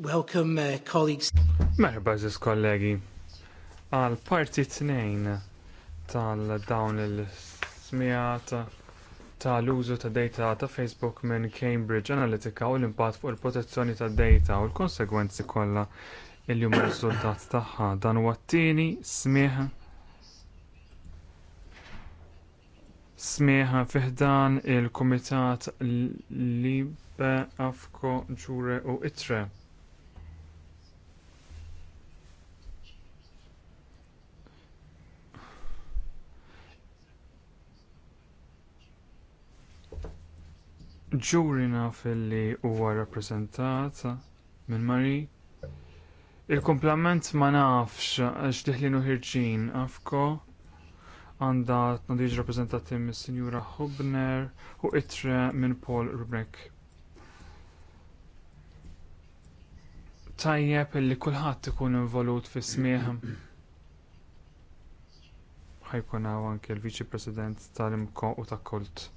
Welcome, uh, colleagues. Merba, ziz kollegi. Għal parti tnejn tal-dawn il-smijat tal-użu ta' data ta' Facebook minn Cambridge Analytica u l-impatt fuq il-protezzjoni ta' data u l-konsegwenzi kollha il jum r-riżultat tagħha dan huwa t-tieni smieħ smieħ fiħdan il-Kumitat Libe Afko Ġure u Itre Ġuri naf li huwa rappresentat minn Mari. il kumplament ma nafx għax diħlinu ħirġin afko għanda nadiġ rappresentati minn Sinjura Hubner u itre minn Paul Rubrek. Tajjeb li kulħadd ikun involut fi smieħ. ħajkun hawn anke l-Viċi President tal-Imko u ta' Kult.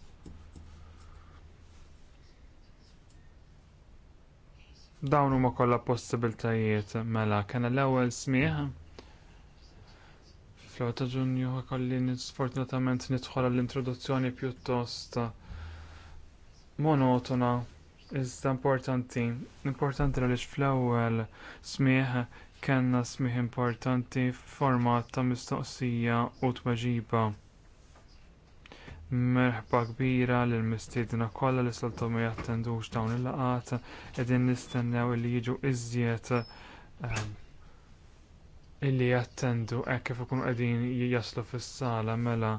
Dawn huma kollha possibiltajiet mela kien l-ewwel smieħ fl ta' Ġunju kolli sfortunatament nidħol l-introduzzjoni pjuttost monotona iżda importanti. Importanti għaliex fl-ewwel smieħ kellna smieħ importanti f'format ta' mistoqsija u tweġiba merħba kbira lill mistiedna kollha li Saltom ma jattendux dawn il-laqat qegħdin nistennew li jiġu iżjed ehm, illi jattendu hekk kif ikunu qegħdin jaslu fis-sala mela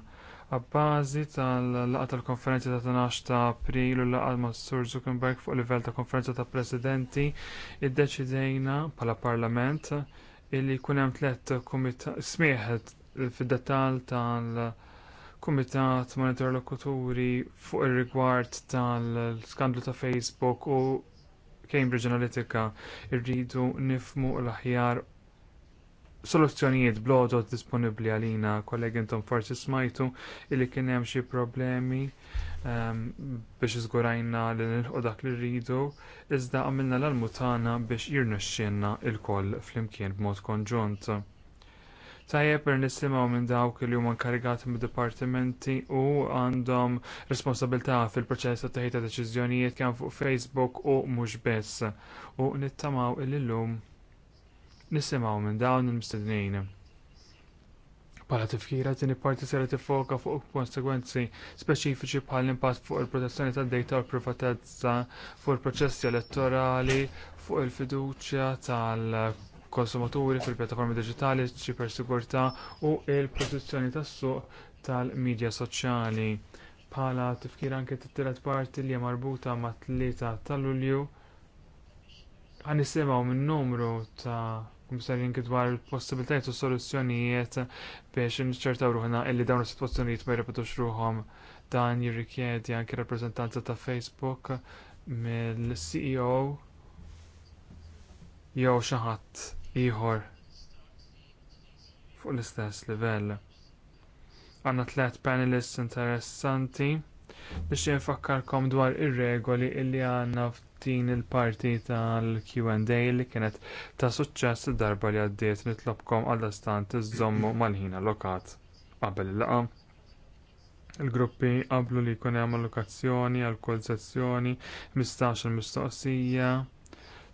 Abbażi tal-laqgħa tal-konferenzi ta' 12 ta' April u laqgħa ma' Sur Zuckerberg fuq livell ta' konferenza ta' presidenti iddeċidejna bħala parlament illi jkun hemm tliet smieħed fid-dettall tal- Kumitat ma' interlokuturi fuq ir-rigward tal-skandlu ta' Facebook u Cambridge Analytica irridu nifmu l-aħjar soluzzjonijiet blodot disponibbli għalina, kollegi intom forsi smajtu illi kien hemm xi problemi um, biex iżgurajna li nilħu dak li rridu, iżda għamilna l-almutana biex jirnexxinna il-koll flimkien b'mod konġunt tajjeb per nisimgħu minn dawk li huma inkarigati mid-dipartimenti u għandhom responsabilità fil-proċess ta' teħita deċiżjonijiet kemm fuq Facebook u mhux biss. U nittamaw illum nisimgħu minn dawn il-mistednin. Bħala tifkira din il-parti sera tiffoka fuq konsegwenzi speċifiċi bħal impatt fuq il-protezzjoni tad-dejta u l-privatezza fuq il-proċessi elettorali fuq il-fiduċja tal- konsumaturi fil-pjattaformi diġitali, ċiper sigurtà u l protezzjoni tas-suq tal-midja soċjali. Bħala tifkir anke t tielet parti li hija marbuta ma' tlieta tal-Lulju ħan nisimgħu minn numru ta' kumissarjin dwar il-possibilitajiet u soluzzjonijiet biex nċertaw ruħna illi dawn is-sitwazzjonijiet ma jirrepetux ruhom dan jirrikjedi anke rappreżentanza ta' Facebook mill-CEO jew xi ħadd ieħor fuq l-istess livell. Għandna tliet panelists interessanti biex jinfakkarkom dwar ir-regoli illi għandna f'din il-parti tal-Q&A li kienet ta' suċċess id-darba li għaddiet nitlobkom għall-istant iż-żommu mal-ħin allokat qabel il laqgħa Il-gruppi qablu li jkun hemm allokazzjoni għal kull sezzjoni 15-il mistoqsija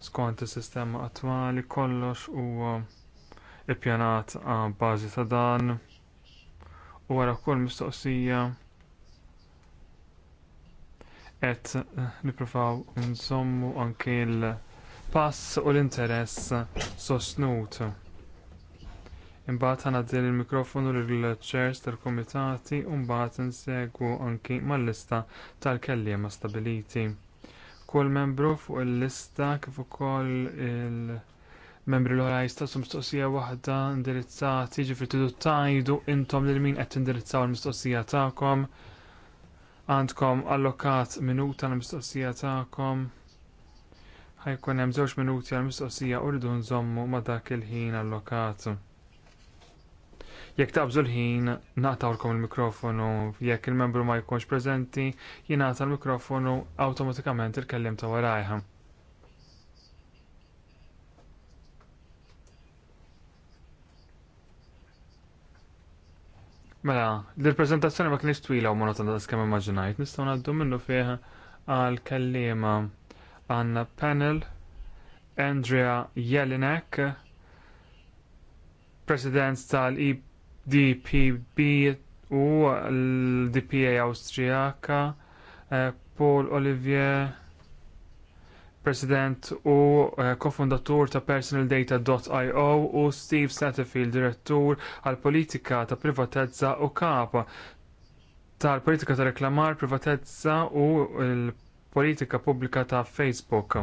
skont is-sistema attwali kollox huwa ppjanat għal bażi ta' dan u wara kull mistoqsija qed nippruvaw nżommu anke l-pass u l-interess sostnut. Imbagħad ħana din il-mikrofonu lill-chairs tal-kumitati u mbagħad insegwu anki mal-lista tal-kelliema stabiliti kull membru fuq il-lista kif ukoll il-membri l-oħra jistaqsu mistoqsija waħda indirizzati ġifri tidu tajdu intom lil min qed tindirizzaw il-mistoqsija tagħkom għandkom allokat minuta l-mistoqsija tagħkom. Ħajkun hemm żewġ minuti għall mistoqsija u nżommu ma' dak il-ħin allokat. Jekk tabżu l-ħin, naqtawlkom il-mikrofonu, jekk il-membru ma jkunx prezenti, jingħata l-mikrofonu awtomatikament il-kellim ta' warajħa. Mela, l-prezentazzjoni ma kienx twila u monotona ta' skema immaġinajt, nistgħu ngħaddu minnu fih għal kelliema għandna panel Andrea Jelinek, President tal-EP DPB u l-DPA Awstrijaka, eh, Paul Olivier, President u eh, kofundatur ta' personaldata.io u Steve Satterfield, direttur għal politika ta' privatezza u kapa tal-politika ta' reklamar privatezza u l-politika pubblika ta' Facebook.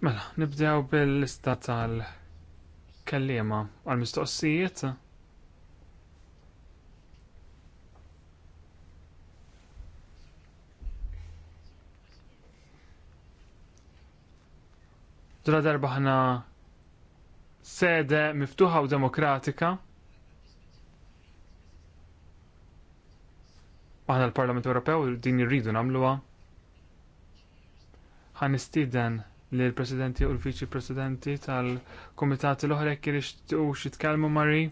Mela, nibdew bil-lista tal- kellima għal mistoqsijiet Dura darba ħna sede miftuħa u demokratika. Aħna l-Parlament Ewropew din irridu nagħmluha. istiden li l-Presidenti u l-Viċi Presidenti tal-Komitati l-oħra jekk jirixtiequ jitkellmu Mari.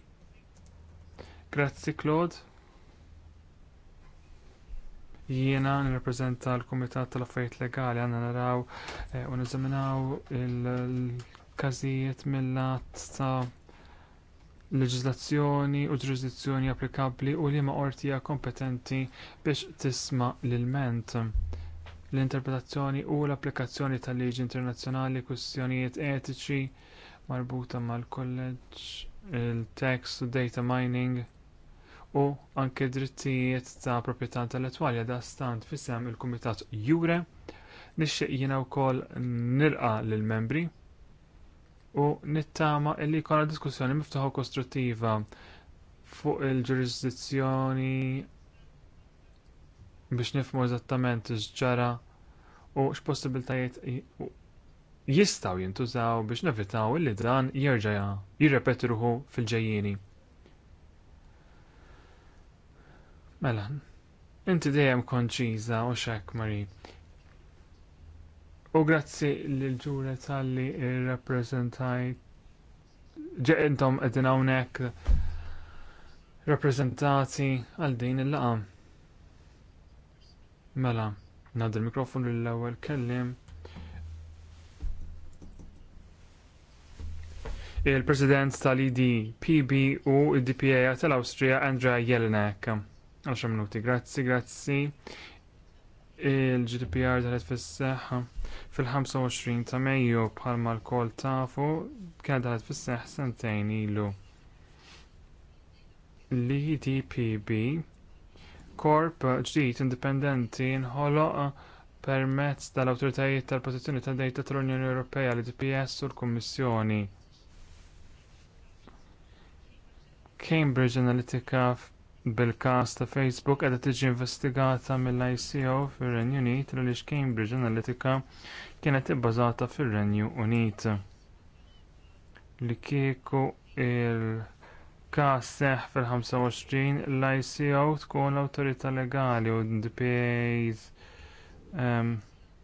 Grazzi Claude. Jiena nirrappreżenta l-Kumitat tal affajt Legali għandna naraw eh, u neżaminaw il-każijiet mill-att ta' leġiżlazzjoni u ġurisdizzjoni applikabbli u liema ma' hija kompetenti biex tisma' l-ilment l-interpretazzjoni u l-applikazzjoni tal-liġi internazzjonali kwistjonijiet etiċi marbuta mal-kolleġġ il-text u data mining u anke drittijiet ta' proprjetà intellettwali da stant fisem il-Kumitat Jure nixxieq jiena wkoll nilqa lill membri u nittama illi jkollna diskussjoni miftuħa u kostruttiva fuq il-ġurisdizzjoni biex nifhmu eżattament x'ġara u x'possibiltajiet jistgħu jintużaw biex nevitaw illi dan jerġa' jirrepeti ruħu fil-ġejjieni. Mela, inti dejjem konċiża u xek Mari. U grazzi lil ġura tal-li rappresentajt ġeqintom qegħdin hawnhekk rappreżentati għal din il-laqam. Mela, nad il-mikrofon l-ewwel kellim. Il-President tal-IDPB u id-DPA tal austria Andrea Jelinek. Għaxa minuti, grazzi, grazzi. Il-GDPR dalet fis-seħħ fil-25 ta' Mejju bħalma l-kol tafu kien dalet fis-seħħ sentejn ilu. L-IDPB e korp ġdid indipendenti nħoloq permezz tal-awtoritajiet tal-protezzjoni tad-dejta tal-Unjoni Ewropea l dps u l-Kummissjoni. Cambridge Analytica bil każ ta' Facebook qiegħda tiġi investigata mill-ICO fir-Renju Unit għaliex Cambridge Analytica kienet ibbażata fir-Renju Unit. Li kieku il- każ seħħ fil-25 l-ICO tkun l-awtorità legali u DPAs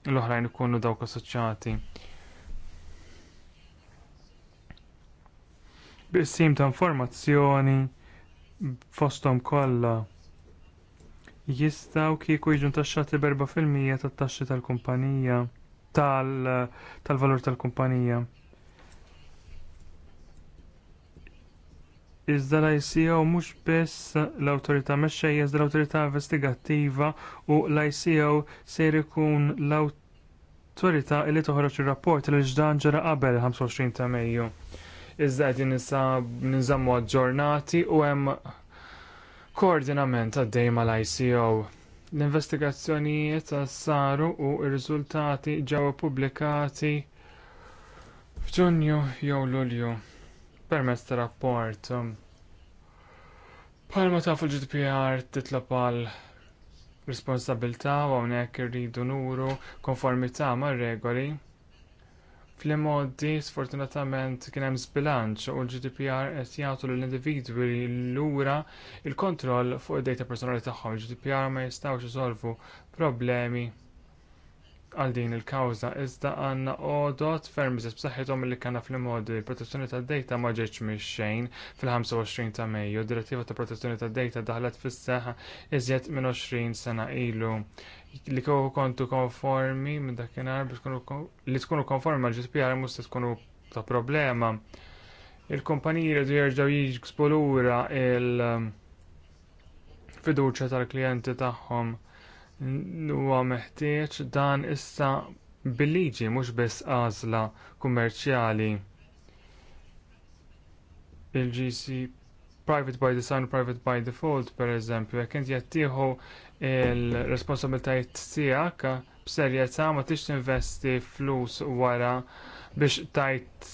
l-oħrajn ikunu dawk assoċjati. Bissim ta' informazzjoni fosthom kollha jistgħu kieku jiġu fil-mija tat-taxxi tat-taxxi tal-kumpanija tal-valur tal-kumpanija. tal valur tal kumpanija iżda l-ICO mhux biss l-awtorità mexxejja iżda l-awtorità investigattiva u l-ICO ser ikun l-awtorità li toħroġ ir-rapport li ġdan ġara qabel 25 ta' Mejju. Iżda qegħdin ninżammu aġġornati u hemm koordinament għaddej mal-ICO. L-investigazzjonijiet saru u r-riżultati ġew pubblikati f'Ġunju jew Lulju permezz ta' rapport. Um, ma ta' il gdpr titla għal responsabilta u għonek irridu nuru konformità ma' regoli. Fl-modi sfortunatament kien hemm zbilanċ u l-GDPR qed jagħtu lill-individwi lura il-kontroll fuq id-data personali tagħhom. Il-GDPR ma jistgħux isolvu problemi għal din il-kawża iżda għandna għodot fermiżis b'saħħithom li kellna fil-modi protezzjoni tad-dejta ma ġietx mix-xejn fil-25 ta' Mejju, direttiva ta' protezzjoni tad-dejta daħlet fis-seħħa iżjed minn 20 sena ilu li kieku kontu konformi minn dakinhar li tkunu konformi mal-GDPR mhux se tkunu ta' problema. Il-kumpaniji rridu jerġgħu jiġbdu lura il-fiduċja um, tal-klijenti tagħhom huwa meħtieġ dan issa bil-liġi mhux biss għażla kummerċjali. Il-GC private by design u private by default pereżempju, jekk inti qed tieħu l-responsabbiltajiet tiegħek b'serjetà ma tix tinvesti flus wara biex tajt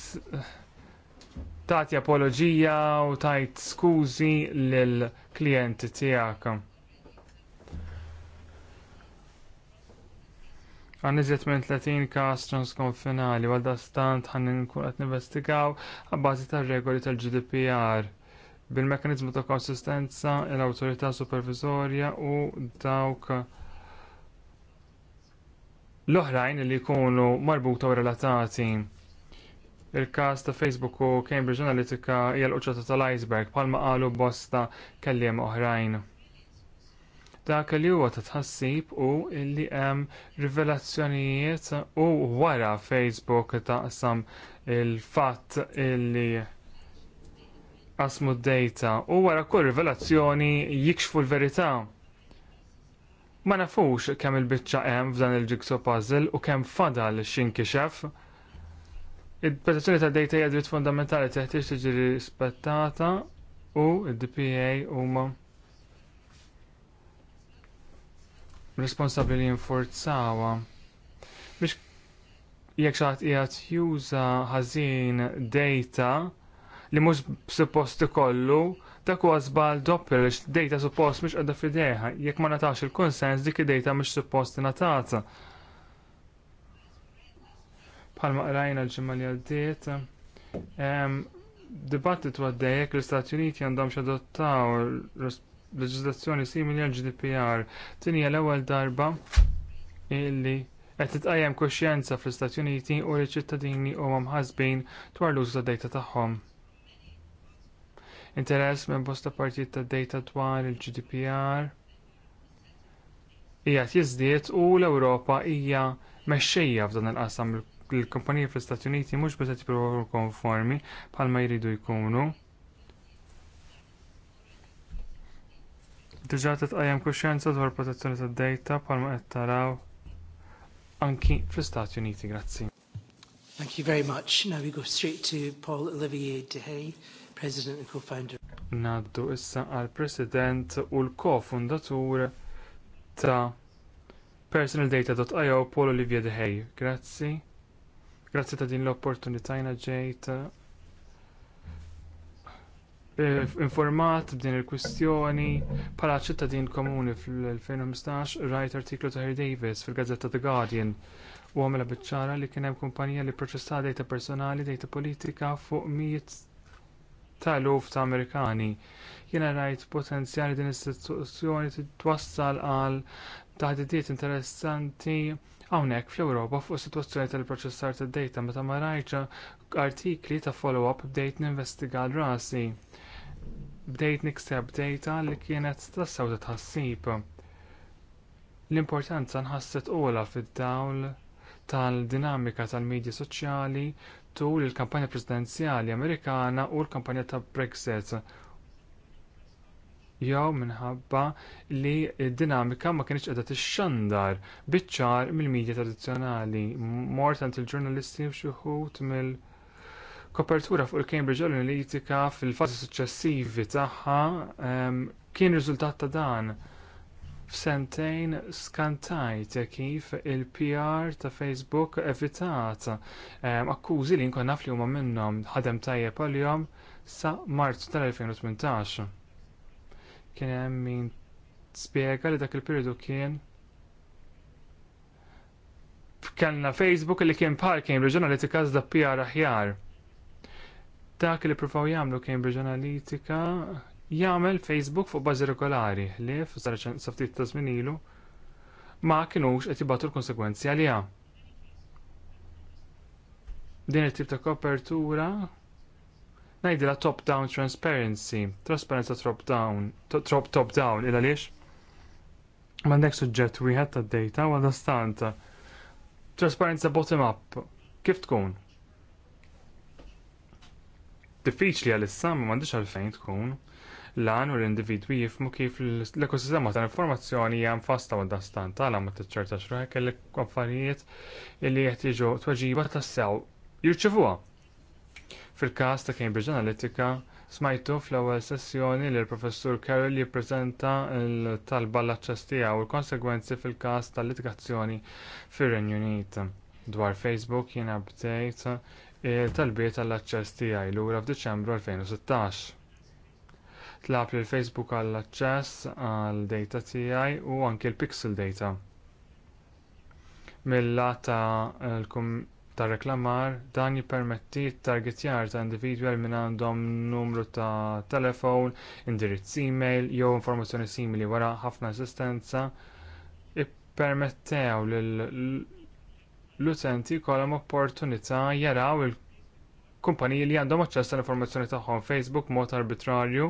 tagħti apoloġija u tajt skużi lill klijenti tiegħek għan iżiet minn 30 każ transkonfinali għal dastant għan nkun qed nivestigaw għabbażi tar-regoli tal-GDPR bil-mekanizmu ta' konsistenza l-awtorità superviżorja u dawk l-oħrajn li jkunu marbuta u relatati il każ ta' Facebook u Cambridge Analytica hija uċċata tal-iceberg bħalma qalu bosta kelliem oħrajn dak li huwa ta' tħassib u li hemm rivelazzjonijiet u wara Facebook taqsam il-fatt illi qasmu d-dejta u wara kull rivelazzjoni jikxfu l-verità. Ma nafux kemm il-biċċa hemm f'dan il-jigsaw puzzle u kemm fadal x'inkixef. Il-protezzjoni tad dejta hija dritt fundamentali teħtieġ tiġi rispettata u d-DPA huma responsabbli li jinforzawa. Biex jekk xaħat jgħat juża ħażin data li mhux suppost ikollu dak huwa żball doppju lix data suppost mhux qiegħda f'idejha jekk ma natax il-konsens dik id-data mhux suppost ingħatata. Bħalma qrajna l-ġimgħa li għaddiet dibattitu jekk l-Istati Uniti għandhom xadottaw leġiżlazzjoni simili għal GDPR. Din hija l-ewwel darba illi qed titqajjem kuxjenza fl-Istati Uniti u l-ċittadini huma mħassbin dwar l-użu tad-dejta tagħhom. Interess minn bosta partijiet tad-dejta dwar il-GDPR hija jiżdied u l-Ewropa hija mexxejja f'dan il-qasam il-kumpaniji fl-Istati Uniti mhux biss qed konformi bħalma jridu jkunu Diġà titqajjem kuxjenza dwar protezzjoni tad-dejta bħalma qed taraw anki fl-Istati Uniti. Grazzi. Thank you very much. Now we go straight to Paul Olivier De Hay, President and Co-founder. Naddu issa għal President u l-ko-fundatur ta' personaldata.io Paul Olivier De Hay. Grazzi. Grazzi ta' din l-opportunitajna ġejta Eh, informat b'din il-kwistjoni bħala ċittadin komuni fl-2015 rajt artiklu ta' Harry Davis fil-Gazzetta The Guardian u għamela biċċara li kien hemm kumpanija li proċessa dejta personali, dejta politika fuq miet ta' luf ta' Amerikani. Jiena rajt potenzjali din istituzzjoni twassal għal taħdidiet interessanti hawnhekk fl-Ewropa fuq situazzjoni sitwazzjoni tal-proċessar tad-dejta meta ma marajċa artikli ta' follow-up bdejt ninvestiga l rasi bdejt nikseb dejta li kienet tassew ta' tħassib. L-importanza nħasset ola fid-dawl tal-dinamika tal midja soċjali tul il-kampanja presidenzjali Amerikana u l-kampanja ta' Brexit jew minħabba li d-dinamika ma kienx qiegħda tixxandar biċ-ċar mill-medja tradizzjonali, mort tant il-ġurnalisti u mill wħud mill- Kopertura fuq il-Cambridge Analytica fil-fazi suċċessivi tagħha ehm, kien riżultat ta' dan f'sentejn skantajt kif il-PR ta' Facebook evitat ehm, akkużi li nkun naf li huma minnhom ħadem tajjeb għalihom sa Marzu tal-2018. Kien hemm min spjega li dak il-periodu kien kellna Facebook li kien bħal Cambridge Analytica da PR aħjar. Dak li provaw jagħmlu Cambridge Analytica jagħmel Facebook fuq bażi regolari li f'sar ftit ta' zminilu ilu ma kinux qed jibgħatu l-konsekwenzi għalija. Din it-tip ta' kopertura ngħidilha top-down transparency, trasparenza top-down, top-top-down, il għaliex? M'għandek suġġett wieħed tad-data u għadastant. Trasparenza bottom-up, kif tkun? diffiċli għal-issa ma m'għandix għalfejn tkun lan u l-individwi jifmu kif l-ekosistema ta' informazzjoni hija mfasta għal dastan ma tiċċerta xruħek kellek kompanijiet li jeħtieġu tweġiba sew jirċevuha. Fil-każ ta' Cambridge Analytica smajtu fl-ewwel sessjoni li l-professur Carroll jippreżenta l-talba l-aċċess tiegħu u l-konsegwenzi fil-każ tal-litigazzjoni fir-Renju Unit. Dwar Facebook jiena bdejt tal-biet għall-aċċess tiegħi lura f'Diċembru 2016. Tlab lil Facebook għall-aċċess għall data tiegħi u anki l-pixel data. Milla ta' ta' reklamar dan jippermetti t targetjar ta' individwel minn għandhom numru ta' telefon, indirizz email jew informazzjoni simili wara ħafna assistenza ippermettew lil l-utenti jkollhom opportunità jaraw il-kumpaniji li għandhom aċċess tal-informazzjoni tagħhom Facebook mod arbitrarju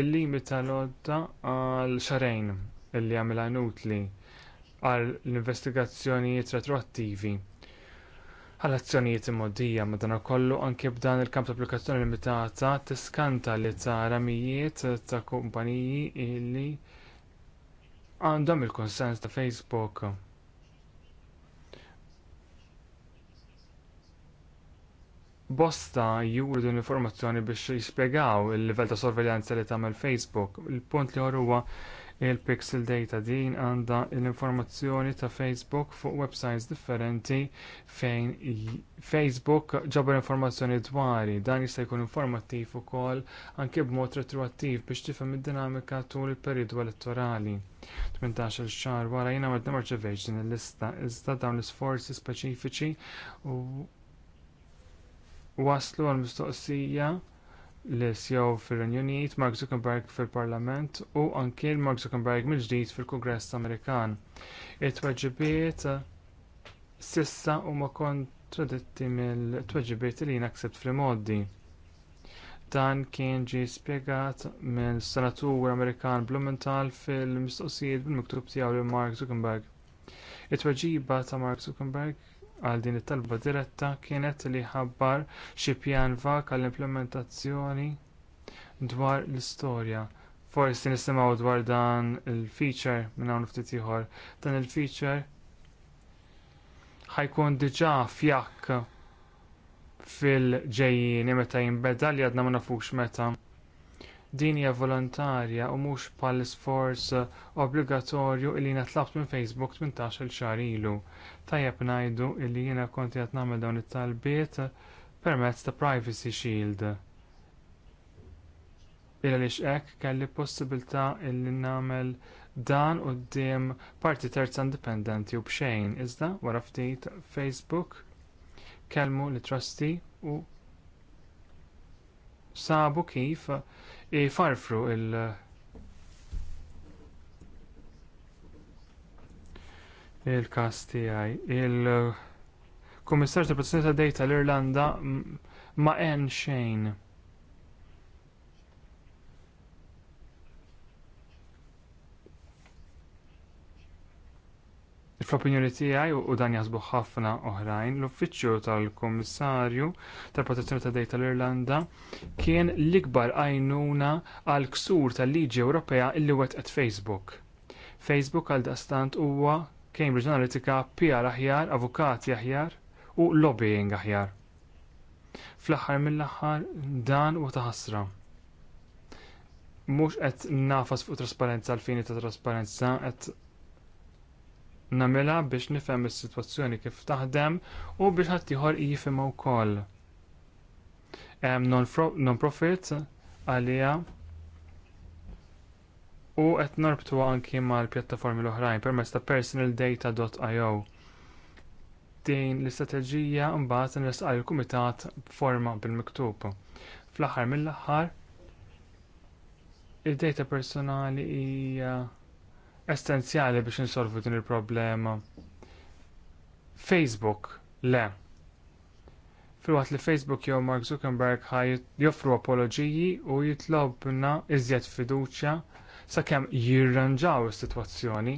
il-limit tal-odda għal xarejn illi għamilha inutli għal l-investigazzjonijiet retroattivi għal azzjonijiet immoddija madankollu anke b'dan il-kamp ta' applikazzjoni limitata tiskanta li tara mijiet ta' kumpaniji li għandhom il kunsens ta' Facebook. bosta juru din l-informazzjoni biex jispjegaw il-livell ta' sorveljanza li tagħmel Facebook. Il-punt li huwa il-pixel data din għandha l-informazzjoni ta' Facebook fuq websites differenti fejn Facebook ġabar informazzjoni dwari. Dan jista' jkun informattiv ukoll anke b'mod retroattiv biex tifhem id-dinamika tul il-perjodu elettorali. 18-il xahar wara jiena ma din il-lista iżda dawn l-isforzi speċifiċi waslu għal mistoqsija li Sew fir-Renju Unit, Mark Zuckerberg fil-Parlament u anki Mark Zuckerberg mill-ġdid fil kongress Amerikan. It-tweġibiet sissa huma kontraditti mill-tweġibiet li nakseb fil-moddi. Dan kien ġie spjegat minn senatur Amerikan Blumenthal fil-mistoqsijiet bil-miktub tiegħu lil Mark Zuckerberg. It-tweġiba ta' Mark Zuckerberg għal din it-talba diretta kienet li ħabbar xi pjan vak għall implementazzjoni dwar l-istorja. Forsi nisimgħu dwar dan il-feature minn hawn ftit ieħor. Dan il-feature ħajkun diġà fjak fil-ġejjin meta jinbeda li għadna ma nafux meta din hija volontarja u mhux bħal sforz eh, obbligatorju li jiena tlabt minn Facebook 18-il xahar ilu. Tajjeb ngħidu li jiena konti qed nagħmel dawn it-talbiet eh, permezz ta' Privacy Shield. Illa lix hekk kelli possibilità li nagħmel dan quddiem parti terza indipendenti u bxejn, iżda wara ftit Facebook kelmu li trusti u sabu kif farfru il- il-kas tiegħi. Il-Kummissarju ta' protezzjoni ta' dejta l-Irlanda ma' en xejn. Fl-opinjoni tiegħi u dan jaħsbu ħafna oħrajn, l-Uffiċċju tal-Kummissarju tal-Protezzjoni ta' Dejta l-Irlanda kien l-ikbar għajnuna għal ksur tal-Liġi Ewropea illi wetqet Facebook. Facebook għal dastant huwa Cambridge Analytica PR aħjar, avukati aħjar u lobbying aħjar fl-aħħar mill-aħħar dan u taħasra. Mhux qed nafas fuq trasparenza għal fini ta' trasparenza qed nagħmilha biex nifhem is-sitwazzjoni kif taħdem u biex ħaddieħor ieħor jifhimha wkoll. Hemm non-profit għalija u qed norbtuha anki mal-pjattaformi l-oħrajn permezz ta' personaldata.io. Din l-istrateġija mbagħad nresqal il-kumitat b'forma bil-miktub. Fl-aħħar mill-aħħar id-data personali hija essenzjali biex insolvu din il-problema. Facebook, le. Filwaqt li Facebook jew Mark Zuckerberg ħaj joffru apoloġiji u jitlobna iżjed fiduċja sakemm jirranġaw is-sitwazzjoni.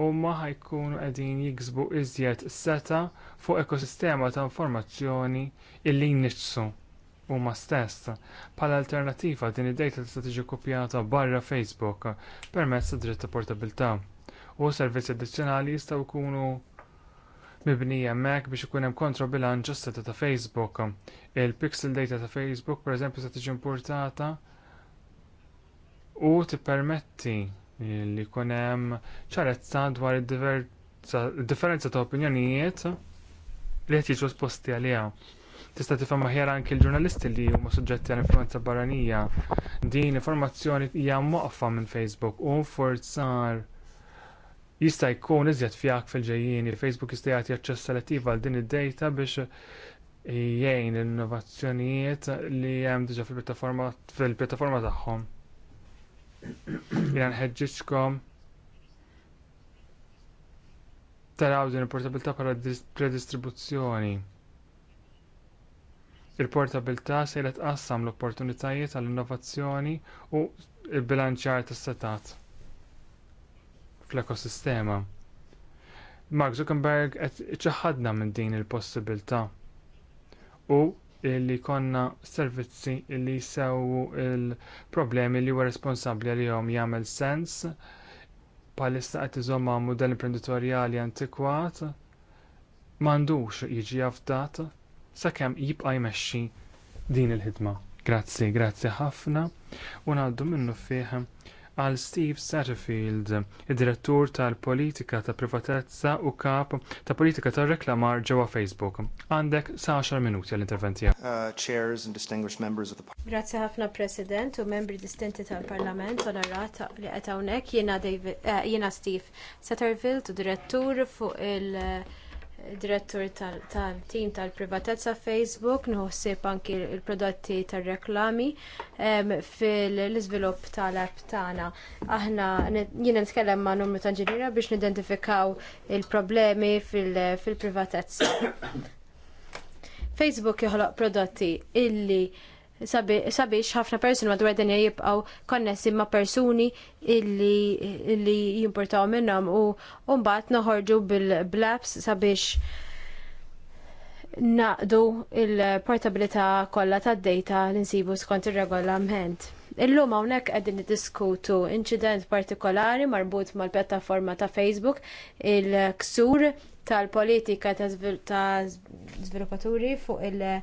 Huma ħajkunu qegħdin jiksbu iżjed seta fuq ekosistema ta' informazzjoni illi jniġsu huma stess bħala alternattiva din id-dejta tista' tiġi kopjata barra Facebook permezz ta' dritt ta' portabilità u servizzi addizzjonali jistgħu jkunu mibnija hemmhekk biex ikun hemm kontrobilanċ għas-seta ta' Facebook. Il-pixel data ta' Facebook pereżempju se tiġi importata u tippermetti li jkun hemm ċarezza dwar id-differenza ta' opinjonijiet li qed jiġu sposti għaliha tista' tifhem aħjar anke l-ġurnalisti li huma suġġetti għal influenza barranija. Din informazzjoni hija moqfa minn Facebook u forzar jista' jkun iżjed fjak fil il Facebook jista' jagħti aċċess selettiv għal din id dejta biex jgħin l-innovazzjonijiet li hemm diġà fil-pjattaforma tagħhom. Jiena nħeġġitkom taraw din il-portabilità bħala predistribuzzjoni il-portabilità se jlet l-opportunitajiet għall-innovazzjoni u l-bilanċjar tas-setat fl-ekosistema. Mark Zuckerberg qed iċaħadna minn din il-possibilità u li jkollna servizzi li jsewwu l problemi li huwa responsabbli għalihom jagħmel sens bħalissa qed iżomma mudell imprenditorjali antikwat m'għandux jiġi afdat sakemm jibqa' jmexxi din il-ħidma. Grazzi, grazzi ħafna u ngħaddu minnu fih għal Steve Satterfield, id-direttur tal-politika ta' privatezza u kap ta' politika ta' reklamar ġewwa Facebook. Għandek sa' 10 minuti għall-interventi. Uh, grazzi ħafna President u membri distinti tal-Parlament onorat li qed hawnhekk eh, jiena Steve Satterfield u direttur fuq il- direttur tal-tim tal-privatezza Facebook, nħossib anki il prodotti tar reklami fil izvilup tal-app tagħna. Aħna jiena nitkellem ma' numru ta' inġiniera biex nidentifikaw il-problemi fil-privatezza. Facebook joħloq prodotti illi sabiex ħafna persuni madwar dinja jibqaw konnessi ma' persuni illi, jimportaw minnhom u mbagħad noħorġu bil-blaps sabiex naqdu il-portabilità kollha tad dejta li nsibu skont ir-regolament. Illum hawnhekk qegħdin niddiskutu inċident partikolari marbut mal-pjattaforma ta' Facebook il-ksur tal-politika ta' sviluppaturi fuq il-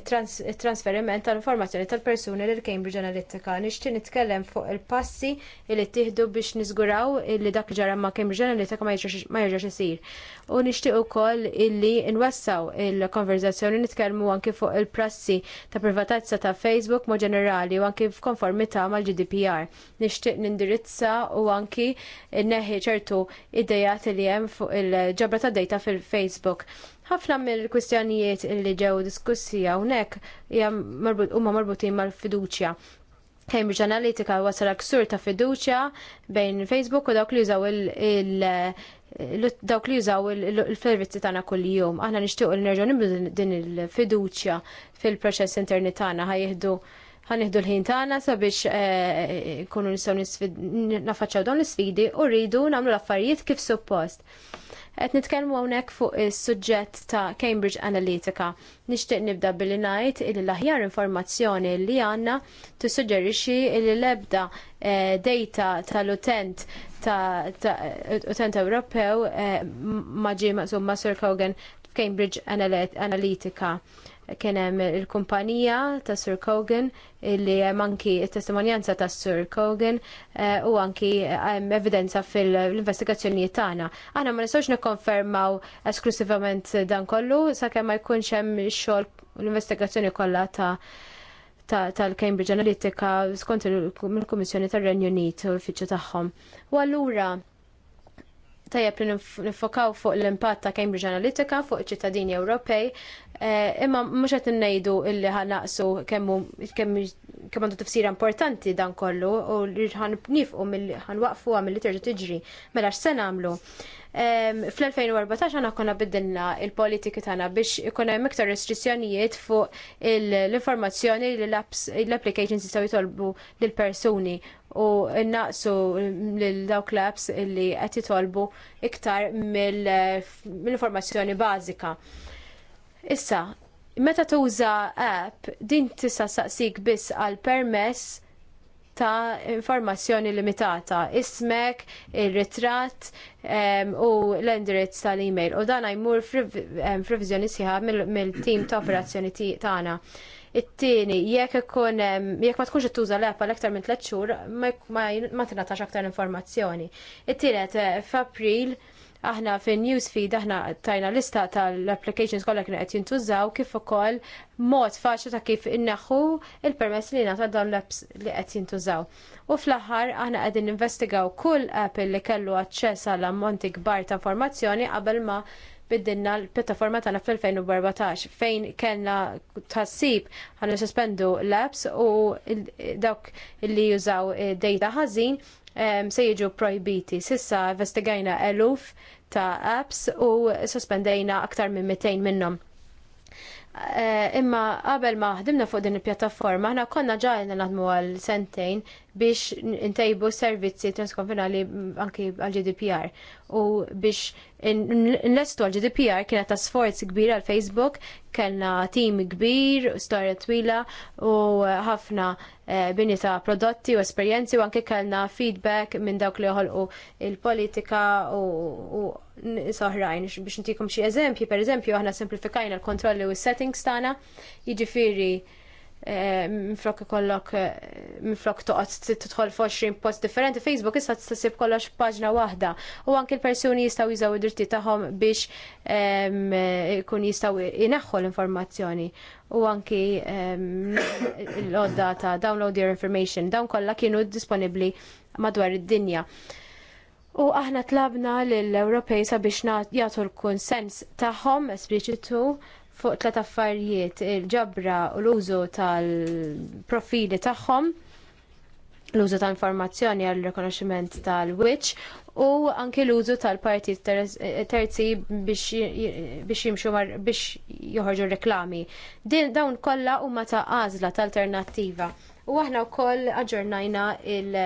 it-trasferiment tal-informazzjoni tal-persuni lil Cambridge Analytica. Nixtieq nitkellem fuq il-passi li ttieħdu biex niżguraw li dak ġara ma' Cambridge Analytica ma jerġax isir. U nixtieq ukoll illi nwassaw il-konverzazzjoni nitkellmu anki fuq il-prassi ta' privatezza ta' Facebook ma' ġenerali u anki f'konformità mal-GDPR. Nixtieq nindirizza u anki neħi ċertu idejat li hemm fuq il-ġabra ta' data fil-Facebook ħafna mill-kwistjonijiet li ġew diskussi hawnhekk huma marbutin mal-fiduċja. Cambridge Analytica wasal ksur ta' fiduċja bejn Facebook u dawk li jużaw dawk li jużaw il-servizzi tagħna kuljum. Aħna nixtiequ li nerġgħu nibdu din il-fiduċja fil-proċess interni tagħna ħajjieħdu ħaniħdu l-ħin tagħna sabiex eh, kunu nistgħu nafaċċaw dawn l-isfidi u rridu nagħmlu l-affarijiet kif suppost. Qed nitkellmu hawnhekk fuq is-suġġett ta' Cambridge Analytica. Nixtieq nibda billi ngħid li l-aħjar informazzjoni li għandna tissuġġerixxi li l-ebda eh, data tal-utent utent Ewropew eh, ma ġie maqsum ma' Sir Cogan f'Cambridge Analytica. Kien hemm il-kumpanija ta' Sir Kogan illi hemm anki t-testimonjanza ta' Sir Kogan eh, u anki hemm evidenza fil-investigazzjonijiet tagħna. Aħna ma nistgħux nikkonfermaw esklusivament dan kollu sakemm ma jkunx hemm xogħol l-investigazzjoni kollha ta' tal-Cambridge Analytica skont il-Kummissjoni tar-Renju Unit u l-uffiċċju tagħhom. U allura tajjeb li nifokaw fuq l-impatt ta' Cambridge Analytica fuq ċittadini Ewropej, eh, imma mhux qed ngħidu illi naqsu kemm għandu tifsira importanti dan kollu u li ħan nifqu milli ħanwaqfu milli terġa' tiġri. Mela x'se nagħmlu? Fl-2014 għana konna biddilna il-politiki tagħna biex ikun hemm iktar restrizzjonijiet fuq l-informazzjoni li l-applications jistgħu jitolbu lill persuni u naqsu lil dawk l-apps li qed jitolbu iktar mill-informazzjoni bażika. Issa, meta tuża app din tista' saqsik biss għal permess ta' informazzjoni limitata, ismek, il-ritrat um, u l-indirizz tal-email. U dan jmur friviżjoni sħiħa mill-tim ta' operazzjoni tagħna. Ta It-tieni, jekk ikun jekk ma tkunx ittuża l-app għal aktar minn tliet xhur, ma tingħatax aktar informazzjoni. It-tielet eh, f'April aħna fin newsfeed aħna tajna lista tal-applications kollha kienu qed jintużaw kif ukoll mod faċli ta' kif inneħħu il-permess li nagħta dawn l-apps li qed jintużaw. U fl-aħħar aħna qegħdin investigaw kull app li kellu aċċess għal ammonti kbar ta' informazzjoni qabel ma biddinna l-pjattaforma tagħna fil 2014 fejn kellna tassib ħana suspendu l-apps u dawk li jużaw eh, data ħażin se jiġu projbiti. Sissa investigajna eluf ta' apps u sospendejna aktar minn 200 minnhom. Eh, imma qabel ma ħdimna fuq din il-pjattaforma, ħna konna ġajna naħdmu għal sentejn biex intejbu servizzi transkonfinali anki għal-GDPR u biex nlestu għal-GDPR kienet ta' sforz kbir għal-Facebook, kellna tim kbir, storja twila u ħafna bini ta' prodotti u esperjenzi u anki kellna feedback minn dawk li joħolqu il-politika u soħrajn biex ntikom xie eżempji, per eżempju, aħna simplifikajna l-kontrolli u s-settings tagħna, jiġifieri minflok ikollok minflok toqgħod tidħol f'20 post differenti Facebook issa tisib kollox paġna waħda u anke l-persuni jistgħu jużaw id-dritti tagħhom biex ikun jistgħu ineħħu l-informazzjoni u anki l-odda ta' download your information dawn kollha kienu disponibbli madwar id-dinja. U aħna tlabna lill-Ewropej sabiex jagħtu l-kunsens tagħhom espliċitu fuq tlet affarijiet il-ġabra u l-użu tal-profili tagħhom l-użu ta' informazzjoni għal rikonoxximent tal wiċċ u anke l-użu tal-parti terzi biex jimxu biex joħorġu reklami. Din dawn kollha huma ta' għażla tal alternattiva. U aħna wkoll aġġornajna il-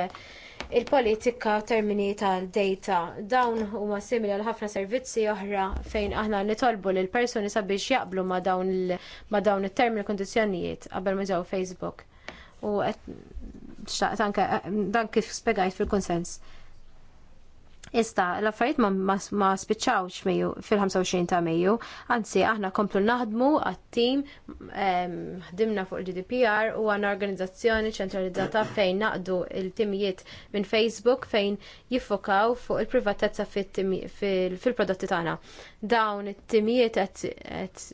il-politika termini tal-data. Dawn huma simili għal ħafna servizzi oħra fejn aħna nitolbu lil persuni sabiex jaqblu ma dawn it-termini kondizjonijiet qabel ma ġew Facebook. U eh, dan kif spjegajt fil-konsens. Ista, l-affarijiet ma, ma spiċċawx meju fil-25 ta' meju, anzi aħna komplu naħdmu għat-tim, ħdimna fuq il-GDPR u għanna organizzazzjoni ċentralizzata fejn naqdu il-timijiet minn Facebook fejn jiffokaw fuq il-privatezza fil-prodotti tagħna. Dawn it-timijiet qed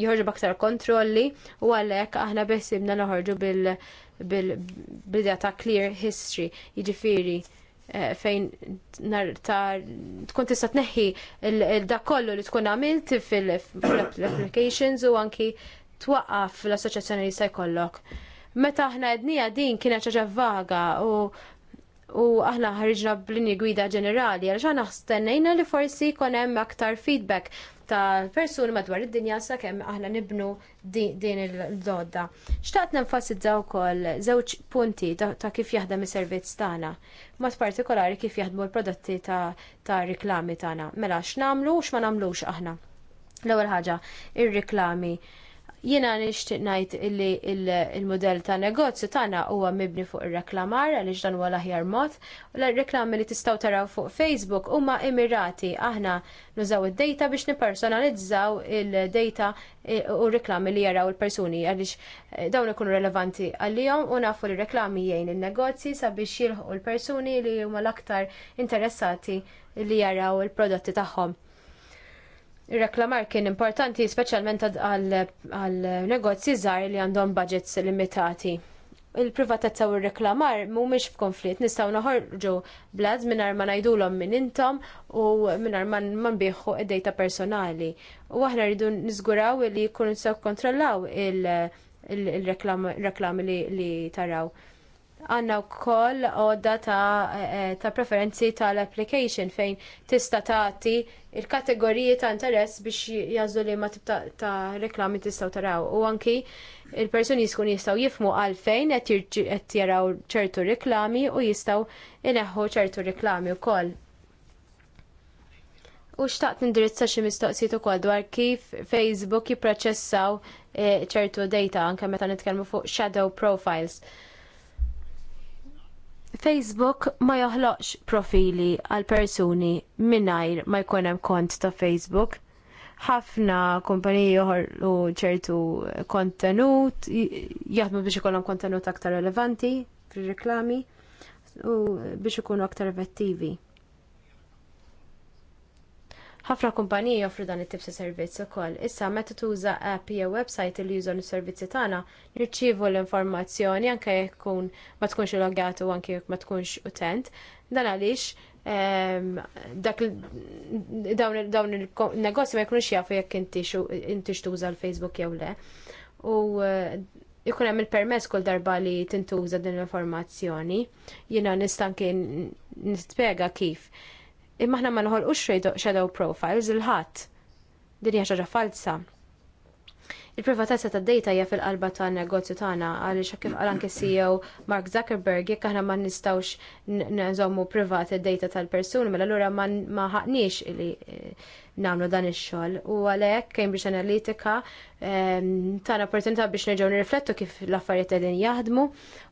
joħorġu baktar kontrolli u għalhekk aħna besibna naħorġu bil-bidja ta' clear history, jiġifieri Eh, fejn nar tkun tista' tneħħi dak kollu li tkun għamilt fil-applications u anki twaqqaf l-assoċjazzjoni li se jkollok. Meta aħna għednija din kienet ċaġa vaga u u aħna ħarġna b'linji gwida ġenerali, għaliex naħstennejna li forsi jkun hemm aktar feedback ta' persuni madwar id-dinja sakemm aħna nibnu din il dodda Xtaqt nenfasizzaw wkoll żewġ punti ta' kif jaħdem is-servizz tagħna, mod partikolari kif jaħdmu l-prodotti ta' riklami tagħna. Mela x'namlu u x'ma nagħmlux aħna. L-ewwel ħaġa, ir-riklami. Jiena nixtieq ngħid illi il-modell ta' negozju tagħna huwa mibni fuq ir-reklamar għaliex dan huwa l-aħjar mod. U l-reklami li tistgħu taraw fuq Facebook huma immirati aħna nużaw id-data biex nipersonalizzaw il-data eh, u reklami li jaraw il-persuni għaliex eh, dawn ikunu relevanti għalihom u nafu li reklami jgħin il-negozji sabiex jilħu l-persuni li huma l-aktar interessati li jaraw il-prodotti tagħhom. Ir-reklamar kien importanti speċjalment għal negozji żgħar li għandhom budgets limitati. Il-privatezza u r-reklamar mhumiex f'konflitt, nistgħu noħorġu blad mingħajr ma ngħidulhom minn intom u mingħajr ma nbieħħu id-dejta personali. U aħna rridu niżguraw li jkunu nistgħu kontrollaw il-reklami li taraw għanna u koll għodda ta', eh, eh, ta preferenzi tal-application fejn tista tagħti il-kategoriji ta' interess biex jazdu li ma tibta ta' reklami tistaw taraw. U anki il-personi jiskun jistaw jifmu għalfejn qed jaraw ċertu reklami u jistaw ineħħu ċertu reklami u koll. U xtaqt nindirizza xi mistoqsijiet ukoll dwar kif Facebook jipproċessaw eh, ċertu data anke meta nitkellmu fuq shadow profiles. Facebook ma joħloqx profili għal persuni mingħajr ma jkun hemm kont ta' Facebook. Ħafna kumpaniji joħorlu ċertu kontenut, jaħdmu biex ikollhom kontenut aktar relevanti fir-reklami u biex ikunu aktar effettivi. Ħafna kumpaniji joffru dan it-tip ta' servizz ukoll. Issa meta tuża app jew website li jużon is-servizzi tagħna, nirċievu l-informazzjoni anke jekk ma tkunx illogat u anke jekk ma tkunx utent. Dan għaliex ehm, dawn il-negozji ma jkunux jafu jekk intix tuża l-Facebook jew le. U jkun eh, hemm il-permess kull darba li tintuża din l-informazzjoni. Jiena nista' anke nispjega kif imma aħna ma noħolqux shadow profiles il-ħadd. Din hija xaġa falsa. Il-privatezza tad data hija fil-qalba tan negozju tagħna għaliex kif qal anke CEO Mark Zuckerberg jekk aħna ma nistgħux nżommu privat id-data tal-persuni mela allura ma ħaqniex li eh, nagħmlu dan ix-xogħol u għalhekk Cambridge Analytica ehm, tagħna opportunità biex nerġgħu nirriflettu kif l-affarijiet qegħdin jaħdmu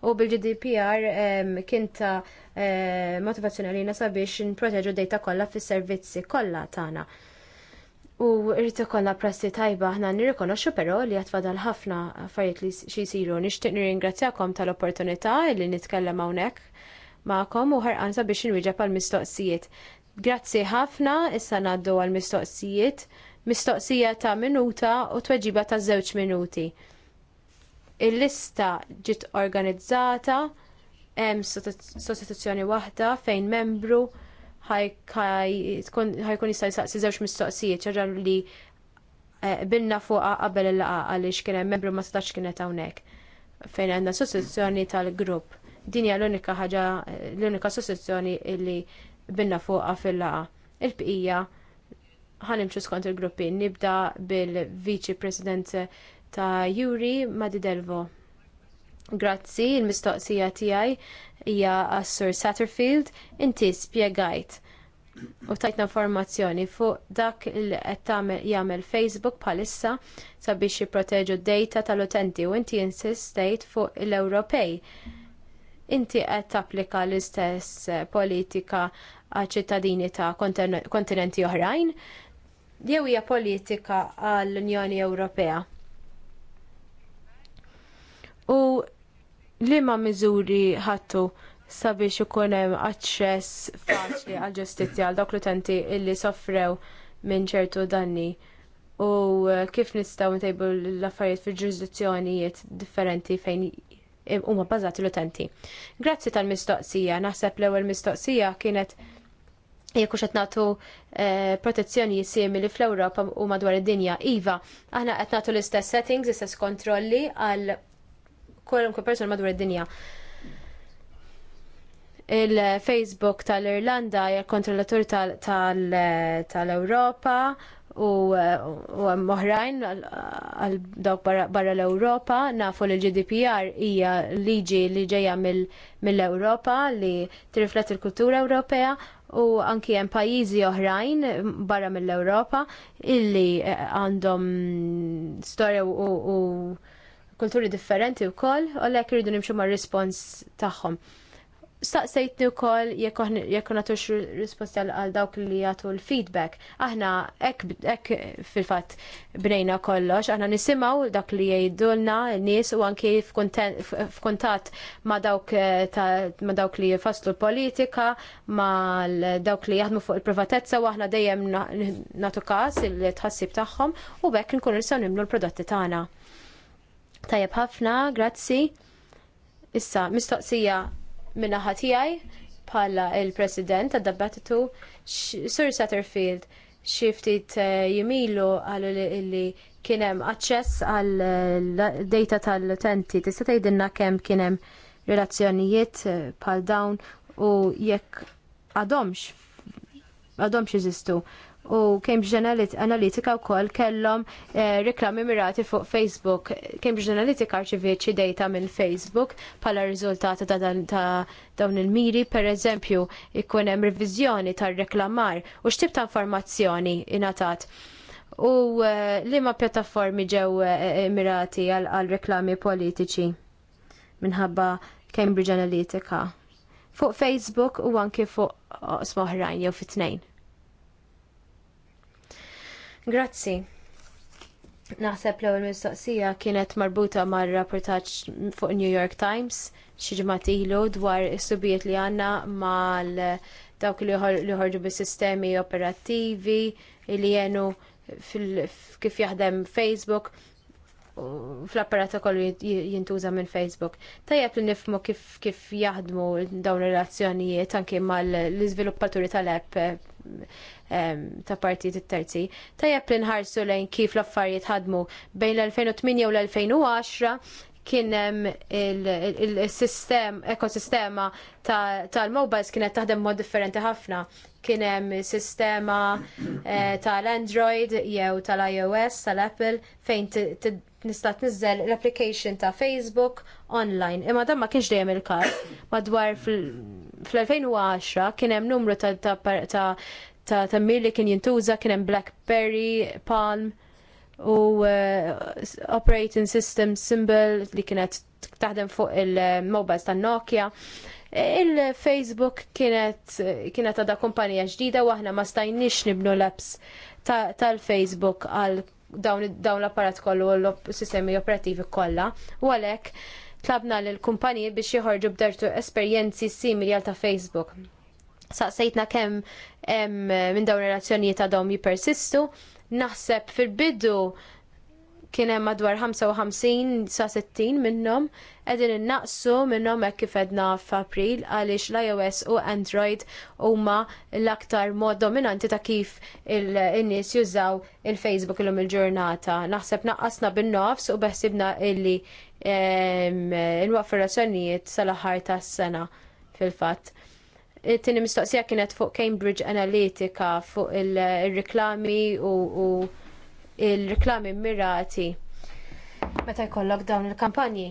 u bil-GDPR ehm, kien ta' eh, motivazzjoni għalina sabiex nproteġu d data kollha fis-servizzi kollha tagħna U irrit ikollna prassi tajba aħna nirrikonoxxu però li qed fadal ħafna affarijiet li xi jsiru. Nixtieq nirringrazzjakom tal-opportunità li nitkellem hawnhekk magħkom u ħarqan sabiex nirriġa' pal mistoqsijiet. Grazzi ħafna issa ngħaddu għall mistoqsijiet. Mistoqsija ta' minuta u tweġiba ta' żewġ minuti. Il-lista ġiet organizzata hemm sostituzzjoni waħda fejn membru ħajkun jista' jistaqsi żewġ mistoqsijiet ċerra li eh, bilna fuqa qabel il-laqa għaliex kien hemm membru ma setax kienet hawnhekk fejn għandna sostituzzjoni tal-grupp. Din hija l-unika ħaġa eh, l-unika sostituzzjoni li binna fuqha fil-laqa. Il-bqija ħanimxu skont il-gruppi nibda bil-Viċi President ta' Juri Madidelvo. Grazzi, il-mistoqsija tiegħi hija għas-Sur Satterfield, inti spjegajt u tajtna informazzjoni fuq dak li qed jagħmel Facebook bħalissa sabiex jipproteġu d-dejta tal-utenti u inti insistejt fuq l-Ewropej. Inti qed tapplika l-istess politika għal ċittadini ta' kontinenti oħrajn jew hija politika għall-Unjoni Ewropea. U Liema miżuri ħattu sabiex ikun hemm aċċess faċli għall ġustizzja għal dawk l-utenti illi soffrew minn ċertu danni u eh, kif nistgħu ntejbu l-affarijiet fil-ġurisdizzjonijiet differenti fejn huma bbażati l-utenti. Grazzi tal-mistoqsija, naħseb l-ewwel mistoqsija kienet jekk hux qed nagħtu eh, protezzjoni simili fl-Ewropa u madwar id-dinja. Iva, aħna qed nagħtu l-istess settings, l-istess kontrolli għal kwalunkwe persuna madwar id-dinja. Il-Facebook tal-Irlanda hija kontrollatur tal-Ewropa u hemm oħrajn għal dawk barra l-Ewropa nafu li l-GDPR hija liġi li ġejja mill-Ewropa li tirriflet il kultura Ewropea u anki hemm pajjiżi oħrajn barra mill-Ewropa illi eh, għandhom storja u kulturi differenti wkoll, u għalhekk rridu nimxu mar-rispons tagħhom. Staqsejtni wkoll jekk nagħtux risposti għal dawk li jagħtu l-feedback. Aħna hekk fil-fatt bnejna kollox, aħna nisimgħu dak li jgħidulna n-nies u anki f'kuntatt ma' dawk eh, ma' dawk li jfasslu l-politika, ma' dawk li jaħdmu fuq il-privatezza u aħna dejjem natu każ il-tħassib tagħhom u bekk nkunu nisaw nimlu l-prodotti tagħna. Tajab ħafna, grazzi. Issa, mistoqsija minna ħatijaj bħala il-president għad dabbattitu Sir Satterfield xi ftit eh, jimilu għallu li kien hemm aċċess għal data tal-utenti. Tista' tgħidilna kemm kien hemm relazzjonijiet eh, bħal dawn u jekk għadhomx għadhomx jeżistu u Cambridge Analytica wkoll kellhom eh, reklami mirati fuq Facebook. Cambridge Analytica rċiviet data minn Facebook bħala riżultati ta' dawn il-miri, pereżempju jkun hemm riviżjoni tar-reklamar u x'tib ta' informazzjoni ingħatat. U eh, li ma pjattaformi ġew eh, mirati għal reklami politiċi minħabba Cambridge Analytica. Fuq Facebook u anke fuq smoħrajn jew fit-tnejn. Grazzi. Naħseb l ewwel mistoqsija kienet marbuta mar rapportaġġ fuq New York Times xi ġimgħat ilu dwar is-subijiet li għandna mal dawk li joħorġu bis-sistemi operattivi li jenu kif jaħdem Facebook fl apparat kollu jintuża minn Facebook. Tajjeb li nifmu kif, kif jaħdmu dawn relazzjonijiet anki mal-izviluppaturi tal-app eh, ta' partijiet terzi. Tajjeb li nħarsu lejn kif l-affarijiet ħadmu bejn l-2008 u l-2010 kien hemm il-sistem, ekosistema tal-mobiles kienet taħdem mod differenti ħafna. Kien hemm sistema eh, tal-Android jew tal-iOS, tal-Apple fejn nista' tniżel l-application ta' Facebook online. Imma dan ma kienx dejjem il-każ. Madwar fl-2010 kien hemm numru ta' ta' ta' tammir li kien jintuża kien hemm BlackBerry, Palm u uh, operating system symbol li kienet taħdem fuq il-mobiles ta' Nokia. Il-Facebook kienet kienet għadha kumpanija ġdida u aħna ma stajniex nibnu l-apps tal-Facebook għal dawn l-apparat kollu u l-sistemi operativi kollha. U għalhekk tlabna lill kumpaniji biex joħorġu b'dertu esperjenzi simili għal ta' Facebook. Saqsejtna kemm eh, minn dawn relazzjonijiet għadhom jippersistu, naħseb fil-bidu kien hemm madwar 55 sa 60 minnhom qegħdin innaqsu minnhom hekk kif għedna f'April għaliex l-iOS u Android huma l-aktar mod dominanti ta' kif in-nies jużaw il-Facebook illum il-ġurnata. Naħseb naqqasna bin-nofs u beħsibna illi il razzjonijiet sal-aħħar tas-sena fil-fatt it-tini mistoqsija kienet fuq Cambridge Analytica fuq il-reklami u, il-reklami mirati. Meta jkollok dawn il-kampanji.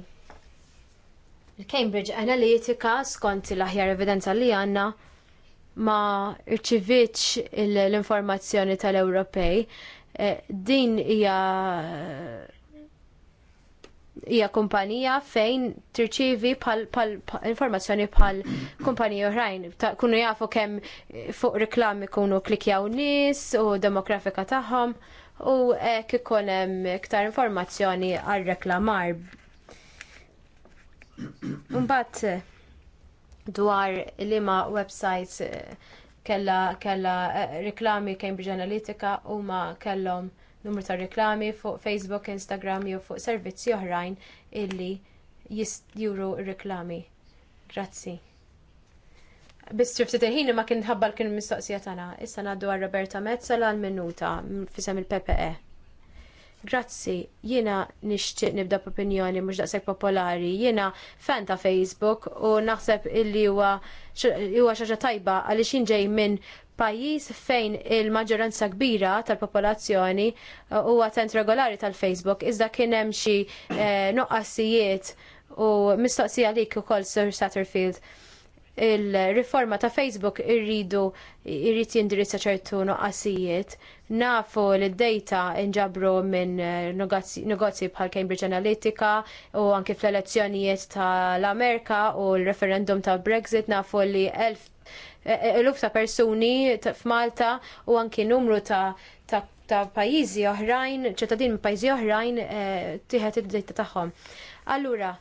Il-Cambridge Analytica skont l-aħjar evidenza li għandna ma rċivitx l-informazzjoni tal-Ewropej. Eh, din hija hija kumpanija fejn tirċivi pal, pal informazzjoni pal kumpanija oħrajn. Kunu jafu kemm fuq reklami kunu klikjaw nies u demografika tagħhom u hekk ikun hemm iktar informazzjoni għal reklamar. Mbagħad dwar liema websites eh, kella kella eh, reklami Cambridge Analytica huma kellhom numru ta' reklami fuq Facebook, Instagram jew fuq servizzi oħrajn illi jistjuru reklami. Grazzi. Biss ftit ħin ma kien ħabbar kien mistoqsija tagħna. Issa naddu għal Roberta Mezzala għal minuta fisem il-PPE. Grazzi, jiena nixtieq nibda opinjoni mhux daqshekk popolari. Jiena fan ta' Facebook u naħseb illi huwa huwa xaġa tajba għaliex ġej minn pajjiż fejn il-maġġoranza kbira tal-popolazzjoni uh, huwa tent regolari tal-Facebook iżda kien hemm xi eh, nuqqasijiet u mistoqsija lik ukoll Sir Satterfield il-riforma ta' Facebook irridu irrid jindirizza ċertu noqqasijiet. Nafu li d-data inġabru minn eh, negozji bħal Cambridge Analytica u anke fl-elezzjonijiet tal-Amerika u l-referendum ta' Brexit nafu li elf eh, eluf ta' persuni f'Malta u anki numru ta' ta' ta' pajizi oħrajn, ċittadin minn pajizi oħrajn eh, tieħed id-dejta tagħhom. Allura,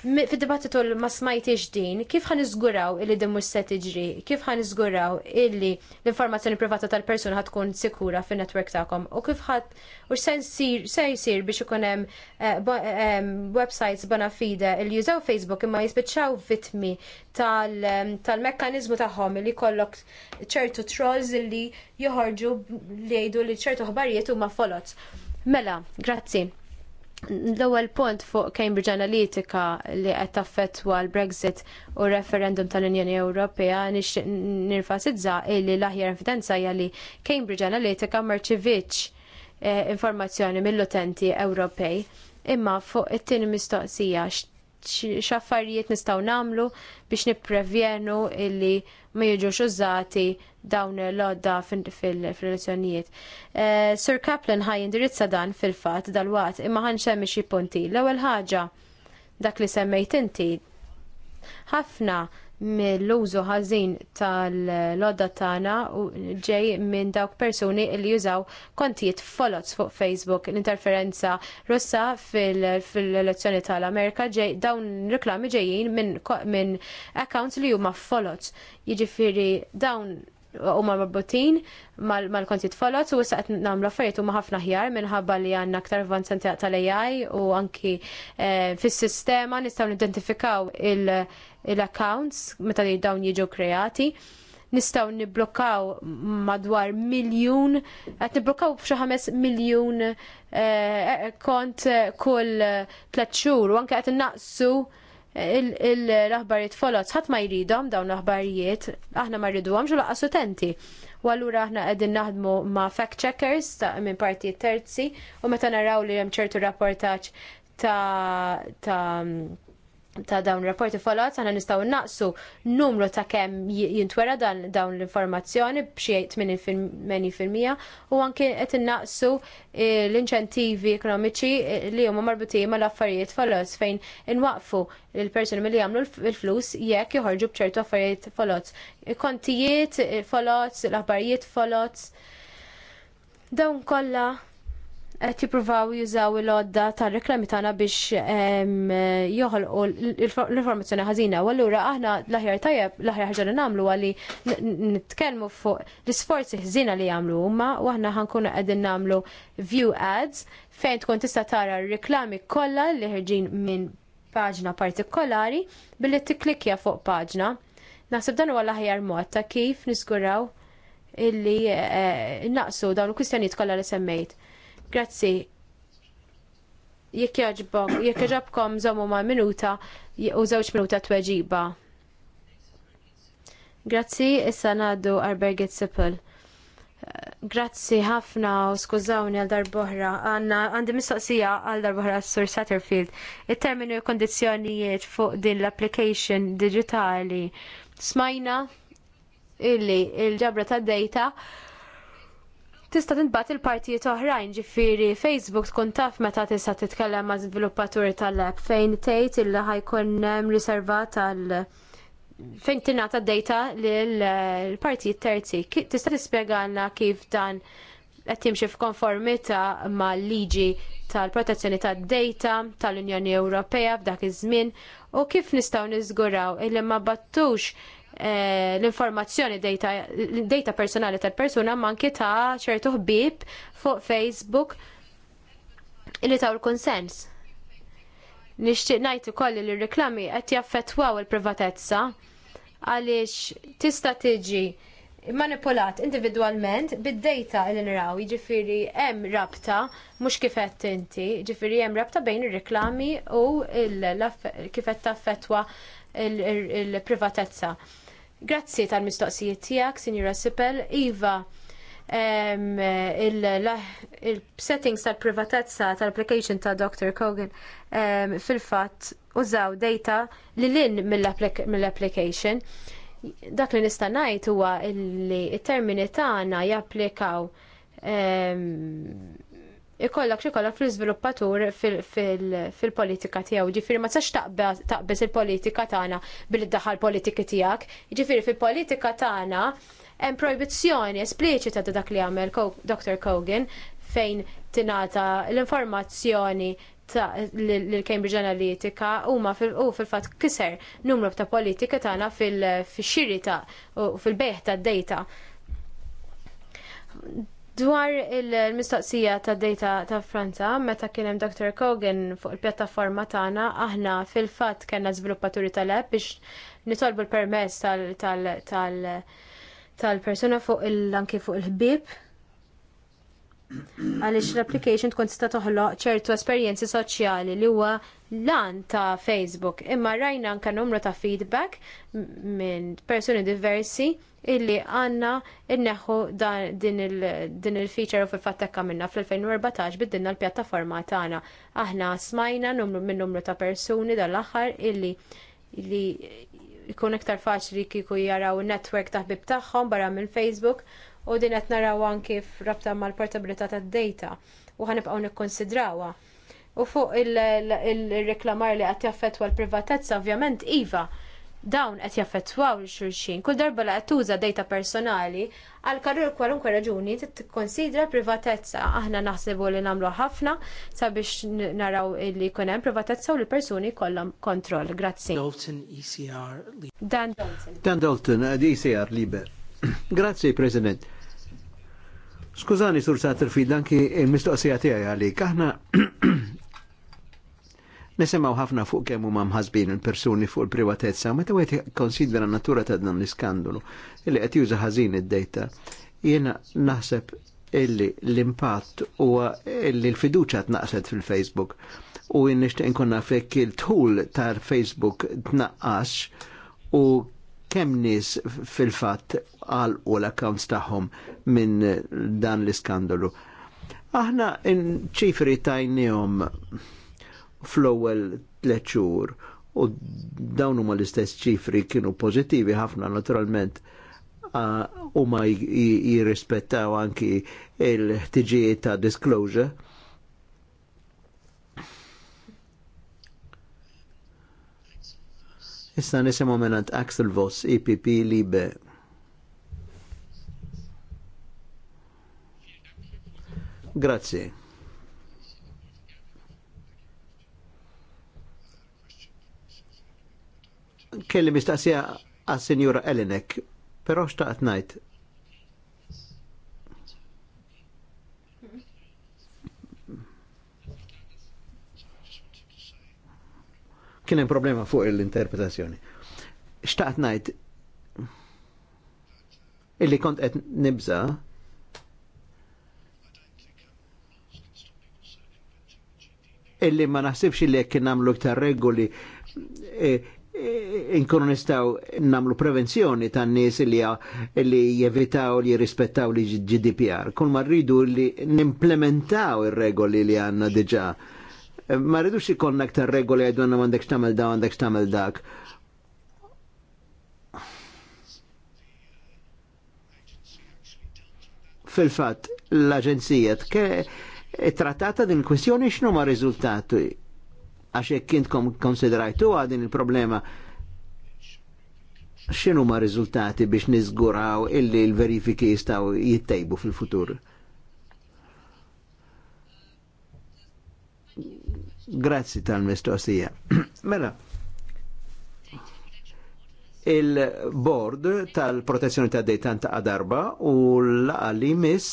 fid-dibattitu ma smajtix din, kif ħan izguraw illi dimmu s se tiġri, kif ħan izguraw illi l-informazzjoni privata tal-persuna ħad tkun sikura fin-netwerk tagħkom u kif ħadd u se jsir biex ikun hemm eh, websites bona fide illi jużaw Facebook imma jispiċċaw vitmi tal-mekkaniżmu tagħhom illi kollok ċertu trolls illi joħorġu li jgħidu li ċertu ħbarijiet huma folot. Mela, grazzi. L-ewwel punt fuq Cambridge Analytica li qed taffettwa l-Brexit u r referendum tal-Unjoni Ewropea nixtieq nirfasizza li l-aħjar evidenza hija li Cambridge Analytica marċivitx informazzjoni mill-utenti Ewropej imma fuq it-tieni mistoqsija x'affarijiet nistgħu nagħmlu biex nipprevjenu illi ma jiġux użati dawn l-odda fil-elezzjonijiet. Eh, Sir Kaplan ħaj indirizza dan fil-fat dal-wat imma ħan xemmi xi punti. L-ewwel ħaġa dak li semmejt inti ħafna mill-użu ħażin tal loda tagħna u ġej minn dawk persuni li jużaw kontijiet folots fuq Facebook l-interferenza russa fil-elezzjoni tal-Amerika ġej dawn reklami ġejjin minn accounts li huma folots. Jiġifieri dawn u ma marbutin mal-kontijiet folot u qed namlu affarijiet u ħafna ħjar minħabba li għanna aktar avanzanti tal-AI u anki eh, fis-sistema nistgħu nidentifikaw il- l-accounts meta li dawn jiġu kreati. Nistgħu nibblokkaw madwar miljun, qed nibblokkaw f'xi ħames miljun eh, kont kull tliet u anke qed innaqsu l-aħbarijiet folot, ħadd ma jridom dawn l-aħbarijiet, aħna ma rridu għamġu laqas utenti. U allura aħna qegħdin naħdmu ma' fact checkers ta' minn parti terzi u meta naraw li hemm ċertu rapportaġġ ta' ta' dawn rapporti falot, għana nistaw naqsu numru ta' kem jintwera dawn l-informazzjoni bxie 80% u għanki qed naqsu eh, l-inċentivi ekonomiċi eh, li huma marbuti ma' l-affarijiet falot fejn inwaqfu l-persuni mill-li għamlu l-flus jekk joħorġu bċertu affarijiet falot. Kontijiet eh, falot, l-affarijiet falot. Dawn kolla qed jippruvaw jużaw il-għodda tar-reklami tagħna biex joħolqu l-informazzjoni ħażina. U allura aħna l-aħjar tajjeb, l-aħjar ħaġa li nagħmlu għalli nitkellmu fuq l-isforzi ħżina li jagħmlu huma u aħna ħankunu qegħdin nagħmlu view ads fejn tkun tista' tara r-reklami kollha li ħirġin minn paġna partikolari billi tikklikja fuq paġna. Naħseb dan huwa l-aħjar mod ta' kif niskuraw illi eh, naqsu dawn il-kwistjonijiet kollha li semmejt. Grazzi. Jekk jaġbok, jekk jaġabkom żommu ma' minuta u żewġ minuta tweġiba. Grazzi, issa naddu Arberget Sipple. Grazzi ħafna u skużawni għal darbohra. Għanna għandi mistoqsija għal darboħra s-Sur Satterfield. Il-terminu kondizjonijiet fuq din l-application digitali. Smajna illi il-ġabra ta' data tista' tintbagħat il-partijiet oħrajn ġifieri Facebook tkun taf meta tista' titkellem ma' żviluppaturi tal-app fejn tgħid illi ħajkun hemm riservat għal fejn tingħata data lill partijiet terzi. Tista' tispjegana kif dan qed jimxi f'konformità mal-liġi tal-protezzjoni tad-data tal-Unjoni Ewropea f'dak iż-żmien u kif nistgħu niżguraw illi ma battux Eh, l-informazzjoni data personali tal-persuna manki ta' ċertu ħbieb fuq Facebook li ta' l konsens Nixtieq ngħid ukoll li r-riklami qed jaffettwaw il-privatezza għaliex tista' tiġi manipulat individualment bid-data li naraw, jiġifieri hemm rabta, mhux kif qed inti, jiġifieri hemm rabta bejn ir-riklami u kif qed taffetwa il-privatezza. Grazzi tal-mistoqsijiet tiegħek, Sinjura Sipel. Iva, il-settings tal-privatezza tal-application ta' Dr. Kogan fil-fatt użaw data li l-in mill-application. Dak li nista' ngħid huwa li t termini tagħna japplikaw ikollok xikollok fil-żviluppatur fil-politika tiegħu. Ġifieri ma sax taqbeż il-politika tagħna billi ddaħħal politiki tiegħek. Ġifieri fil-politika tagħna hemm proibizzjoni espliċita ta' dak li għamel Dr. Kogan fejn tingħata l-informazzjoni l-Cambridge Analytica huma u fil-fatt kiser numru ta' politika tagħna fil-xiri ta' u fil-beħ ta' data Dwar il-mistoqsija ta' data ta' Franza, meta kien hemm Dr. Kogan fuq il-pjattaforma tagħna, aħna fil-fatt kellna żviluppaturi tal-app biex nitolbu l-permess tal-persuna fuq il-anki fuq il-ħbieb għaliex l-application tkun tista' toħloq ċertu esperjenzi soċjali li huwa lan ta' Facebook. Imma rajna anke numru ta' feedback minn persuni diversi illi għanna inneħu din il-feature u fil-fattekka minna fl-2014 biddinna l-pjattaforma tagħna. Aħna smajna numru minn numru ta' persuni dal-aħħar illi li jkun iktar faċli kieku jaraw in netwerk bib tagħhom barra minn Facebook u din qed naraw anki f'rabta mal-portabilità tad-data u ħanibqgħu nikkonsidrawha. U fuq il-reklamar li qed jaffettwa l-privatezza ovvjament iva dawn qed jaffettwaw xulxin Kull darba li qed tuża data personali għal karur kwalunkwe raġuni tikkonsidra privatezza. Aħna naħsibu li nagħmlu ħafna sabiex naraw li jkun hemm privatezza u li persuni kollhom kontroll. Grazzi. E Dan Dalton, Dan Dalton, ECR Liber. Grazzi, President. Skużani, Sur Satr Fid, anki il-mistoqsija tiegħi għalik. Aħna nisimgħu ħafna fuq kemm huma mħasbin il-persuni fuq il-privatezza, meta wieħed konsidra natura ta' dan l-iskandalu illi qed juża ħażin id-dejta. Jiena naħseb illi l-impatt huwa illi l-fiduċa tnaqset fil-Facebook u nixtieq nkun naf il-tul tal-Facebook tnaqqas. u kemm nis fil-fatt u l-accounts tagħhom minn dan l-iskandalu. Aħna ċifri tajnijom fl-ewwel tleċur u dawn huma l-istess ċifri kienu pożittivi ħafna naturalment u ma jirrispettaw anki il-ħtiġijiet ta' disclosure Issa nisimu menant Axel Voss, EPP Libe. Grazie. Kelli mistaqsija għas senjura Elinek, pero xtaqt najt kienem problema fuq l-interpretazzjoni. Xtaqt najt, illi kont qed nibza, illi ma naħsibx illi jekk namlu iktar regoli e, e, inkunu nistaw namlu prevenzjoni tan nies li illi jevitaw li jirrispettaw li GDPR. Kull ma rridu li nimplementaw ir-regoli li għandna diġa' Ma rridux ikonna aktar regoli għajdu għandek xtamel da, għandek xtamel dak. fil-fat l-Aġenzija trattata din kwestjoni x'nu ma' riżultati għax jekk intkom konsiderajtu din il-problema X'inhuma ma' riżultati biex niżguraw illi l-verifiki jistgħu jittejbu fil-futur. Grazzi tal-mistoqsija. mela, il-board tal-protezzjoni ta' dejtan ta' darba u l-għalli mis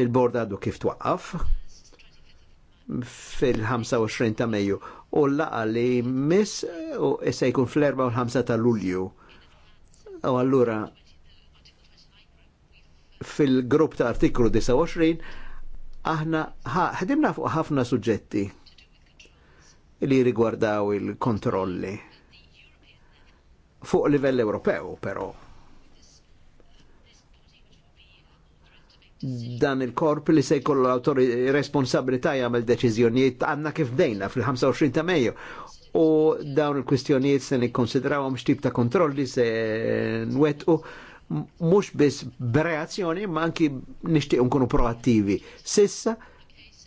il-board għadu kif twaqqaf fil-25 ta' Mejju u l-għalli mis u issa jkun fl-4 u l-5 ta' Lulju. U allura fil-grupp ta' artiklu 29 aħna ħedimna fuq ħafna suġġetti li rigwardaw il-kontrolli. Fuq livell Ewropew, però. Dan il-korp li se jkollu l-autori responsabilità jgħamil deċiżjonijiet għanna kif dejna fil-25 ta' Mejju u dawn il-kwistjonijiet se nikkonsidraw nikkonsidrawhom xtib ta' kontrolli se nwetqu mux bis b'reazzjoni ma anki nishtiq nkunu proattivi. Sissa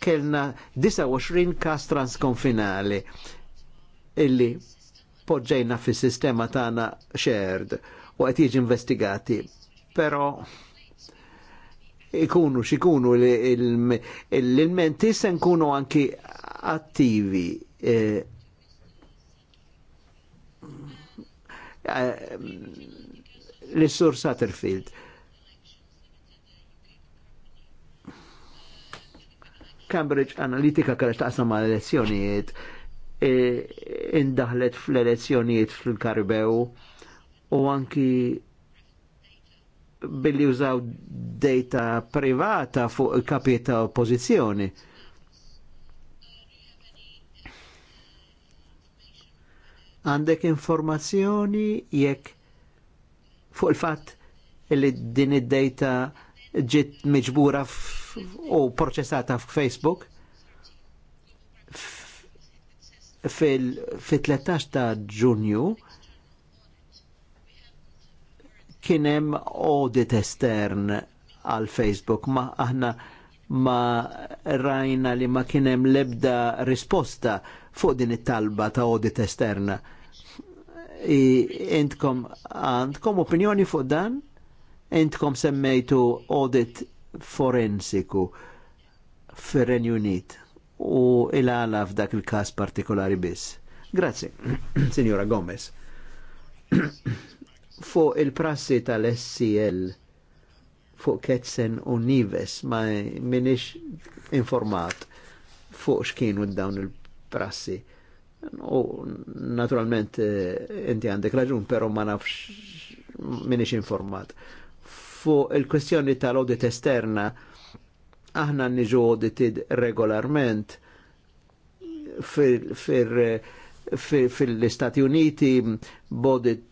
kellna 29 kas transkonfinali illi poġġejna fis sistema tana shared u għet jiġi investigati. Pero ikunu xikunu l il, il, sen kunu anki attivi E, eh, l-sur Satterfield Cambridge Analytica kera taqsam ma' elezzjonijiet e, indaħlet fl-elezzjonijiet fil-Karibew u anki billi użaw data privata fuq il-kapita oppożizzjoni. għandek informazzjoni jekk fuq il fat li din id-data ġiet miġbura u proċessata f'Facebook fil-13 ta' ġunju kienem audit estern għal Facebook ma aħna ma rajna li ma kienem lebda risposta fuq din it-talba ta' audit esterna. Intkom għandkom opinjoni fuq dan? Intkom semmejtu audit forensiku fir-Renju Unit u il-għala f'dak il-kas partikolari biss. Grazie, Signora Gomez. fuq il-prassi tal-SCL fuq Ketsen u Nives ma minix informat fuq xkienu dawn il-prassi. U naturalment eh, inti għandek raġun, pero ma nafx minix informat fuq il-kwestjoni tal-audit esterna. Aħna niġu audited regolarment fil-Istati Uniti bodit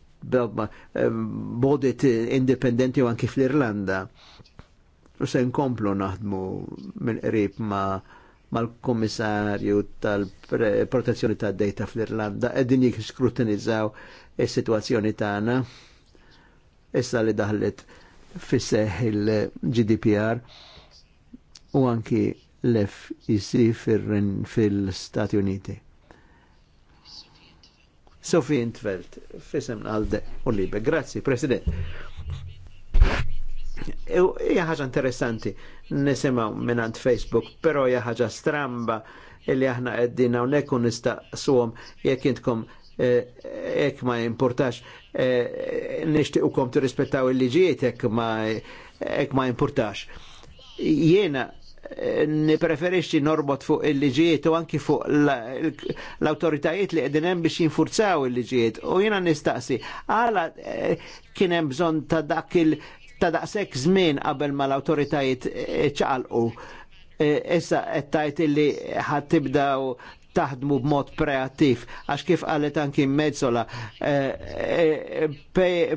bodit indipendenti u anki fl-Irlanda. U se nkomplu naħdmu minn qrib ma' mal-komissarju tal-protezzjoni ta' data fl-Irlanda edin jik skrutinizzaw il-situazzjoni tagħna issa li daħlet fisseħ il-GDPR u anki l-FEC fil-Stati Uniti. Sofi Intveld, fisem għalde u libe. Grazie, President. E, Ija ħaġa interessanti nisimaw minnant Facebook, pero hija ħaġa stramba illi aħna għeddina u nekun nistaqsuhom jekk intkom Eh, ek ma importax eh, nishtiqkom tirrispettaw il-liġijiet ek ma ek ma importax. Jena eh, nipreferixxi norbot fuq il-liġijiet u anki fuq l-autoritajiet li qegħdin hemm biex jinfurzaw il-liġijiet. U jiena nistaqsi, għala kien hemm bżonn ta' dak il ta' daqshekk żmien qabel ma l-awtoritajiet ċalqu. Issa qed tajt illi ħadd tibdaw taħdmu b'mod preattiv, għax kif għallet anki mezzola, eh, eh,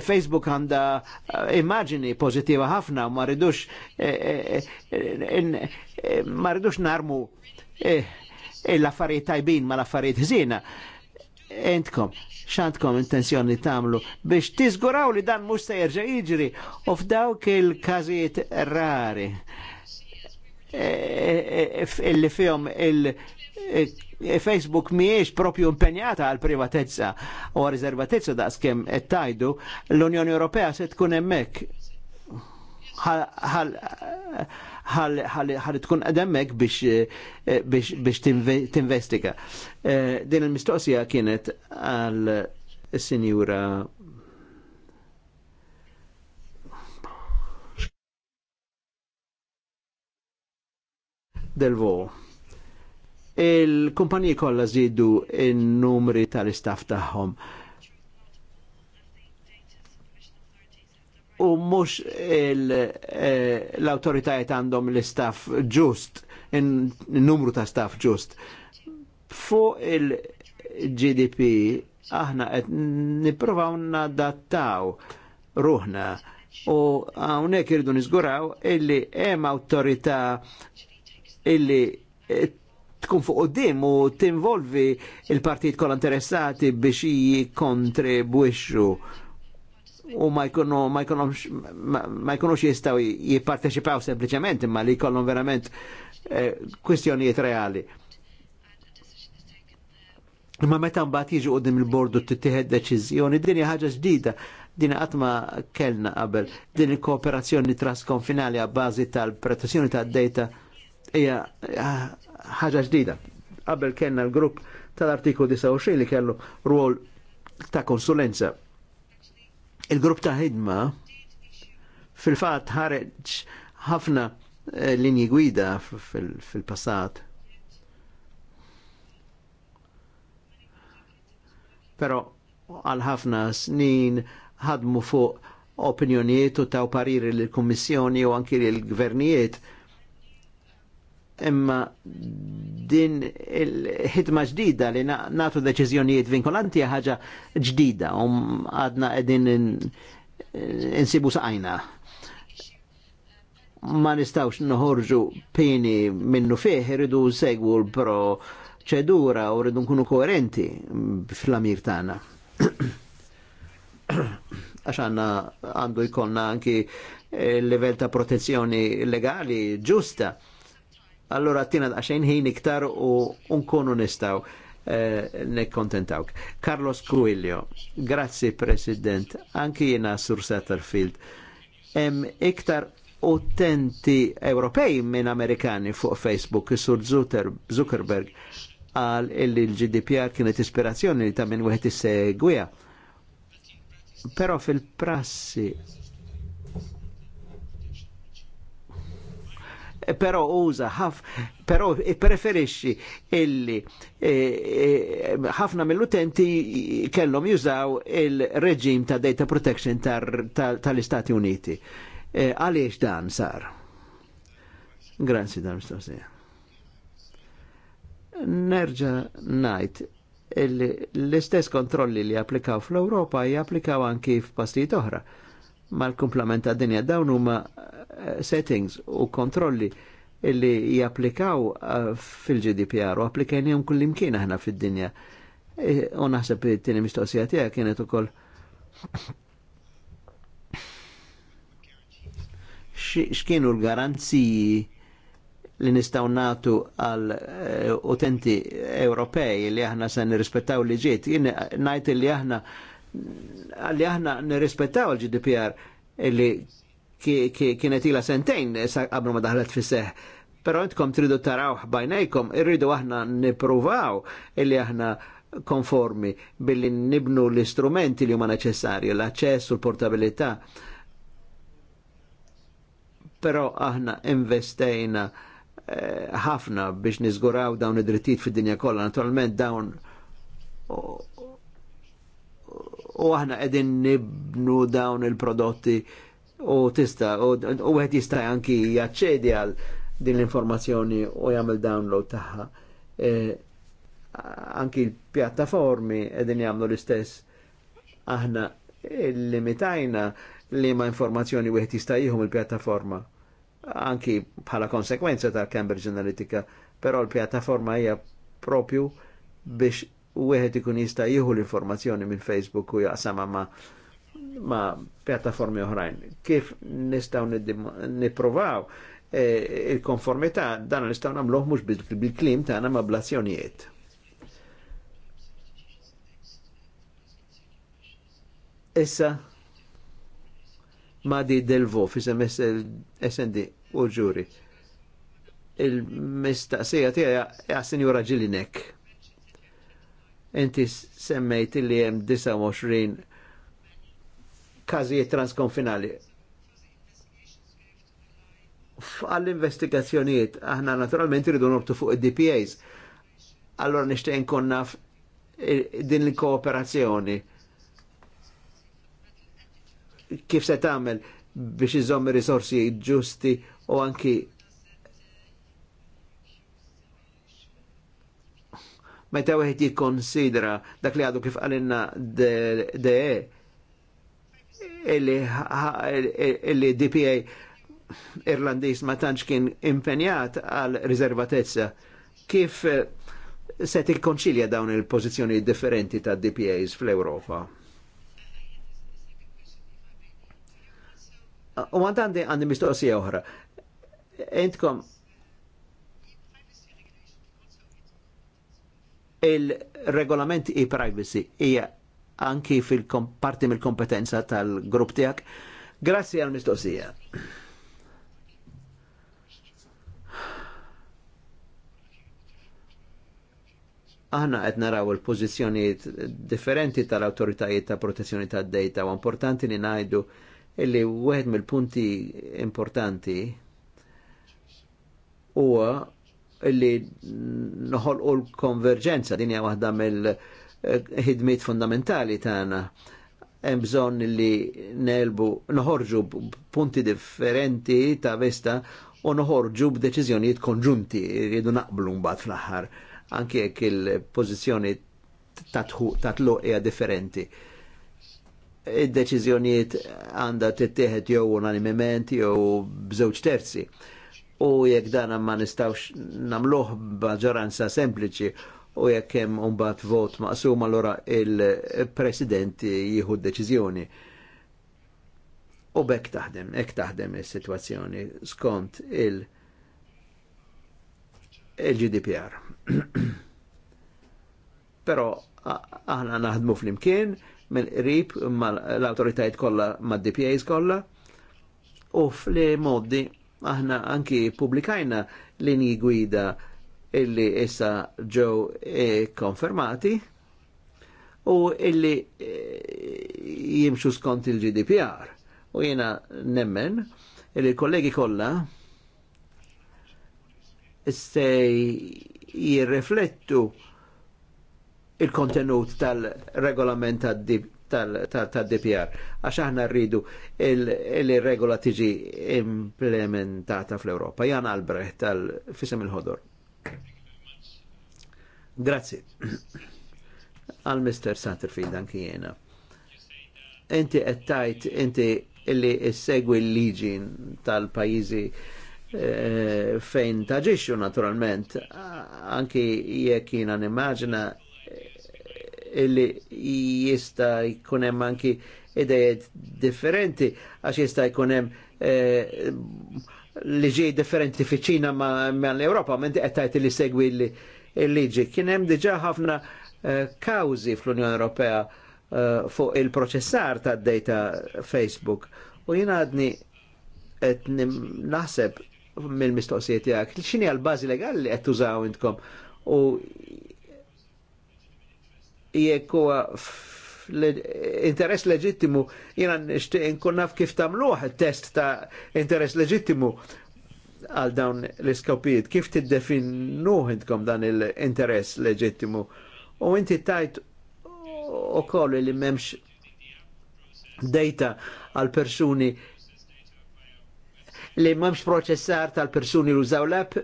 Facebook għanda eh, immaġini pozittiva ħafna, ma ridux narmu l-affarijiet tajbin ma l-affarijiet zina. Entkom, xantkom intenzjoni tamlu biex tizguraw li dan mux se jirġa iġri u f'dawk il kazijiet rari illi fihom il- Facebook miex propju impenjata għal privatezza u għal riservatezza da' skem tajdu l-Unjoni Ewropea se tkun emmek għal tkun għademmek biex tinvestiga. Eh, din il-mistoqsija kienet għal sinjura Delvo. il kumpanji kolla zidu il numri tal-istaff taħħom. U mux l-awtoritajiet għandhom l-istaff ġust, il numru ta' staff ġust. Fuq il-GDP aħna qed nipprovaw nadattaw ruħna u hawnhekk irdu niżguraw illi hemm awtorità illi eh, tkun fuq qoddim u tinvolvi il-partit kol interessati biex jikontribwixxu u ma jkunux jistaw jipparteċipaw sempliċement imma li jkollhom verament eh, kwistjonijiet reali. Imma meta mbagħad jiġu qudiem il-bordu tittieħed deċiżjoni, din hija ħaġa ġdida, din qatt ma kellna qabel, din il-kooperazzjoni trasconfinali għabbażi tal-protezzjoni tad-data hija ah, ħaġa ġdida. Qabel kellna l-grupp tal-artiklu 29 li kellu rwol ta' konsulenza. Il-grupp ta' ħidma fil fat ħareġ ħafna eh, linji gwida fil-passat. Pero għal ħafna snin ħadmu fuq opinjonijiet u taw pariri l-Kommissjoni u anki l-Gvernijiet imma din il-ħidma ġdida li natu deċiżjonijiet vinkolanti ħaġa ġdida u għadna qegħdin insibu saqajna. Ma nistawx nħorġu pini minnu fih, irridu segwu l-proċedura u rridu nkunu koerenti fl-amir tagħna. Għax għanna għandu jkollna anki il-level ta' protezzjoni legali ġusta allora tina għaxejn ħin iktar u nkunu nistaw eh, nekkontentawk. Carlos Coelho, grazzi President, anki jena sur Satterfield. Em iktar utenti Ewropej minn Amerikani fuq Facebook, sur Zuckerberg, għal illi l-GDPR kienet ispirazzjoni li ta' minn wieħed segwija. Però fil-prassi però uża ħaf, però preferixxi illi eh, eh, ħafna e, e, mill-utenti kellhom jużaw il-reġim ta' data protection tal-Istati Uniti. Eh, għaliex e, dan sar? Grazzi dan mistoqsija. Nerġa najt l-istess kontrolli li applikaw fl-Europa japplikaw anki f'pastijiet oħra mal-komplement ta' dinja dawn huma settings u kontrolli illi japplikaw eh, fil-GDPR u applikajnijom kull-imkien aħna fil-dinja. Eh, u naħseb il tini mistoqsija tiegħek kienet ukoll x'kienu l-garanziji li nistaw natu għal eh, utenti Ewropej li aħna se nirrispettaw li ġiet. Jien ngħid li aħna li aħna nirrispettaw l-GDPR illi kienet ila sentejn eh, qabel ma daħlet fisseħ. Pero intkom tridu taraw bajnejkom, irridu aħna nipruvaw illi aħna konformi billi nibnu l-istrumenti li huma neċessarju, l-aċċess u l-portabilità. Pero aħna investejna eh, ħafna eh, biex nizguraw dawn id-drittijiet fid-dinja kollha, naturalment dawn u aħna qegħdin nibnu dawn il-prodotti eh, u tista u għed jista anki jaċċedi għal din l-informazzjoni u jagħmel download taħħa. E, anki l-pjattaformi edin jagħmlu l-istess aħna limitajna li ma informazzjoni wieħed jista' jihum il-pjattaforma. Anki bħala konsekwenza ta' Cambridge Analytica, però l-pjattaforma hija propju biex wieħed ikun jista' jieħu l-informazzjoni minn Facebook u jaqsama ma' ma' pjattaformi oħrajn. Kif nistaw niprovaw e, il-konformità dan nistaw namluħ mux bil-klim ta' għana ma' blazzjonijiet. Issa ma' di delvo fi SND u ġuri. Il-mistaqsija tiegħi ja' Sinjura Ġilinek. Inti semmejt li jem 29 kazijiet transkonfinali. Għall-investigazzjonijiet, aħna naturalment rridu nortu fuq id-DPAs. Allora nishtejn konna naf e, din l kooperazzjoni Kif se tagħmel biex iżommi risorsi ġusti u anki meta wieħed jikkonsidra dak li għadu kif għalinna de, de illi DPA Irlandiż ma tantx kien impenjat għal riservatezza. Kif eh, se tikkonċilja dawn il-pożizzjoni differenti ta' DPAs fl-Ewropa? U għandandi għandi mistoqsija oħra. Entkom il-regolament e-privacy hija anki fil-parti mill-kompetenza tal-grupp tijak. Grazie għal-mistoqsija. Aħna qed naraw il-pożizzjonijiet differenti tal-awtoritajiet ta' protezzjoni tad data u importanti li ngħidu illi wieħed mill-punti importanti huwa illi noħolqu l-konverġenza din hija waħda mill- ħidmiet fundamentali tagħna. Hemm bżonn li nelbu noħorġu punti differenti ta' vesta u noħorġu b'deċiżjonijiet konġunti rridu naqblu mbagħad fl-aħħar anke jekk il-pożizzjoni ta' tluq hija differenti. Id-deċiżjonijiet għandha tittieħed jew unanimement jew bżewġ terzi. U jekk dan ma nistgħux nagħmluh b'maġġoranza sempliċi u jekk hemm mbagħad vot maqsum allura il-President jieħu deċiżjoni. U bekk taħdem, hekk taħdem is-sitwazzjoni skont il- il-GDPR. Però aħna naħdmu fl-imkien mill-qrib mal-autoritajiet kollha mad-DPAs kollha u fl-modi aħna anki publikajna linji gwida illi issa ġew e konfermati u illi e, jimxu skont il-GDPR. U jena nemmen illi kollegi kolla se jirreflettu il-kontenut tal-regolament tad-DPR tal-DPR. Għax aħna rridu il-regola tiġi implementata fl-Europa. Jan Albrecht tal-fisem il-ħodor. Grazie. Al Mr. Satterfield anki jena. Inti għettajt, enti illi segwi l-liġi tal-pajizi eh, fejn taġiċu naturalment, anki jekk jina nimmaġina eh, illi jista jkunem anki idejiet differenti, għax jista jkunem eh, li ġej differenti fi ċina ma' l-Europa, inti għettajt li segwi l-liġi. Kien hemm diġa ħafna eh, kawzi fl-Unjoni Ewropea eh, fuq il-proċessar ta' data Facebook. U jina għadni naħseb mill-mistoqsijiet jgħak, xini għal-bazi legali li għettużaw intkom u jekk huwa interess leġittimu, jena nishtiq nkun naf kif tamluħ test ta' interess leġittimu għal dawn l-iskopijiet, kif tiddefinuh intkom dan l interess leġittimu. U inti tajt u koll li memx data għal persuni li memx proċessar tal persuni l użaw l-app.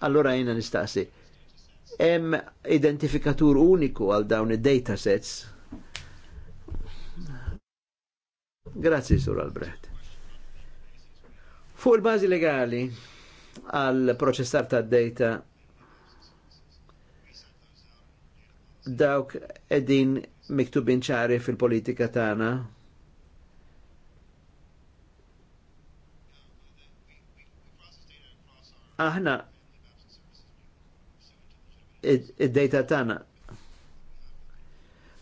Allora jina nistaqsi hemm identifikatur uniku għal dawn id-datasets. Grazzi, Sur Albrecht. Fuq il-bazi legali għal proċessar ta' data dawk edin miktubin ċari fil-politika tagħna. Aħna id-data tana.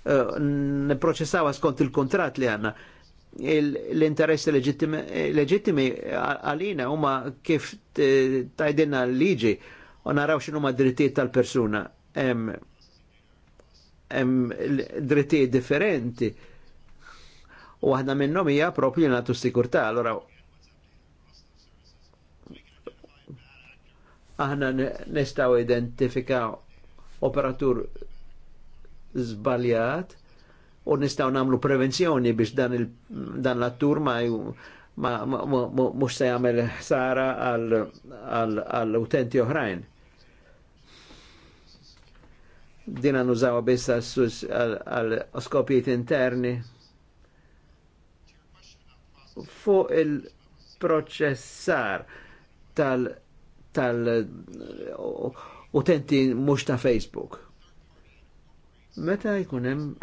Eh, Niproċessaw skont il-kontrat li għanna. L-interess leġittimi għalina huma kif tajdinna l-liġi u naraw xinu ma drittijiet tal-persuna. drittijiet differenti. U għahna minnom hija propju nagħtu sikurta. allora aħna nistaw identifikaw operatur zbaljat u nistaw namlu prevenzjoni biex dan, il, dan la tur ma, ma, ma, mux se jamel sara għall-utenti oħrajn. Dina nużawa bissa għal skopijiet interni. Fuq il-proċessar tal- tal- utenti mux ta' Facebook. Meta jkunem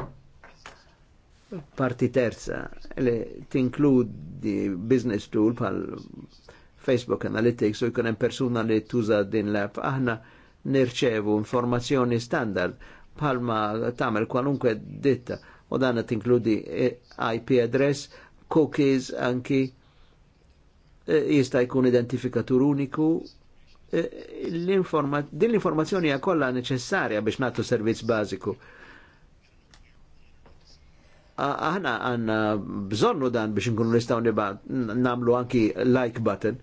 parti terza li tinkludi business tool pal Facebook Analytics u jkunem persuna li tuża din l-app, aħna nirċevu informazzjoni standard Palma Tamel kwalunkwe ditta u dana tinkludi eh, IP address, cookies anki eh, jista' jkun identifikatur uniku din l-informazzjoni hija kollha neċessarja biex nagħtu servizz bażiku. Aħna għanna bżonnu dan biex nkunu nistgħu namlu anki like button.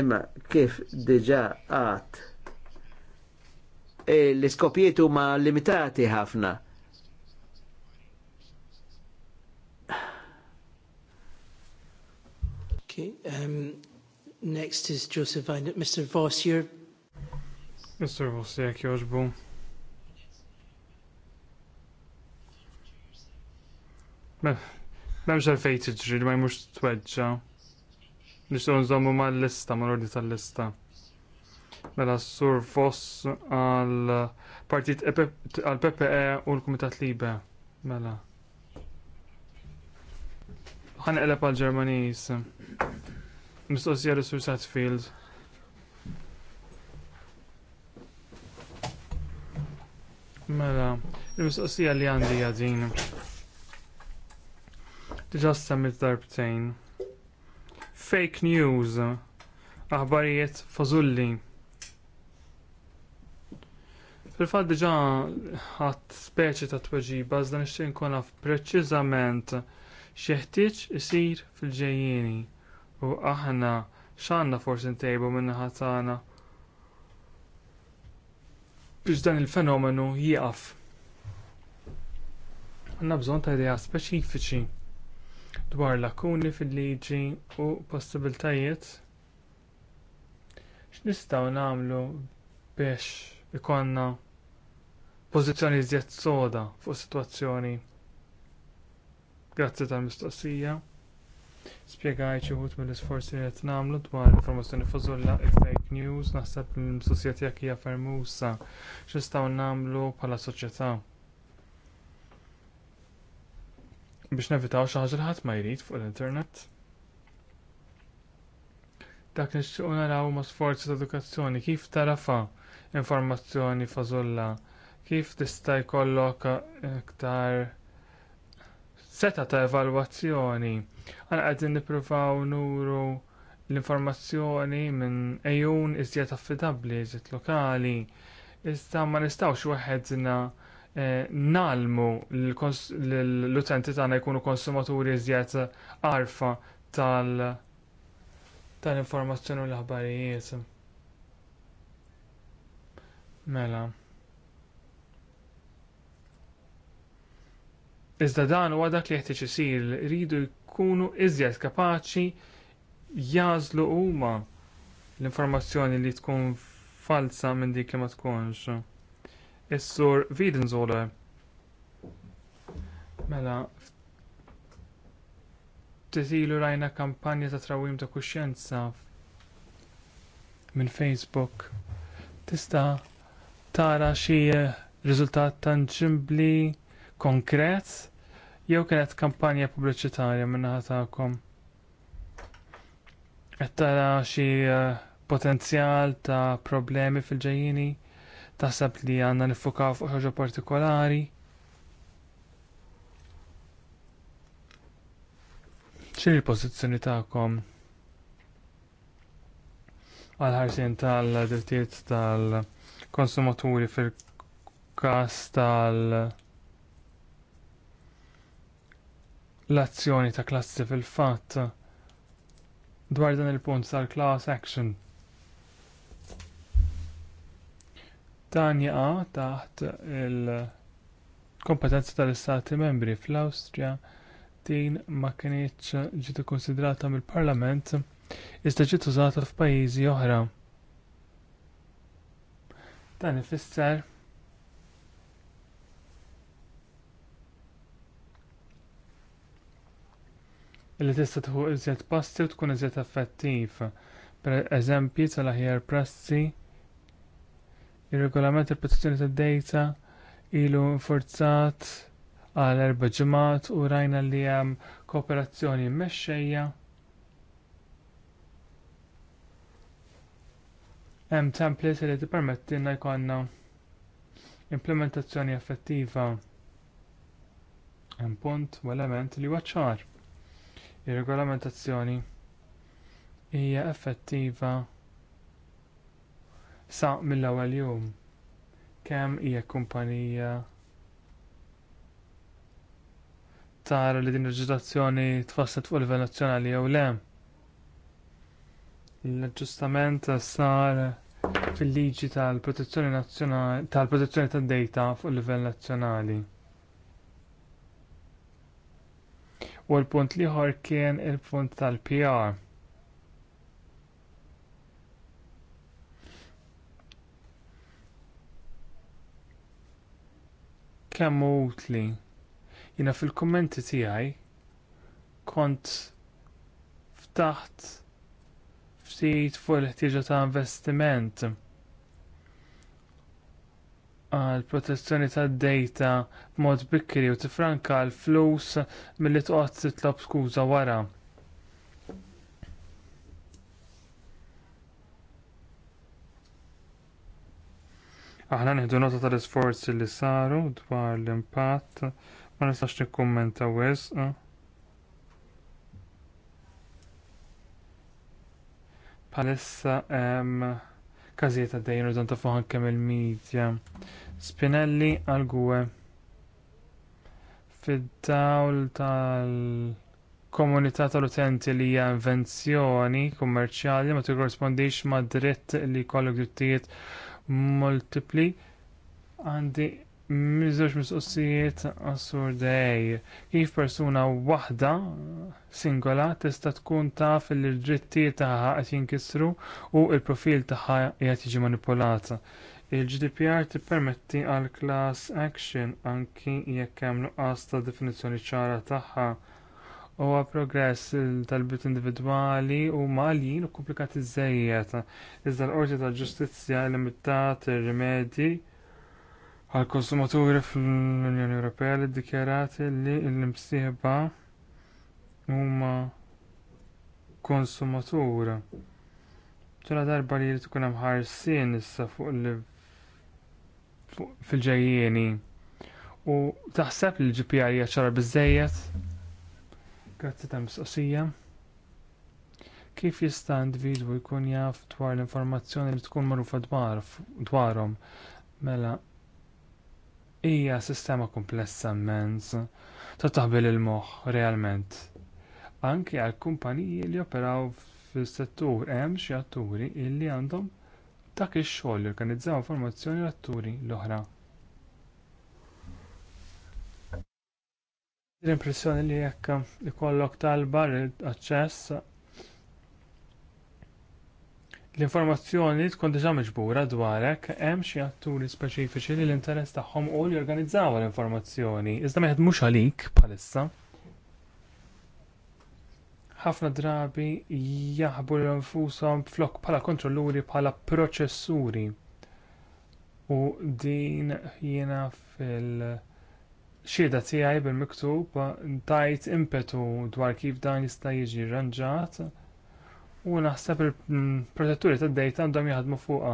Imma kif diġà għat e, l-iskopijiet huma limitati ħafna. Okay, um, Next is Joseph Vine. Mr. Voss, you're... Mr. Voss, jek Ma Memx għalfej tiġri, ma jmux t-għon zommu ma l-lista, ma l-ordi tal-lista. Mela s-sur Voss għal-partit e għal-PPE u l komitat Libe. Mela. ħan għal-ġermanis. Mistoqsija li suicide Field. Mela, il-mistoqsija li għandi għadin. Diġa semmit darbtejn. Fake news. Aħbarijiet fazulli. Fil-fat diġa ħadd speċi ta' tweġiba iżda nixtieq nkun naf preċiżament x'jeħtieġ isir fil ġejjeni u aħna x'għandna forsi ntejbu min-naħa tagħna biex dan il-fenomenu jieqaf. Għandna bżonn ta' idea speċifiċi dwar lakuni fil-liġi u possibiltajiet x'nistgħu nagħmlu biex ikonna pożizzjoni żjed soda fuq sitwazzjoni. Grazzi tal-mistoqsija xi wħud mill-isforzi li qed nagħmlu dwar informazzjoni fażulla il-fake news naħseb l-mistoqsija tiegħek hija fermusa x'istgħu nagħmlu bħala soċjetà. Biex nevitaw xi ħaġa ħadd ma jrid fuq l-internet. Dak nixtiequ naraw ma' sforzi ta' edukazzjoni kif tarafa informazzjoni fażulla kif tista' jkollok eh, iktar seta ta' evalwazzjoni Għana għadin niprofaw nuru l-informazzjoni minn ejjun iżjed affidabli, iżjed lokali, iżda ma nistawx zina eh, nalmu l-utenti tagħna jkunu konsumaturi iżjed arfa tal informazzjoni u l-aħbarijiet. Mela. Iżda dan huwa dak li jħtieġ isir, rridu Kunu iżjed kapaċi jażlu huma l-informazzjoni li tkun falsa minn dik li ma tkunx. Is-sur Wiedenzola. Mela, titilu rajna kampanja ta' trawim ta' kuxjenza minn Facebook. Tista' tara xi riżultat tanġibbli konkret jew kienet kampanja pubbliċitarja min-naħa tagħkom? Qed tara xi eh, potenzjal ta' problemi fil-ġejjini? Taħseb li għandna nifukaw fuq ħaġa partikolari? ċir il-pozizjoni ta'kom għal-ħarsin tal-drittijiet tal-konsumaturi fil-kas tal-, tal konsumaturi fil kas tal l-azzjoni ta' klassi fil-fatt dwar dan il-punt tal-class action. Dan taħt il-kompetenza tal-istati membri fl-Awstrija din ma kienieċ ġiet ikkonsidrata mill-Parlament iżda ġiet użata f'pajjiżi oħra. Dan ifisser li tista' tħu iżjed pasti u tkun iżjed effettiv. Pereżempju tal-aħjar prezzi, ir-regolament il-protezzjoni tad-dejta ilu nfurzat għal erba' ġimgħat u rajna li hemm kooperazzjoni mexxejja. Hemm templates li tippermettilna jkollna implementazzjoni effettiva. Hemm punt u element li huwa ċar. Ir-regolamentazzjoni hija effettiva sa mill-ewwel jum kemm hija kumpanija tara li din il-ġitazzjoni tfasset fuq livell nazzjonali jew le. L-aġġustament sar fil-liġi tal-protezzjoni tal-protezzjoni tad-dejta fuq livell nazzjonali. U l-punt liħor kien il-punt tal-PR. Kemm utli. Jina fil-kommenti tiegħi kont ftaħt ftit fuq il-ħtieġa ta' investiment għal protezzjoni tad dejta b'mod bikri u tifranka l-flus milli toqgħod titlob skuża wara. Aħna nħidu nota tal-isforzi li saru dwar l-impatt, ma nistax nikkummenta wisq. Eh. Palissa hemm każijiet għaddejjin u ta' fuq kemm il-medja. Spinelli għal gwe fid-dawl tal-komunità tal-utenti li hija invenzjoni kummerċjali ma tikkorrispondix ma' dritt li jkollok drittijiet multipli għandi Miżoġ mis-qossijiet assurdej. Kif persuna waħda singola tista tkun taf li l-drittijiet tagħha qed jinkisru u l profil tagħha qed jiġi manipolata. Il-GDPR tippermetti għal class action anki jekk hemm nuqqas ta' definizzjoni ċara tagħha huwa progress tal-bit individwali huma maljin u komplikati żejjed. Iżda l-Qorti tal-Ġustizzja limitat ir-rimedji għal konsumaturi fl-Unjoni Ewropea li ddikjarati li l-imsieħba huma konsumatura. Tuna darba li jrid ikun hemm ħarsien issa fuq li fil-ġejjieni. U taħseb li l-GPR hija ċara biżejjed? Grazzi ta' mistoqsija. Kif jista' individwu jkun jaf dwar l-informazzjoni li tkun magħrufa dwarhom? Mela, hija sistema komplessa immens ta' taħbel il-moħħ realment. Anki għal kumpaniji li operaw fil-settur hemm xi atturi li għandhom dak ix-xogħol li organizzaw informazzjoni l-atturi l-oħra. L-impressjoni li jekk ikollok talba l-aċċess L-informazzjoni tkun diġà miġbura dwarek hemm xi atturi speċifiċi li l-interess tagħhom u li jorganizzaw l-informazzjoni. Iżda ma jaħdmux għalik bħalissa. Ħafna drabi jaħbu l-infushom flok bħala kontrolluri bħala proċessuri. U din jiena fil- xieda tiegħi bil-miktub tajt impetu dwar kif dan jista' jiġi rranġat U naħseb il-protetturi tad dejta għandhom jaħdmu fuqha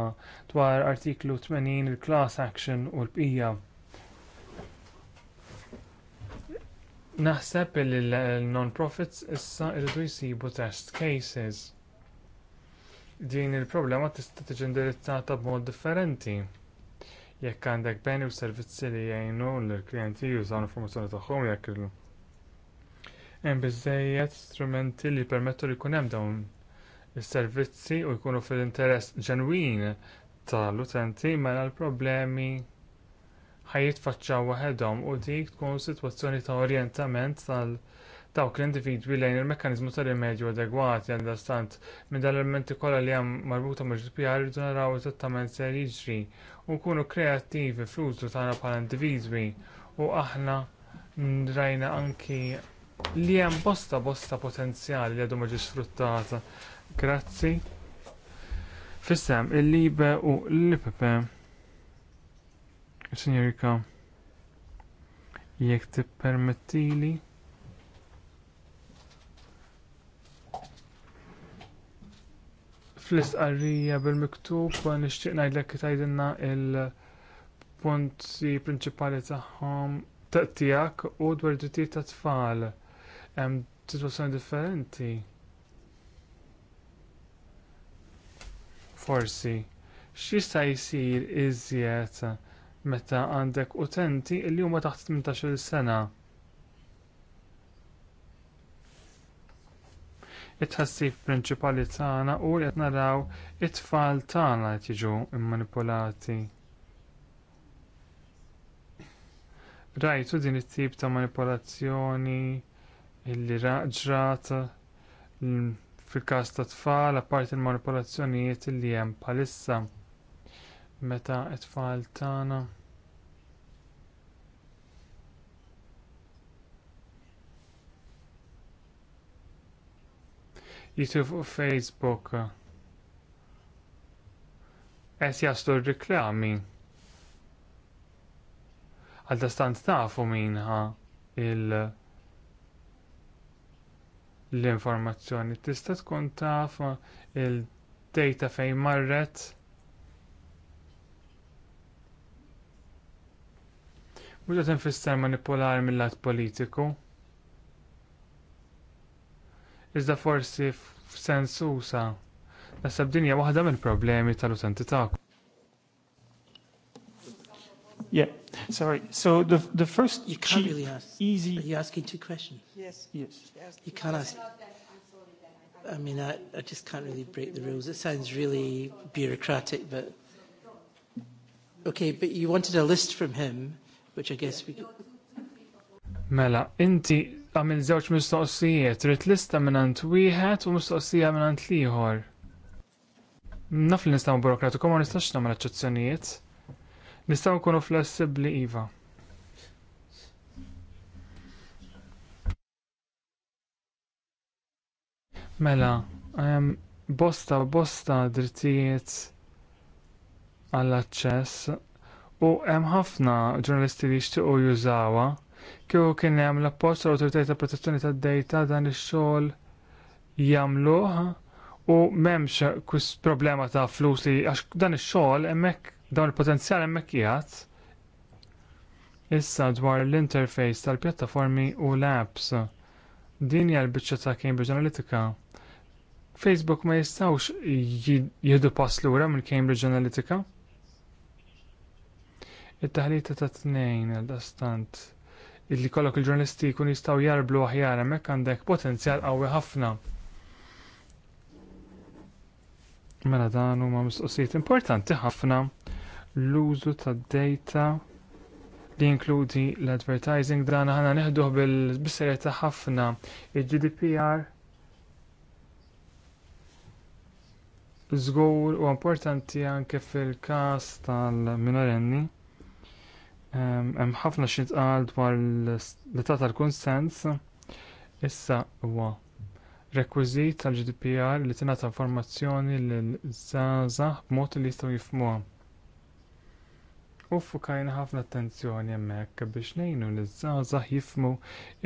dwar artiklu 80 il-class action u l-bqija. Naħseb il-non-profits issa jridu jsibu test cases. Din il-problema tista' tiġi indirizzata b'mod differenti. Jekk għandek beni u servizzi li jgħinu l-klijenti jużaw l-informazzjoni tagħhom jekk Hemm biżżejjed strumenti li permettu li jkun hemm dawn is-servizzi u jkunu fil-interess ġenwin tal-utenti mela l-problemi ħajjitfaċċaw waħedhom u dik tkun sitwazzjoni ta' orjentament tal dawk l-individwi lejn il-mekkaniżmu ta' rimedju adegwati għandastant minn dan l-elementi kollha li hemm marbuta ma gdpr rridu naraw eżattament se jiġri u nkunu kreattivi fl tagħna bħala individwi u aħna rajna anki li hemm bosta bosta potenzjali li għadu ma ġi sfruttata Grazzi. Fissem, il-libe u l-lipepe. Signorika, jek ti permettili. fl-istqarrija bil-miktub nixtieq ngħidlek tajdinna il-punti prinċipali tagħhom tiegħek u dwar id tat-tfal. Em sitwazzjoni differenti. forsi x'jista' jsir iżjed meta għandek utenti li huma taħt 18-il sena. It-tħassib prinċipali tagħna u li qed naraw it-tfal tagħna qed jiġu immanipulati. Rajtu din it-tip ta' manipolazzjoni illi ġrat fil-każ ta' tfal apparti l-manipolazzjonijiet li hemm bħalissa meta t tfal tagħna jitu fuq Facebook qed jaslu r-riklami għal dastant tafu minha il- l-informazzjoni tista' tkun taf il-dejta fejn marret. Mhux qed infisser manipolari mill-lat politiku. Iżda forsi f'sens usa. Nasab dinja waħda mill-problemi tal-utenti tagħkom. Yeah, sorry. So the the first you can't really ask. Easy. Are you asking two questions? Yes. Yes. You can't ask. I mean, I, I just can't really break the rules. It sounds really bureaucratic, but okay. But you wanted a list from him, which I guess we. Mela, inti għamil zewċ mistoqsijiet, rrit lista minn wieħed u mistoqsija minn ieħor. Naf li nistgħu burokratiku ma nistax nagħmel eċċezzjonijiet. Nistgħu nkunu flessibbli iva. Mela, hemm bosta bosta drittijiet għall-aċċess u hemm ħafna ġurnalisti li jixtiequ jużawha kieku kien hemm l-appoġġ tal-Awtoritajiet ta' Protezzjoni tad-Dejta dan ix-xogħol jagħmluh u m'hemmx kus problema ta' flus li għax dan ix-xogħol hemmhekk Dawn il-potenzjal hemmhekk jgħat Issa dwar l-interface tal-pjattaformi u l-apps. Din hija l-biċċa ta' Cambridge Analytica. Facebook ma jistawx jihdu pass lura minn Cambridge Analytica. It-taħlita ta' tnejn għal-dastant illi kollok il-ġurnalisti kun jistaw jarblu aħjar hemmhekk għandek potenzjal qawwi ħafna. Mela dan huma mistoqsijiet importanti ħafna l-użu tad-data li jinkludi l-advertising dan ħana neħduh bil-serjetà ħafna il-GDPR żgur u importanti anke fil-każ tal-minorenni. Hemm ħafna xi tqal dwar l-età tal-kunsens issa huwa rekwiżit tal-GDPR li tingħata informazzjoni lil żgħażagħ b'mod li jistgħu jifhmuha u fukajna ħafna attenzjoni hemmhekk biex ngħinu li żgħażagħ jifmu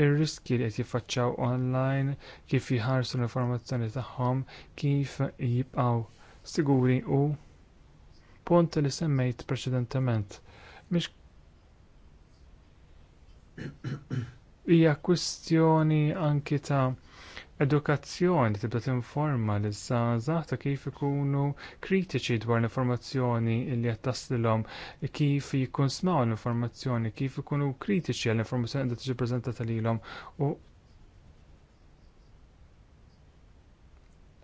r riski li qed jiffaċċjaw online, kif jħarsu l-informazzjoni tagħhom, kif jibqgħu siguri u punt li semmejt preċedentement. Mhix hija kwistjoni anki ta' edukazzjoni tibda tinforma li żgħażagħ ta' kif ikunu kritiċi dwar l-informazzjoni li qed taslilhom, kif jkun smaw l-informazzjoni, kif ikunu kritiċi għall informazzjoni li tiġi preżentata lilhom u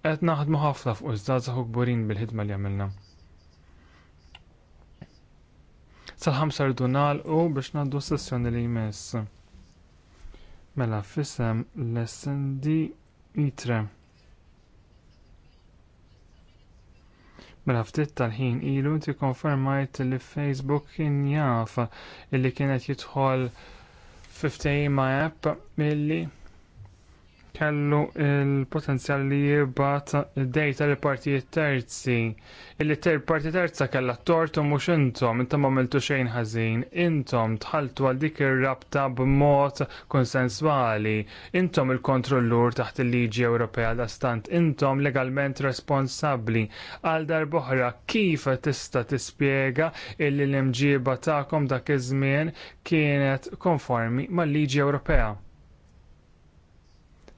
qed naħdmu ħafna fuq żgħażagħ u kburin bil-ħidma li għamilna. Sal-ħamsa rridu nagħlqu biex ngħaddu s sessjoni li jmiss. Mela fissem l-SND Itre. Mela ftit tal-ħin ilu inti konfermajt li Facebook kien jaf illi kienet jidħol 50 ma app milli kellu l potenzjal li jibat dejta li partijiet terzi. Illi ter parti terza kellha tortu mux mhux intom, intom għamiltu xejn ħażin, intom tħaltu għal dik ir-rabta b'mod konsenswali, intom il-kontrollur taħt il-liġi Ewropea stant intom legalment responsabbli għal darboħra kif tista' tispjega illi l-imġiba tagħkom dak iż-żmien kienet konformi mal-liġi Ewropea.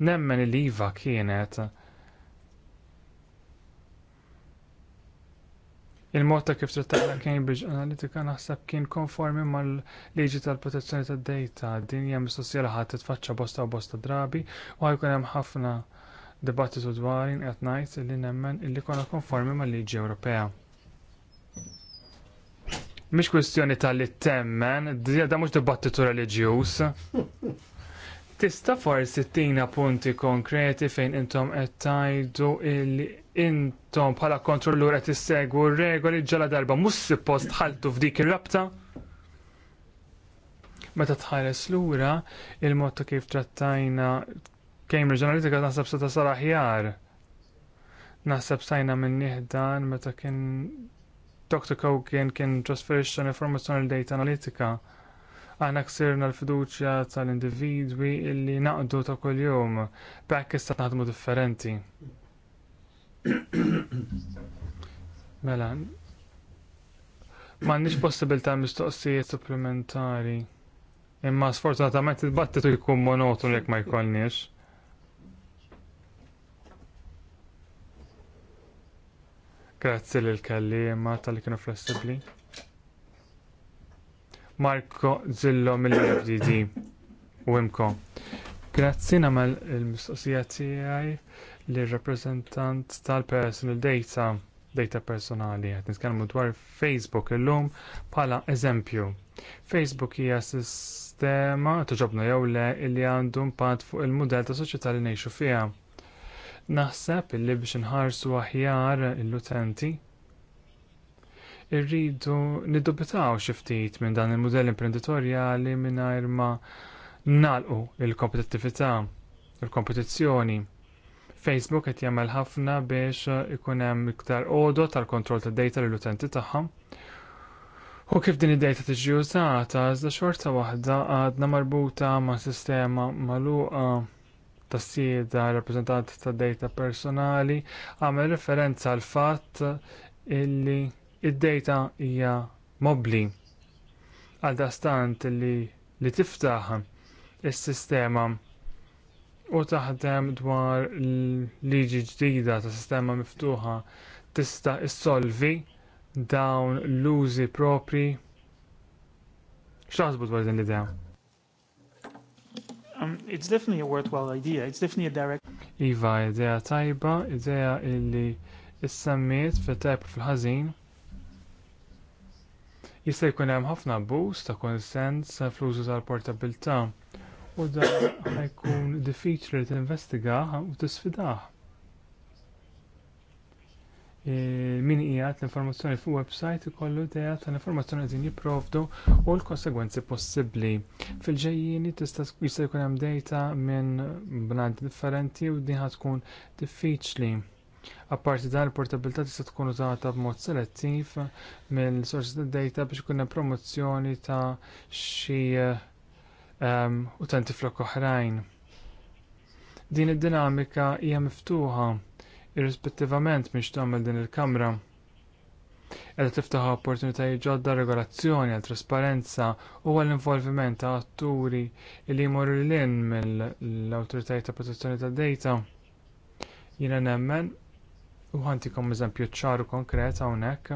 Nemmen li iva kienet il-mod ta' kif trattata Cambridge Analytica naħseb kien konformi mal-liġi tal-protezzjoni tad-data. Din hija mistoqsija li ħadd titfaċċa bosta u bosta drabi u ħajkun hemm ħafna dibattitu dwar qed ngħid li nemmen illi konna konformi mal-liġi Ewropea. Mhix kwestjoni tal-li temmen, da mhux dibattitu reliġjuż. Tista' forsi tina punti konkreti fejn intom qed tgħidu illi intom bħala kontrollur qed issegwu regoli ġala darba mhux suppost tħaltu f'dik ir-rabta? Meta tħares lura il-mod ta' kif trattajna Cambridge Analytica naħseb se tasal aħjar. Naħseb sajna minn nieħdan meta kien Dr. Kogan kien trasferixxa l-informazzjoni l-data analitika. Aħna ksirna l-fiduċja tal-individwi illi naqdu ta' kuljum b'hekk issa naħdmu differenti. Mela, m'għandniex ta' mistoqsijiet supplementari. Imma sfortunatament id-battitu jkun monotonu jekk ma jkollniex. Grazzi l-kallima tal-li kienu flessibli. Marco Zillo mill-FDD u imko. Grazzi namal il-mistoqsija tiegħi li rappreżentant tal-personal data data personali qed nitkellmu dwar Facebook illum bħala eżempju. Facebook hija sistema toġobna jew le li għandu impatt fuq il-mudell ta' soċjetà li ngħixu fiha. Naħseb illi biex inħarsu aħjar l-utenti irridu niddubitaw xi ftit minn dan il-mudell imprenditorjali mingħajr ma nalqu il-kompetittività, il-kompetizzjoni. Facebook qed jagħmel ħafna biex ikun hemm iktar għodu tal-kontroll tad-data lill utenti tagħha. U kif din id-data tiġi użata, iżda xorta waħda għadna marbuta ma' sistema magħluqa ta' sieda rappresentant tad data personali għamel referenza għal fatt illi id-data hija mobbli għal dastant li li tiftaħ is-sistema u taħdem dwar liġi ġdida ta' sistema miftuħa tista' issolvi dawn l-użi propri x'taħsbu dwar din l-idea? Um, it's definitely a worthwhile idea. It's definitely a direct. Iva, idea tajba, idea illi issammiet fit-tajb fil-ħażin jista' jkun hemm ħafna abbuż ta' konsens fl-użu tal-portabilità u dan ħajkun diffiċli li tinvestigah u tisfidah. E, min qiegħed l-informazzjoni fuq website ikollu idea tal-informazzjoni qegħdin jipprovdu u l-konsegwenzi possibbli. Fil-ġejjieni tista' jista' jkun hemm data minn bnadi differenti u din tkun diffiċli. Apparti dan il-portabilità tista' tkun użata b'mod selettiv minn sorsi ta' data biex ikun hemm promozzjoni ta' xi ehm, utenti flok oħrajn. Din id-dinamika hija miftuħa irrispettivament minn x'tagħmel din il-kamra. Qiegħda tiftaħ opportunitajiet ġodda regolazzjoni għal trasparenza u għall involviment ta' atturi li jmorru lil mill-awtoritajiet ta' protezzjoni tad data. Jiena nemmen U ħantikom eżempju ċaru konkret hawnhekk.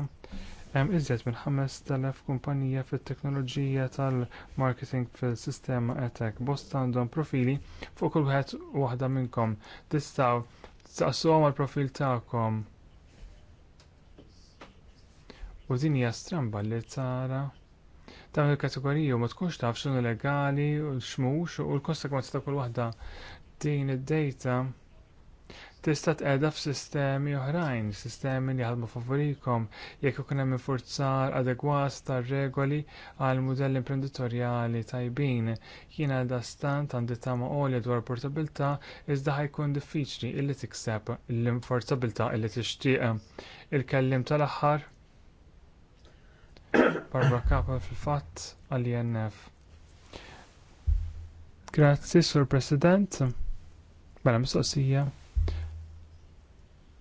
Hemm iżjed minn 5000 kumpanija fit-teknoloġija tal-marketing fil-sistema etek bosta għandhom profili fuq kull wieħed waħda minnkom. Tistgħu taqsuhom għall-profil tagħkom. U din hija stramba li tara dawn il-kategoriji u ma tkunx taf x'inhu legali u x'mhux u l-konsegwenzi ta' kull waħda din id-dejta tista' tqiegħda f'sistemi oħrajn, sistemi li ħadmu favorikom jekk ikun hemm infurzar adegwat tar-regoli għal mudell imprenditorjali tajbin. Jiena stant għandi tama għolja dwar portabilta iżda ħajkun diffiċli illi tikseb l-inforzabilità illi tixtieq. Il-kellim tal-aħħar Barbara Kappa fil-fatt għal inf e Grazzi, Sur President. Mela mistoqsija.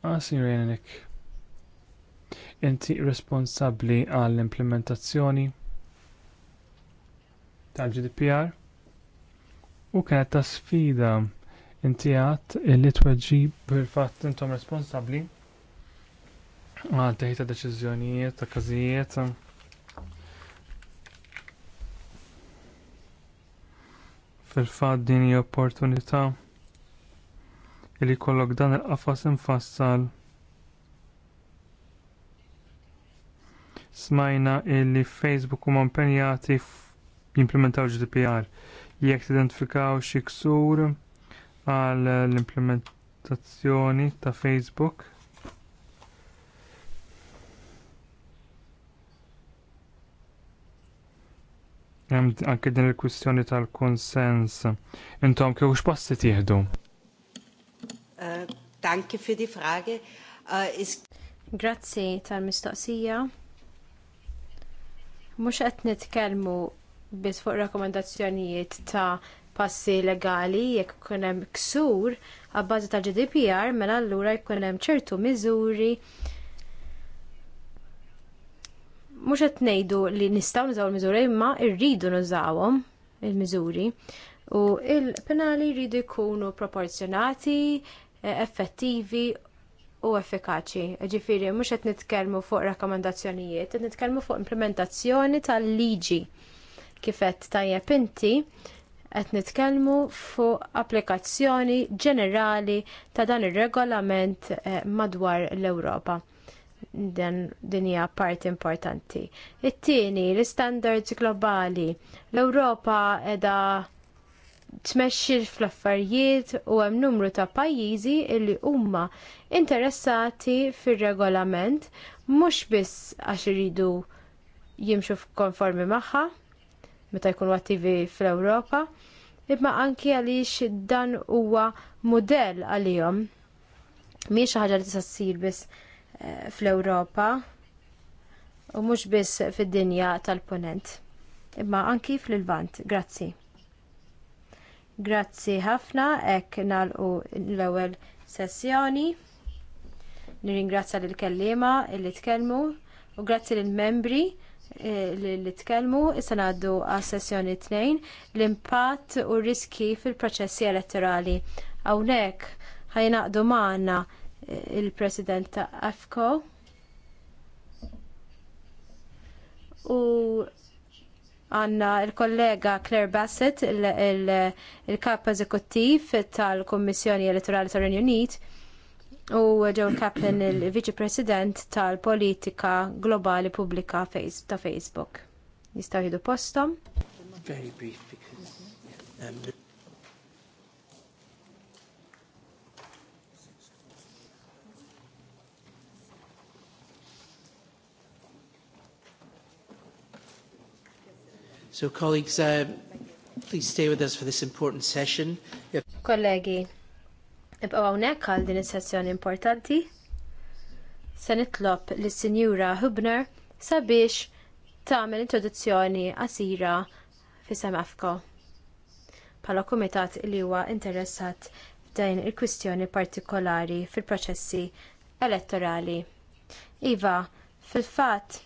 Għasir ah, jenek. Inti responsabli għall-implementazzjoni tal-GDPR u kienet ta' sfida inti għat illi tweġib bil-fatt intom responsabli għal teħita deċizjonijiet, ta' kazijiet. fil fatt dini opportunità li jkollok dan il-qafas infassal. Smajna li Facebook huma impenjati jimplementaw GDPR jekk tidentifikaw xi ksur għal l-implementazzjoni ta' Facebook. Hemm anke din il-kwistjoni tal-konsens. Intom kieku x'passi tieħdu? danke für die Frage. Grazie äh, Grazzi tal-mistoqsija. Mhux qed nitkellmu biss fuq rakkomandazzjonijiet ta' passi legali jekk ikun hemm ksur għabbażi ta' GDPR mela allura jkun hemm ċertu miżuri mhux qed ngħidu li nistgħu nużaw il-miżuri imma rridu nużawhom il-miżuri u l penali jridu jkunu proporzjonati Eh, effettivi u effikaċi. Ġifiri, mhux qed nitkellmu fuq rakkomandazzjonijiet, għet nitkelmu fuq implementazzjoni tal-liġi. Kif qed tajjeb inti, qed nitkellmu fuq applikazzjoni ġenerali ta' dan ir-regolament eh, madwar l-Ewropa. din hija parti importanti. It-tieni, l istandards globali. L-Ewropa edha tmexxir fl-affarijiet u hemm numru ta' pajjiżi li huma interessati fir-regolament mhux biss għax iridu jimxu f'konformi magħha meta jkunu attivi fl-Ewropa, imma anki għaliex dan huwa mudell għalihom. Mhix xi ħaġa li tista' ssir biss eh, fl-Ewropa u mhux biss fid-dinja tal punent Imma anki fl-Lvant. Grazzi. Grazzi ħafna, ek nal-u l-ewel sessjoni. Nirringrazzja l kellima li tkellmu u grazzi l membri eh, li tkellmu. Issa ngħaddu għas sessjoni 2 l-impatt u riski fil-proċessi elettorali. Hawnhekk ħajnaqdu magħna eh, il-President ta' AFCO u għanna il-kollega Claire Bassett, il-kap eżekuttiv tal-Kommissjoni Elettorali tal renju Unit, u Joe Kaplan, il-Vice President tal-Politika Globali Pubblika ta' Facebook. Jistaw jidu postom. Very brief because, um, So colleagues, uh, please stay with us for this important session. Kollegi, ibqaw hawnhekk għal din is-sessjoni importanti. Se nitlob lis-Sinjura Hubner sabiex tagħmel introduzzjoni għasira fi semafko bħala kumitat li huwa interessat f'din il-kwistjoni partikolari fil-proċessi elettorali. Iva, fil-fatt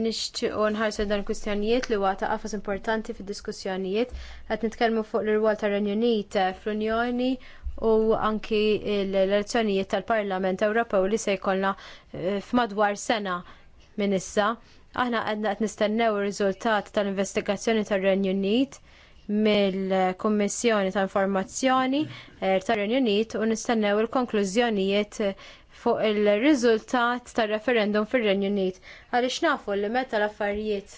nixtiequ nħarsu dan il-kwistjonijiet li huwa ta' qafas importanti fid-diskussjonijiet qed nitkellmu fuq l-irwol tar-Renju Unit fl-Unjoni u anki l-elezzjonijiet tal-Parlament Ewropew li se jkollna eh, f'madwar sena minn issa. Aħna għedna qed nistennew ir-riżultat tal-investigazzjoni tar-Renju Unit mill-Kummissjoni ta' Informazzjoni eh, tar-Renju Unit u nistennew il-konklużjonijiet eh, fuq il-riżultat tar referendum fir renju Unit. Għaliex nafu li meta l-affarijiet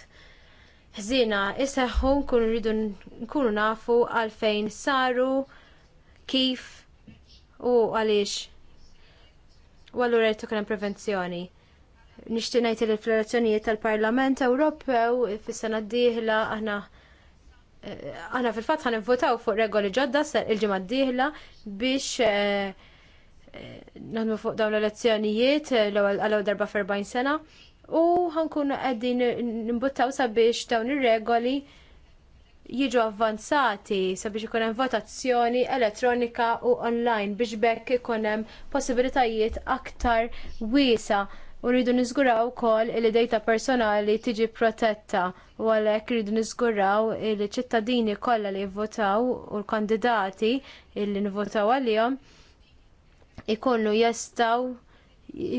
ħżina iseħħu nkunu rridu nkunu nafu għalfejn saru kif u għaliex. U allura jrid ikun hemm prevenzjoni. Nixtieq ngħid li fl tal-Parlament Ewropew fis-sena d-dieħla aħna eh, aħna fil-fatt ħanivvotaw fuq regoli ġodda il-ġimgħa d-dieħla biex eh, naħdmu fuq dawn l-elezzjonijiet eh, l-ewwel darba 40 sena u ħankunu qegħdin nimbuttaw sabiex dawn ir-regoli jiġu avvanzati sabiex ikun hemm votazzjoni elettronika u online biex bekk ikun hemm possibilitajiet aktar wiesa u rridu niżguraw ukoll li dejta personali tiġi protetta u għalhekk rridu niżguraw li ċittadini kollha li jivvotaw u l-kandidati li nvotaw għalihom ikollu jistgħu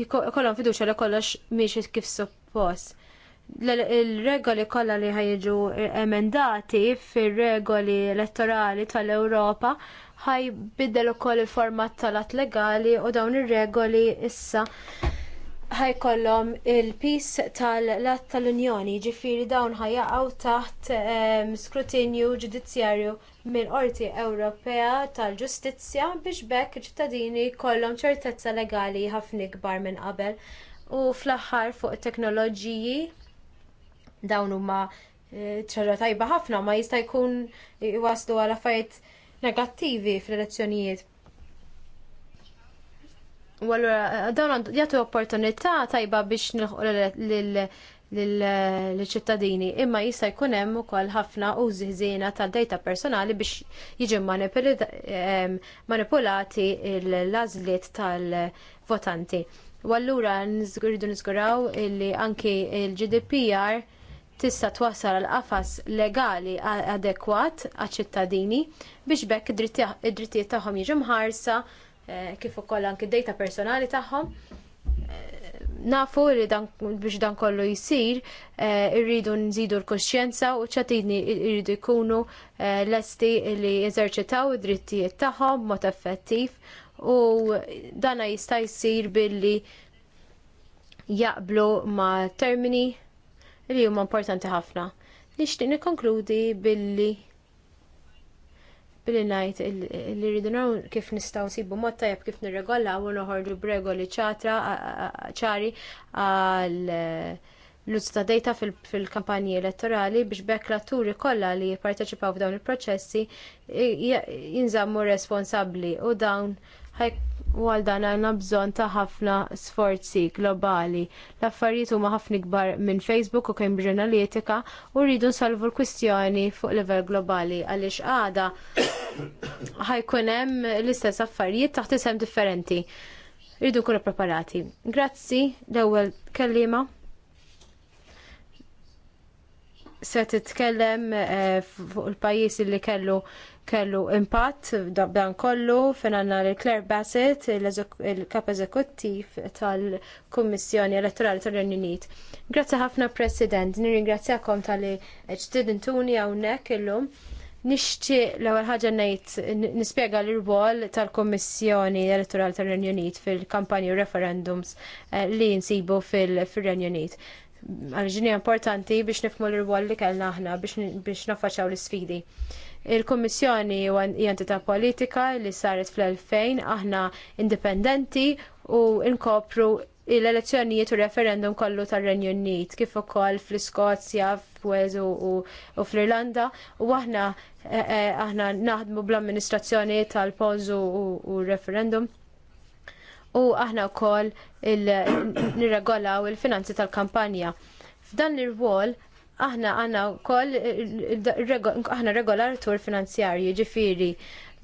jkollhom fiduċja li kollox miexi kif suppost. Il-regoli kollha li ħajġu emendati fir-regoli elettorali tal-Ewropa biddelu ukoll il-format tal-att legali u dawn ir-regoli issa ħajkollhom il-pis tal-att tal-Unjoni, ġifiri dawn ħajjaqaw taħt ehm, skrutinju ġudizzjarju mill-Qorti Ewropea tal-Ġustizzja biex bekk iċ-ċittadini jkollhom ċertezza legali ħafna ikbar minn qabel. U fl-aħħar fuq it teknoloġiji dawn huma e, ċerra tajba ħafna ma jista' jkun waslu għal affarijiet negattivi fl-elezzjonijiet. U allura dawn jagħtu opportunità tajba biex nilħu l ċittadini imma jista' jkun hemm ukoll ħafna użi ħżiena tad-dejta personali biex jiġi manipulati l-għażliet tal-votanti. U allura nżgurdu niżguraw li anki l-GDPR tista' twassal għal qafas legali adekwat għaċ-ċittadini biex bekk id-drittijiet tagħhom jiġu mħarsa eh, kif ukoll anki d-dejta personali tagħhom nafu li dan, biex dan kollu jisir, eh, irridu nżidu l-kosċenza u ċatini irridu jkunu eh, lesti li jeżerċitaw id-drittijiet tagħhom mod effettiv u dana jista' jsir billi jaqblu ma' termini li huma importanti ħafna. Nixtieq nikkonkludi billi billi ngħid li rridu naraw kif nistgħu nsibu motta tajjeb kif nirregolaw u noħorġu b'regoli ċatra ċari għal eh, l-uzz data dejta fil-kampanji elettorali biex bekk l-atturi kollha li jipparteċipaw f'dawn il-proċessi jinżammu responsabbli u dawn għal dan għandna bżonn ta' ħafna sforzi globali. L-affarijiet huma ħafna kbar minn Facebook u Cambridge Analytica u rridu nsolvu l-kwistjoni fuq level globali għaliex għada ħajkun hemm l-istess affarijiet taħt isem differenti. Rridu nkunu preparati. Grazzi l-ewwel kellima se titkellem eh, fuq il pajjiżi li kellu kellu impatt dan kollu fejn għandna l Claire Bassett, il-kap eżekuttiv tal-Kummissjoni Elettorali tal-Renju Unit. Grazzi ħafna President, nirringrazzjakom tal-li ġtidintuni hawnhekk illum. Nixtie l-ewwel ħaġa ngħid nispjega l-rwol tal-Kummissjoni Elettorali tal-Renju Unit fil-kampanji referendums eh, li nsibu fil-Renju Unit għalġini importanti biex nifmu l-rwol li kellna aħna biex naffaċaw l isfidi Il-Kommissjoni hija entità politika li saret fl-2000 aħna indipendenti u nkopru l-elezzjonijiet u referendum kollu tar-Renju Unit, kif ukoll fl-Iskozja, f'Wales u fl-Irlanda, u aħna eh, eh, aħna naħdmu bl-amministrazzjoni tal-polls u referendum u aħna wkoll nirregolaw il-finanzi tal-kampanja. F'dan l-irwol aħna u wkoll aħna r-tur finanzjarji ġifiri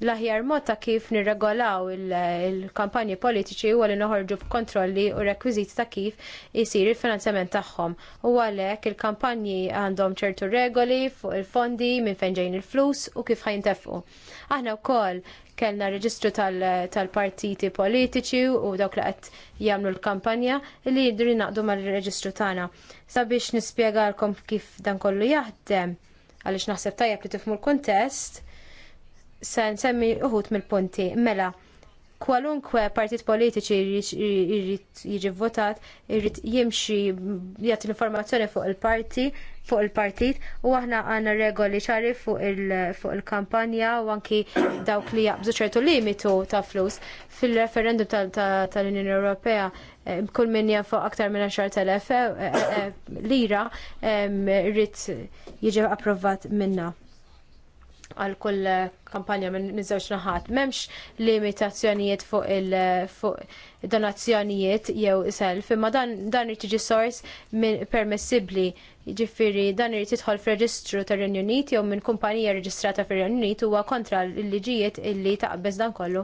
l-aħjar mod ta' kif nirregolaw il-kampanji politiċi huwa li noħorġu b'kontrolli u rekwiżiti ta' kif isir il-finanzjament tagħhom. U għalhekk il-kampanji għandhom ċertu regoli fuq il-fondi minn fejn ġejjin il-flus u kif ħajntefqu. Aħna wkoll kellna reġistru tal-partiti politiċi u dawk li qed jagħmlu l-kampanja li jidru naqdu mal-reġistru tagħna. Sabiex nispjegalkom kif dan kollu jaħdem għaliex naħseb tajjeb li tifmu l-kuntest se nsemmi uħut mill-punti. Mela, kwalunkwe partit politiċi jrid jiġi votat, jrid jimxi jagħti l-informazzjoni fuq il-parti, fuq il-partit, u aħna għandna regoli ċari fuq il-kampanja u anki dawk li jaqbżu ċertu limitu ta' flus fil-referendum tal-Unjoni Ewropea kull min fuq aktar minn 10,000 lira rrit jiġi approvat minna għal kull kampanja minn żewġ naħat. M'hemmx limitazzjonijiet fuq il-donazzjonijiet jew self, imma dan irid tiġi sors permessibbli Jiġifieri dan irid jidħol fir-reġistru tar-Renju Unit jew minn kumpanija reġistrata fir-Renju Unit huwa kontra l-liġijiet illi taqbeż dan kollu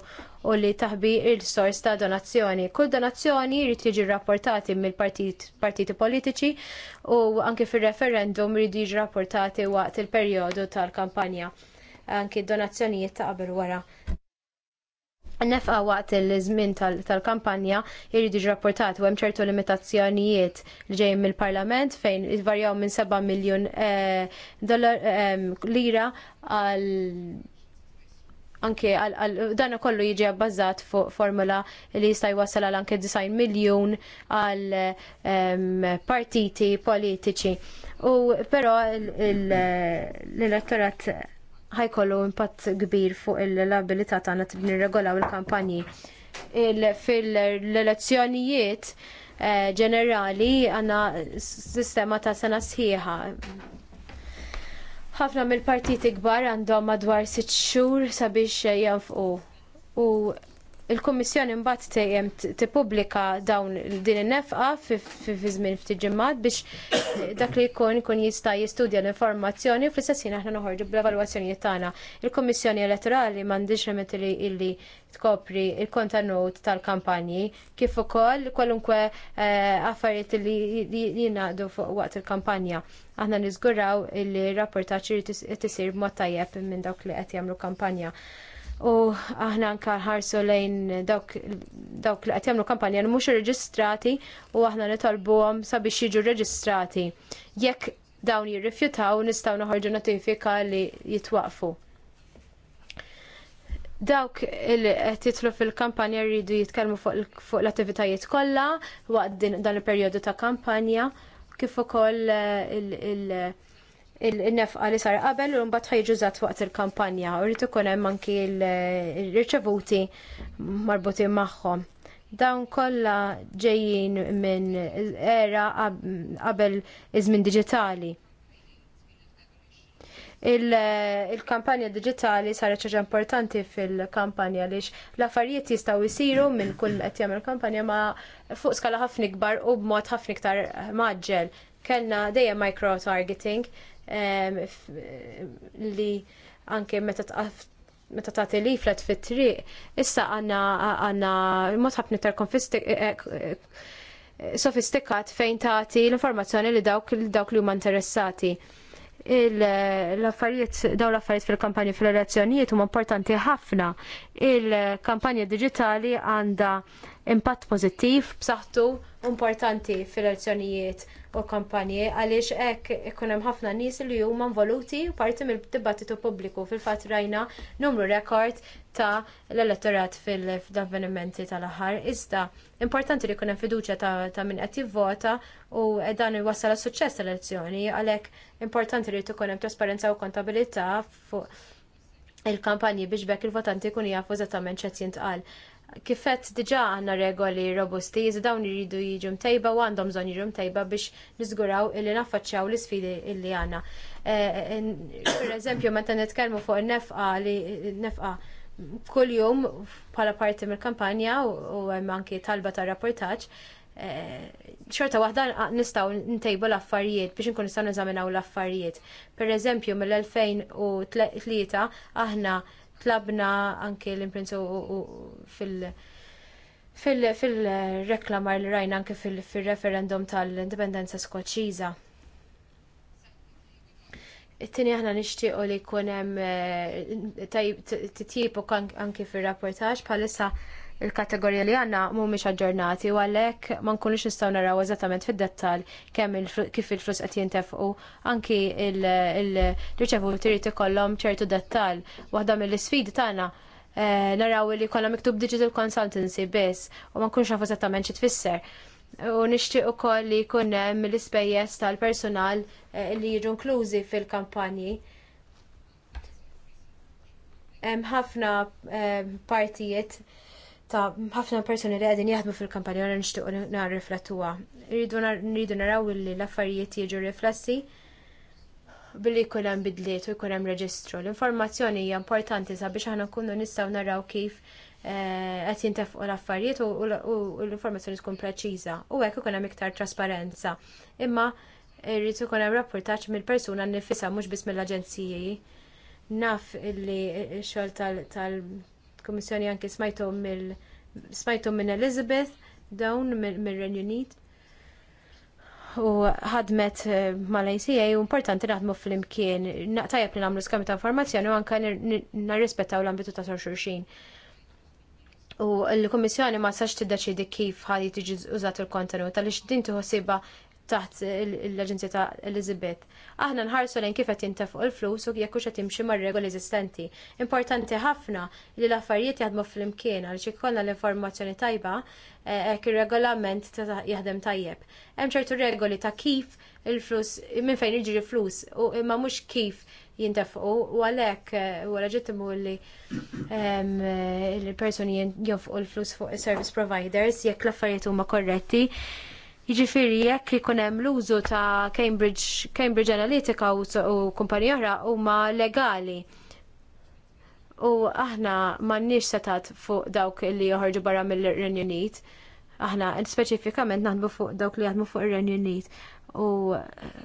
u li taħbi il-sors ta' donazzjoni. Kull donazzjoni jrid jiġi rrapportati mill-partiti politiċi u anke fir-referendum jrid jiġi rrapportati waqt il-perjodu tal-kampanja anki donazzjonijiet ta' qabel wara nefqa waqt il-żmien tal-kampanja jridu rapportat u hemm ċertu limitazzjonijiet li ġejjin mill-Parlament fejn jvarjaw minn 7 miljun eh, eh, lira għal anke dan kollu jiġi abbażat fuq formula li jista' jwassal għal anke 90 miljun għal ehm, partiti politiċi. U però l-elettorat ħajkollu impatt kbir fuq il-abilità tagħna trid nirregolaw il-kampanji. Fil-elezzjonijiet eh, ġenerali għandna sistema ta' sena sħiħa. Ħafna mill-partiti kbar għandhom madwar sitt xhur sabiex janfqu u Il-Kummissjoni mbagħad tejjem tippubblika dawn din in-nefqa fi żmien ftit ġimgħat biex dak li jkun ikun jista' jistudja l-informazzjoni u fl-istess ħin aħna noħorġu bl-evalwazzjonijiet tagħna. Il-Kummissjoni Elettorali m'għandix remet illi tkopri il-kontenut tal-kampanji kif ukoll kwalunkwe eh, affarijiet li jingħaqdu fuq waqt il-kampanja. Aħna niżguraw illi rapportaċ irid tisir b'mod tajjeb minn dawk li qed jagħmlu kampanja. U aħna anka ħarsu lejn dawk li qed jagħmlu kampanja li mhux irreġistrati u aħna nitolbuhom sabiex jiġu reġistrati. Jekk dawn jirrifjutaw nistgħu noħorġu notifika li jitwaqfu. Dawk li qed jitlu fil-kampanja jridu jitkellmu fuq l-attivitajiet kollha waqt dan il-perjodu ta' kampanja kif ukoll eh, il-, il, il il-nefqa li sar qabel u mbagħad ħajġu żatt waqt il-kampanja u rrid ikun hemm anki l-riċevuti marbutin magħhom. Dawn kollha ġejjin minn era qabel iż-żmien diġitali. Il-kampanja diġitali saret ċaġa importanti fil-kampanja għaliex l-affarijiet jistaw jisiru minn kull qed jagħmel kampanja ma fuq skala ħafna ikbar u b'mod ħafna iktar maġġel. Kellna dejjem micro targeting li anke meta meta tagħti leaflet fit-triq, issa għandna għandna mod ħafna iktar eh, eh, eh, sofistikat fejn tagħti l-informazzjoni li dawk dawk li huma interessati. L-affarijiet, daw l-affarijiet fil-kampanji fil-elezzjonijiet huma importanti ħafna. Il-kampanja digitali għandha impatt pożittiv b'saħħtu importanti fil-elezzjonijiet u kampanji għaliex hekk ikun hemm ħafna nies li huma involuti u parti mill-dibattitu pubbliku fil-fatt rajna numru rekord ta' l-elettorat fil-avvenimenti tal-aħħar. Iżda importanti li jkun hemm fiduċja ta', min qed jivvota u dan iwassal għas suċċess tal-elezzjoni għalhekk importanti li tkun hemm trasparenza u kontabilità fuq il-kampanji biex bekk il-votanti kun jafu eżattament x'qed jintqal kifet diġa għanna regoli robusti, jizu dawn jiridu jiġu mtejba u għandhom zon jiġu mtejba biex nizguraw illi naffaċċaw l isfidi illi għanna. Eh, eh, per eżempju, meta nitkellmu fuq il-nefqa li nefqa kull jum pala parti mill kampanja u hemm anki talba ta' rapportaġġ, xorta waħda nistaw ntejbu l-affarijiet biex nkun nistaw neżaminaw l-affarijiet. Per eżempju, mill-2003 aħna tlabna anke l imprinzu fil- reklamar li rajna anke fil-referendum tal-indipendenza skoċċiża. It-tini aħna nixtiequ li jkun hemm eh, titjib anke fir-rapportaġġ bħalissa il-kategorija li għanna mhumiex aġġornati u għalhekk ma nkunux nistgħu naraw eżattament fid-dettall kemm kif il-flus qed jintefqu anki il-riċevuti jrid ikollhom ċertu dettall. Waħda mill-isfidi tagħna eh, naraw li kollha miktub digital consultancy biss u ma nkunx nafu eżattament xi tfisser. U nixtieq ukoll li jkun hemm l-ispejjeż tal-personal eh, li jiġu inklużi fil-kampanji hemm ħafna eh, partijiet ta' ħafna persuni li għedin jaħdmu fil-kampanja għana nishtuq nar riflettuwa. Rridu naraw li l-affarijiet jiġu riflessi billi jkun hemm bidliet u jkun hemm reġistru. L-informazzjoni hija importanti sabiex aħna nkunu nistgħu naraw kif eh, qed jintefqu l-affarijiet u l-informazzjoni tkun preċiża u hekk ikun hemm iktar trasparenza. Imma rridu ikun rapportaċ mill-persuna nnifisha mhux biss mill-aġenziji. Naf illi x-xogħol tal il kommissjoni anki smajtu mill minn Elizabeth dawn mir Renjunit. Unit u ħadmet eh, mal-ICA u importanti naħdmu fl-imkien naqtajab li nagħmlu skamita ta' informazzjoni u anke nirrispettaw l-ambitu ta' xulxin. U l-Kummissjoni ma sax tiddeċidi kif ħadi tiġi użat il-kontenut għaliex din tħossibha taħt l-Aġenzija ta' Elizabeth. Aħna nħarsu lejn kif qed jintefqu l-flus u jekk hux qed jimxi mar-regoli eżistenti. Importanti ħafna li l-affarijiet jaħdmu flimkien għaliex ikollna l-informazzjoni tajba eh, hekk ir-regolament jaħdem tajjeb. Hemm ċertu regoli ta' kif il-flus minn fejn jiġri flus u imma mhux kif jintefqu u għalhekk eh, wara ġittimu li ehm, eh, l-persuni jinfqu l-flus fuq service providers jekk l-affarijiet huma korretti. Jiġifieri jekk ikun hemm l-użu ta' Cambridge, Cambridge Analytica u, u kumpanija oħra huma legali. U aħna m'għandniex setat fuq dawk li joħorġu barra mill-Renju Unit. Aħna speċifikament naħdmu fuq dawk li jaħdmu fuq ir-Renju Unit u eh,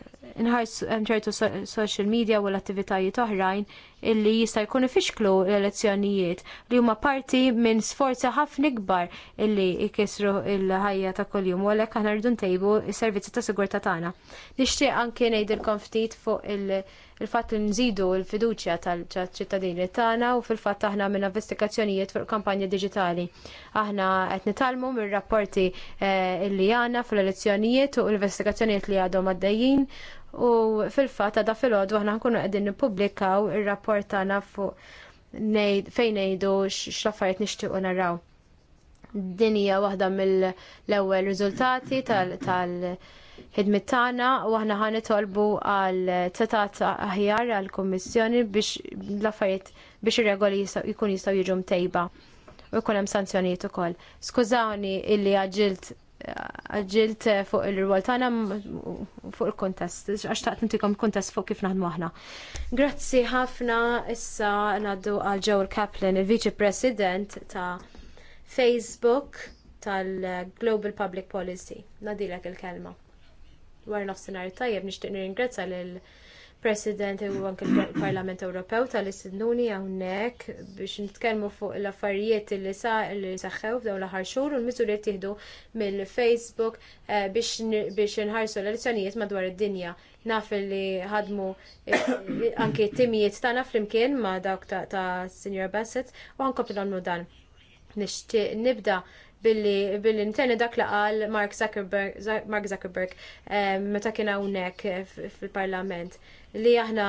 nħarsu ċertu social media u l-attivitajiet oħrajn illi jista' jkunu fixklu l-elezzjonijiet li huma parti minn sforzi ħafna kbar illi jkisru l-ħajja ta' kuljum u għalhekk aħna rridu ntejbu s-servizzi ta' sigurtà tagħna. Nixtieq anke ngħidilkom ftit fuq il- il-fatt li nżidu l-fiduċja tal-ċittadini tagħna u fil-fatt aħna minn investigazzjonijiet fuq kampanja diġitali. Aħna qed nitalmu mir-rapporti eh, li għandna fl elezzjonijiet u l-investigazzjonijiet li għadhom għaddejjin u fil-fatt għadha filgħodu aħna nkunu qegħdin nippubblikaw ir-rapport tagħna fuq fejn ngħidu x'affarijiet nixtiequ naraw. Din hija waħda mill-ewwel riżultati tal-, tal, tal ħidmit tagħna u aħna ħan nitolbu għal tetat aħjar għal kummissjoni biex l-affarijiet biex ir-regoli jkun jistgħu jiġu mtejba u jkun hemm sanzjonijiet ukoll. Skużawni illi għaġilt għagġilt fuq il-rwol tagħna fuq il-kontest, għax taqt intikom kontest fuq kif naħdmu aħna. Grazzi ħafna issa ngħaddu għal Joel Kaplan, il-Viċi President ta' Facebook tal-Global Public Policy. Nadilek il-kelma dwar nofsinhar tajjeb nixtieq nirringrazza lill President u anke l-Parlament Ewropew tal-istinduni hawnhekk biex nitkellmu fuq l-affarijiet li sa li saħħew f'dawn l-aħħar xhur u l-miżuri tieħdu mill-Facebook eh, biex nħarsu l-elezzjonijiet madwar id-dinja. Naf li ħadmu eh, anke timijiet tagħna flimkien ma' dawk ta' Senior Bassett u ħankomplu dan. Nixtieq nibda billi billi nteni dak li qal Mark Zuckerberg, Mark Zuckerberg eh, meta kien hawnhekk fil-Parlament li aħna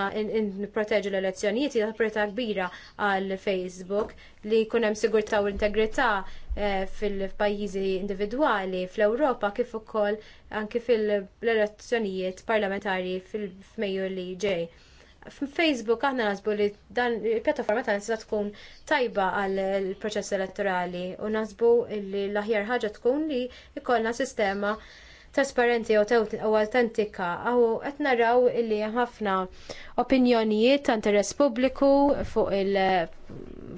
nipproteġu l-elezzjonijiet hija priorità kbira għal Facebook li jkun hemm sigurtà u integrità eh, fil-pajjiżi individwali fl-Ewropa kif ukoll anke fil-elezzjonijiet parlamentari fil-Mejju li ġej Facebook aħna nasbu li dan il-pjattaforma ta' tista' tkun tajba għal proċess elettorali u nasbu li l-aħjar ħaġa tkun li jkollna sistema trasparenti u autentika u qed naraw li ħafna opinjonijiet ta' interess pubbliku fuq il-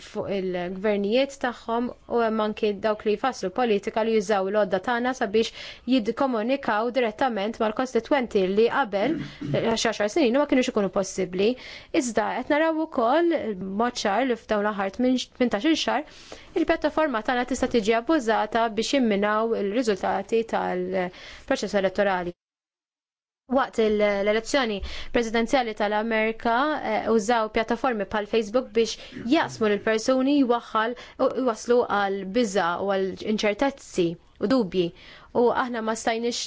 fuq il-gvernijiet tagħhom u hemm anki dawk li jfasslu politika li jużaw l-odda tagħna sabiex jidkomunikaw direttament mal-kostitwenti li qabel għaxar snin ma kienux ikunu possibbli. Iżda qed naraw ukoll mod ċar li f'dawn l-aħħar 18-il xahar il-pjattaforma tagħna tista' tiġi abbużata biex jimminaw il-riżultati tal-proċess elettorali. Waqt l-elezzjoni prezidenziali tal-Amerika eh, użaw pjattaformi pal Facebook biex jasmu l-persuni jwaxħal u waslu għal biza u għal inċertezzi u dubji. U aħna ma stajniex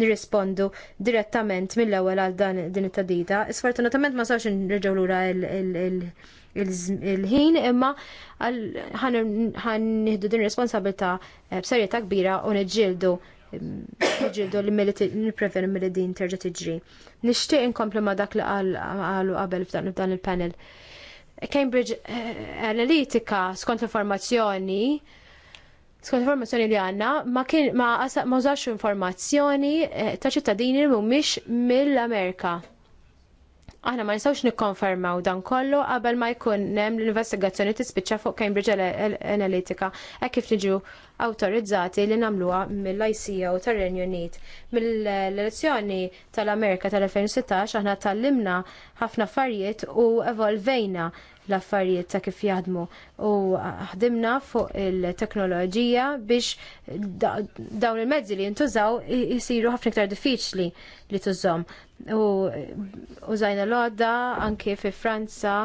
nirrispondu direttament mill-ewwel għal dan din it-tadida. Sfortunatament ma sawx nirġgħu lura il-ħin imma ħan nieħdu din responsabilta eh, b'serjetà kbira u niġġieldu ġildu li nil-prevenu mill din terġa tiġri. Nishtiq inkomplu ma dak li għalu qabel f'dan il-panel. Cambridge eh, Analytica, skont informazzjoni, skont informazzjoni li għanna, ma kien ma informazzjoni eh, ta' ċittadini li mhumiex mill-Amerika. Aħna ma nistgħux nikkonfermaw dan kollu qabel ma jkun hemm l-investigazzjoni tispiċċa fuq Cambridge Analytica hekk kif niġu awtorizzati li nagħmluha mill-ICO e tar-Renju Unit. Mill-elezzjoni tal-Amerika tal-2016 aħna tallimna ħafna affarijiet u evolvejna l-affarijiet ta' kif jaħdmu u ħdimna fuq il-teknoloġija biex dawn il-mezzi li jintużaw jisiru ħafna iktar diffiċli li tużom. U użajna l-għodda anke fi Franza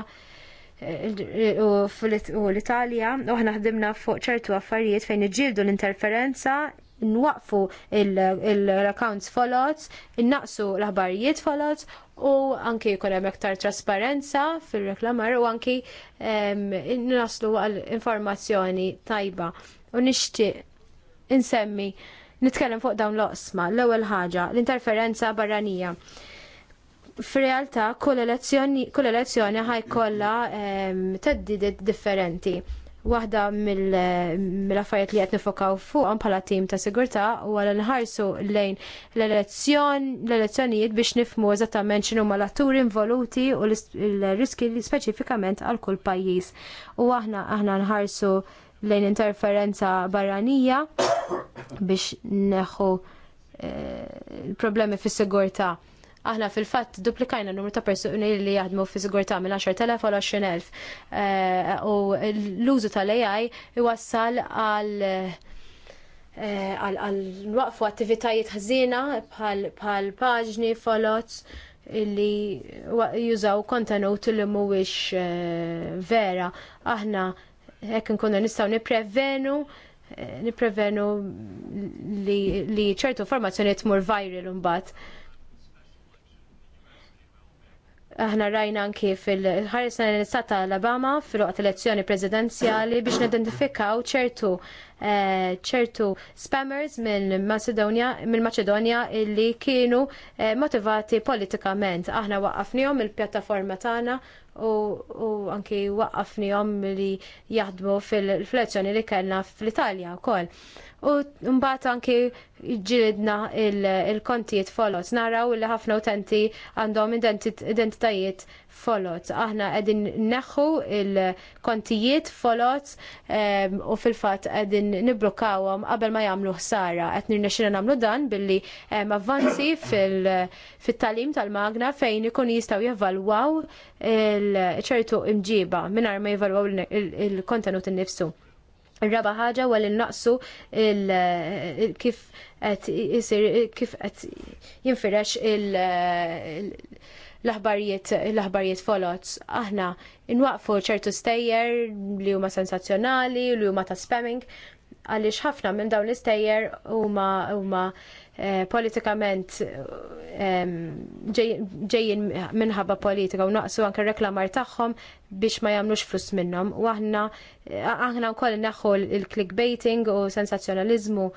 u l-Italja u ħna ħdimna fuq ċertu affarijiet fejn iġildu l-interferenza nwaqfu l-accounts followed, innaqsu l aħbarijiet followed u anki jkun hemm iktar trasparenza fir-reklamar u anki naslu għal informazzjoni tajba u nixtieq insemmi nitkellem fuq dawn l-oqsma l-ewwel ħaġa l-interferenza barranija f'realtà kull elezzjoni kull elezzjoni ħajkollha teddidiet differenti. Waħda mill-affarijiet li qed nifokaw fuqhom bħala tim ta' sigurtà huwa li nħarsu lejn l-elezzjonijiet biex nifhmu eżattament x'inhu huma l-atturi involuti u l-riski speċifikament għal kull pajjiż. U aħna aħna nħarsu lejn interferenza barranija biex neħu eh, problemi fis-sigurtà. Aħna fil-fatt duplikajna n-numru ta' persuni li jaħdmu fi sigurta minn 10,000 għal 20,000 eh, u l-użu tal-AI iwassal eh, għal għal nwaqfu attivitajiet ħażina bħal paġni, folots illi jużaw kontenut li mhuwiex eh, vera. Aħna hekk nkunu nistgħu nipprevenu nipprevenu li ċertu formazzjoni tmur viral imbagħad. Aħna rajna anki fil ħares l ta' alabama fil-waqt elezzjoni prezidenzjali biex nidentifikaw ċertu eh, ċertu spammers minn Macedonia minn Macedonia illi kienu eh, motivati politikament. Aħna waqqafnihom il-pjattaforma tagħna u, anki waqqafnihom li jaħdmu fil-elezzjoni li kellna fl-Italja wkoll u mbagħad anki ġilidna il-kontijiet folot. Naraw li ħafna utenti għandhom identitajiet folot. Aħna qegħdin neħħu il-kontijiet folot ehm, u fil-fatt qegħdin nibblukawhom qabel ma jagħmlu ħsara. Qed nirnexxina nagħmlu dan billi ehm, avvanzi fit-talim tal-magna fejn ikun jistgħu jevalwaw ċertu imġiba mingħajr ma jevalwaw il-kontenut innifsu. Raba ħaġa għal naqsu kif jisir, kif għet aħbarijiet l-aħbarijiet folots. Aħna nwaqfu ċertu stejjer li huma sensazzjonali, li huma ta' spamming, għaliex ħafna minn dawn l-istejjer huma eh, politikament ehm, ġejjin minħabba politika u naqsu anke reklamar tagħhom biex ma jagħmlux flus minnhom. U aħna aħna wkoll naħħu il-clickbaiting u sensazzjonaliżmu.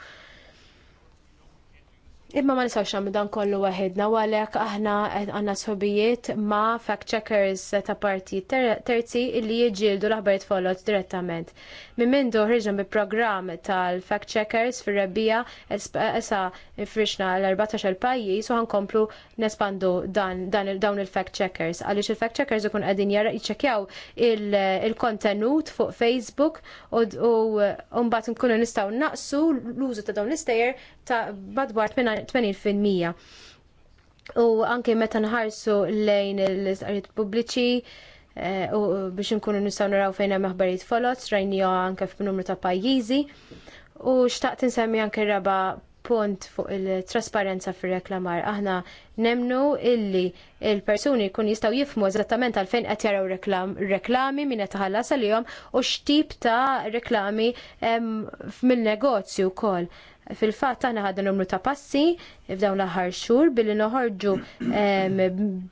Imma ma nisawx nagħmlu dan kollu waħedna u għalhekk aħna għandna sħobijiet ma' fact checkers ta' parti terzi li jiġġieldu l-aħbarijiet followt direttament. Mimindu ħriġna bi programm tal-fact checkers fir rebbija esa frixna l-14 pajjiż u ħankomplu nespandu dan, dawn il-fact checkers. Għaliex il-fact checkers ikun qegħdin jara jċekjaw il-kontenut fuq Facebook u mbagħad nkunu nistgħu naqsu l-użu ta' dawn l-istejjer ta' madwar 80%. U anke meta nħarsu lejn l-istqarijiet pubbliċi, Eh, u biex nkunu nistgħu naraw fejn hemm aħbarijiet rajni jo anke f'numru ta' pajjiżi u xtaqt insemmi anke raba punt fuq il-trasparenza fir-reklamar. Aħna nemnu illi il-persuni kun jistaw jifmu eżattament għalfejn qed jaraw reklami minn qed ħallas għalihom u x'tip ta' reklami mill-negozju wkoll. Fil-fatt aħna ħadna numru ta' passi f'dawn l-aħħar xhur billi noħorġu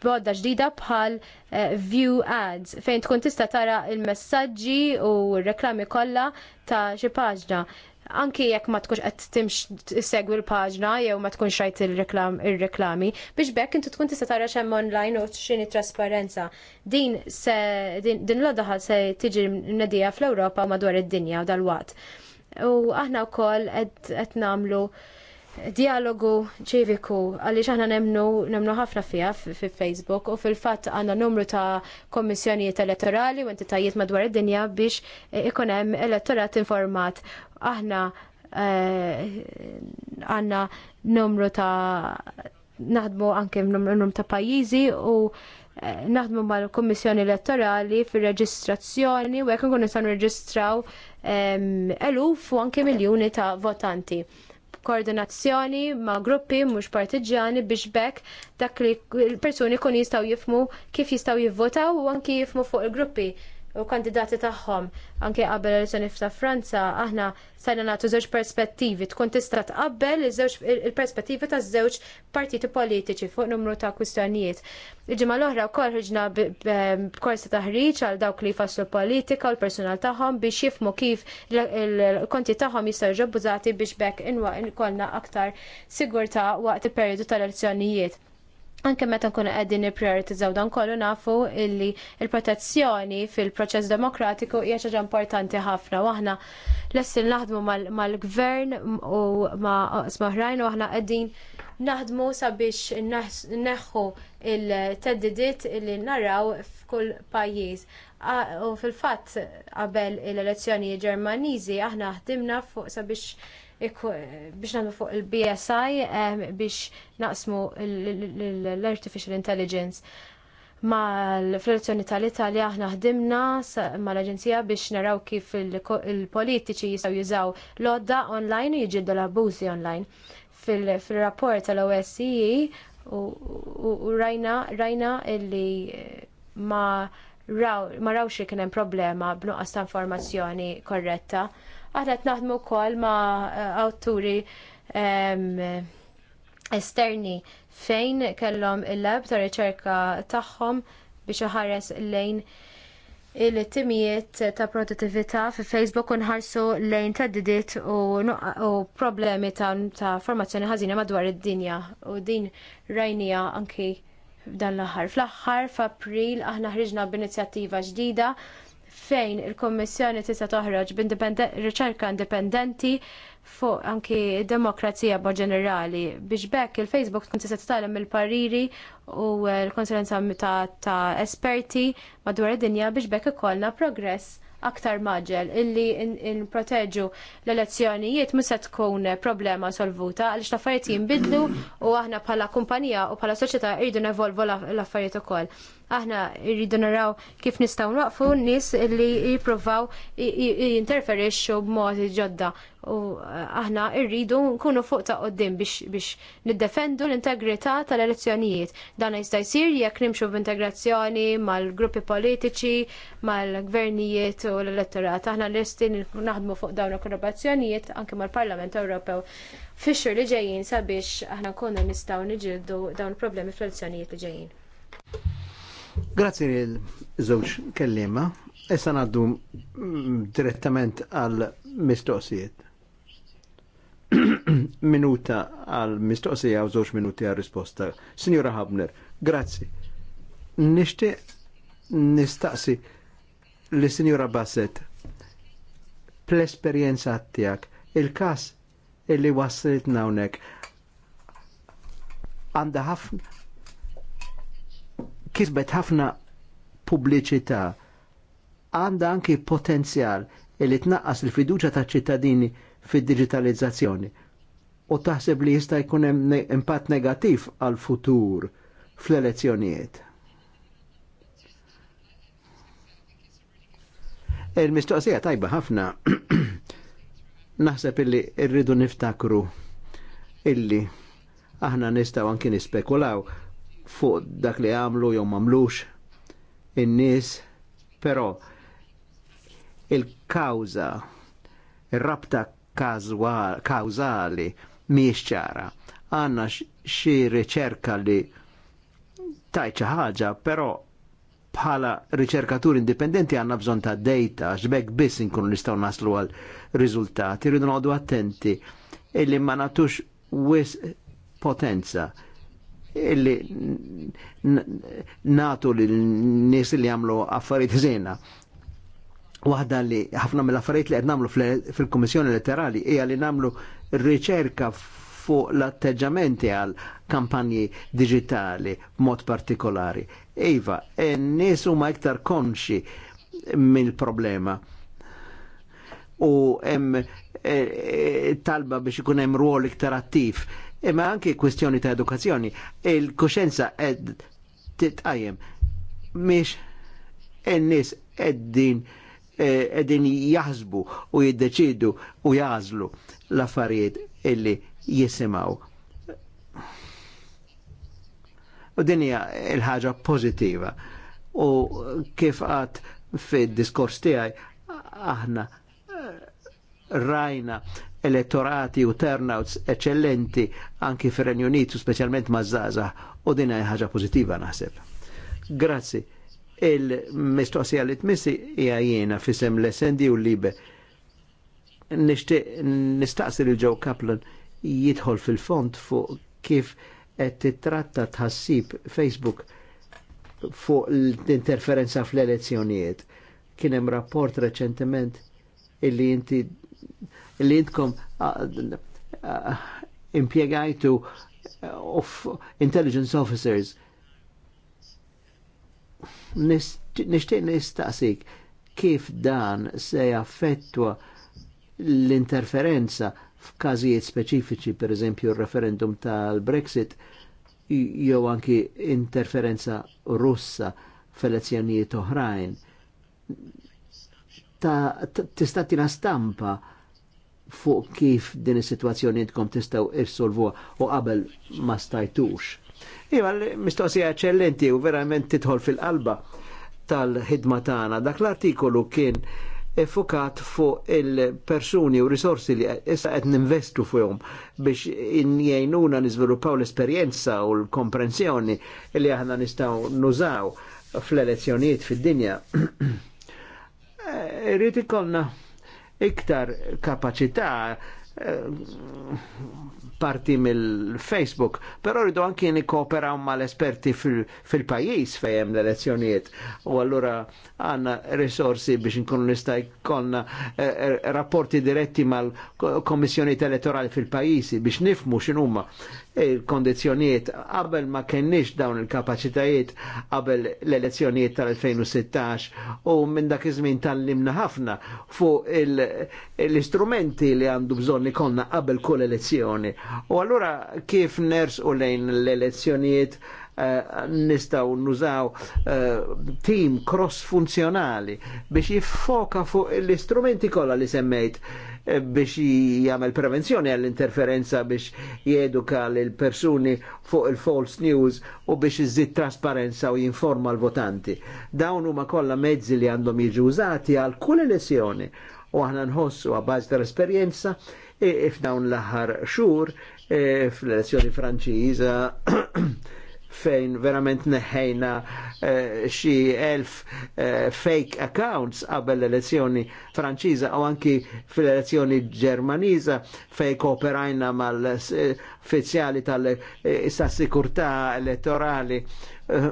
bodda ġdida bħal eh, view ads fejn tkun tista' tara il-messaġġi u r-reklami kollha ta' xi paġna. Anki jekk ma tkunx qed timx segwi l-paġna jew ma tkunx rajt ir-reklami biex bekk intu tkun tista' tara xemm online u x'inhi trasparenza. Din se din l-odaħa se tiġi mnedija fl-Ewropa madwar id-dinja dal-waqt u aħna wkoll qed nagħmlu dialogu ċiviku għalli ċaħna nemnu nemnu ħafna fija fi Facebook u fil-fat għanna numru ta' kommissjonijiet elettorali u entitajiet madwar id-dinja biex ikonem elettorat informat. Aħna eh, għanna numru ta' naħdmu anke numru ta' pajizi u Eh, naħdmu mal kummissjoni elettorali fir-reġistrazzjoni u għek nkunu san reġistraw ehm, eluf u anke miljuni ta' votanti. Koordinazzjoni ma' gruppi mhux partigiani biex bekk dak li l-persuni kun jistgħu jifmu kif jistgħu jivvotaw u anki jifmu fuq il-gruppi u kandidati tagħhom anke qabel elezzjoni ta' Franza aħna sajna nagħtu żewġ perspettivi tkun tista' tqabbel il-perspettivi ta' żewġ partiti politiċi fuq numru ta' kwistjonijiet. Il-ġimgħa l-oħra wkoll ħriġna b'korsi taħriġ għal dawk li jfasslu politika u l-personal tagħhom biex jifmu kif il-konti tagħhom jistgħu jġobbużati biex bekk inwa inkollna aktar sigurtà waqt il-perjodu tal-elezzjonijiet Anke meta nkunu qegħdin nipprioritizzaw dan kollu nafu illi il-protezzjoni fil-proċess demokratiku hija xi ħaġa importanti ħafna u aħna lessin naħdmu mal-gvern u ma' oħrajn u aħna qegħdin naħdmu sabiex neħħu il-teddidiet illi naraw f'kull pajjiż. U fil-fatt qabel l-elezzjoni Ġermaniżi aħna ħdimna fuq sabiex Eh, biex nagħmlu fuq il-BSI eh, biex naqsmu l-Artificial Intelligence ma l-Federazzjoni tal-Italja aħna ħdimna mal l-Aġenzija biex naraw kif il-politiċi jistgħu jużaw lodda online u jġiddu l-abbużi online. Fil-rapport tal-OSCE u rajna rajna illi eh, ma raw rawx li kien hemm problema b'nuqqas ta' informazzjoni korretta. Aħna qed naħdmu wkoll ma' awturi esterni fejn kellhom il-lab ta' riċerka tagħhom biex iħares lejn il-timijiet ta' produttività fi Facebook unħarsu lejn didit u problemi ta' formazzjoni ħażina madwar id-dinja u din rajnija anki f'dan l-aħħar. Fl-aħħar f'April aħna ħriġna b'inizjattiva ġdida fejn il-Kommissjoni tista' toħroġ riċerka indipendenti fuq anki demokrazija bo ġenerali biex bekk il-Facebook tkun tista' titgħallem il-pariri u l-konsulenza ta' esperti madwar id-dinja biex bekk ikollna progress aktar maġel illi nproteġu l-elezzjonijiet mhux se tkun problema solvuta għaliex l-affarijiet jinbidlu u aħna bħala kumpanija u bħala soċjetà irridu nevolvu l-affarijiet ukoll. Aħna rridu naraw kif nistgħu n nies li jippruvaw jinterferixxu b'mod ġodda u eh, aħna rridu nkunu fuq ta' qoddim biex, niddefendu l-integrità tal-elezzjonijiet. Dan jista' jsir jekk nimxu b'integrazzjoni mal-gruppi politiċi, mal-gvernijiet u l-elettorat. Aħna lesti naħdmu fuq dawn il-kollaborazzjonijiet anke mal-Parlament Ewropew fix-xhur li ġejjin sabiex aħna nkunu nistgħu niġildu dawn il-problemi fl-elezzjonijiet li ġejjin. Grazzi lil żewġ kellima. Issa ngħaddu direttament għal mistoqsijiet. minuta għal mistoqsija u żewġ minuti għal risposta. Signora Habner, grazie. Nixtieq nistaqsi li Signora Bassett pl-esperienza tiegħek il-każ illi waslitna hawnhekk għandha ħafna kisbet ħafna pubbliċità għandha anki potenzjal li tnaqqas il-fiduċa ta' ċittadini fid-digitalizzazzjoni u taħseb li jista' jkun hemm impatt negattiv għal futur fl-elezzjonijiet. Il-mistoqsija tajba ħafna naħseb illi rridu niftakru illi aħna nistgħu anki nispekulaw fuq dak li għamlu jew mamlux in-nies, però il kawża ir rabta kawżali mhijiex ċara. għandna xi riċerka li xi ħaġa, però bħala riċerkaturi indipendenti għanna bżon ta' data, xbek biss nkunu nistgħu naslu għal riżultati, rridu noqdu attenti, illi ma natux wis potenza illi natu li n-nis li għamlu affarijiet zina. Waħda li ħafna mill-affarijiet li qed fil-Kummissjoni Elettorali hija li nagħmlu riċerka fuq l-atteġġamenti għal kampanji digitali mod partikolari. Iva, n-nies huma iktar konxi mill-problema. U hemm eh, eh, talba biex ikun hemm ruol iktar attiv imma anki kwestjoni ta' edukazzjoni. Il-kuxenza ed titqajem miex n-nis eddin edin eh, jahzbu u jiddeċidu u jazlu l-affarijiet illi jisimaw. U dinja il-ħaġa pozittiva. U kif għat fid-diskors tiegħi aħna eh, rajna elettorati u turnouts eccellenti anki fir renju Unitu, specialment mażaza, u dina ħaġa pozittiva naħseb. Grazzi. Il-mistoqsija li tmissi hija jiena fisem l esendi u libe. Nistaqsi lil Joe Kaplan jidħol fil-font fuq kif qed titratta tħassib Facebook fuq l-interferenza fl-elezzjonijiet. Kien hemm rapport reċentement illi inti li intkom ah, ah, impiegajtu eh, of intelligence officers. Nishtiq nistaqsik kif dan se jaffettwa l-interferenza f'każijiet speċifiċi, per eżempju referendum tal-Brexit, jew anki interferenza russa f'elezzjonijiet oħrajn. Ta' tista' tina stampa fuq kif din is-sitwazzjoni tkom tistgħu issolvuha u qabel ma stajtux. Iva, mistoqsija eċċellenti u verament tidħol fil-qalba tal-ħidma tagħna. Dak l-artikolu kien effokat fuq il-persuni u risorsi li issa qed ninvestu fuqhom biex jgħinuna niżviluppaw l-esperjenza u l-komprensjoni li aħna nistgħu nużaw fl-elezzjonijiet fid-dinja. Eh, irrid ikollna iktar kapacità eh, parti mill-Facebook, però rridu anki nikkooperaw mal-esperti fil-pajis fil fejem l-elezzjonijiet. U allura għanna risorsi biex nkunu nista' jkollna eh, eh, rapporti diretti mal-komissjonijiet elettorali fil-pajisi biex nifmu x'inhuma il-kondizjoniet qabel ma kenniex dawn il-kapacitajiet qabel l-elezzjonijiet tal-2016 u minn dak iż-żmien tallimna ħafna fuq l-istrumenti li għandu bżonn li konna qabel kull elezzjoni. U allura kif ners u lejn l-elezzjonijiet Eh, nistaw nużaw eh, team cross-funzjonali biex jiffoka fuq l-istrumenti kollha li semmejt eh, biex jagħmel prevenzjoni għall-interferenza biex jeduka l-persuni fuq il-false news u biex jizzit trasparenza u jinforma l-votanti. Dawn huma kollha mezzi li għandhom jiġu użati għal kull elezzjoni u aħna nħossu għabbaż tal-esperjenza f'dawn l-aħħar xhur fl-elezzjoni Franċiża fejn verament neħejna xi eh, xi elf uh, fake accounts qabel l-elezzjoni Franċiża u anki fil-elezzjoni Ġermaniża fejn kooperajna mal-uffiċjali tal-sikurtà elettorali eh,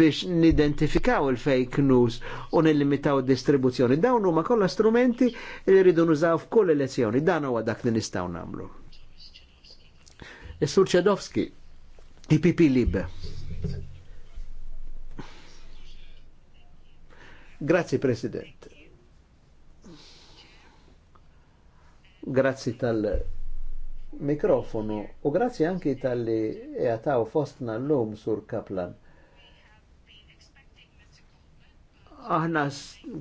biex nidentifikaw il-fake news u nillimitaw distribuzzjoni. Dawn huma kollha strumenti li rridu nużaw f'kull elezzjoni. Dan huwa dak li nistgħu nagħmlu. Is-Sur Ċedowski IPP Lib. Grazie President. Grazie tal-mikrofonu u grazie anki tal-li jgħataw fostna l-lum sur Kaplan. Aħna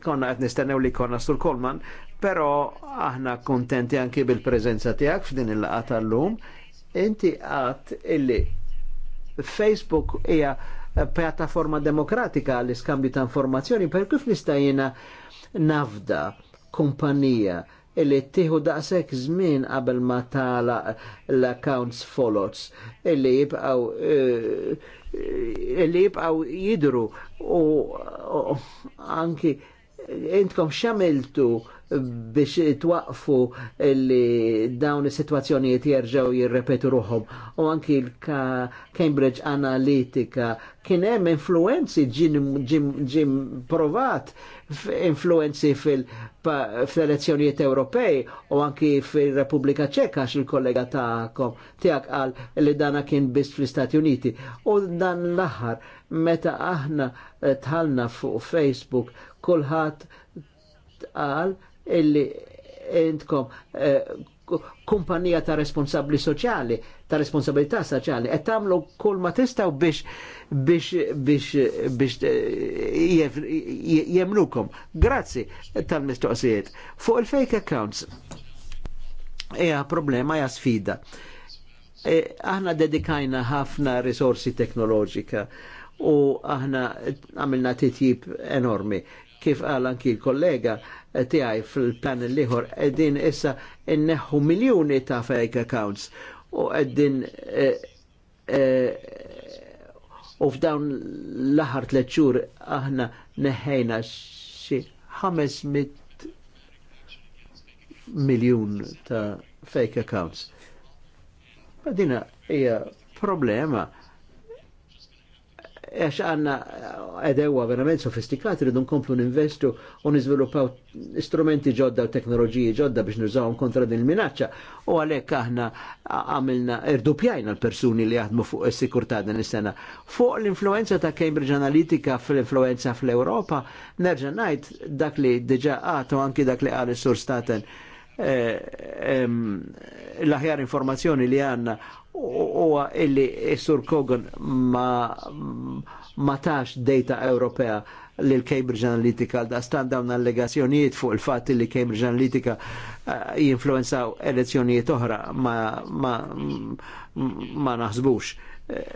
konna għet nistennew li konna sur Kolman, pero aħna kontenti anki bil-prezenza tijak f'din il-laqa l lum Inti għat illi Facebook hija eh, pjattaforma demokratika għall iskambju ta' informazzjoni, per kif nista' jiena nafda kumpanija illi tieħu daqshekk żmien qabel ma tala l-accounts follows illi jibqgħu eh, illi jibqgħu jidru u anki intkom xamiltu biex twaqfu li dawn is-sitwazzjonijiet jerġgħu jirrepetu ruhom. U anki l-Cambridge Analytica kien hemm influenzi ġim provat influenzi fil-elezzjonijiet Ewropej u anki fil-Repubblika Ċeka il-kollega tagħkom tiegħek qal li dana kien biss fl-Istati Uniti. U dan l-aħħar meta aħna tħallna fuq Facebook kulħadd qal illi entkom eh, kumpanija ta' responsabli soċjali, ta' responsabilità soċjali, qed tagħmlu kull ma tistgħu biex biex biex biex eh, jemlukom. Grazzi tal-mistoqsijiet. Fuq il-fake accounts hija problema hija sfida. E, aħna dedikajna ħafna risorsi teknoloġika u aħna għamilna titjib enormi. Kif għal anki il kollega tiegħi fil-panel liħor qegħdin issa inneħħu miljuni ta' fake accounts u qegħdin eh, eh, u f'dawn l-aħħar tliet xhur aħna neħħejna xi 500 miljun ta' fake accounts. Għadina hija problema għax għanna eh, edewa verament sofistikati rridu nkomplu investu u n-izviluppaw strumenti ġodda u teknoloġiji ġodda biex nużawhom kontra din il-minaccia. U għalhekk aħna għamilna irdupjajna l-persuni li għadmu fuq il-sikurta din is-sena. Fuq l-influenza ta' Cambridge Analytica fl-influenza fl europa nerġa' ngħid dak li diġà għatu anki dak li għal sur Staten. Eh, l-aħjar informazzjoni li għanna huwa illi Sur Kogan ma ma tax data Ewropea lil Cambridge Analytica da stand dawn allegazzjonijiet fuq il-fatt li Cambridge Analytica eh, jinfluenzaw elezzjonijiet oħra ma ma ma naħsbux. Eh,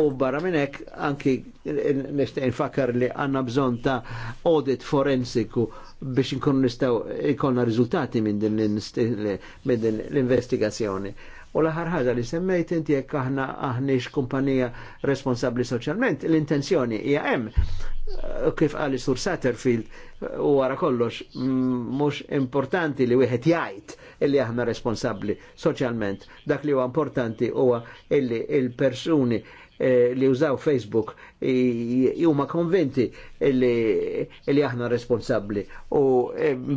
u barra minnek anki nishtiq nfakkar li għanna bżon ta' audit forensiku biex nkun nistaw ikollna riżultati minn din l-investigazzjoni. U laħar ħaġa li semmejt inti jekk aħna aħniex kumpanija responsabbli soċjalment, l-intenzjoni hija hemm eh, kif qal sur Satterfield eh, u wara kollox mm, mhux importanti li wieħed jgħid illi aħna responsabbli soċjalment. Dak li huwa importanti huwa illi il-persuni eh, li użaw Facebook huma konventi li aħna responsabbli u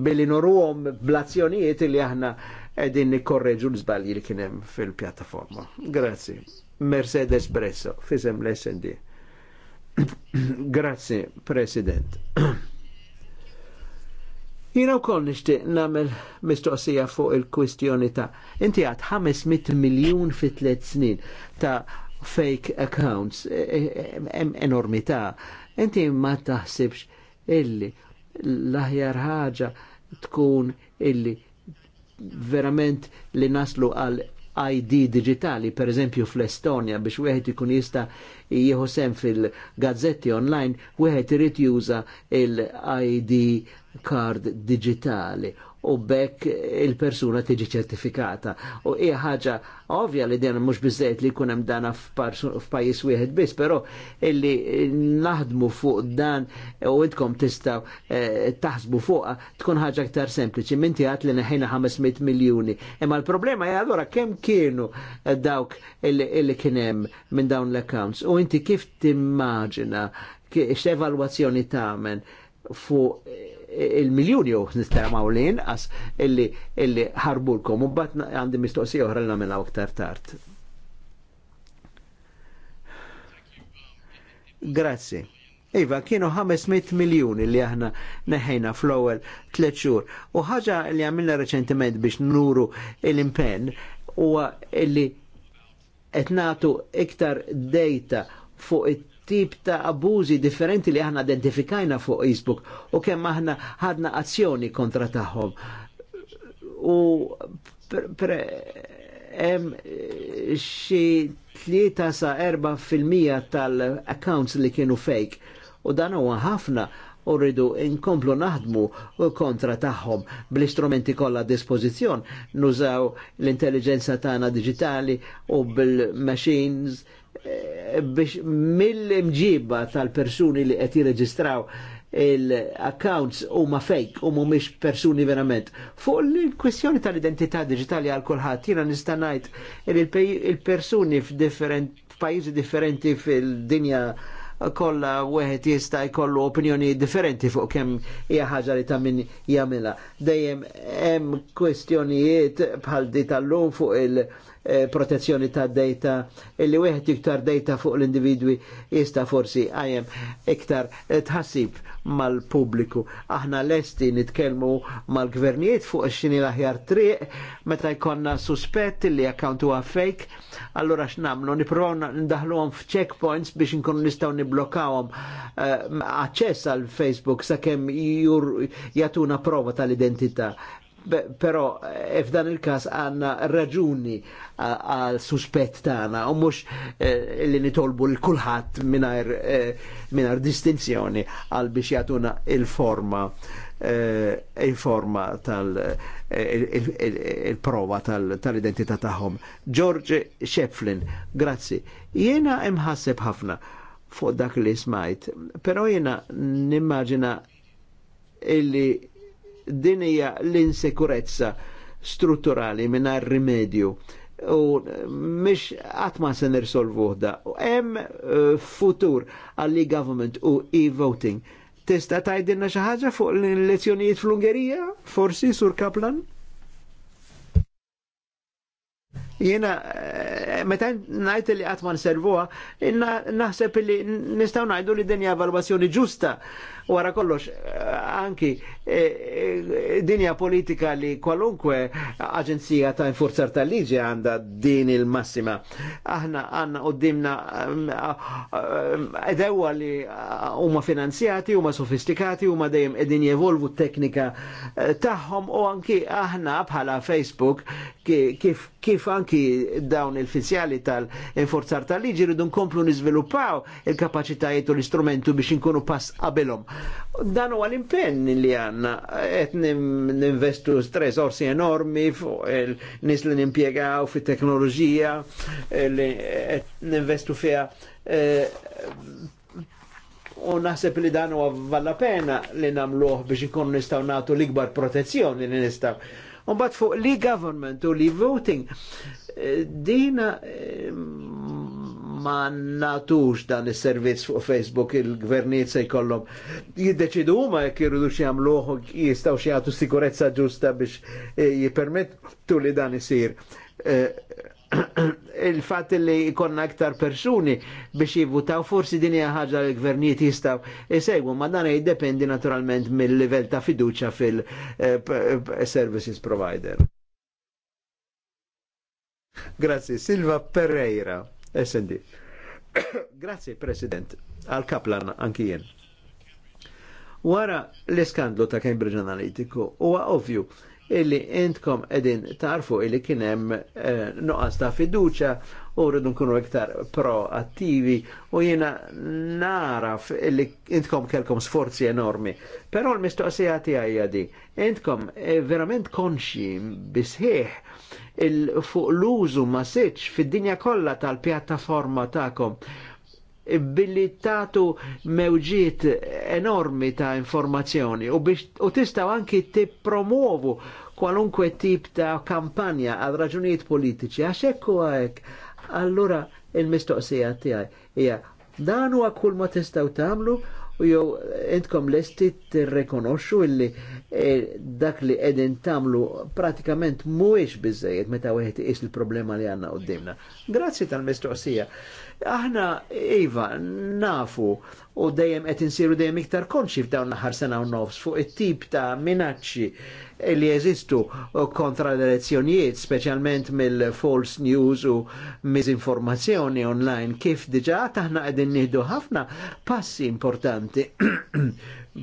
billi norruhom blazzjonijiet li aħna edin nikorreġu l-zbalji li kienem fil-pjattaforma. Grazzi. Mercedes Bresso, fizem l-SND. Grazzi, President. Jina u koll nishtiq namel mistoqsija fuq il-kwistjoni ta' inti għad 500 miljon fi tliet snin ta' fake accounts e, e, e, enormità. Inti ma taħsibx illi l-aħjar ħaġa tkun illi verament li naslu għal ID digitali, per eżempju fl-Estonia, biex wieħed ikun jista jieħu sem fil-gazzetti online, wieħed irid juża l-ID card digitali u bekk il-persuna tiġi ċertifikata. U hija ħaġa ovvja li din mhux biżejt li jkun hemm dana f'pajjiż wieħed biss, però illi naħdmu fuq dan u idkom tistgħu eh, taħsbu fuqha tkun ħaġa aktar sempliċi. Minti għat li neħejna 500 miljuni. Imma l-problema hija allura kemm kienu eh, dawk illi kien hemm minn dawn l-accounts u inti kif timmaġina x'evalwazzjoni tagħmel fuq il-miljoni u nistema mawlin għas illi ħarbulkom u bat għandi mistoqsija oħra l-namela aktar tard. Grazzi. Iva, kienu 500 miljoni li aħna neħejna fl-ewwel tliet xhur. U ħaġa li għamilna reċentiment biex nuru l-impenn huwa li qed nagħtu iktar data fuq it tip ta' abużi differenti li aħna identifikajna fuq Facebook u kemm aħna ħadna azzjoni kontra tagħhom. U hemm eh, xi tlieta sa erba' fil-mija tal-accounts li kienu fake. U dan huwa ħafna u rridu inkomplu naħdmu kontra tagħhom bl-istrumenti kollha dispożizzjon nużaw l-intelligenza tagħna diġitali u bil-machines biex mill-imġiba tal-persuni li qed jirreġistraw il-accounts huma fake u mhumiex persuni verament. Fuq il-kwestjoni tal-identità digitali għal kulħadd jiena nista' ngħid il-persuni pajjiżi differenti fil-dinja kolla wieħed jista' jkollu opinjoni differenti fuq kemm hija ħaġa li ta' min jagħmilha. Dejjem hemm kwestjonijiet bħal di tal-lum fuq il- Eh, protezzjoni ta' data illi wieħed iktar data fuq l-individwi jista forsi għajem iktar eh, tħassib mal-pubbliku. Aħna lesti nitkellmu mal-gvernijiet fuq ix-xini l-aħjar triq meta jkollna suspett li akkantu huwa fake, allura x'namlu nippruvaw ndaħluhom f'checkpoints biex inkunu nistgħu nibblokawhom eh, aċċess għal Facebook sakemm jatuna prova tal-identità però eh, f'dan il-kas għanna raġuni għal suspett tagħna u mhux eh, li nitolbu l kulħadd mingħajr eh, mingħajr distinzjoni għal biex jatuna il-forma il-forma tal il-prova tal-identità tal tagħhom. George Shefflin, grazzi. Jiena imħasseb ħafna fuq dak li smajt, Pero jena nimmaġina illi din hija l-insikurezza strutturali mingħajr rimedju u mish għatma se nirsolvu da. U hemm uh, futur għalli government u e-voting. Tista' tajdinna xaħġa fuq l-elezzjonijiet fl-Ungerija, forsi, sur Kaplan? jena eh, meta najt li għatman servuha, inna naħseb li nistaw najdu li dinja evalwazzjoni ġusta Wara kollox, eh, anki eh, dinja politika li kwalunkwe aġenzija ta' infurzar tal liġi għanda din il-massima. Aħna għanna u dimna eh, edewa li huma finanzjati, huma sofistikati, huma dejjem edin jevolvu t teknika tagħhom u anki aħna bħala Facebook kif kif anki dawn il-fizjali tal inforzar tal-liġi rridu nkomplu nizviluppaw il-kapacitajiet u l-istrumentu biex nkunu pass qabilhom. Dan huwa l-impenn li għanna, qed ninvestu resorsi enormi fuq il-nies li nimpjegaw fit-teknoloġija, li qed ninvestu fiha eh, u naħseb li dan huwa valla pena li nagħmluh biex ikun nistgħu nagħtu l-ikbar protezzjoni li nistgħu. Mbagħad fuq li government u li voting eh, dina eh, ma natux dan is servizz fuq Facebook il-gvernijiet se jkollhom jiddeċidu huma jekk iridu xi jagħmluh jistgħu xi jagħtu sikurezza ġusta biex eh, jippermettu li dan isir. Eh, il-fat li jkollna aktar persuni biex jivvutaw forsi din hija ħaġa li l-gvernijiet jistgħu jsegwu, ma dan jiddependi naturalment mill-livell ta' fiduċja fil-services eh, provider. Grazie, Silva Pereira. SD. Grazie, President, għal kaplan anki jien. Wara l-iskandlu ta' Cambridge u huwa ovvju illi intkom edin tarfu illi kienem eh, noqas ta' fiduċa u rridu nkunu iktar proattivi u jena naraf illi intkom kelkom sforzi enormi. Però l mistoqsijati għajja di, intkom eh, verament konxi bisħieħ fuq l-użu ma seċ fid-dinja kollha tal-pjattaforma tagħkom billi tatu mewġiet enormi ta' informazzjoni u, biex, u tistaw anki tippromuovu kwalunkwe tip ta' kampanja għal raġunijiet politiċi għax huwa hekk, Allura il-mistoqsija tiegħi hija dan huwa kull ma tistgħu tagħmlu u jew intkom lesti tirrekonoxxu illi E, dak li edin tamlu pratikament muwix bizzejiet meta wieħed is il-problema li għanna qoddimna. Grazzi tal-mistoqsija. Aħna, Iva, nafu u dejjem qed insiru dejjem iktar konxi f'dawn l-aħħar sena u nofs fuq it-tip ta' minacċi li jeżistu kontra l-elezzjonijiet, speċjalment mill-false news u mizinformazzjoni online, kif diġa taħna qegħdin nieħdu ħafna passi importanti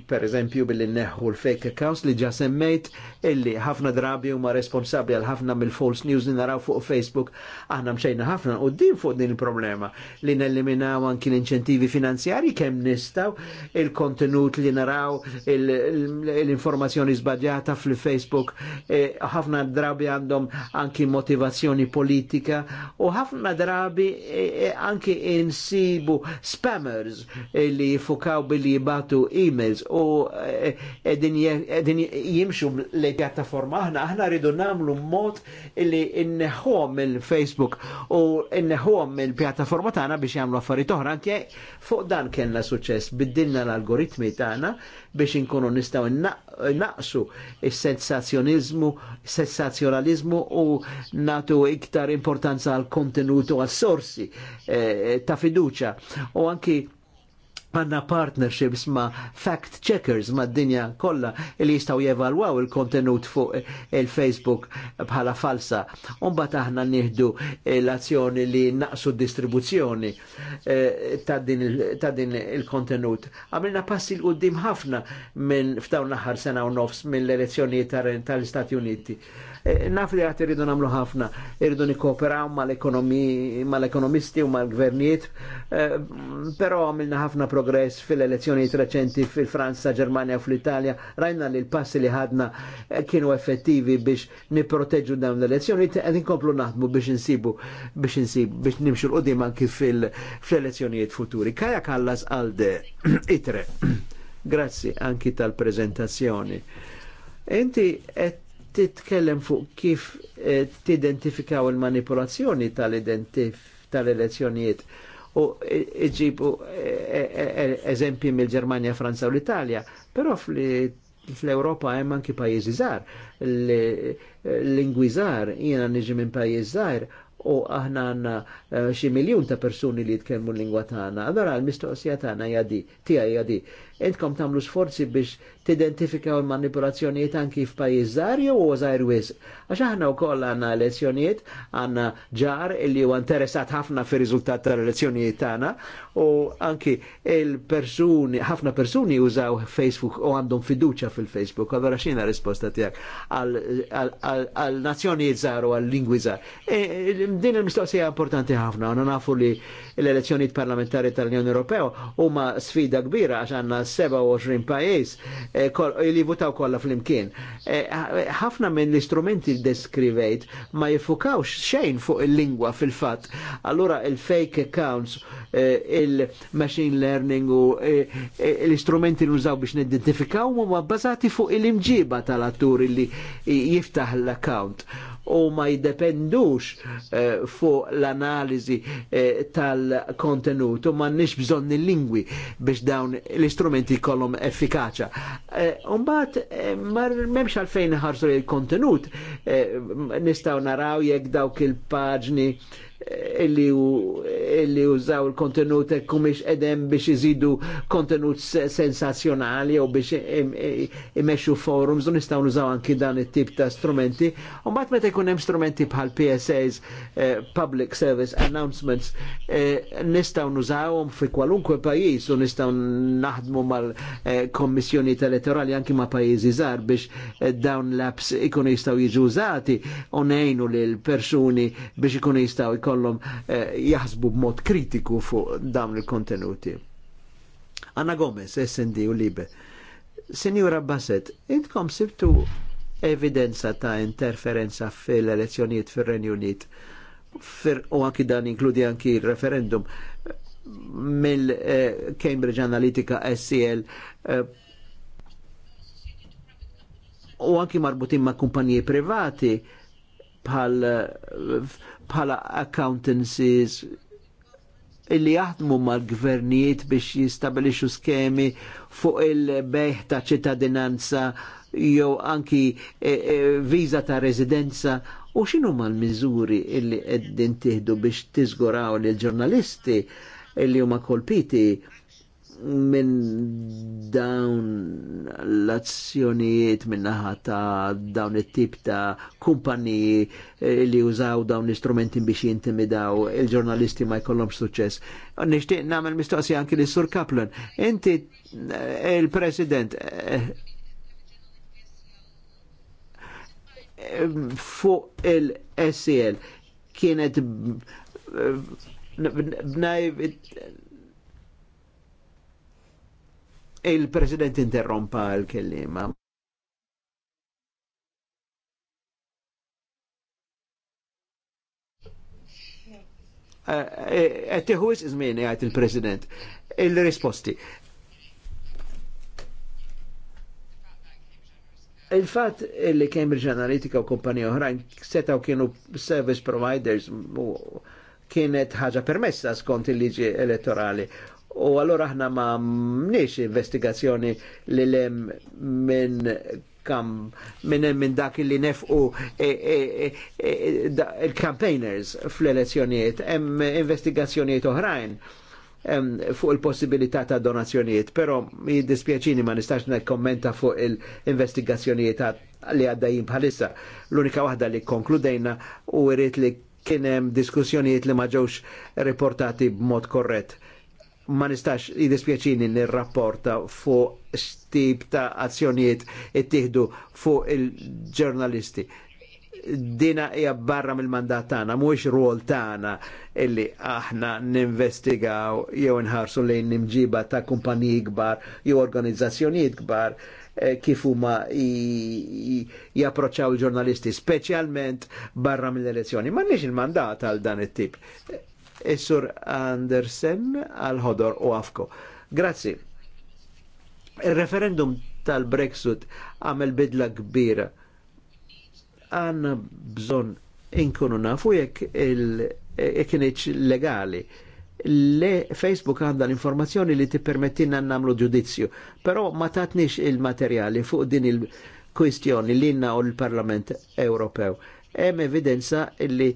per eżempju billi neħu l-fake accounts li ġa semmejt illi ħafna drabi huma responsabli għal ħafna mill-false news li naraw fuq Facebook aħna mxejna ħafna u din fuq din il-problema li nelliminaw anki l-inċentivi finanzjari kemm nistaw il-kontenut li naraw l-informazzjoni zbadjata fil-Facebook e, ħafna e, drabi għandhom anki motivazzjoni politika u ħafna drabi e, e anki insibu spammers li jifukaw billi jibatu emails u eh, jimxu l pjattaforma aħna, aħna rridu namlu mod illi inneħom il-Facebook u inneħom il-pjattaforma tagħna biex jagħmlu affarijiet oħra anke fuq dan kellna suċċess biddilna l-algoritmi tagħna biex inkunu nistaw naqsu il-sensazzjonizmu, sensazzjonalizmu u natu iktar importanza għal kontenutu għal sorsi eh, ta' fiduċa. U anki għanna partnerships ma' fact checkers ma' dinja kolla li jistaw jevalwaw il-kontenut fuq il-Facebook bħala falsa. Umba taħna nieħdu l-azzjoni li naqsu distribuzzjoni eh, ta' din il-kontenut. Għamilna passi l-qoddim ħafna minn f'dawn l sena u nofs mill elezzjoni tal-Istati Uniti. Eh, naf li għat irridu namlu ħafna, irridu nikoperaw mal-ekonomisti u mal-gvernijiet, eh, pero għamilna ħafna progress fil-elezzjonijiet reċenti fil-Franza, Germania, u fl-Italja, rajna li l-passi li ħadna eh, kienu effettivi biex niproteġu dawn l-elezzjonijiet, għed inkomplu naħdmu biex insibu, biex insibu, biex nimxu l-qoddim anki fil-elezzjonijiet futuri. Kaja kallas għalde itre. Grazzi anki tal-prezentazzjoni. Enti et titkellem fuq kif eh, tidentifikaw il-manipolazzjoni tal-elezzjonijiet u iġibu e, e, e, eżempji mill-Germania, Franza u l-Italja, però fl-Europa hemm anki pajjiżi żgħar, lingwi żgħar, jiena niġi minn pajjiż żgħar u aħna għandna eh, xi miljun ta' persuni li jitkellmu l-lingwa tagħna. Allora l-mistoqsija tagħna hija di, tiegħi hija di Entkom tagħmlu sforzi biex tidentifikaw il-manipolazzjonijiet anki f'pajjiż żgħar jew u żgħir wisq. Għax aħna wkoll għanna elezzjoniet għanna ġar illi u interessat ħafna fi rizultat tal elezzjoniet tana u anki il-persuni ħafna persuni użaw Facebook u għandhom fiduċa fil-Facebook. għavera xina risposta tijak għal nazzjoniet żgħar u għal lingwi żgħar. E, e, din il-mistoqsija importanti ħafna, għanna nafu li l-elezzjoni parlamentari tal-Unjoni Ewropew huma sfida kbira għax għandna 27 pajjiż eh, eh, li votaw kollha flimkien. Eh, ħafna minn l-istrumenti deskrivejt ma jifukawx xejn fuq il-lingwa fil-fatt. Allura il-fake accounts, il-machine learning u l-istrumenti nużaw biex nidentifikaw huma bbażati fuq il-imġiba tal-atturi li jiftaħ l-account u ma jiddependux eh, fuq l-analizi eh, tal-kontenut u ma nix bżon il-lingwi biex dawn l-istrumenti kolom effikaċa. Eh, Umbat, ma memx għalfejn ħarsu il-kontenut, nistaw naraw jekk dawk il-paġni illi użaw il-kontenut kumiex edem biex iżidu kontenut sensazzjonali u biex imexxu forums u nistgħu nużaw anki dan it-tip ta' strumenti. U mbagħad meta jkun hemm strumenti bħal PSAs, eh, Public Service Announcements, eh, nistgħu nużawhom fi kwalunkwe pajjiż u nistgħu naħdmu mal-kommissjoni eh, elettorali anki ma' pajjiżi żgħar biex dawn l-apps ikunu jistgħu jiġu użati u ngħinu lil persuni biex ikunu jistgħu ikollhom eh, jaħsbu b'mod kritiku fuq dawn il-kontenuti. Anna Gomez, SND u Libe. Senjura Basset, intkom sibtu evidenza ta' interferenza fil elezzjoniet fil-Renju Unit u anki dan inkludi anki referendum mill-Cambridge eh, Analytica SCL eh, u anki marbutin ma' kumpanji privati bħal bħala accountancies illi jaħdmu mal-gvernijiet biex jistabilixu skemi fuq il-beħ ta' ċittadinanza jew anki e, e, viza ta' residenza u xinu mal miżuri illi għeddin tiħdu biex tiżguraw l-ġurnalisti illi huma kolpiti minn dawn l-azzjonijiet minnaħa ta' dawn it-tip ta' kumpaniji eh, li użaw dawn l-istrumenti biex jintimidaw il-ġurnalisti ma jkollhom suċess. Nixtieq nagħmel mistoqsija anki li Sur Kaplan. Inti eh, il-President eh, fuq il-SEL kienet b'najvit Il-President interrompa l-kellima. Għettiħu eh, eh, eh, iż-żmien għajt il-President. Il-risposti. Il-fat li Cambridge Analytica u kompanija oħrajn setaw kienu service providers kienet ħaġa permessa skont il-liġi elettorali U allora aħna ma mniex investigazzjoni li lem minn kam minn min dak li nefqu e, e, e, e il-campaigners fl-elezzjonijiet, hemm investigazzjonijiet oħrajn fuq il-possibilità ta' donazzjonijiet, però jiddispjaċini ma nistax nekkommenta fuq il-investigazzjonijiet li għaddajin bħalissa. L-unika waħda li konkludejna u irrit li kienem diskussjonijiet li ma ġewx riportati b'mod korrett ma nistax jidispjaċini nir rapporta fuq stib ta' azzjonijiet ittieħdu fuq il-ġurnalisti. Dina hija barra mill-mandat tagħna, mhuwiex rwol tagħna illi aħna ninvestigaw jew nħarsu lejn nimġiba ta' kumpaniji kbar jew organizzazzjonijiet kbar eh, kif huma japproċċaw il-ġurnalisti, speċjalment barra mill-elezzjoni. Ma nix il-mandat għal dan it-tip. E Sur Andersen għal-ħodor u għafko. Grazzi. Il-referendum tal-Brexit għamel bidla kbira. Għanna bżon inkunu nafu jekk il-ekinċ legali le Facebook għanda l-informazzjoni li tippermettina namlu ġudizzju, però ma tatnix il-materjali fuq din il-kwistjoni l-inna u l-Parlament Ewropew. Hemm evidenza li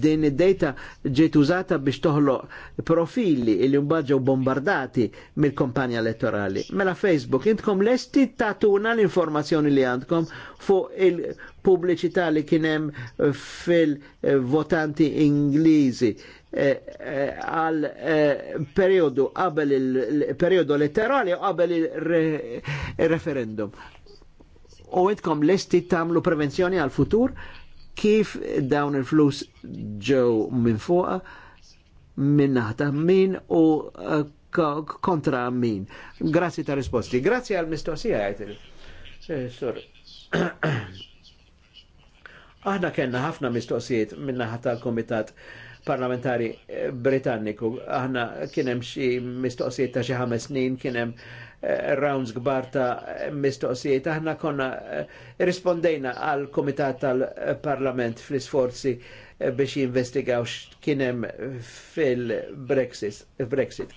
din id-data ġiet użata biex toħloq profili li mbagħad bombardati mill-kompanja elettorali. Mela Facebook, intkom lesti tatuna l-informazzjoni li għandkom fuq il-pubbliċità li kien hemm fil-votanti Ingliżi eh, eh, għal eh, periodu qabel il-periodu elettorali u qabel il-referendum. U għedkom lesti tamlu prevenzjoni għal futur? kif dawn il-flus ġew minn fuq minn naħta min u uh, kontra min. Grazzi ta' risposti. Grazzi għal mistoqsija għajtil. Eh, Sur. Aħna kena ħafna mistoqsijiet minn naħta tal komitat parlamentari eh, Britanniku. Aħna kienem xi mistoqsijiet ta' xi ħames snin, kienem Eh, rounds gbar ta' mistoqsijiet. Aħna konna eh, rispondejna għal komitat tal-parlament fl-isforzi eh, biex jinvestigaw x'kienem fil-Brexit. Brexit.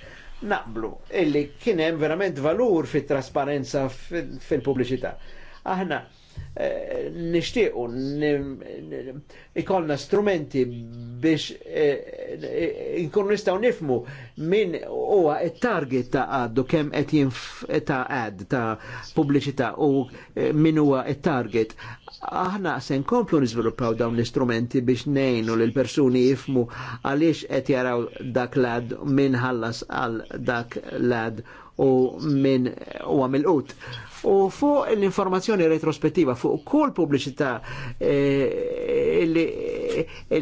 Naqblu, illi kienem verament valur fit-trasparenza fil-pubbliċità. Aħna nishtiqu ikolna strumenti biex e, e, nkunu nistaw nifmu min huwa it-target ta' għaddu kemm qed ta' ad ta' pubbliċità u e, min huwa it-target. Aħna se nkomplu niżviluppaw dawn l-istrumenti biex nejnu lil persuni jifmu għaliex qed jaraw dak lad min ħallas għal dak lad u minn u għamil ut. U fuq l-informazzjoni retrospettiva, fuq kull pubblicità eh,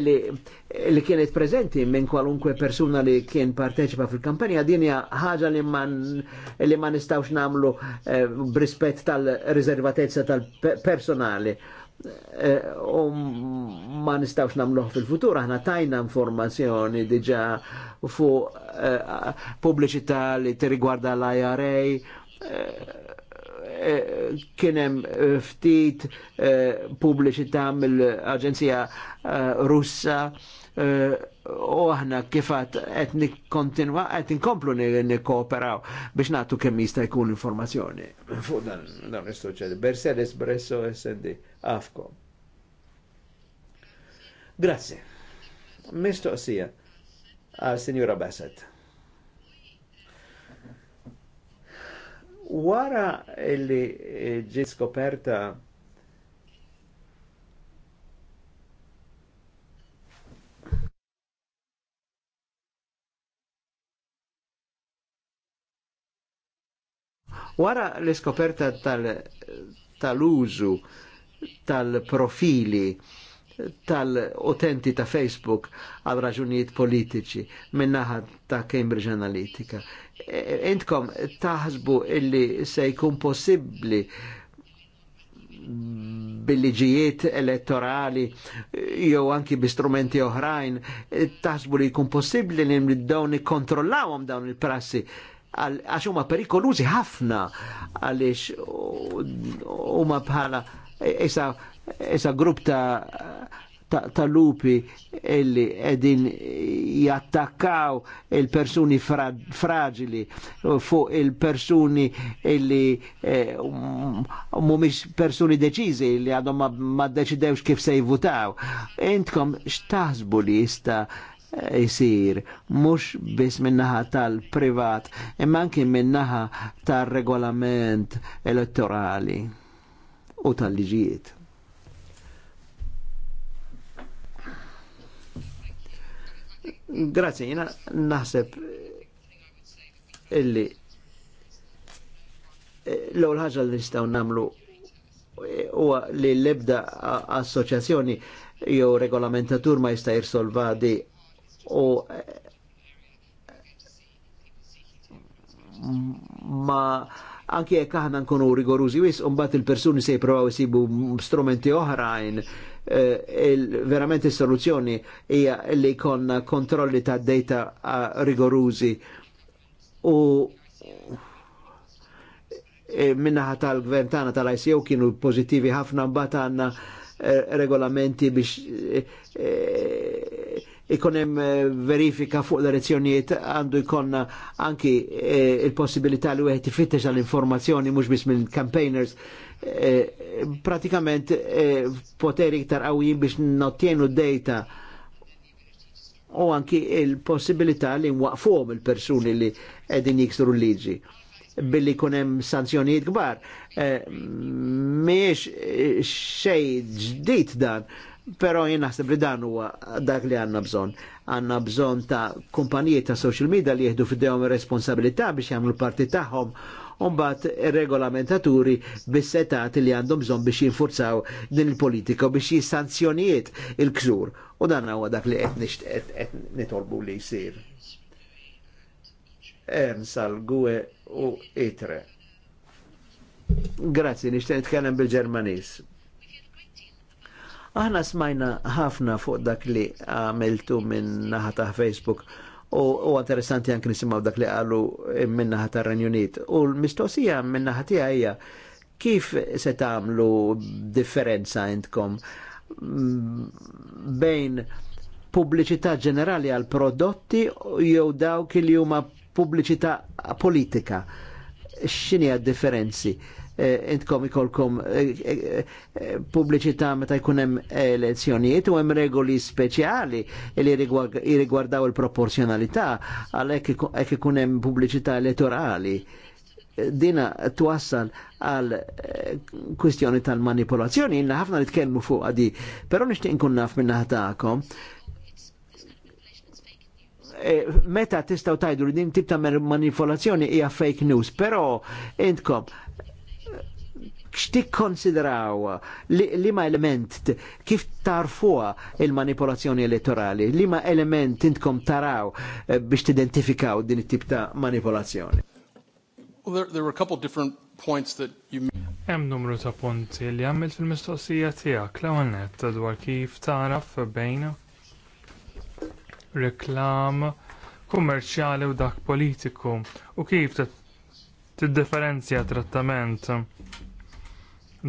li kienet prezenti minn kwalunkwe persuna li kien parteċipa fil-kampanja, dinja hija ħaġa li ma nistawx namlu eh, brispett tal-riservatezza tal-personali. tal rizervatezza tal personali tal tal personali Eh, u ma nistawx namluħ fil-futur, aħna tajna informazzjoni diġa fu eh, pubbliċità li t-rigwarda l-IRA eh, kienem ftit pubbliċità mill-Aġenzija Russa u aħna kifat qed nikkontinwa qed inkomplu nikkooperaw biex natu kemm jista' jkun informazzjoni fuq dan dan istuċed. Bersel Espresso SD Afkom. Grazzi. Mistoqsija għal Sinjura Bassett. Wara illi ġi skoperta Wara l-iskoperta tal-użu tal-profili tal-utenti ta' Facebook għal raġunijiet politiċi minnaħa ta' Cambridge Analytica. E, intkom taħsbu illi se jkun possibbli bil-liġijiet elettorali jew anki bi strumenti oħrajn taħsbu li jkun possibbli li dawn ikkontrollawhom dawn il-prassi għax huma perikolużi ħafna għaliex huma bħala isa, issa grupp ta' ta', ta lupi illi edin jattakkaw il-persuni fra, fragili fuq il-persuni illi eh, mumiex persuni deċizi illi għadhom ma, ma deċidewx kif se jivutaw. Intkom xtaħsbu li jista' jisir, mux bis minnaħa tal-privat, imma anki minnaħa tal-regolament elettorali u tal-liġijiet. Grazie, jina naħseb illi eh, l għol ħagġa li nistaw namlu eh, u li l-ebda assoċjazzjoni jew regolamentatur ma jista' jirsolvadi u ma anki jekk aħna nkunu rigorużi wis u mbagħad il-persuni se jippruvaw isibu strumenti oħrajn eh, verament is-soluzzjoni hija li jkollna kontrolli ta' data eh, rigorużi u eh, minnaħa tal-gvern tagħna tal-ICO kienu pożittivi ħafna mbagħad għandna regolamenti biex ikonem eh, verifika fuq l-elezzjonijiet għandu jkonna anki eh, il-possibilità li wieħed tifittex għall-informazzjoni mhux biss minn campaigners eh, pratikament poteri iktar għawijin biex nottienu data u anki il-possibilità li nwaqfuhom il-persuni li qegħdin jiksru l-liġi billi kunem sanzjoniet kbar. Miex xej ġdid dan Pero jien naħseb li dan huwa dak li għandna bżonn. Għandna bżonn ta' kumpaniji ta' social media li jieħdu fidejhom responsabilità biex jagħmlu parti tagħhom Umbat regolamentaturi bis-setat li għandhom bżonn biex jinfurzaw din il-politika biex jissanzjonijiet il-ksur. U dan huwa dak li qed nitolbu li jsir. Hemm sal-gwe u itre. Grazzi, nixtieq nitkellem bil-Ġermaniż. Aħna smajna ħafna fuq dak li għamiltu minn naħa ta' Facebook u interessanti anke nisimaw dak li għallu minn naħa ta' Renjunit. U l-mistoqsija minn naħa hija kif se tagħmlu differenza intkom bejn pubbliċità ġenerali għal prodotti jew dawk li huma pubbliċità politika. X'inhi differenzi? differenzi Eh, intkom ikolkom eh, eh, pubbliċità meta jkun hemm elezzjonijiet u hemm regoli speċjali li jirrigwardaw il-proporzjonalità għalhekk hekk ikun hemm pubbliċità elettorali. Dina twassal għal kwistjoni tal-manipolazzjoni, inna ħafna li tkellmu fuq għadi, pero nishtiq nkun naf minna ħatakom meta tistaw tajdu li din tip ta' manipolazzjoni hija fake news, però intkom xtik konsideraw li, ma element kif tarfuha il-manipolazzjoni elettorali, li ma element intkom taraw eh, biex tidentifikaw din it-tip ta' manipolazzjoni. Well, there, there were a couple different points that you Hemm numru ta' punti li għamilt fil-mistoqsija tiegħek l-ewwel nett dwar kif taraf bejn reklam kummerċjali u dak politiku u kif tiddifferenzja trattament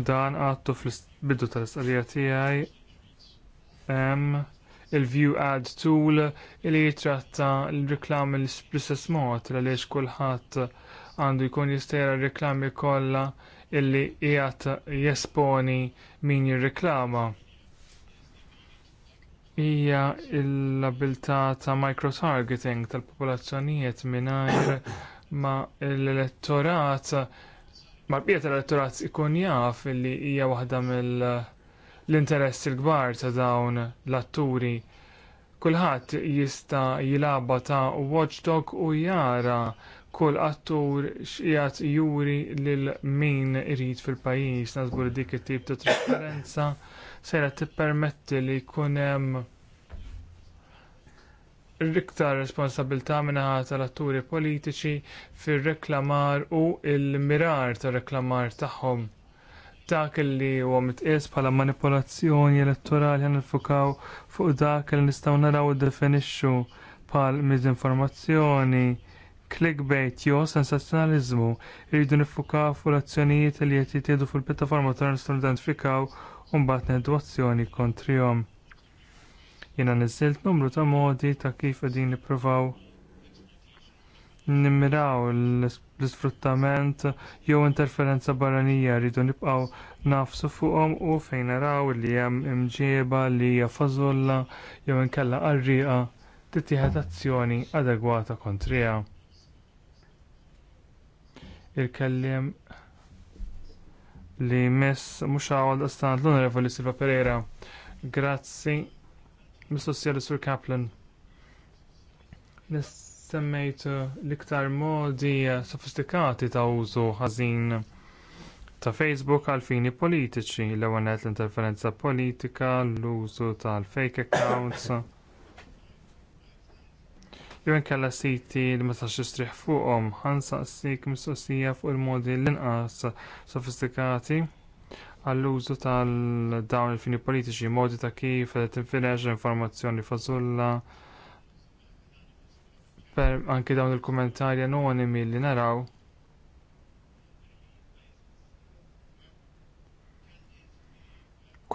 dan għattu fl-bidu tal-istqarrija tiegħi hemm il-view add tool li jitratta l-reklam l-istess mod għaliex kulħadd għandu jkun jistera r-reklami kollha illi qiegħed jesponi min jirreklama. Hija l-abilità ta' microtargeting tal-popolazzjonijiet mingħajr ma l-elettorat mal-bqiet tal-elettorat ikun jaf li hija waħda mill-interess il-kbar ta' dawn l-atturi. Kulħadd jista' jilaba ta' watchdog u jara kull attur x'qiegħed juri lil min irid fil-pajjiż li dik it-tip ta' trasparenza sejra tippermetti li jkun hemm riktar responsabilta minnaħa tal-atturi politiċi fir reklamar u l mirar tar reklamar tagħhom. Dak li huwa mitqies bħala manipolazzjoni elettorali għan fukaw fuq dak li nistgħu naraw iddefinixxu bħal mizinformazzjoni, clickbait jew sensazzjonaliżmu irridu nifukaw fuq l-azzjonijiet li qed jittieħdu fil-pjattaforma tal nistgħu nidentifikaw u mbagħad neħdu azzjoni kontrihom Jiena niżilt numru ta' modi ta' kif qegħdin nippruvaw nimmiraw l-isfruttament jew interferenza barranija rridu nibqgħu nafsu fuqhom u fejn naraw li hemm imġieba li hija fażolla jew inkella għarrieqa tittieħed azzjoni adegwata kontriha. Il-kelliem li mess mhux għawad astant l-onorevoli Silva Pereira. Grazzi mis-sosjali sur Kaplan. Nissemmejt l-iktar modi sofistikati ta' użu ħażin ta' Facebook għal fini politiċi, l għanet l-interferenza politika, l-użu tal-fake accounts. Jwen kalla siti li ma tax istrih fuqhom, ħansaqsik mistoqsija fuq il-modi l-inqas sofistikati għall-użu tal-dawn il-fini politiċi, modi ta' kif tinfilex informazzjoni fazzulla, per anki dawn il-kommentarji anonimi li naraw.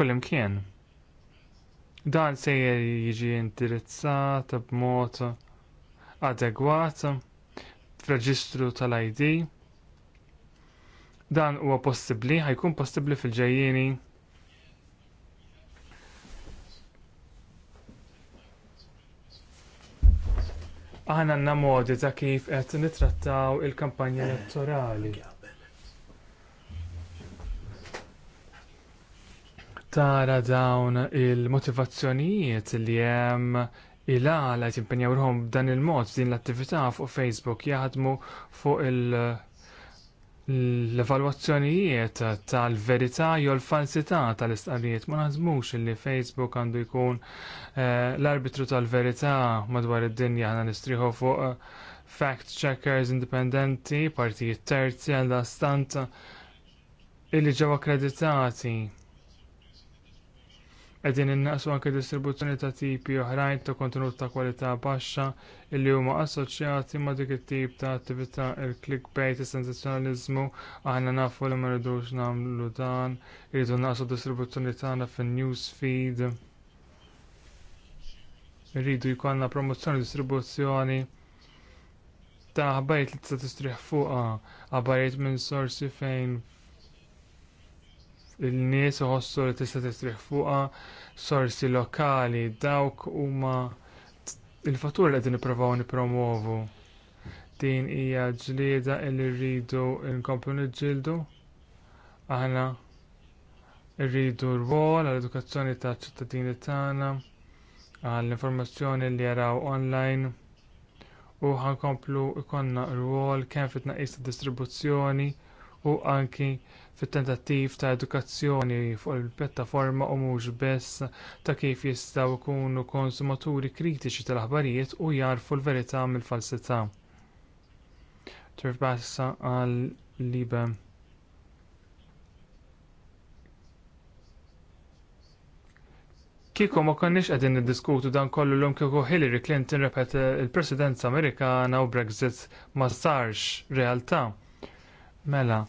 Kullim kien. Dan se jiġi indirizzat b'mod adegwat f'reġistru tal-ID Dan huwa possibbli, ħajkun possibbli fil-ġejjieni. Aħna għandna modi ta' kif qed nitrattaw il-kampanja elettorali. Tara dawn il-motivazzjonijiet li hemm il-għala jtimpenjaw ruħom b'dan il-mod din l-attività fuq Facebook jaħdmu fuq il- l-evalwazzjonijiet tal-verità jew l-falsità tal-istqarrijiet ma naħsbux li Facebook għandu jkun eh, l-arbitru tal-verità madwar id-dinja ħana nistriħu fuq eh, fact checkers indipendenti, partijiet terzi għal stant eh, illi ġew akkreditati Qegħdin innaqsu anke distribuzzjoni ta' tipi oħrajn ta' kontenut ta' kwalità baxxa illi huma assoċjati ma' dik it-tip ta' attività il-clickbait, is-sensazzjonaliżmu, aħna nafu li ma rridux nagħmlu dan, irridu naqsu distribuzzjoni tagħna fin-news feed irridu jkollna promozzjoni u distribuzzjoni ta' ħbarijiet li tista' tistrih fuqha ħbarijiet minn sorsi fejn il-nies uħossu li tista' tistrih fuqha sorsi lokali dawk huma il-fattur li qegħdin nippruvaw nippromovu. Din hija ġlieda li rridu nkomplu niġġieldu aħna rridu rwol għall-edukazzjoni taċ ċittadini tagħna għall-informazzjoni li jaraw online u ħankomplu ikonna rwol kemm fit-tnaqqis tad distribuzzjoni u anki fit-tentattiv ta' edukazzjoni fuq il-pjattaforma u mhux biss ta' kif jistgħu jkunu konsumaturi kritiċi tal-aħbarijiet u jarfu l-verità mill-falsità. Turbassa għal libe. Kieku ma konniex qegħdin niddiskutu dan kollu l kieku Hillary Clinton repet il-presidenza Amerikana u Brexit ma sarx realtà. Mela,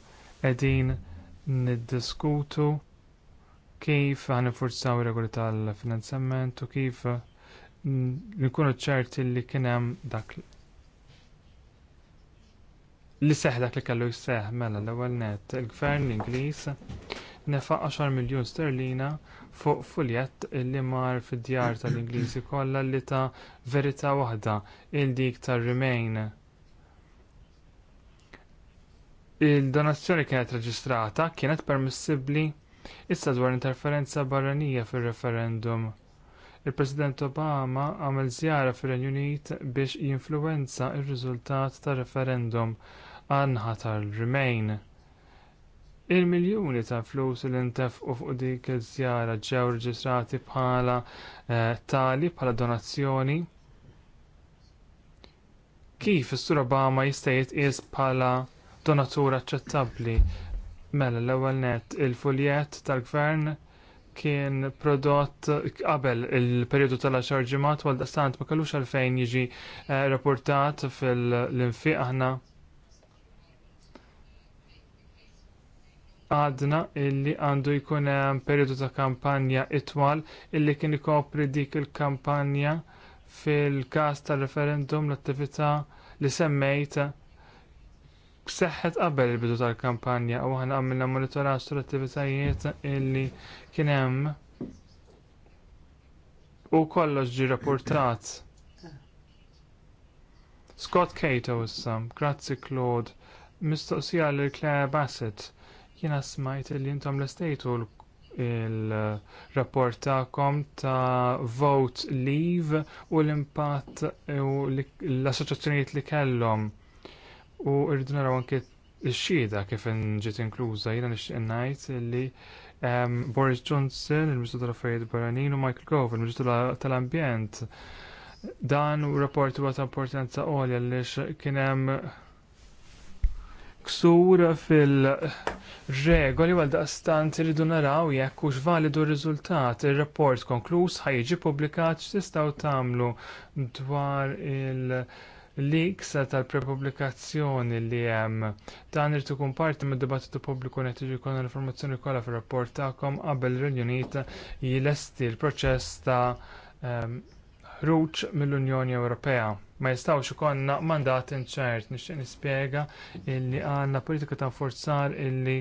qegħdin niddiskutu kif għan forzaw regoli tal-finanzjament u kif mm, nkunu ċerti li kien hemm dak li seħ dak li kellu jseħ mela l ewwel nett il-gvern Ingliż nefaq 10 miljun sterlina fuq fuljett li mar fid-djar tal-Ingliżi kollha li ta' verità waħda il dik tar-Remain il-donazzjoni kienet reġistrata kienet permissibbli issa dwar interferenza barranija fir-referendum. Il-President Obama għamel żjara fir-Renju Unit biex jinfluwenza r riżultat tar referendum għanħa tal-Remain. Il-miljuni ta' flus li ntefqu fuq dik iż-żjara ġew reġistrati bħala eh, tali bħala donazzjoni. Kif is-Sur Obama jista' jitqies bħala donatur aċċettabbli. Mela l-ewwel nett il-fuljet tal-gvern kien prodott qabel il-perjodu tal axar ġimgħat għal dastant ma kellux għalfejn jiġi eh, rapportat fil-infiq aħna għadna illi għandu jkun hemm perjodu ta' kampanja itwal illi kien ikopri dik il-kampanja fil-każ tal-referendum l-attività li semmejt seħħet qabel il-bidu tal-kampanja u aħna għamilna monitoraġġ tal-attivitajiet illi kien hemm u kollox ġie rapportat. Scott Cato issa, grazzi Claude, mistoqsija l Claire Bassett, jiena smajt li intom l-estejtu il-rapport ta'kom ta' vote leave u l-impatt u l-assoċazzjonijiet li kellhom u rridu naraw anke ix-xhieda kif ġiet inkluża jiena nixtieq ngħid li ehm, Boris Johnson, il-Ministru tal-Affarijiet Barranin u Michael Gove, il-Ministru tal-Ambjent. Dan u rapporti huwa ta' importanza għolja li kien hemm ksur fil-regoli għal daqstant irridu naraw jekk hux validu r-riżultat. Ir-rapport konkluż ħajġi pubblikat x'tistgħu tagħmlu dwar il- li ksar tal-prepubblikazzjoni li hemm dan irid ikun parti mid-dibattitu pubbliku qed iġi jkun l-informazzjoni kollha fir-rapport tagħkom qabel ir-Renjunit jilesti l-proċess ta' ehm, ħruġ mill-Unjoni Ewropea. Ma jistgħux ikollna mandat inċert nixtieq nispjega li għandna politika ta' forzar illi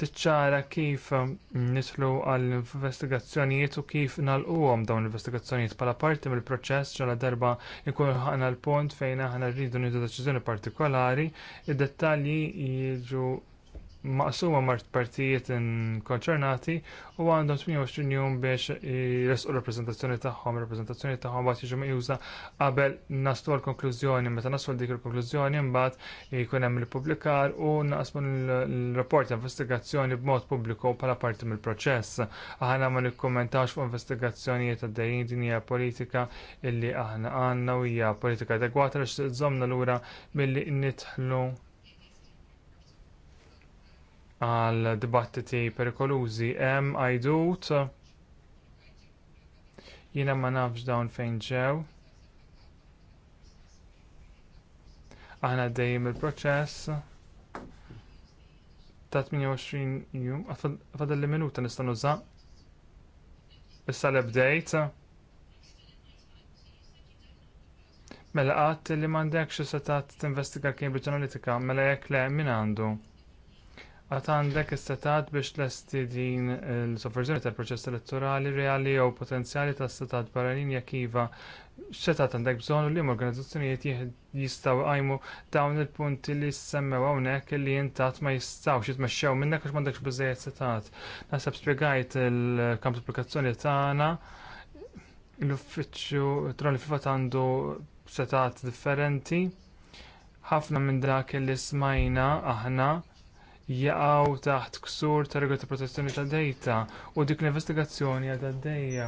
tiċċara kif mm, nislu għall investigazzjonijiet u kif nalquhom dawn l-investigazzjonijiet bħala parti mill-proċess ġala darba jkun ħana l-punt fejn aħna rridu nidu deċiżjoni partikolari, id-dettalji jiġu maqsuma mart partijiet konċernati u għandhom 28 jum biex jresqu l-reprezentazzjoni tagħhom, il-reprezentazzjoni tagħhom bagħad jiġu mejuża qabel naslu l konklużjoni, meta naslu dik il-konklużjoni mbagħad jkun hemm il-publikar u naqsmu l-rapport investigazzjoni b'mod pubbliku bħala parti mill-proċess. Aħna ma nikkummentawx fuq investigazzjonijiet għaddejjin din hija politika illi aħna għandna u hija politika adegwata li x'żomna lura milli nitħlu għal dibattiti perikolużi hemm għajdut jiena ma nafx dawn fejn ġew. Aħna dejjem il-proċess ta' 28 jum, għafadal li minuta nistan uża. Issa l-update. Mela għat li mandek xie setat t-investiga Cambridge Analytica, mela jek le min għandu għad għandek istatat biex l din l sofferżjoni tal-proċess elettorali reali jew potenzjali ta' istatat barranin jekk iva x'etat għandek bżonn u m organizzazzjonijiet jistgħu għajmu dawn il-punti li semmew hawnhekk li intat ma xit jitmexxew minnek għax m'għandekx biżejjed setat. Naħseb spjegajt il-kamp applikazzjoni tagħna l-uffiċċju tron li fifat għandu setat differenti ħafna minn dak li smajna aħna jaqgħu taħt ksur ta' regoli ta' protezzjoni tad dejta u dik l-investigazzjoni għadha għaddejja.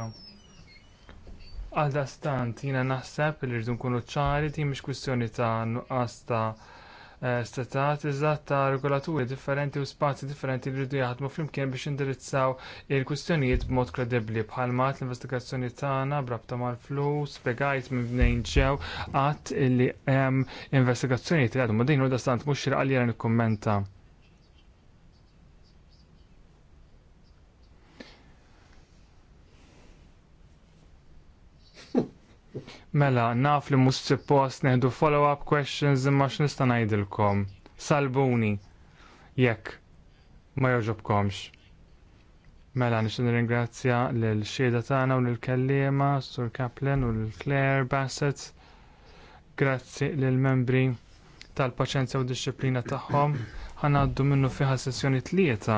Għal stant jiena naħseb li rridu nkunu ċari ti mhix kwistjoni ta' nuqqas ta' eh, statat iżgħat ta' regolaturi differenti u spazji differenti li rridu jaħdmu flimkien biex indirizzaw il-kwistjonijiet b'mod kredibbli bħalma l-investigazzjoni tagħna brabta mal-flus, spjegajt minn bnejn ġew qatt li hemm investigazzjonijiet li għadhom din u dastant mhux xirqa li jara nikkummenta. Mela, naf li mhux suppost neħdu follow-up questions imma x'nista' ngħidilkom. Salbuni jekk ma jogħġobkomx. Mela, nixtieq nirringrazzja lil xieda tagħna u lill kelliema Sur Kaplan u lil Claire Bassett. Grazzi lil membri tal-paċenzja u disċiplina tagħhom. Ħanaddu minnu fiħa sessjoni tlieta.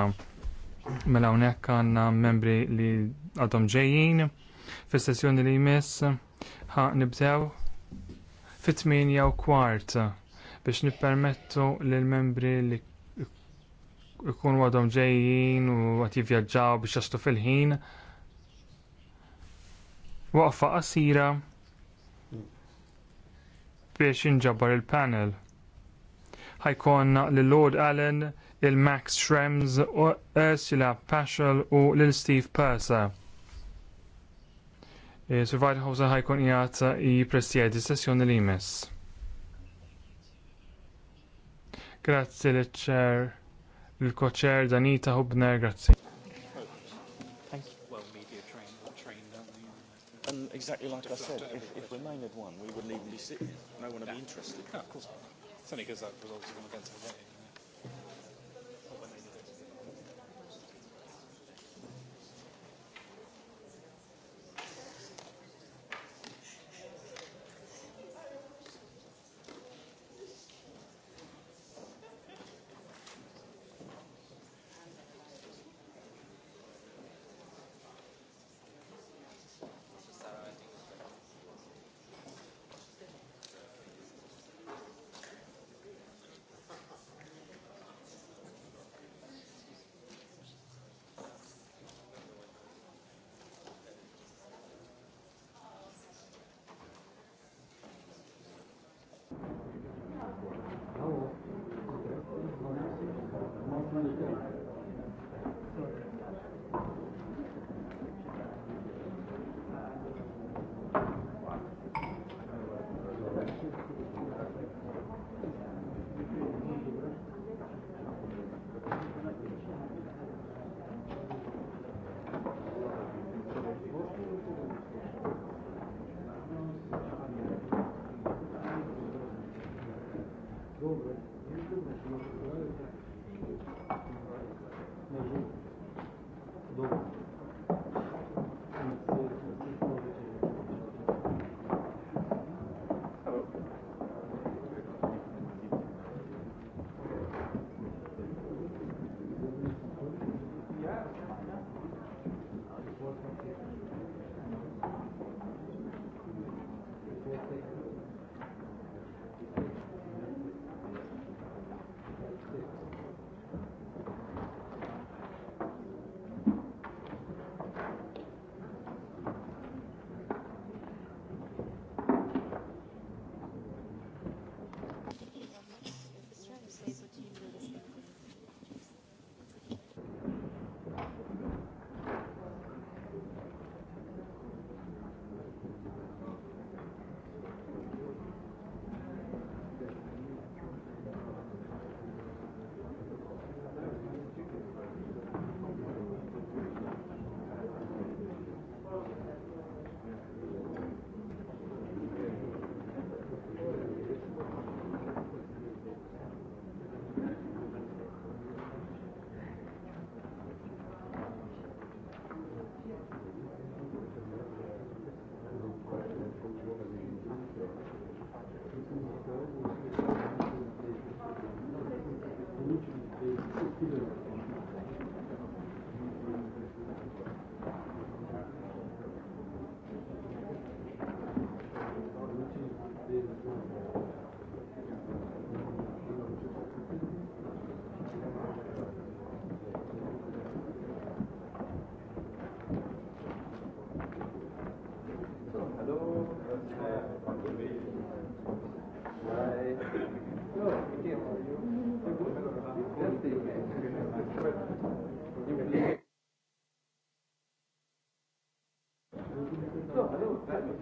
Mela hawnhekk għandna membri li għadhom ġejjin fis-sessjoni li jmiss ħa nibdew fit-8 u kwart biex nippermettu lill membri li jkunu għadhom ġejjin u għat jivvjaġġaw biex jastu fil-ħin. Waqfa qasira biex jinġabar il-panel. Ħajkonna l-Lord Allen, il-Max Schrems, Ursula Paschal u l-Steve Purser Eh, Survivor House ħajkun jgħat i prestijaj sessjoni li jmiss. Grazzi li ċer l-koċer Danita Hubner, grazzi. And exactly like I said, if, if we made one, we wouldn't even be sitting. No one would be interested. No, of course not. It's only because that was obviously going against the game.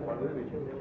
ma' l-limit,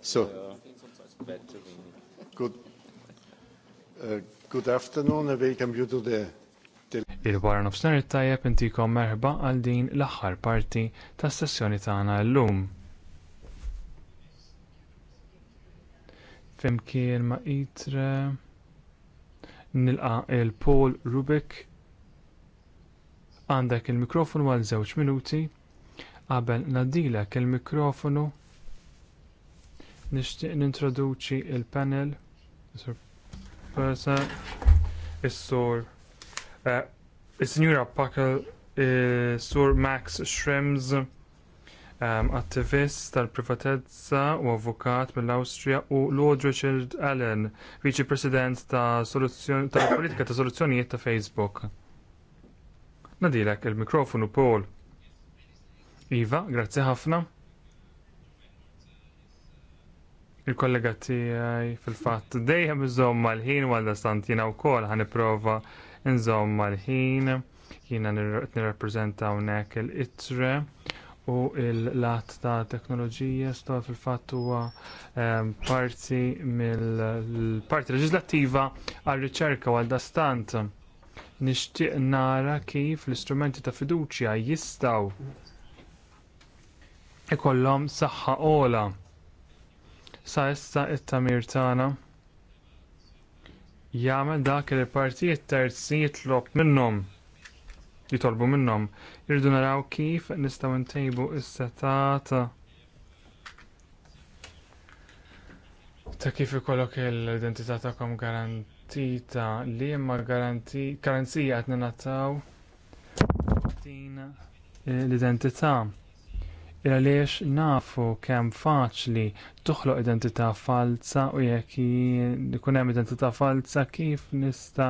So, good, uh, good afternoon and welcome you to the Il-Warren of Snarri tajjeb intikom merħba għal din l-aħħar parti tas sessjoni tagħna llum. Fimkien ma' itre nilqa il-Paul Rubik għandek il-mikrofonu għal żewġ minuti qabel nadilek il-mikrofonu nixtieq nintroduċi il-panel Persa is-sur eh, is-Sinjura Pakel is-Sur eh, Max Schrems um, attivist tal-privatezza u avukat mill-Awstrija u Lord Richard Allen, viċi president ta' tal-politika ta' soluzzjonijiet ta' Facebook. Nadilek il-mikrofonu Paul. Iva, grazzi ħafna. Il-kollega tiegħi fil-fatt dejjem iżomm mal-ħin għalda santina u kol wkoll iprofa nżomm mal-ħin jiena nirrappreżenta hawnhekk il itre u l-lat ta' teknoloġija sta' fil-fatt huwa ehm, parti mill-parti leġislattiva għal riċerka għal dastant. Nixtieq nara kif l-istrumenti ta' fiduċja jistgħu ikollhom saħħa ola Sa issa it-tamir tagħna jagħmel dak li partijiet terzi jitlob minnhom jitolbu minnhom. Irridu naraw kif nistgħu ntejbu is-setat ta' kif ikollok l-identità tagħkom garantita li imma garanzija qed ninataw din eh, l-identità. Għaliex nafu kemm faċli toħloq identità falsa u jekk ikun hemm identità falsa kif nista'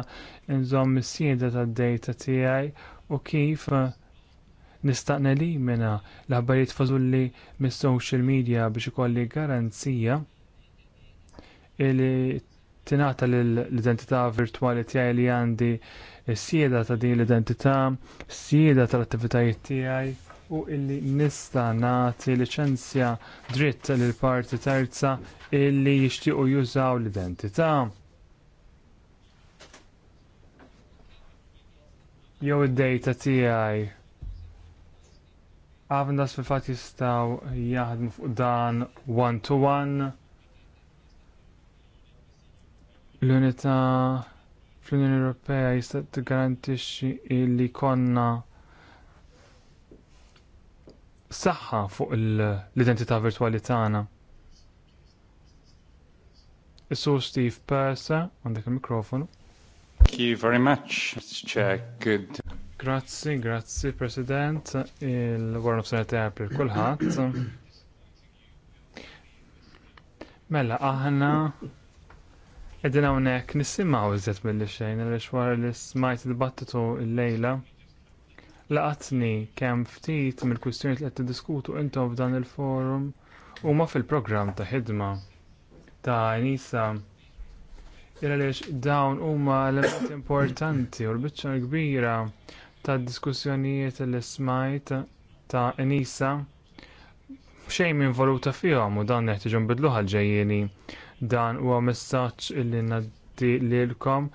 nżomm is-sieda tad-dejta tiegħi u kif eh, nistaqna li mena l-ħabbarijiet fażulli mis-social media biex ikolli garanzija li tingħata l-identità virtwali tiegħi li għandi s-sieda ta' din l-identità, s-sieda tal-attivitajiet tiegħi u illi nista nagħti liċenzja dritt lill parti terza illi jixtiequ jużaw l-identità jew id-data tiegħi għavnas fil fatt jistaw jaħdmu fuq dan one-to-one l unita fl-Unjoni Ewropea jista' tigarantixxi illi konna saħħa fuq l-identità virtwali tagħna. Is-sur Steve Persa għandek il-mikrofonu. Thank you very much, Mr. Chair. Good. Grazzi, grazie, President. Il-Warren of Senate April kulħadd. Mela, aħna Edin għonek nisimgħu iżet mill xejn għaliex wara li smajt il-battitu lejla Laqatni kem ftit mill-kwistjoni li qed diskutu intom f'dan il-forum u ma fil-programm ta' ħidma ta' nisa għaliex dawn huma elementi importanti u l-biċċa kbira tad diskussjonijiet li ismajt ta' Enisa xejn minn voluta fihom u dan neħtieġu nbidlu ġejjieni. Dan huwa messaġġ illi ngħaddi lilkom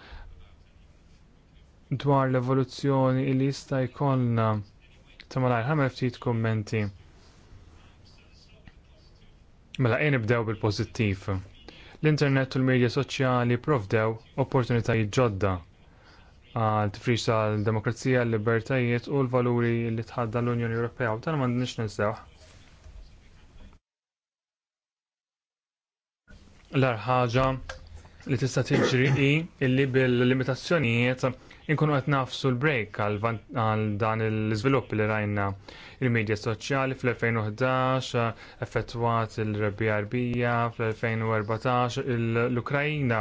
dwar l-evoluzzjoni li jista' jkollna ta' malajr ħamel ftit kummenti. Mela, jien nibdew bil-pożittiv. L-internet u l-medja soċjali provdew opportunitajiet ġodda għal tifrix tal-demokrazija, l-libertajiet u l-valuri li tħadda l-Unjoni Ewropea u tal m'għandniex ninsewh. L-ar ħaġa li tista' tiġri i illi bil-limitazzjonijiet inkunu qed nafsu l-break għal dan l-iżvilupp li rajna il-medja soċjali fl-2011, effettwat il-rebbija arbija fl-2014 l ukrajina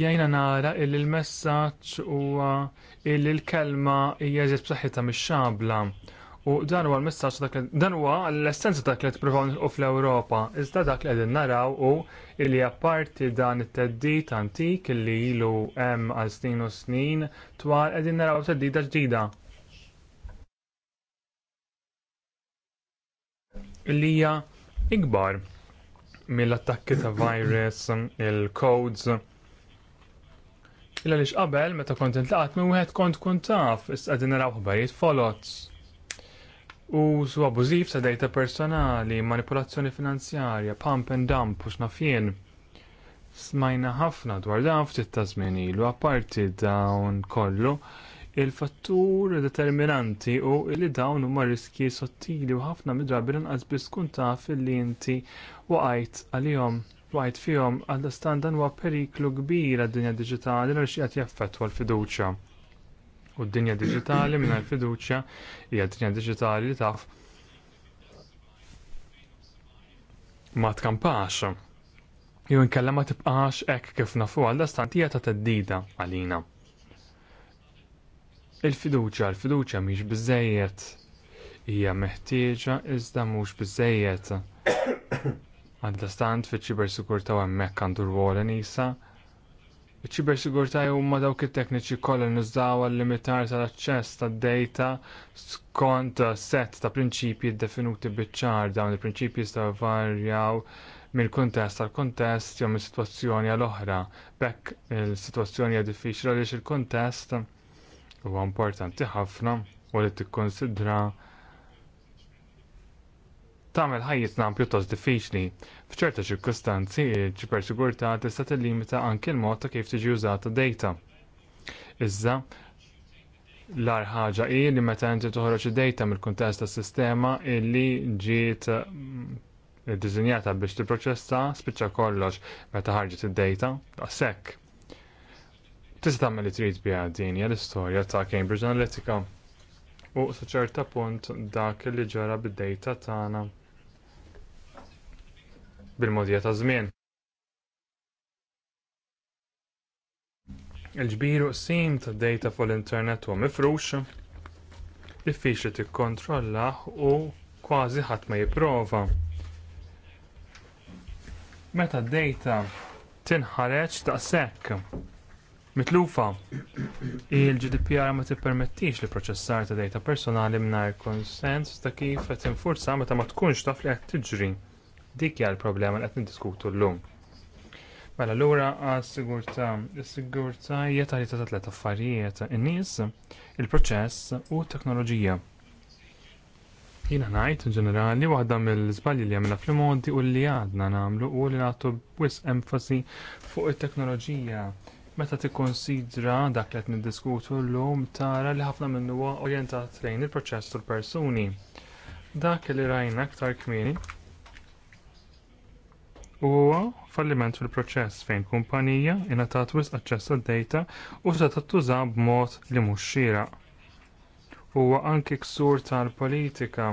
Jajna nara il il-messaġġ huwa il-kelma hija ġiet b'saħħitha xabla U dan huwa l-messaġġ dak dan huwa l-essenza dak li tippruvaw u fl-Ewropa. Iżda dak li qegħdin naraw hu li apparti dan it teddit antik li ilu hemm għal snin u snin twal qegħdin naraw teddida ġdida. Li hija ikbar mill-attakki ta' virus, il-codes, Illa lix qabel meta kont intlaqat minn wieħed kont kun taf, issa qegħdin naraw ħbarijiet folots su abużiv sa dejta personali, manipolazzjoni finanzjarja, pump and dump u xnafjen. Smajna ħafna dwar dan ftit ta' żmien ilu apparti dawn kollu il-fattur determinanti u li dawn huma riski sottili u ħafna midrabi lanqas biss tkun taf li inti waqgħid għalihom għajt fihom għal standan huwa periklu kbir għad-dinja diġitali għal xi qed jaffettwa l-fiduċja U d-dinja digitali minna l-fiduċja hija d-dinja digitali li taf ma tkampax. Jew inkella ma tibqax hekk kif nafu għal stantija ta' teddida għalina. Il-fiduċja, il-fiduċja mhix biżejjed hija meħtieġa iżda mhux biżejjed. Għal stant fiċ-ċibersikurta u hemmhekk għandu rwol e nisa iċ-ċiber sigurta huma dawk it-tekniċi kollha nużaw għal-limitar tal-aċċess tad-data skont set ta' prinċipji definuti biċ-ċar dawn il-prinċipji jistgħu varjaw mill kuntest tal kuntest jew mis-sitwazzjoni għal oħra. B'hekk il-sitwazzjoni hija diffiċli għaliex il-kuntest huwa importanti ħafna u li tikkonsidra tagħmel ħajjitna pjuttost diffiċli. F'ċerta ċirkustanzi, ċiper tista' tillimita anke l-mod ta' kif tiġi użata data. Iżda, l-ar ħaġa hi li meta inti toħroġ id-data mill-kuntest tas-sistema illi ġiet mm, dizinjata biex tipproċessa spiċċa kollox meta ħarġet id-data, sekk. Tista' tagħmel li trid biha din hija l-istorja ta' Cambridge Analytica. U sa ċerta punt dak li ġara bid-data tagħna bil-modja ta' żmien. Il-ġbiru sim ta' data fuq l-internet huwa mifrux, diffiċli tikkontrollah u kważi ħadd ma jipprova. Meta d data tinħareġ ta' sekk. Mitlufa, il-GDPR ma tippermettix li proċessar ta' data personali mingħajr konsens ta' kif qed tinfurza meta ma tkunx taf li qed tiġri. Dik hija l-problema li qed niddiskutu llum. Mela lura għas-sigurtà, is-sigurtà hija tarita ta' tliet affarijiet: in-nies, il-proċess u t-teknoloġija. Jiena ngħid ġenerali waħda mill-żbalji li għamilna fl-modi u li għadna nagħmlu u li nagħtu wisq enfasi fuq it-teknoloġija meta tikkonsidra dak li qed niddiskutu llum tara li ħafna minn huwa orjentat lejn il-proċess l persuni Dak li rajna aktar kmieni u huwa falliment fil-proċess fejn kumpanija ingħatat wisq aċċess għad-dejta u setat tuża b'mod li mhux xieraq. Huwa anki ksur tal-politika.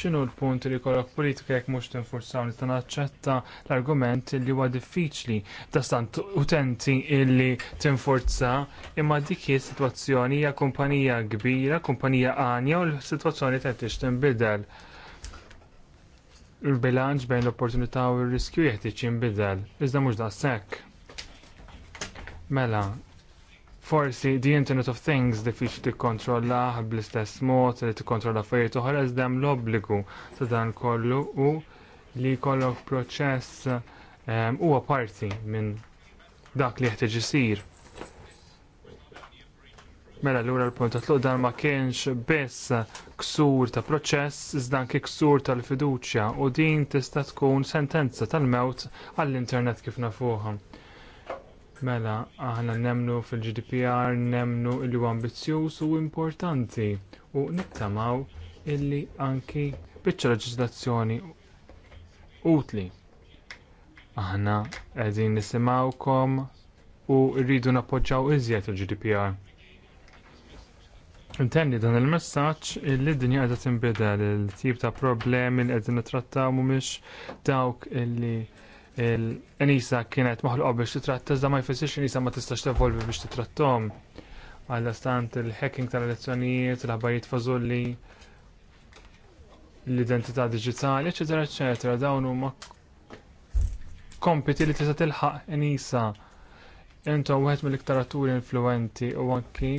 X'inhu l-punt li jkollok politika jekk mhux tinfurzaw nista' naċċetta l-argument li huwa diffiċli tastant utenti illi tinfurza imma dik hi sitwazzjoni hija kumpanija kbira, kumpanija għanja u l-sitwazzjoni qed tinbidel il-bilanċ bejn l-opportunità u r-riskju jeħtieġ jinbidel, iżda mhux daqshekk. Mela, forsi the Internet of Things diffiċli tikkontrolla bl-istess mod li tikkontrolla affarijiet oħra iżda hemm l-obbligu ta' dan kollu u li jkollok proċess ehm, huwa parti minn dak li jeħtieġ isir. Mela l-ura l-punt tluq dan ma kienx biss ksur ta' proċess, iżda anke ksur tal-fiduċja u din tista' tkun sentenza tal-mewt għall-internet kif nafuha. Mela, aħna nemnu fil-GDPR, nemnu illi huwa ambizzjuż u importanti u nittamaw illi anki biċċa leġislazzjoni utli. Aħna qegħdin nisimgħukom u rridu nappoġġaw iżjed il-GDPR. Intendi dan il-messaġġ li d-dinja qiegħda tinbidel il-tip ta' problemi li qegħdin nittrattaw mhumiex dawk illi l-Enisa kienet maħluqa biex titratta iżda ma jfissirx Enisa ma tistax tevolvi biex titrattom. stant il-hacking tal-elezzjonijiet, l-ħabarijiet fażulli, l-identità digitali, eċetera, eċetera, dawn huma kompiti li tista' tilħaq Enisa. Intom wieħed mill-iktar atturi influenti u anki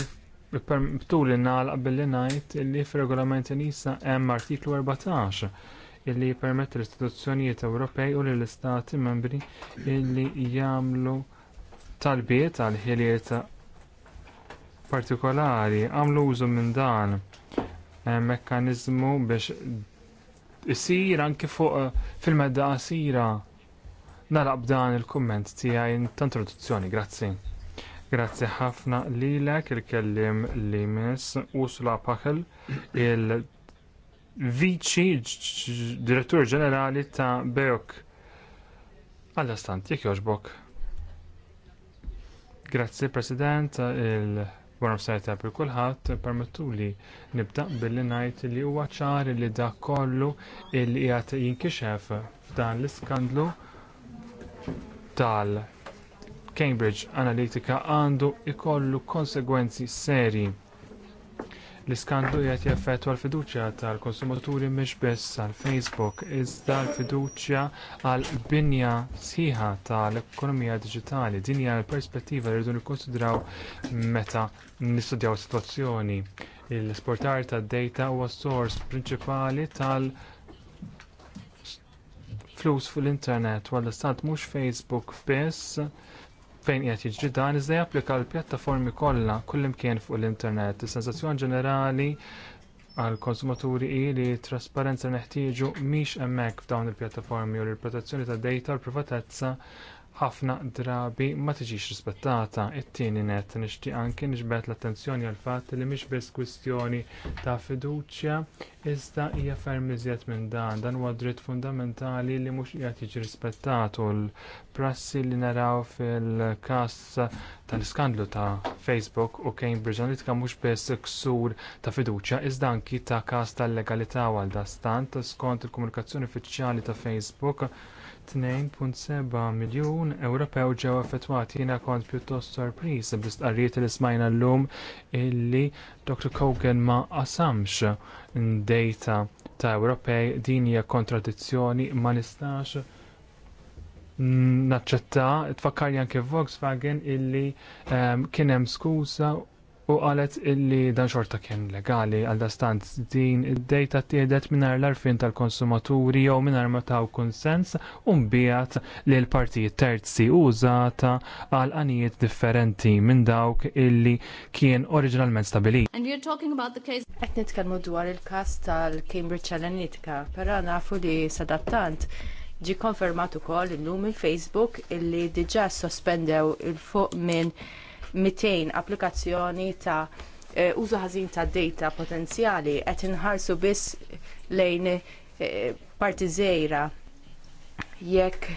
Permettu li nagħlaq billi ngħid illi fir-regolament nisa hemm artiklu 14 illi jippermetti l-istituzzjonijiet Ewropej u lill-istati membri illi jagħmlu talbiet għal ħiliet partikolari għamlu użu minn dan eh, mekkaniżmu biex isir anke fuq eh, fil-medda qasira nalaq b'dan il-kumment tiegħi ta' introduzzjoni. Grazzi. Grazzi ħafna lilek il-kellim li miss Ursula Pachel, il-Viċi Direttur Ġenerali ta' Beok. Alla stant, jek joġbok. Grazzi President, il- Buona sajta per kulħadd permettu li nibda billi ngħid li huwa ċar li dak kollu li qiegħed jinkixef f'dan l-iskandlu tal- Cambridge Analytica għandu jkollu konsegwenzi serji. L-iskandlu qed jaffettwa l-fiduċja tal-konsumaturi mhix biss għal Facebook iżda l-fiduċja għal binja sħiħa tal-ekonomija diġitali. Din hija l-perspettiva li rridu nikkonsidraw meta nistudjaw sitwazzjoni. L-esportar tad-data huwa sors prinċipali tal- flus fuq l-internet għal stat mhux Facebook biss fejn qiegħed jiġri dan iżda japplika l-pjattaformi kollha kullimkien fuq l-internet. Is-sensazzjoni ġenerali għall konsumaturi hi li t trasparenza neħtieġu mhix hemmhekk f'dawn il-pjattaformi u l-protezzjoni tad dejta u l-privatezza ħafna drabi ma tiġix rispettata. It-tieni net nixtieq anke nixbet l-attenzjoni għal fatt li mhix biss kwistjoni ta' fiduċja Iżda hija ferm iżjed minn dan, dan huwa dritt fundamentali li mhux qiegħed jiġi rispettatu l-prassi li naraw fil-każ tal-iskandlu ta' Facebook u Cambridge Analytica mhux biss ksur ta' fiduċja iżda anki ta' każ tal-legalità għal stant skont il-komunikazzjoni uffiċjali ta' Facebook 2.7 miljun Ewropew ġew effettwati jiena kont pjuttost sorpriż bl-istqarrijiet li smajna llum illi Dr. Kogan ma qasamx dejta ta' Ewropej din hija kontradizzjoni ma nistax naċċetta tfakkarja anke Volkswagen illi um, kien hemm skuża u qalet illi dan xorta kien legali għal dastant din id-dejta tiedet mingħajr l-arfin tal-konsumaturi jew mingħajr ma taw kunsens u mbijat li l-partijiet terzi użata għal anijiet differenti minn dawk illi kien oriġinalment stabili. And talking about the case Qed nitkellmu dwar il-każ tal-Cambridge Analytica, però nafu li sadattant ġi konfermat ukoll il-lum il-Facebook illi diġà sospendew il-fuq minn 200 applikazzjoni ta' eh, użu ħażin ta' data potenzjali qed inħarsu biss lejn eh, parti żejra jekk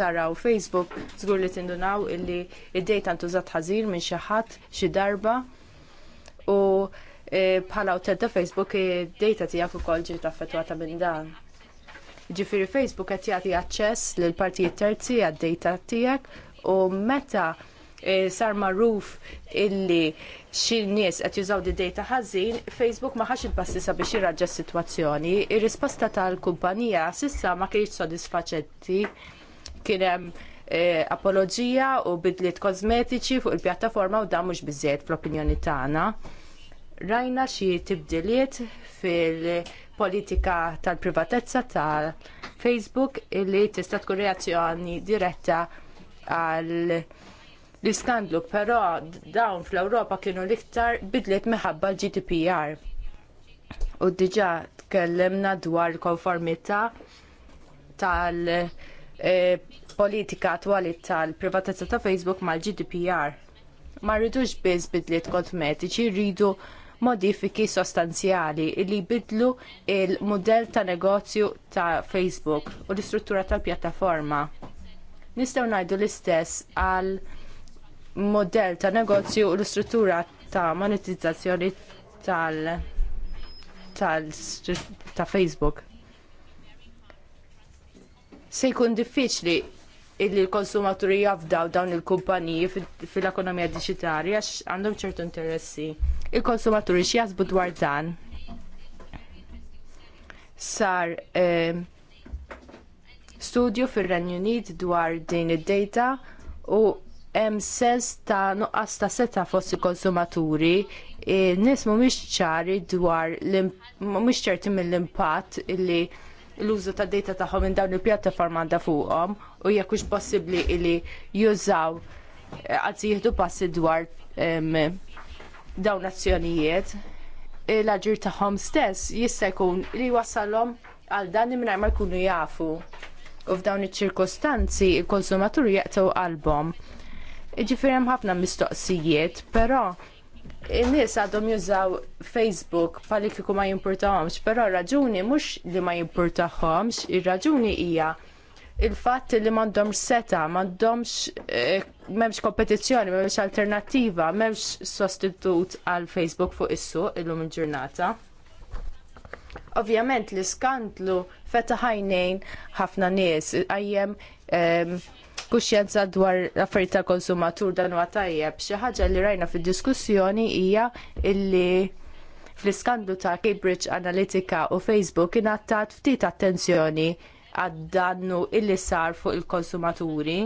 taraw Facebook żgur li tindunaw illi id-data ntużat ħażin minn xi ħadd xi darba u eh, bħala utent ta' Facebook id-data tiegħek ukoll ġiet affettwata minn dan. Ġifieri Facebook qed jagħti aċċess lil partijiet terzi għad-data tiegħek u meta Eh, sar marruf illi xi nies qed jużaw di data ħażin, Facebook ma ħax il-passi biex jirraġġa s-sitwazzjoni. Ir-risposta tal-kumpanija sissa ma kienx sodisfaċenti kien hemm eh, apoloġija u bidliet kosmetiċi fuq il-pjattaforma u dan mhux biżżejjed fl-opinjoni tagħna. Rajna xi tibdiliet fil-politika tal-privatezza tal-Facebook illi tista' tkun reazzjoni diretta għal l-iskandlu, però dawn fl-Ewropa kienu l-iktar bidliet minħabba l-GDPR. U diġà tkellimna dwar konformità tal-politika eh, attwali tal-privatezza ta' Facebook mal-GDPR. Ma rridux biss bidliet kosmetiċi, rridu modifiki sostanzjali li bidlu il mudell ta' negozju ta' Facebook u l-istruttura tal-pjattaforma. Nistgħu ngħidu l-istess għal modell ta' negozju u l-istruttura ta' monetizzazzjoni tal, tal ta' Facebook. Se jkun diffiċli illi l-konsumaturi jafdaw dawn il-kumpaniji fil-ekonomija digitali għax għandhom ċertu interessi. Il-konsumaturi x'jazbu dwar dan sar ehm, studju fir-Renju Unit dwar din id-data u hemm sens ta' nuqqas ta' seta' fost il-konsumaturi, e, nies mhumiex ċari dwar mhumiex ċerti mill-impatt li l-użu ta' data tagħhom minn dawn il-pjattaforma għandha fuqhom u jekk hux possibbli li jużaw għazzi eh, jieħdu passi dwar dawn azzjonijiet e, l-aġir tagħhom stess jista' jkun li wasalhom għal dan mingħajr ma jkunu jafu. U f'dawn iċ-ċirkostanzi il-konsumaturi jaqtaw qalbhom Ġifiri hemm ħafna mistoqsijiet, però in-nies għadhom jużaw Facebook pali kieku ma jimpurtahomx, però raġuni mhux li ma jimpurtahomx, ir-raġuni hija il-fatt li m'għandhomx seta, m'għandhomx eh, m'hemmx kompetizzjoni, m'hemmx alternattiva, m'hemmx sostitut għal Facebook fuq is-suq illum il-ġurnata. Ovvjament l-iskandlu feta ħajnejn ħafna nies għajjem eh, kuxjenza dwar affarijiet tal-konsumatur dan huwa tajjeb. Xi ħaġa li rajna fid-diskussjoni hija illi fl-iskandlu ta' Cambridge Analytica u Facebook ingħattat ftit attenzjoni għad-dannu illi sar fuq il-konsumaturi.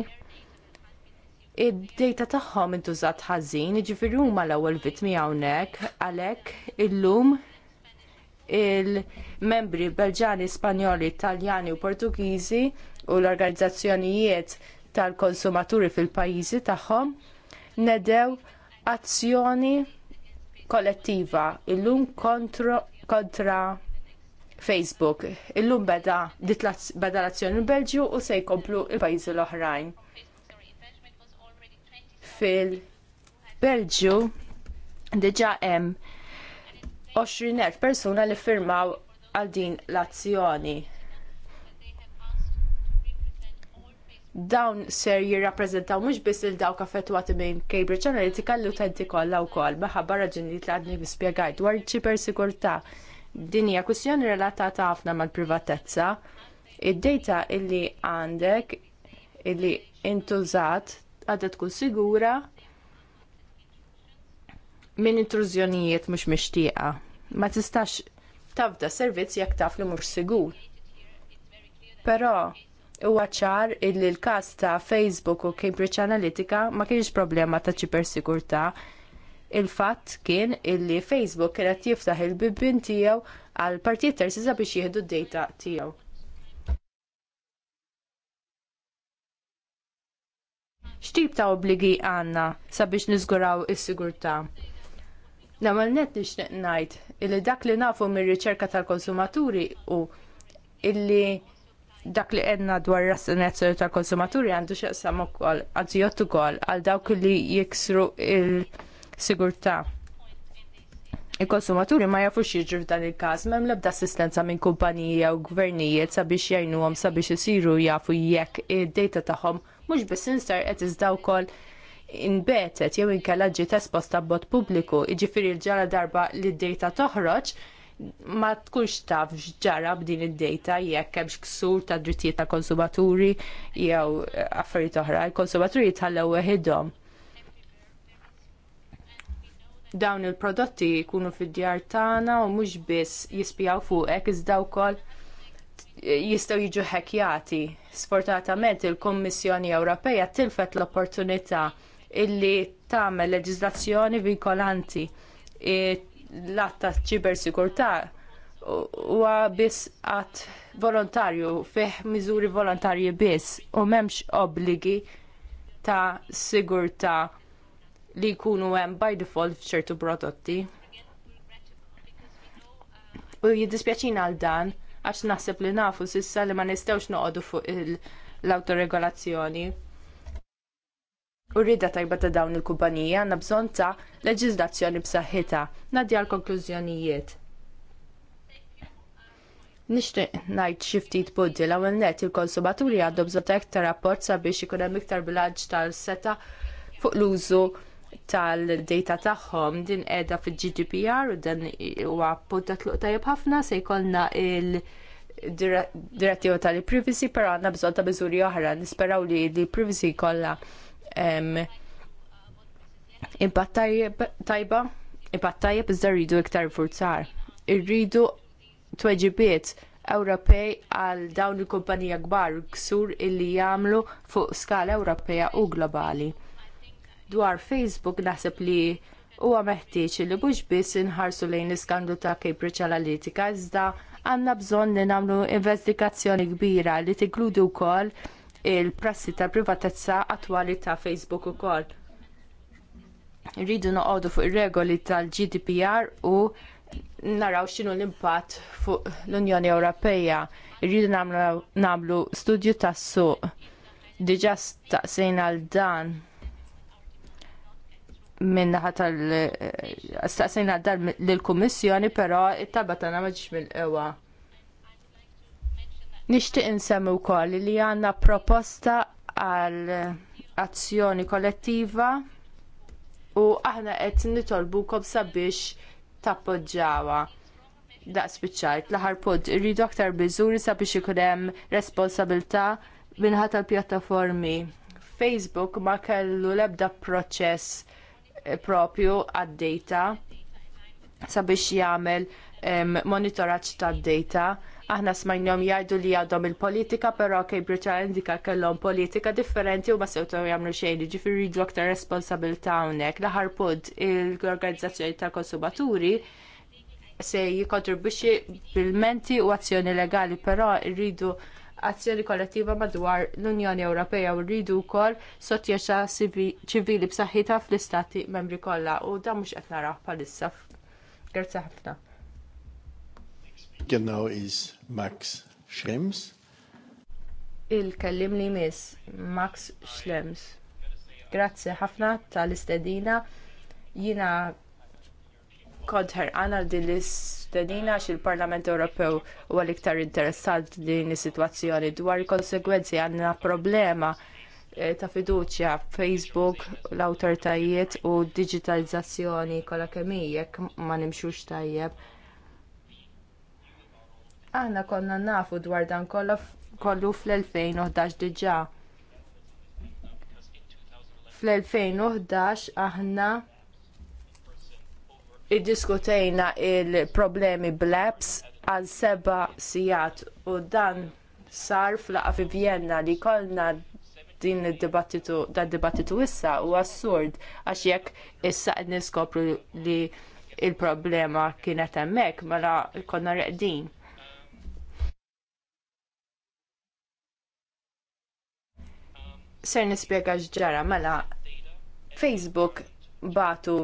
Id-data tagħhom intużat ħażin, jiġifieri huma l-ewwel vittmi hawnhekk għalhekk illum il-membri Belġani, Spanjoli, Taljani u Portugiżi u l-organizzazzjonijiet tal-konsumaturi fil-pajjiżi tagħhom nedew azzjoni kollettiva illum kontra, kontra Facebook. Illum beda beda l-azzjoni l-Belġju u se jkomplu il-pajjiżi l-oħrajn. Fil-Belġju diġà hemm 20.000 persuna li firmaw għal din l-azzjoni dawn ser jirrappreżentaw mhux biss il dawk affettwati minn Cambridge Analytica l-utenti kollha wkoll barra raġunijiet li għadni nispjegajt dwar sigurtà Din hija kwistjoni relatata ħafna mal-privatezza. Id-data illi għandek illi intużat għadha tkun sigura minn intrużjonijiet mhux mixtieqa. Ma tistax tabda servizz jekk taf li mhux sigur. Però Huwa ċar illi l-każ ta' Facebook u Cambridge Analytica ma kienx problema ta' ċibersigurtà. Il-fatt kien illi Facebook kienet jiftaħ il-bibin tiegħu għal partijiet tersi sabiex jieħdu d-data tiegħu. xtib ta' obligi għanna sabiex nizguraw is-sigurtà. Namal net nixtieq ngħid li dak li nafu mir-riċerka tal-konsumaturi u illi dak li għedna dwar rassinazzjoni tal-konsumaturi għandu xaqsam ukoll, għandu jott ukoll għal dawk li jiksru il-sigurtà. Il-konsumaturi ma jafux jiġru f'dan il-każ mem l assistenza minn kumpanija u gvernijiet sabiex għom sabiex isiru jafu jekk id-data tagħhom mhux biss instar qed iżda wkoll inbetet jew inkella ġiet ta' bot pubbliku, iġifiri l-ġara darba li d-data toħroġ ma tkunx taf x'ġara b'din id-dejta jekk hemmx ksur ta' drittijiet ta' konsumaturi jew affarijiet oħra, il-konsumaturi jitħallew weħidhom. Dawn il-prodotti jkunu fid-djar tagħna u mhux biss jispjaw fuqek iżda wkoll jistgħu jiġu ħekjati. Sfortunatament il-Kummissjoni Ewropea tilfet l-opportunità illi tagħmel leġiżlazzjoni vinkolanti l-att ta' ċibersikurtà huwa biss għat volontarju fih miżuri volontarji biss u m'hemmx obbligi ta' sigurtà li jkunu hemm by default f'ċertu prodotti. U jiddispjaċina għal dan għax naħseb li nafu sissa li ma nistgħux noqogħdu fuq l-autoregolazzjoni u rrida tajba ta' dawn il-kumpanija għandna bżonn ta' leġiżlazzjoni b'saħħitha. Nadja l-konklużjonijiet. Nixtieq ngħid xi ftit buddi l-ewwel nett il-konsumaturi għandhom bżonn ta' iktar rapport sabiex ikun hemm iktar bilanċ tal-seta fuq l-użu tal-data tagħhom din qiegħda fil-GDPR u dan huwa appunta tluq tajjeb ħafna se jkollna il- direttiva tal-privacy, però għandna bżonn ta' miżuri oħra, nisperaw li l-privacy kollha tajba, impatt tajjeb iżda rridu iktar forzar. Irridu tweġibiet Ewropej għal dawn il-kumpanija kbar ksur illi jagħmlu fuq skala Ewropea u globali. Dwar Facebook naħseb li huwa meħtieġ li mhux biss inħarsu lejn l-iskandlu ta' Cambridge Analytica iżda għandna bżonn li nagħmlu investigazzjoni kbira li tinkludi wkoll il-prassi tal-privatezza attwali ta' Facebook ukoll. Rridu noqogħdu fuq ir-regoli tal-GDPR u naraw x'inhu l-impatt fuq l-Unjoni Ewropea. Irridu nagħmlu studju tas-suq. Diġà staqsejna għal dan minn tal-staqsejna għal dan lill-Kummissjoni, però it-talba tagħna ma mill-ewa. Nixtieq insemmi wkoll li għandna proposta għal azzjoni kollettiva u aħna qed nitolbukom sabiex tappoġġawha daqs spiċċajt. l-aħħar punt irridu aktar biżuri sabiex ikun hemm responsabilità minħat tal-pjattaformi. Facebook ma kellu l-ebda proċess eh, propju għad-data sabiex jagħmel monitoraġġ tad-data Aħna smajnjom jgħidu li għadhom il-politika, però kej indika kellhom politika differenti u ma sewtu jagħmlu xejn, jiġifieri jridu aktar responsabilità hawnhekk. L-aħħar punt l-organizzazzjoni tal-konsumaturi se jikontribwixxi bil-menti u azzjoni legali, però rridu azzjoni kollettiva madwar l-Unjoni Ewropea u rridu wkoll soċjetà ċivili b'saħħitha fl-istati membri kollha u dan mhux qed narah bħalissa. Grazzi ħafna. Genau is Max Schrems. il kellimni miss Max Schrems. Grazzi ħafna tal-istedina. Jina kont ħerqana din l-istedina xil-Parlament Ewropew u għal-iktar interessant din is-sitwazzjoni dwar il-konsegwenzi għandna problema eh, ta' fiduċja Facebook, l-autoritajiet u digitalizzazzjoni kollha kemm ma nimxux tajjeb Aħna konna nafu dwar dan kollu fl-2011 diġà. Fl-2011 aħna iddiskutejna il-problemi bleps għal seba sijat u dan sar flaqa fi Vienna li kollna din id-dibattitu dan dibattitu issa u assurd għax jekk issa qed niskopru li l problema kienet hemmhekk mela konna reqdin. ser nispjega x'ġara mela Facebook batu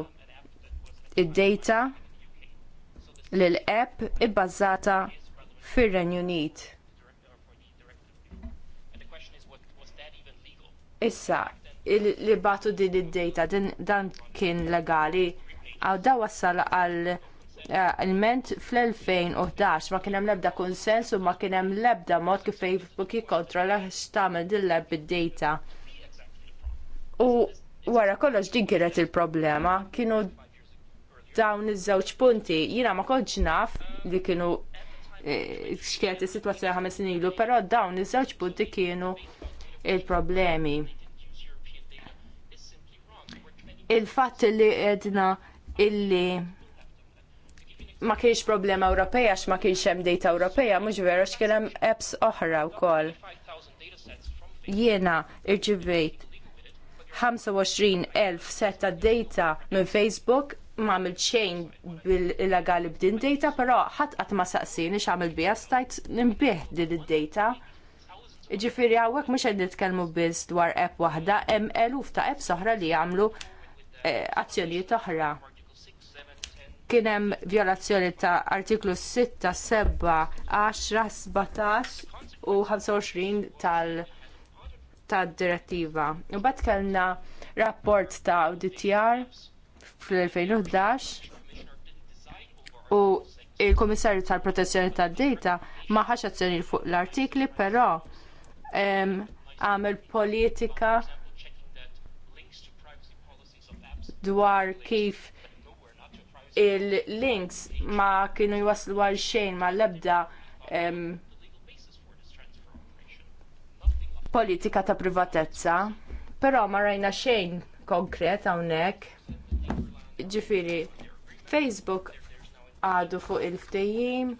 id-data l app ibbażata fir-Renju Unit. Issa, li batu din id-data, dan kien legali, għaw da wassal għal ilment fl-2011 ma kien hemm l-ebda konsens u ma kien hemm l-ebda mod kif Facebook jikkontrolla x'tagħmel dilleb bid-data. U wara kollox din kienet il-problema kienu dawn iż-żewġ punti jiena ma konċ naf li kienu eh, x'kienet is-sitwazzjoni ħames ilu, però dawn iż-żewġ punti kienu il-problemi. il fat li edna illi ma kienx problema Ewropeja x'ma ma kienx hemm data Ewropeja, mhux vera x'kien hemm apps oħra wkoll. Jiena irġibejt 25,000 ta' data minn Facebook ma għamil xejn bil-illegali b'din data, però ħadd qatt ma saqsini x'għamil biha stajt nimbih din id-data. Ġifieri hawnhekk mhux qed nitkellmu biss dwar app waħda, hemm eluf ta' apps oħra li jagħmlu eh, azzjonijiet oħra kien hemm violazzjoni ta' artiklu 6, 7, 10, 17 u 25 tal- tad direttiva. U bat kellna rapport ta' auditjar fl-2011 u l komissarju tal-Protezzjoni tad-Data ma ħax azzjoni fuq l-artikli, però għamel politika dwar kif il-links ma kienu jwaslu għal xejn ma l-ebda politika ta' privatezza, però ma rajna xejn konkret hawnhekk. Ġifiri, Facebook għadu fuq il-ftejjim,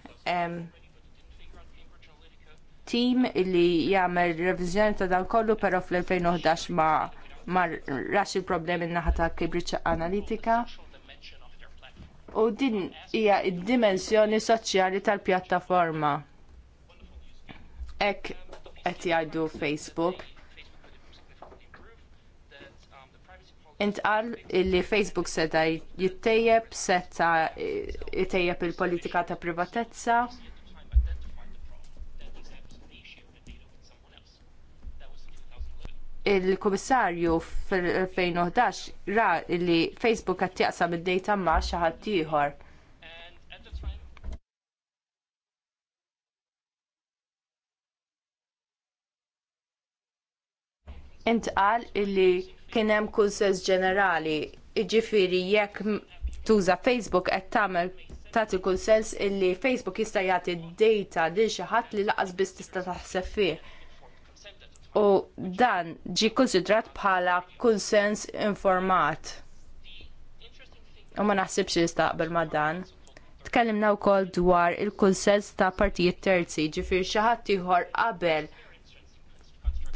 tim li jagħmel revizjoni ta' dan kollu, però fl-2011 ma ma rax il-problemi naħa ta' Cambridge Analytica u din hija id-dimensjoni soċjali tal-pjattaforma. Ek qed jgħidu Facebook. Intqal li Facebook seta jittejjeb, seta jittejjeb il-politika ta' privatezza, il-komissarju fil-2011 ra li Facebook għat jaqsam id-data ma xaħat ieħor. Intqal illi kien hemm kunsens ġenerali, jiġifieri jekk tuża Facebook qed tagħmel tagħti kunsens illi Facebook jista' jagħti d data lil xi ħadd li laqas biss tista' taħseb fih u dan ġi konsidrat bħala konsens informat. U ma naħsibx li ma dan. Tkellimna wkoll dwar il-konsens ta' partijiet terzi, ġifir xi ħadd ieħor qabel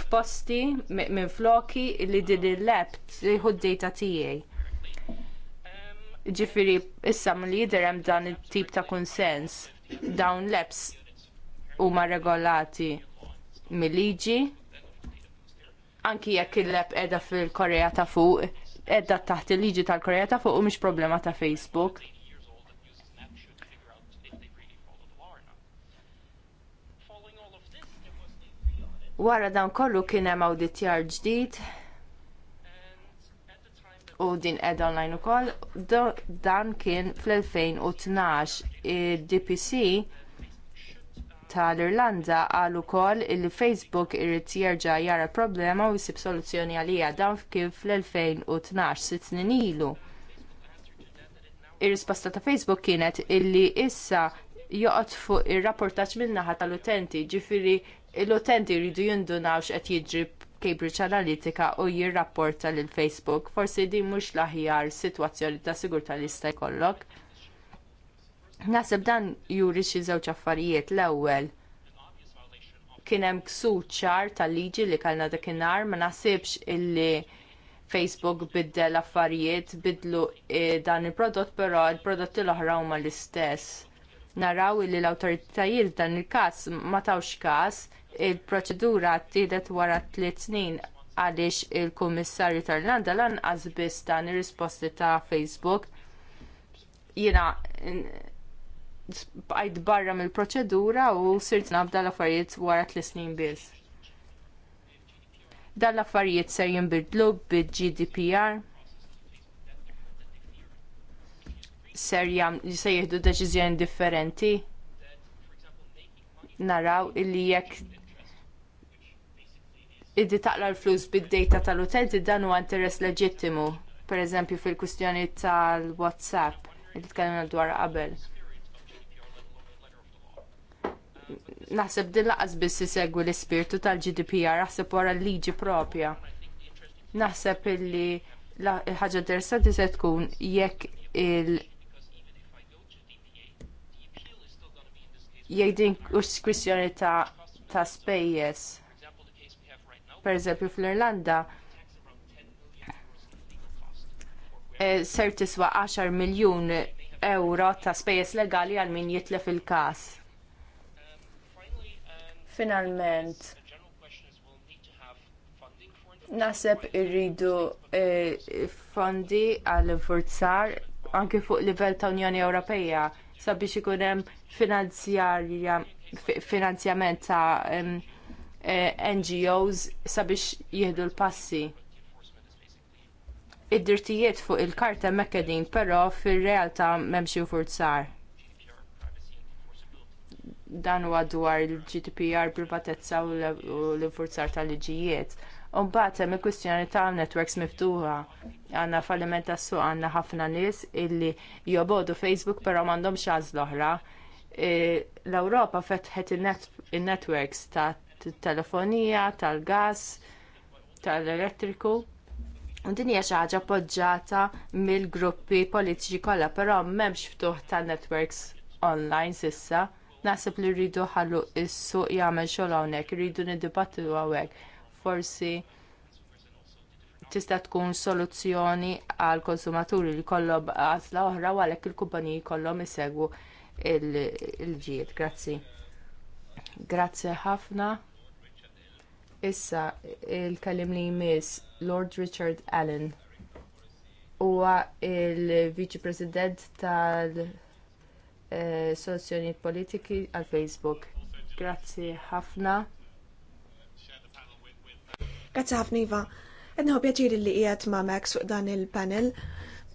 f'posti minn floki li din il-leb tieħu d-dejta tiegħi. Ġifiri, issa mill jidher hemm dan it-tip ta' konsens dawn l u huma regolati mill-liġi anki jekk il-leb edha fil-Korea ta' fuq, edha taħt il-liġi tal-Korea ta' fuq u mhix problema ta' Facebook. Wara dan kollu kien hemm awditjar ġdid u din qed online ukoll dan kien fl-2012 id-DPC tal-Irlanda qal ukoll li Facebook irid jerġa' jara problema u ssib soluzzjoni għalija dan kif fl-2012 sitt snin ilu. Ir-risposta ta' Facebook kienet illi issa joqgħod fuq ir-rapportaġġ min-naħa tal-utenti, ġifieri l-utenti jridu jindunaw x'qed jiġri Cambridge Analytica u jirrapporta lil Facebook. Forsi din mhux l-aħjar sitwazzjoni ta' sigurtà li jista' jkollok. Nasib dan juri xi żewġ affarijiet l-ewwel kien hemm ċar tal-liġi li kellna dakinhar ma nasibx illi Facebook biddel affarijiet bidlu eh, dan il-prodott però l prodotti l-oħra huma l-istess. Naraw li l-awtoritajiet dan il-każ ma tawx każ il-proċedura tiedet wara tliet snin għaliex il-Kummissarju tal-Irlanda lanqas biss dan ir-risposti ta' Facebook jiena bqajt barra mill-proċedura u sirt nabda l-affarijiet wara tliet snin biss. Dan l-affarijiet ser jimbidlu bil-GDPR. Ser jam li se jieħdu deċiżjoni differenti. Naraw illi jekk iddi taqla l-flus bid data tal-utenti dan u interess leġittimu, Per eżempju fil kustjoni tal-WhatsApp li tkellimna dwar qabel naħseb din laqas biss isegwi l-ispirtu tal-GDPR, naħseb wara l-liġi propja. Naħseb illi ħaġa interessanti se tkun jekk il- jekk din kwistjoni ta' ta' spejjeż. Pereżempju fl-Irlanda eh, ser tiswa 10 miljun euro ta' spejjeż legali għal min jitlef il-każ finalment Naseb irridu eh, fondi għal forzar anke fuq livell ta' Unjoni Ewropeja sabiex ikun hemm finanzjament ta' eh, NGOs sabiex jieħdu l-passi. Id-dirtijiet fuq il-karta mekkedin, però fir-realtà m'hemmx infurzar dan huwa dwar il-GDPR privatezza u l-infurzar tal-liġijiet. U hemm il-kwistjoni ta' networks miftuħa. Għanna falliment tas-suq għandna ħafna nies illi jobodu Facebook però m'għandhomx l oħra. E, L-Ewropa fetħet in-networks ta' telefonija, tal-gas, tal-elettriku. U din hija xi ħaġa appoġġjata mill-gruppi politiċi kollha, però m'hemmx ftuħ tal-networks online sissa Naħseb li rridu ħallu is-suq jagħmel xogħol hawnhekk, rridu niddibattu hawnhekk. Forsi tista' tkun soluzzjoni għal konsumaturi li kollhom għażla oħra u għalhekk il-kumpaniji kollhom isegwu il-ġiet. Grazzi. Grazzi ħafna. Issa il kellim li jmiss Lord Richard Allen huwa il-Viċi President tal- Eh, soluzzjoni politiki għal Facebook. Grazzi ħafna. Grazzi ħafna Iva. Edna pjaċiri li qiegħed ma' Max fuq dan il-panel.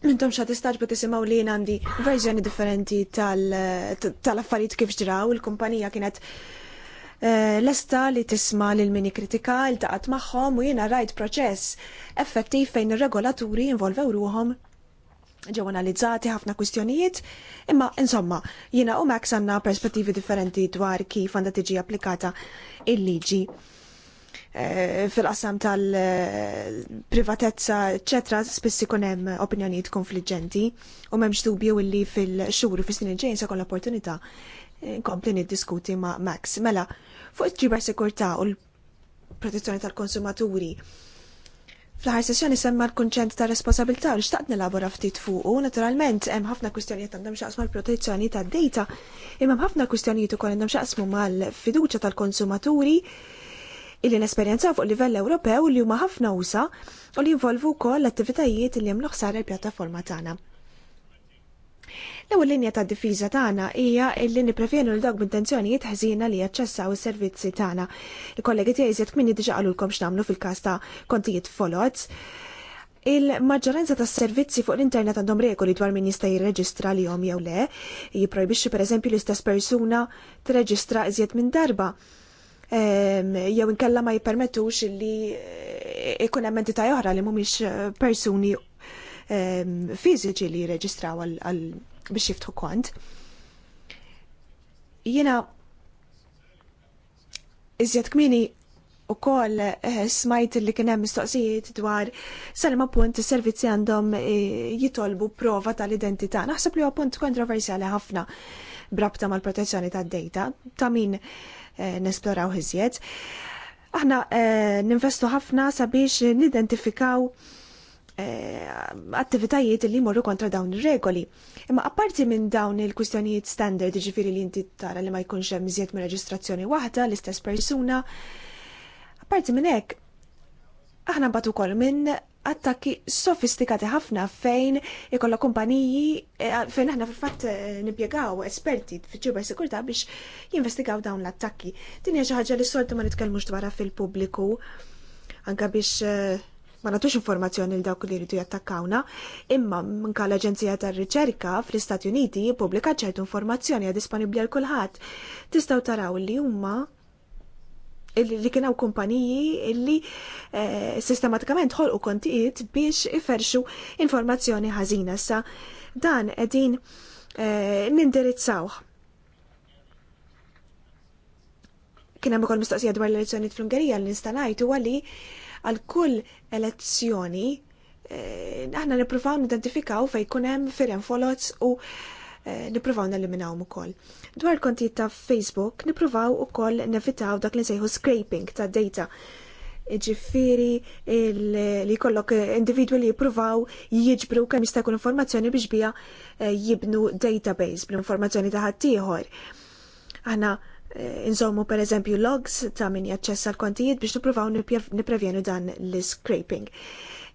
Mintom xa tistaġbu tisimaw li għandi verżjoni differenti tal-affarijiet kif ġraw, il-kumpanija kienet eh, lesta li tisma lil mini kritika il-taqat maħħom u jena rajt proċess effettiv fejn ir-regolaturi involvew ruhom ġew analizzati ħafna kwistjonijiet, imma insomma, jiena u Max għandna perspettivi differenti dwar kif għandha tiġi applikata il-liġi eh, fil-qasam tal-privatezza, eccetera, spiss ikun hemm opinjonijiet konfliġenti u m'hemmx dubju illi fil-xhur u fis-snin ġejjin se l-opportunità eh, nkompli niddiskuti ma' Max. Mela, fuq iċ-ċibersekurtà u l-protezzjoni tal-konsumaturi Fl-ħar sessjoni semma l-kunċent ta' responsabilità u xtaqt nelabora ftit fuqu. Naturalment, hemm ħafna kwistjonijiet għandhom xaqsmu l-protezzjoni ta' data, imma ħafna kwistjonijiet ukoll għandhom xaqsmu mal-fiduċa tal-konsumaturi illi nesperjenza fuq livell Ewropew li huma ħafna usa u li jinvolvu wkoll l-attivitajiet li hemm noħsar il-pjattaforma tagħna. L-ewwel linja ta' difiża tagħna hija li nipprevenu l dawk b'intenzjonijiet ħżiena li jaċċessaw is-servizzi tagħna. Il-kollegi tiegħi żed kmini diġà qalulkom x'nagħmlu fil-każ ta' kontijiet folots. Il-maġġoranza tas servizzi fuq l-internet għandhom regoli dwar min jista' jirreġistra li jom jew le, jipprojbixxi pereżempju l-istess persuna tirreġistra iżjed minn darba. Jew inkella ma jippermettux li eh, ikun hemm entità oħra li mhumiex eh, persuni fiżiċi li jirreġistraw għal biex jiftħu kont. Jena, iżjed kmini u koll eh, smajt li kienem mistoqsijiet dwar salma punt servizzi għandhom eh, jitolbu prova tal-identità. Naħseb li huwa punt kontroversjali ħafna brabta mal-protezzjoni tad-data ta' min eh, nesploraw iżjed. Aħna ninvestu ħafna sabiex nidentifikaw identifikaw Eh, attivitajiet li morru kontra dawn ir-regoli. Imma apparti minn dawn il-kwistjonijiet standard, ġifiri li inti tara li ma jkunx hemm iżjed minn reġistrazzjoni waħda, l-istess persuna. Apparti minn hekk, aħna mbagħad ukoll minn attakki sofistikati ħafna fejn ikolla kumpaniji eh, fejn aħna fil-fatt eh, nipjegaw esperti fiċ-ċiber sikurta biex jinvestigaw dawn l-attakki. Din hija xi ħaġa li s soltu ma nitkellmux dwarha fil-pubbliku anka biex ma natux informazzjoni l dawk li jridu jattakkawna, imma minka l-Aġenzija tar-Riċerka fl-Istati Uniti pubblika ċertu informazzjoni għad disponibbli għal kulħadd. Tistgħu taraw li huma li kienaw kumpaniji li eh, sistematikament ħolqu kontijiet biex iferxu informazzjoni ħażina sa dan qegħdin eh, nindirizzawh. Kien hemm ukoll mistoqsija dwar l-elezzjonijiet fl-Ungerija li nista' ngħid li għal kull elezzjoni eh, aħna nippruvaw nidentifikaw fejn kunem hemm firem folots u eh, nippruvaw neliminaw ukoll. Dwar kontijiet ta' Facebook nippruvaw ukoll nevitaw dak li sejħu scraping ta' data ġifiri li kollok individwi li jipruvaw jiġbru kemm jista' jkun informazzjoni biex bija eh, jibnu database bl-informazzjoni ta' ħaddieħor. Aħna inżommu per eżempju logs ta' min jaċċessa għal kontijiet biex nipruvaw niprevjenu dan l-scraping.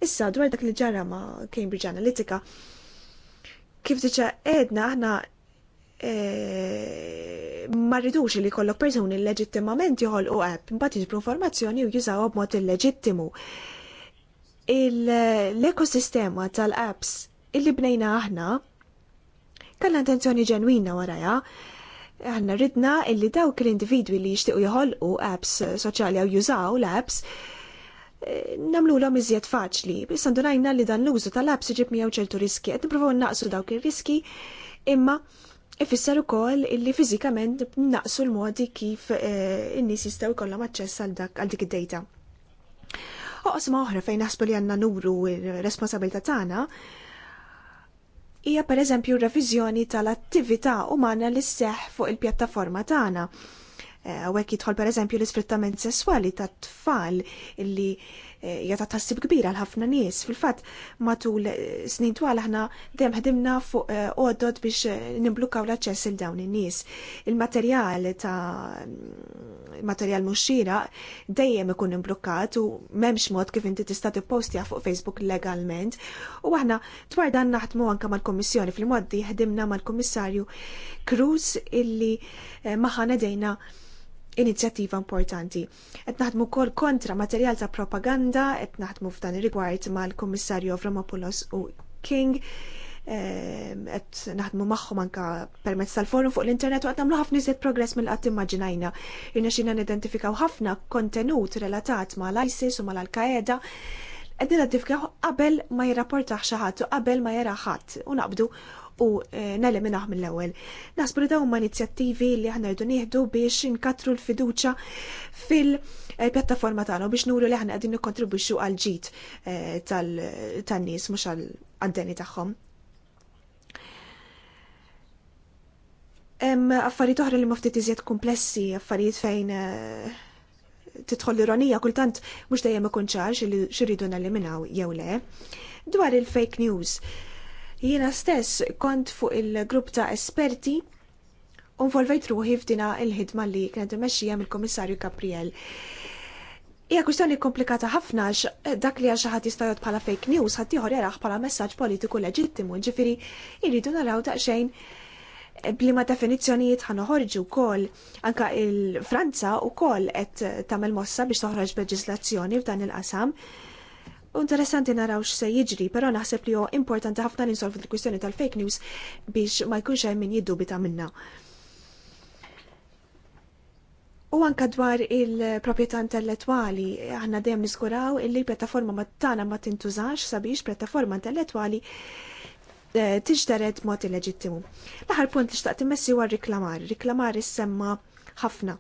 Issa, dwar dak li ġara ma' Cambridge Analytica, kif diċa edna aħna e, ma rridux li kollok persuni leġittimament joħolqu għab, mbagħad ġibru informazzjoni u jużawha b'mod illeġittimu. L-ekosistema tal-apps illi bnejna aħna kellha intenzjoni ġenwina warajha, għanna ridna illi dawk l-individwi li jishtiqu jħolqu apps soċjali għaw jużaw l-apps eh, namlu l-om iżjed faċli. Bissandu najna li dan l-użu tal-apps iġib mija ċertu riski. Qed niprofaw naqsu dawk ir-riski imma ifisser ukoll illi fiżikament naqsu l-modi kif eh, in-nies jistgħu jkollhom aċċess għal dak għal dik id-dejta. Oqosma oħra fejn naħsbu li għandna nuru r responsabilità tagħna hija pereżempju reviżjoni tal-attività umana li seħ fuq il-pjattaforma tagħna. Għawek eh, jidħol pereżempju l-isfruttament sesswali tat tfal li Eh, jata tassib kbira l-ħafna nies. Fil-fatt, matul eh, snin twal aħna dem ħdimna fuq eh, għodod biex nimblukaw l-aċċess il dawn in-nies. Il-materjal ta' mm, materjal muxxira dejjem ikun imblukkat u m'hemmx mod kif inti tista' tippostja fuq Facebook legalment. U aħna dwar dan naħdmu anke mal-Kummissjoni fil-moddi ħdimna mal-Kummissarju Cruz illi maħana dejna inizjattiva importanti. Qed naħdmu wkoll kontra materjal ta' propaganda, qed naħdmu f'dan ir-rigward mal-Kummissarju Avramopoulos u King, ehm, qed naħdmu magħhom anka permezz tal-forum fuq l-internet u qed ħafna iżjed progress mill qatt immaġinajna. Irna xina nidentifikaw ħafna kontenut relatat mal-ISIS u mal-Al-Qaeda għedin għaddifkaħu qabel ma jirrapportax xaħat u qabel ma jara ħadd u naqbdu u eh, neliminaħ mill-ewwel. Naħsbu li dawn ma' inizjattivi li aħna rridu nieħdu biex inkatru l-fiduċa fil-pjattaforma eh, tagħna u biex nuru li aħna qegħdin nikkontribwixxu għal ġid eh, tan-nies mhux għal għaddeni tagħhom. Hemm affarijiet oħra li ma ftit iżjed komplessi, affarijiet fejn tidħol l-ironija kultant mhux dejjem ikun ċar xirridu nelliminaw jew le. Dwar il-fake news, Jiena stess kont fuq il-grupp ta' esperti unvolvejt ruħi f'dina il-ħidma li kienet imexxija mill-Kummissarju Capriel. Hija kwistjoni komplikata ħafna dak li għaxi ħadd jista' bħala fake news ħadd ieħor jarah bħala messaġġ politiku leġittimu, ġifiri jridu naraw daqsxejn blima definizzjonijiet ħan uħorġu kol, anka il-Franza u kol et tamel mossa biex toħraġ leġislazzjoni f'dan il-qasam, U interessanti naraw x'se jiġri, però naħseb li huwa importanti ħafna ninsolvu l-kwistjoni tal-fake news biex ma jkunx hemm min jiddubita minna. U anka dwar il-proprjetà intellettwali, aħna dejjem niskuraw illi pjattaforma ma tagħna ma tintużax sabiex pjattaforma intellettwali eh, tiġderet mod illeġittimu. L-aħħar punt li xtaqt immessi huwa riklamar. is-semma ħafna.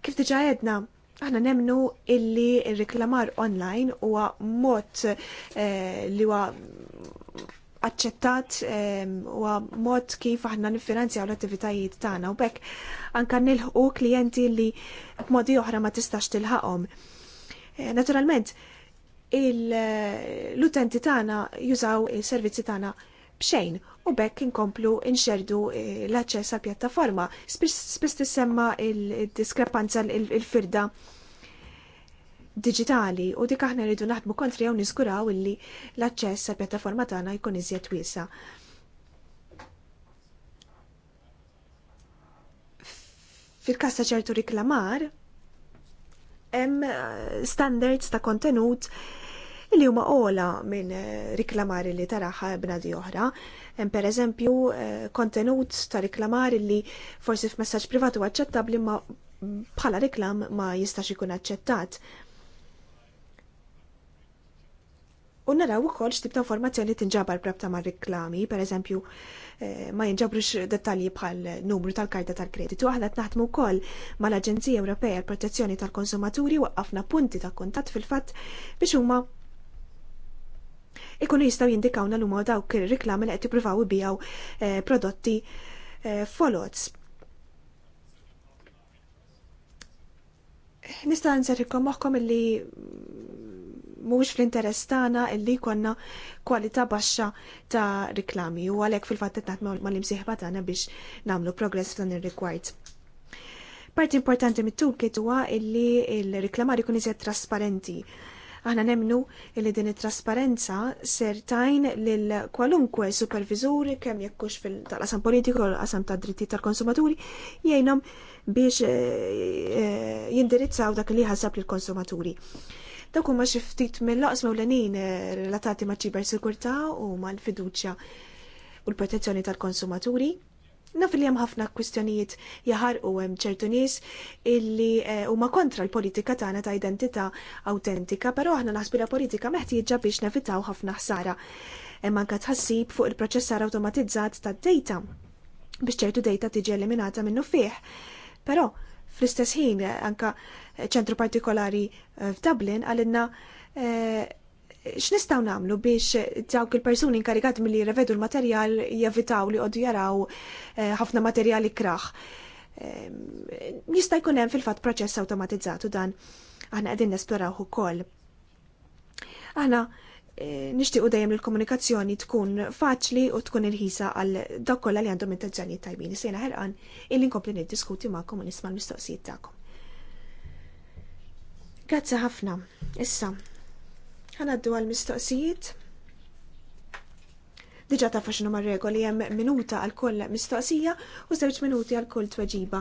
Kif diġa għedna, Aħna nemnu illi reklamar online huwa mod eh, li huwa aċċettat ehm, huwa mod kif aħna niffinanzjaw l-attivitajiet tagħna u bekk anke nilħqu klijenti li b'modi oħra ma tistax tilħaqhom. Eh, naturalment, l-utenti tagħna jużaw is-servizzi tagħna b'xejn u bekk inkomplu inxerdu eh, l-aċċess għal pjattaforma. Spiss tissemma il-diskrepanza il-firda digitali u dik aħna rridu naħdmu kontri għaw niskuraw illi l-aċċess għal pjattaforma tagħna jkun iżjed wiesa. Fil-kassa ċertu riklamar, hemm eh, standards ta' kontenut li huma ola minn eh, riklamari li taraħa bnadi oħra. Hemm pereżempju eh, kontenut ta' riklamar li forsi f'messaġġ u aċċettabbli ma bħala riklam ma jistax ikun aċċettat. U naraw ukoll x'tib ta' informazzjoni tinġabar prabta ma' riklami, pereżempju eh, ma jinġabrux dettalji bħal numru tal-karta tal-kreditu. Aħna qed naħdmu wkoll mal-Aġenzija Ewropea għal Protezzjoni tal-Konsumaturi waqqafna punti ta' kuntatt fil-fatt biex huma ikunu jistaw jindikawna l-umma dawk il-riklami li qed jippruvaw bijaw eh, prodotti eh, folots. Nista' nserħikom moħħkom illi mhux fl-interess tagħna illi jkollna kwalità baxxa ta' riklami u għalhekk fil-fatt qed naħdmu mal-imsieħba tagħna biex nagħmlu progress f'dan ir-rigward. Parti importanti mit-toolkit huwa illi l-riklamar jkun iżjed trasparenti Aħna nemnu li din it-trasparenza ser tajn lil kwalunkwe supervizuri kemm jekkux fil-qasam politiku, l-qasam ta' dritti tal-konsumaturi, jgħinhom biex eh, eh, jindirizzaw dak li ħasab lill-konsumaturi. Dak huma xi ftit mill-laqsma mewlenin eh, relatati ma' ċibersikurtà u mal-fiduċja u l-protezzjoni tal-konsumaturi Naf li hemm ħafna kwistjonijiet jaħarqu hemm ċertu nies illi eh, huma kontra l-politika tagħna ta' identità autentika, però aħna naħsbu la politika meħtieġa biex nevitaw ħafna ħsara. Hemm anke tħassib fuq il-proċessar awtomatizzat tad-data biex ċertu data tiġi eliminata minnu fih. Però fl-istess ħin anka ċentru partikolari eh, f'Dublin għalinna eh, x'nistgħu nagħmlu biex dawk il-persuni inkarigat milli jirrevedu l-materjal jevitaw li qogħdu jaraw eh, ħafna materjali kraħ. Ehm, jista' jkun hemm fil-fatt proċess awtomatizzatu dan aħna qegħdin nesploraw ukoll. Aħna eh, nixtiequ dejjem il-komunikazzjoni tkun faċli u tkun il-ħisa għal dak kollha li għandhom intenzjonijiet tajbin. Sejna ħerqan illi nkompli niddiskuti magħkom u nisma' l-mistoqsijiet tagħkom. Grazzi ħafna. Issa, ħanaddu għal-mistoqsijiet. Diġa ta' faxinu ma' regoli jem minuta għal kull mistoqsija u zewġ minuti għal kull tweġiba.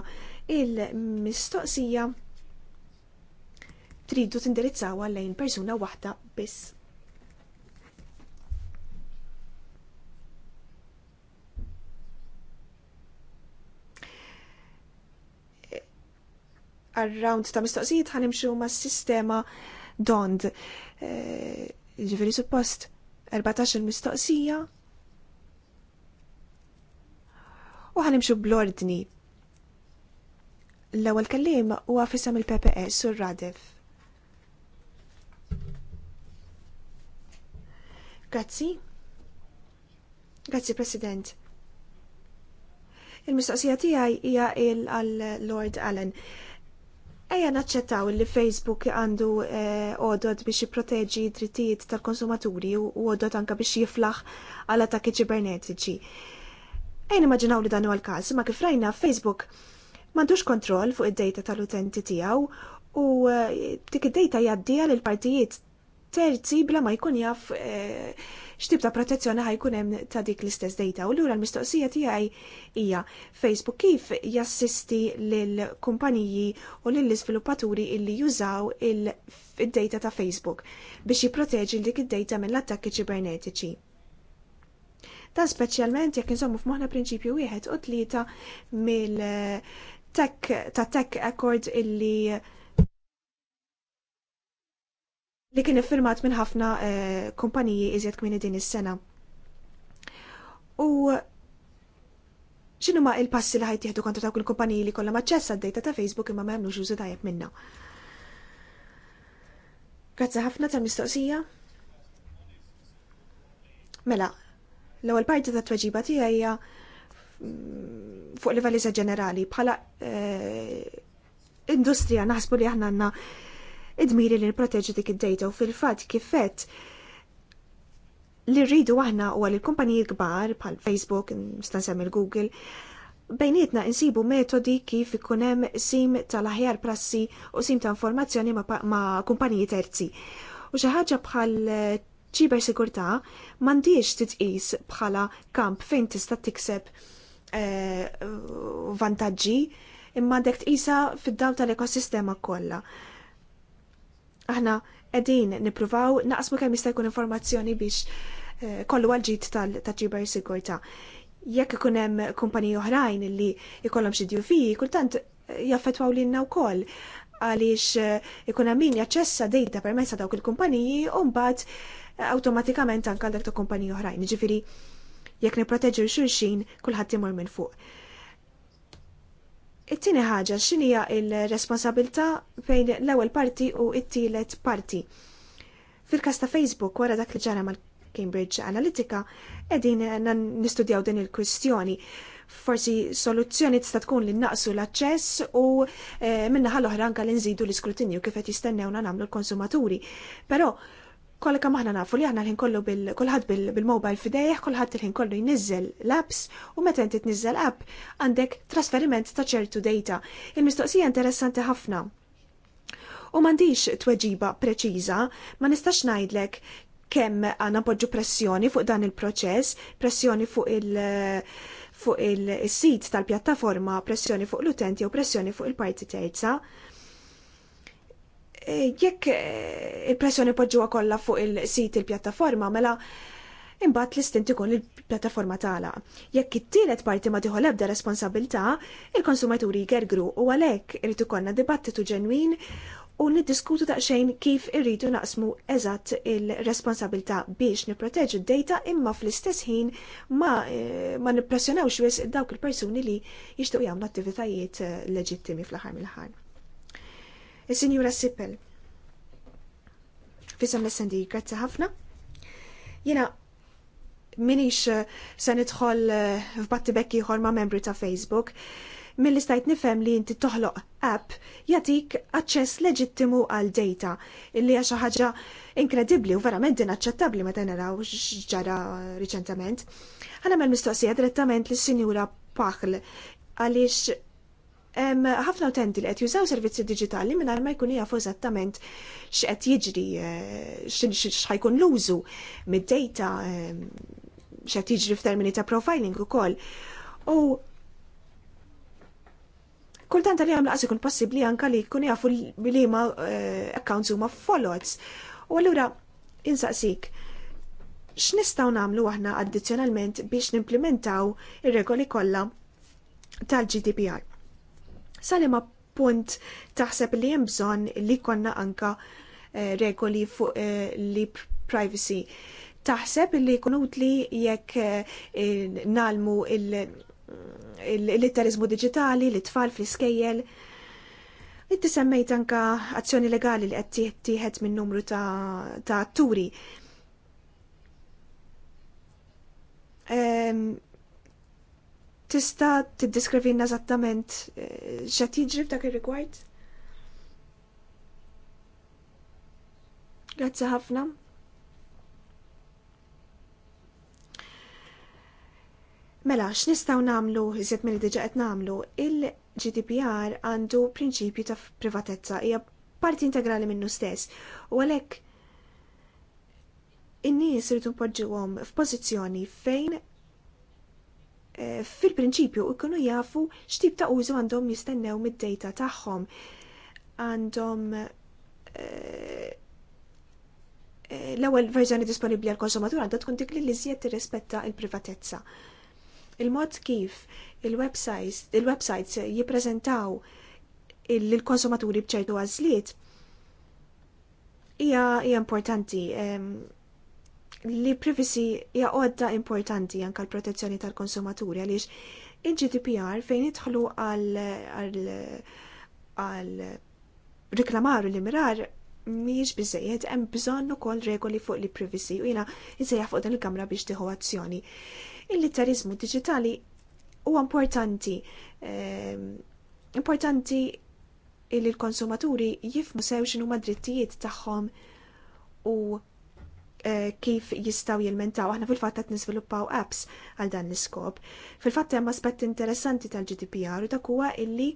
Il-mistoqsija tridu tindirizzaw lejn persuna waħda biss. Ar-round ta' mistoqsijiet ħanimxu ma' sistema Dond. Eh, ġifiri suppost 14 mistoqsija. U ħanimxu blordni. L-ewwel kellim huwa fisem il ppe sur Radif. Grazzi. Grazzi President. Il-mistoqsija tiegħi hija il għal Lord Allen. Ejja naċċettaw li Facebook għandu għodod eh, biex jiproteġi drittijiet tal-konsumaturi u għodod anka biex jiflaħ għal attakki ċibernetiċi. Ejja immaġinaw li dan huwa l-każ, ma kif rajna Facebook m'għandux kontroll fuq id-data tal-utenti tiegħu u eh, dik id-data jgħaddiha l partijiet terzi bla ma jkun jaf eh, x'tib ta' protezzjoni ħajkun hemm ta' dik l-istess data. U lura l-mistoqsija tiegħi hija Facebook kif jassisti lil kumpaniji u lill iżviluppaturi illi jużaw il-data ta' Facebook biex jipproteġi dik id-data mill-attakki ċibernetiċi. Ta' speċjalment jekk insommu f'moħħna prinċipju wieħed u tlieta mill eh, tech ta' tech accord illi li kien iffirmat minn ħafna eh, kumpaniji iżjed kmini din is-sena. U x'inhu ma il-passi li ħajt jieħdu kontra ta' il-kumpaniji li kollha maċċess għad-dejta ta' Facebook imma ma jagħmlux użu tajjeb minnha. Grazzi ħafna tal-mistoqsija. Mela, l-ewwel parti tat-tweġiba tiegħi hija mm, fuq livell ġenerali bħala eh, industrija naħsbu li aħna għandna id-miri li nproteġi dik id-data u fil-fatt kifett li rridu aħna u għal il-kumpaniji kbar bħal Facebook, stansem il-Google, bejnietna insibu metodi kif ikun hemm sim tal-aħjar prassi u sim ta' informazzjoni ma', ma kumpaniji terzi. U xi ħaġa bħal ċiber sigurtà m'għandix titqis bħala kamp fejn tista' tikseb eh, vantaġġi imma dek tqisa fid-daw tal-ekosistema kollha. Aħna qegħdin nippruvaw naqsmu kemm jista' jkun informazzjoni biex eh, kollu għal-ġid tal-ċiber sigurtà. Jekk ikun hemm kumpaniji oħrajn li jkollhom xi djufiji, kultant eh, jaffetwaw lilna wkoll għaliex eh, ikun hemm min jaċċessa dejta permezz dawk il-kumpaniji u mbagħad awtomatikament anke għal dak ta' kumpaniji oħrajn. Jiġifieri jekk nipproteġu xulxin kulħadd imur minn fuq. It-tieni ħaġa x'inhija il-responsabilità bejn l-ewwel parti u t-tielet parti. Fil-każ ta' Facebook wara dak li ġara mal-Cambridge Analytica qegħdin nistudjaw din il-kwistjoni. Forsi soluzzjoni tista' tkun li naqsu l-aċċess u eh, minna l oħra anke li nżidu l-iskrutinju kif qed jistennewna nagħmlu l-konsumaturi. Però kam maħna nafu li aħna l-ħin kollu bil-kulħad bil-mobile fidejh, kulħadd l ħin kollu jnizzel l-apps u meta inti tnizzel app għandek trasferiment ta' ċertu data. Il-mistoqsija interessanti ħafna. U m'għandix tweġiba preċiża, ma nistax ngħidlek kemm għandna poġġu pressjoni fuq dan il-proċess, pressjoni fuq il- fuq il-sit tal-pjattaforma, pressjoni fuq l-utenti u pressjoni fuq il-parti terza jekk eh, il-pressjoni poġġuha kollha fuq il-sit il-pjattaforma mela imbagħad l-istint ikun il-pjattaforma tagħlaq. Jekk it-tielet parti ma tieħu ebda responsabilità, il-konsumaturi jgergru u għalhekk irid ikollna dibattitu ġenwin u niddiskutu daqsxejn kif irridu naqsmu eżatt il-responsabilità biex nipproteġu d-data imma fl-istess ħin ma, eh, ma nippressjonawx wis dawk il-persuni li jixtiequ jagħmlu attivitajiet eh, leġittimi fl-aħħar mill-aħħar il sinjura Sippel. Fisam l sendi grazzi ħafna. Jena, minix eh, se nidħol eh, f'batti bekki ieħor ma' membri ta' Facebook. Mill-li stajt nifhem li inti toħloq app jatik aċċess leġittimu għal data illi hija xi ħaġa inkredibbli u verament inaċċettabbli meta naraw x'ġara riċentement. Għana mel mistoqsija direttament lis-Sinjura Paħl għaliex ħafna utenti li qed jużaw servizzi diġitali mingħajr ma jkun jafu eżattament x'qed jiġri eh, x'ħajkun l-użu mid-data x'qed jiġri f'termini ta' profiling ukoll. U kultant li għamlaqas ikun possibbli anka li jkun jafu li ma eh, accounts huma followers. U allura insaqsik x'nistgħu nagħmlu aħna addizzjonalment biex nimplementaw ir-regoli kollha tal-GDPR. Salima punt taħseb li hemm bżonn li konna anka eh, regoli fuq eh, li privacy. Taħseb li konut li jekk eh, nalmu il-litterizmu digitali, li tfal fl-iskejjel. Inti semmejt anka azzjoni legali li qed tieħed minn numru ta' atturi. Ehm, Tista' tiddiskrivina zattament eh, x'qed jiġri f'dak ir-rigward? Grazzi ħafna. Mela, x'nistgħu nagħmlu iżjed milli diġà qed nagħmlu, il-GDPR għandu prinċipju ta' privatezza hija parti integrali minnu stess. U għalhekk in-nies irid npoġġuhom f'pożizzjoni fejn fil-prinċipju ikunu jafu x'tip ta' użu għandhom jistennew mid-data tagħhom. Għandhom eh, eh, l-ewwel verżjoni disponibbli għall konsumatur għandha tkun dik li iżjed tirrispetta l-privatezza. Il-mod kif il-websites il-websites jippreżentaw il-konsumaturi bċertu għażliet hija importanti li privacy hija għodda importanti anke l-protezzjoni tal-konsumaturi għaliex il-GDPR fejn jidħlu għal riklamar u l-imrar miex bizzejiet hemm bżonn ukoll regoli fuq li privacy u jiena jsejja fuq din il-kamra biex tieħu azzjoni. Il-litterizmu diġitali huwa importanti ehm, importanti li l-konsumaturi jifmu sew x'inhu drittijiet tagħhom u Eh, kif jistaw jilmentaw. Aħna fil-fatt qed nisviluppaw apps għal dan l-iskop. Fil-fatt hemm aspett interessanti tal-GDPR u dak huwa illi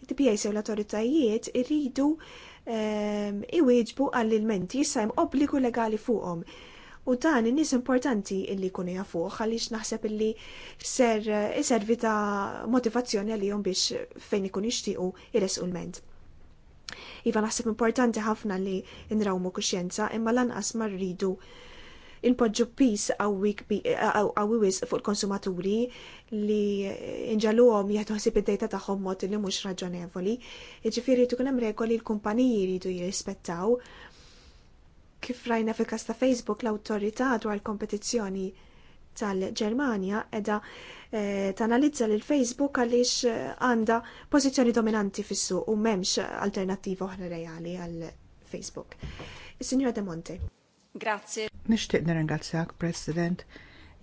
d-DPA sew l-awtoritajiet irridu ehm, iwieġbu għall-ilmenti jista' hemm obbligu legali fuqhom. U dan in-nies importanti illi jkunu jafuh għaliex naħseb illi ser eh, iservi ta' motivazzjoni għalihom biex fejn ikun jixtiequ il-ment. Iva naħseb importanti ħafna li nrawmu kuxjenza imma lanqas ma rridu inpoġġu pis għawis fuq il-konsumaturi li inġalu għom ħsib id-dejta taħħom mod li mux raġonevoli. Ġifiri tu hemm regoli l-kumpaniji jridu jirrispettaw. Kif rajna fil kasta ta' Facebook l awtorità dwar kompetizzjoni tal-Ġermanja edha eh, tanalizza l Facebook għaliex eh, għanda pożizzjoni dominanti fis-suq u m'hemmx alternattiva oħra reali għal Facebook. Is-Sinjora De Monte. Grazie. Nixtieq nirringrazzjak, President.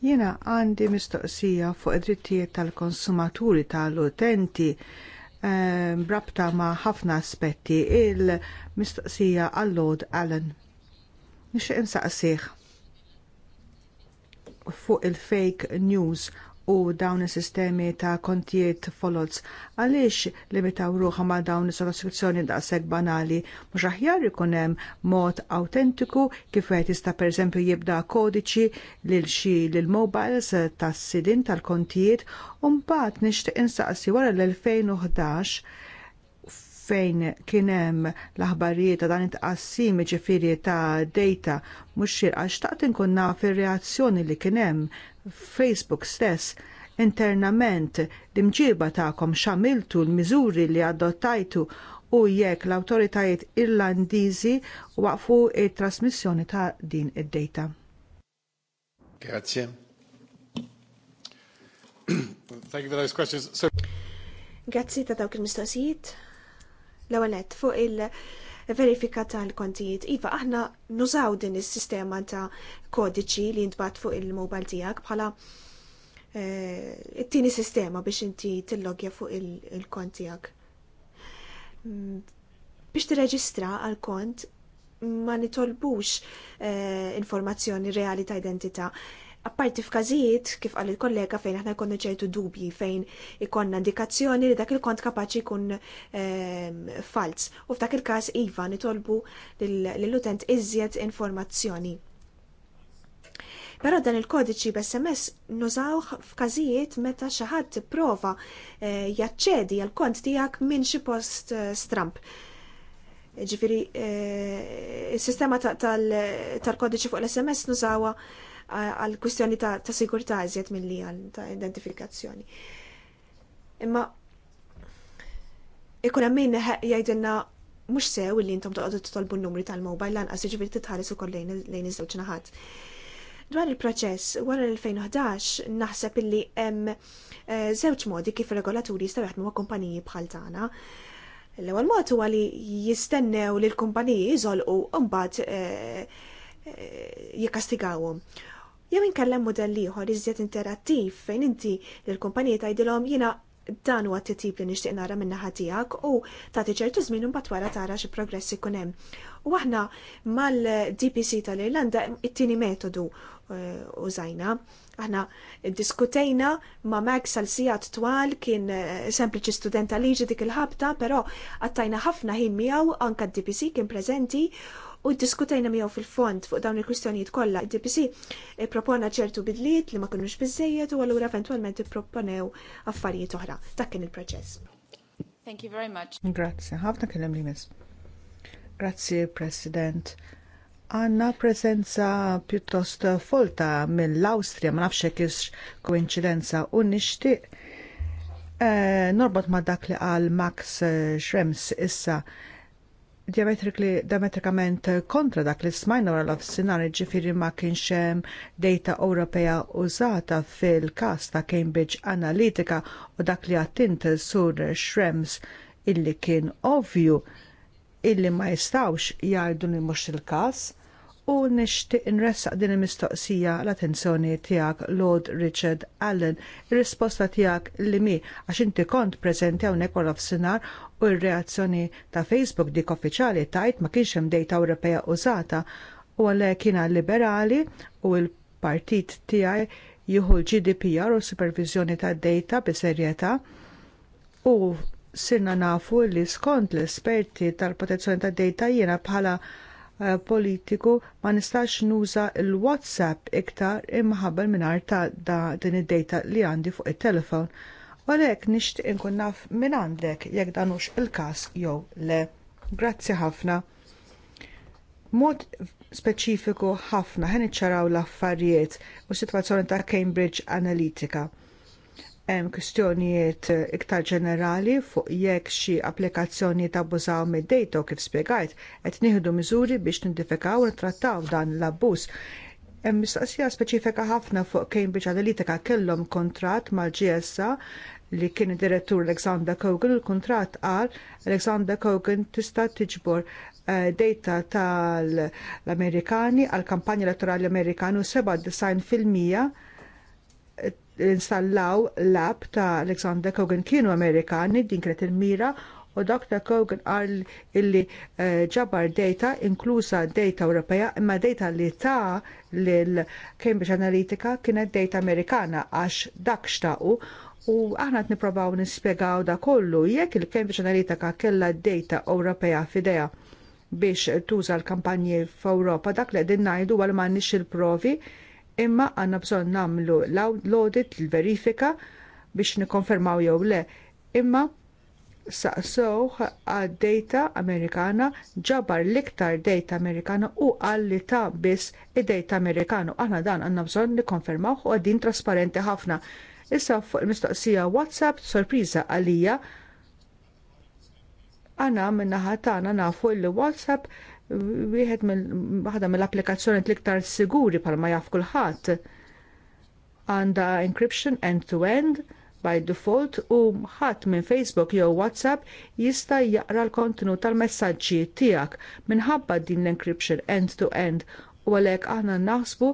Jiena għandi mistoqsija fuq id-drittijiet tal-konsumaturi tal-utenti eh, brabta ma' ħafna aspetti il-mistoqsija għall-Lord Allen. Nixtieq insaqsih fuq il-fake news u dawn is-sistemi ta' kontijiet folots. Għaliex limitaw ruħa ma' dawn is-soluzzjoni daqshekk banali mhux aħjar ikun hemm mod awtentiku kif qed jista' pereżempju jibda kodiċi lil xi lil mobiles tas-sidin tal-kontijiet u mbagħad nixtieq insaqsi wara l-2011 fejn kien hemm l-aħbarijiet ta' dan it-qassim ġifiri ta' data mhux xir xtaqt inkun naf ir-reazzjoni li kien hemm Facebook stess internament l-imġiba tagħkom x'għamiltu l-miżuri li adottajtu u jekk l awtoritajiet irlandiżi waqfu t trasmissjoni ta' din id data Grazie. Thank you for those questions. So... Grazie ta' dawk il-mistoqsijiet. L-għanet fuq il-verifika tal-kontijiet. Iva, aħna nużaw din is-sistema ta' kodiċi li jintbat fuq il-mobile tijak bħala eh, it-tini sistema biex inti tillogja fuq il-kont tijak. Mm, biex tirreġistra għal-kont ma nitolbux eh, informazzjoni reali ta' identità Apparti f'każijiet kif qal il-kollega fejn aħna jkollna ċertu dubji fejn ikonna indikazzjoni li dak il-kont kapaċi jkun ehm, fals. U f'dak il-każ iva nitolbu lill-utent iżjed informazzjoni. Però dan il-kodiċi b'SMS nużawh f'każijiet meta xi ħadd prova eh, jaċċedi għal kont tiegħek minn xi post eh, stramp. Ġifiri, s eh, sistema tal-kodiċi fuq l-SMS nużawa għal kwistjoni ta', ta għazjet mill-li għal ta' identifikazzjoni. Imma ikun għammin min jgħidilna mhux sew li intom toqgħodu titolbu n-numri tal-mobile lanqas jiġifieri titħares ukoll lejn iż-żewġ naħat. Dwar il-proċess, wara l-2011 naħseb illi hemm eh, żewġ modi kif regolaturi jistgħu jaħdmu ma' kumpaniji bħal tagħna. L-ewwel mod huwa li jistennew li l-kumpaniji jżolqu mbagħad eh, eh, jikkastigawhom. Jew inkellem modell ieħor iżjed interattiv fejn inti lill-kumpaniji tgħidilhom jiena dan huwa t-tip li nixtieq nara minn naħa tiegħek u tagħti ċertu żmien imbagħad wara tara xi progress ikun hemm. U aħna mal-DPC tal-Irlanda it-tieni metodu eh, użajna. Aħna diskutejna ma' Max sal sija twal kien eh, sempliċi student liġi dik il-ħabta, però għattajna ħafna ħin miegħu anka d-DPC kien preżenti u diskutajna miegħu fil-fond fuq dawn il-kwistjonijiet kollha. DPC eh, propona ċertu bidliet li ma kinux biżejjed u allura eventwalment ipproponew affarijiet oħra. Dak kien il-proċess. Thank you very much. Grazzi, ħafna kellem li mis. Grazzi, President. Għanna prezenza pjuttost folta mill-Austria, ma nafx kiex koincidenza u nixtieq eh, norbot ma dak li għal Max eh, Schrems issa diametrikament kontra dak li smajna wara l-offsinar ġifiri ma kienx hemm data Ewropea użata fil-każ ta' Cambridge Analytica u dak li għattint sur Shrems illi kien ovvju illi ma jistawx jgħidu li mhux il-każ u nixtieq nressaq din il-mistoqsija l-attenzjoni tiegħek Lord Richard Allen, ir-risposta tiegħek li mi għax inti kont preżenti hawnhekk wara f'sinar u r-reazzjoni ta' Facebook dik uffiċjali tajt ma kienx hemm dejta Ewropea użata u għalhekk jiena liberali u l-partit tiegħi jieħu l-GDPR u supervizjoni tad dejta bi serjetà u sirna nafu li skont l-esperti tal-protezzjoni tad dejta jiena bħala eh, politiku ma nistax nuża l-WhatsApp iktar imħabbar mingħajr ta' da din id data li għandi fuq it-telefon U għalhekk nixtieq inkun naf minn għandek jekk dan il-każ jew le. Grazzi ħafna. Mod speċifiku ħafna ħen iċċaraw l-affarijiet u s-sitwazzjoni ta' Cambridge Analytica. Hemm kwistjonijiet iktar ġenerali fuq jekk xi applikazzjoni tabbużaw mid-dejta kif spjegajt qed nieħdu miżuri biex nidifikaw u trattaw dan l-abbuż. Hemm mistoqsija speċifika ħafna fuq Cambridge Analytica kellhom kontratt mal-GSA li kien id direttur Alexander Kogan, il kuntratt għal, Alexander Kogan tista' tiġbor eh, data tal-Amerikani għall kampanja elettorali Amerikani u mija eh, installaw l-app ta' Alexander Kogan kienu Amerikani, din kret il-mira, u Dr. Kogan qal illi eh, ġabar data, inklusa data Ewropea, imma data li ta' l-Cambridge Analytica kienet data Amerikana għax dak xtaqu U aħna t nippruvaw nispjegaw da kollu jekk il-Cambridge Analytica kellha d-data Ewropea f'idea biex tuża l-kampanji f'Ewropa dak li għedin ngħidu għal m'għandniex il-provi imma għandna bżonn nagħmlu l-audit, l verifika biex nikkonfermaw jew le. Imma saqsoħ għad-data Amerikana ġabar l-iktar data Amerikana u għalli ta' biss id-data Amerikana. Aħna dan għandna bżonn nikkonfermaw u għaddin trasparenti ħafna Issa fuq il-mistoqsija WhatsApp sorpriża għalija għana minna ħatana nafu li WhatsApp wieħed waħda mill-applikazzjoni l-iktar siguri bħalma jaf kulħadd Għanda encryption end-to-end by default u ħadd minn Facebook jew WhatsApp jista' jaqra l-kontenut tal-messaġġi tiegħek minħabba din l-encryption end-to-end u għalhekk aħna naħsbu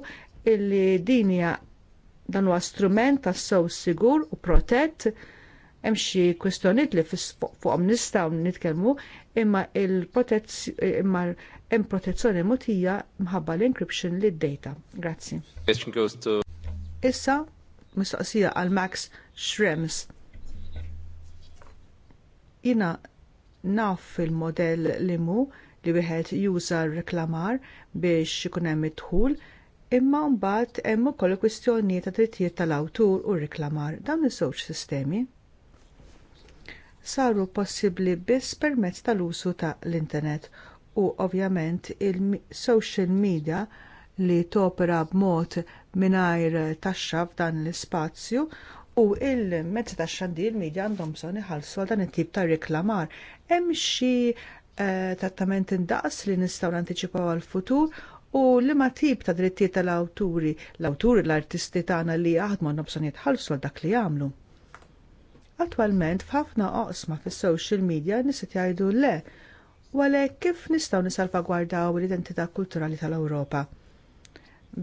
illi din hija Dan huwa strument ta' sew sigur u protett hemm xi kwistjonijiet li fuqhom nistgħu nitkellmu imma imma hemm protezzjoni mutija mħabba l-encryption lid data Grazzi. Issa mistoqsija għal Max Schrems. Jina naf fil-modell li mu li wieħed juża reklamar biex ikun hemm it-dħul. Imma mbagħad hemm ukoll kwistjonijiet ta' drittijiet tal-awtur u riklamar dawn iż-żewġ sistemi saru possibbli biss permezz tal-usu ta' l-internet u ovvjament il-social media li topera b'mod mingħajr taxxa f'dan l-ispazju u l mezzi ta' xandir media għandhom bżonn iħallsu għal dan it-tip ta' reklamar. Hemm xi eh, trattament indaqs li nistgħu nanticipaw għal futur u li ma tip ta' drittijiet tal-awturi, l-awturi l-artisti tagħna li jaħdmu għandhom bżonn jitħallsu għal dak li jagħmlu. Attwalment f'ħafna oqsma fis-social media nisit jgħidu le, u għalhekk kif nistgħu nisalvagwardaw l-identità kulturali tal-Ewropa.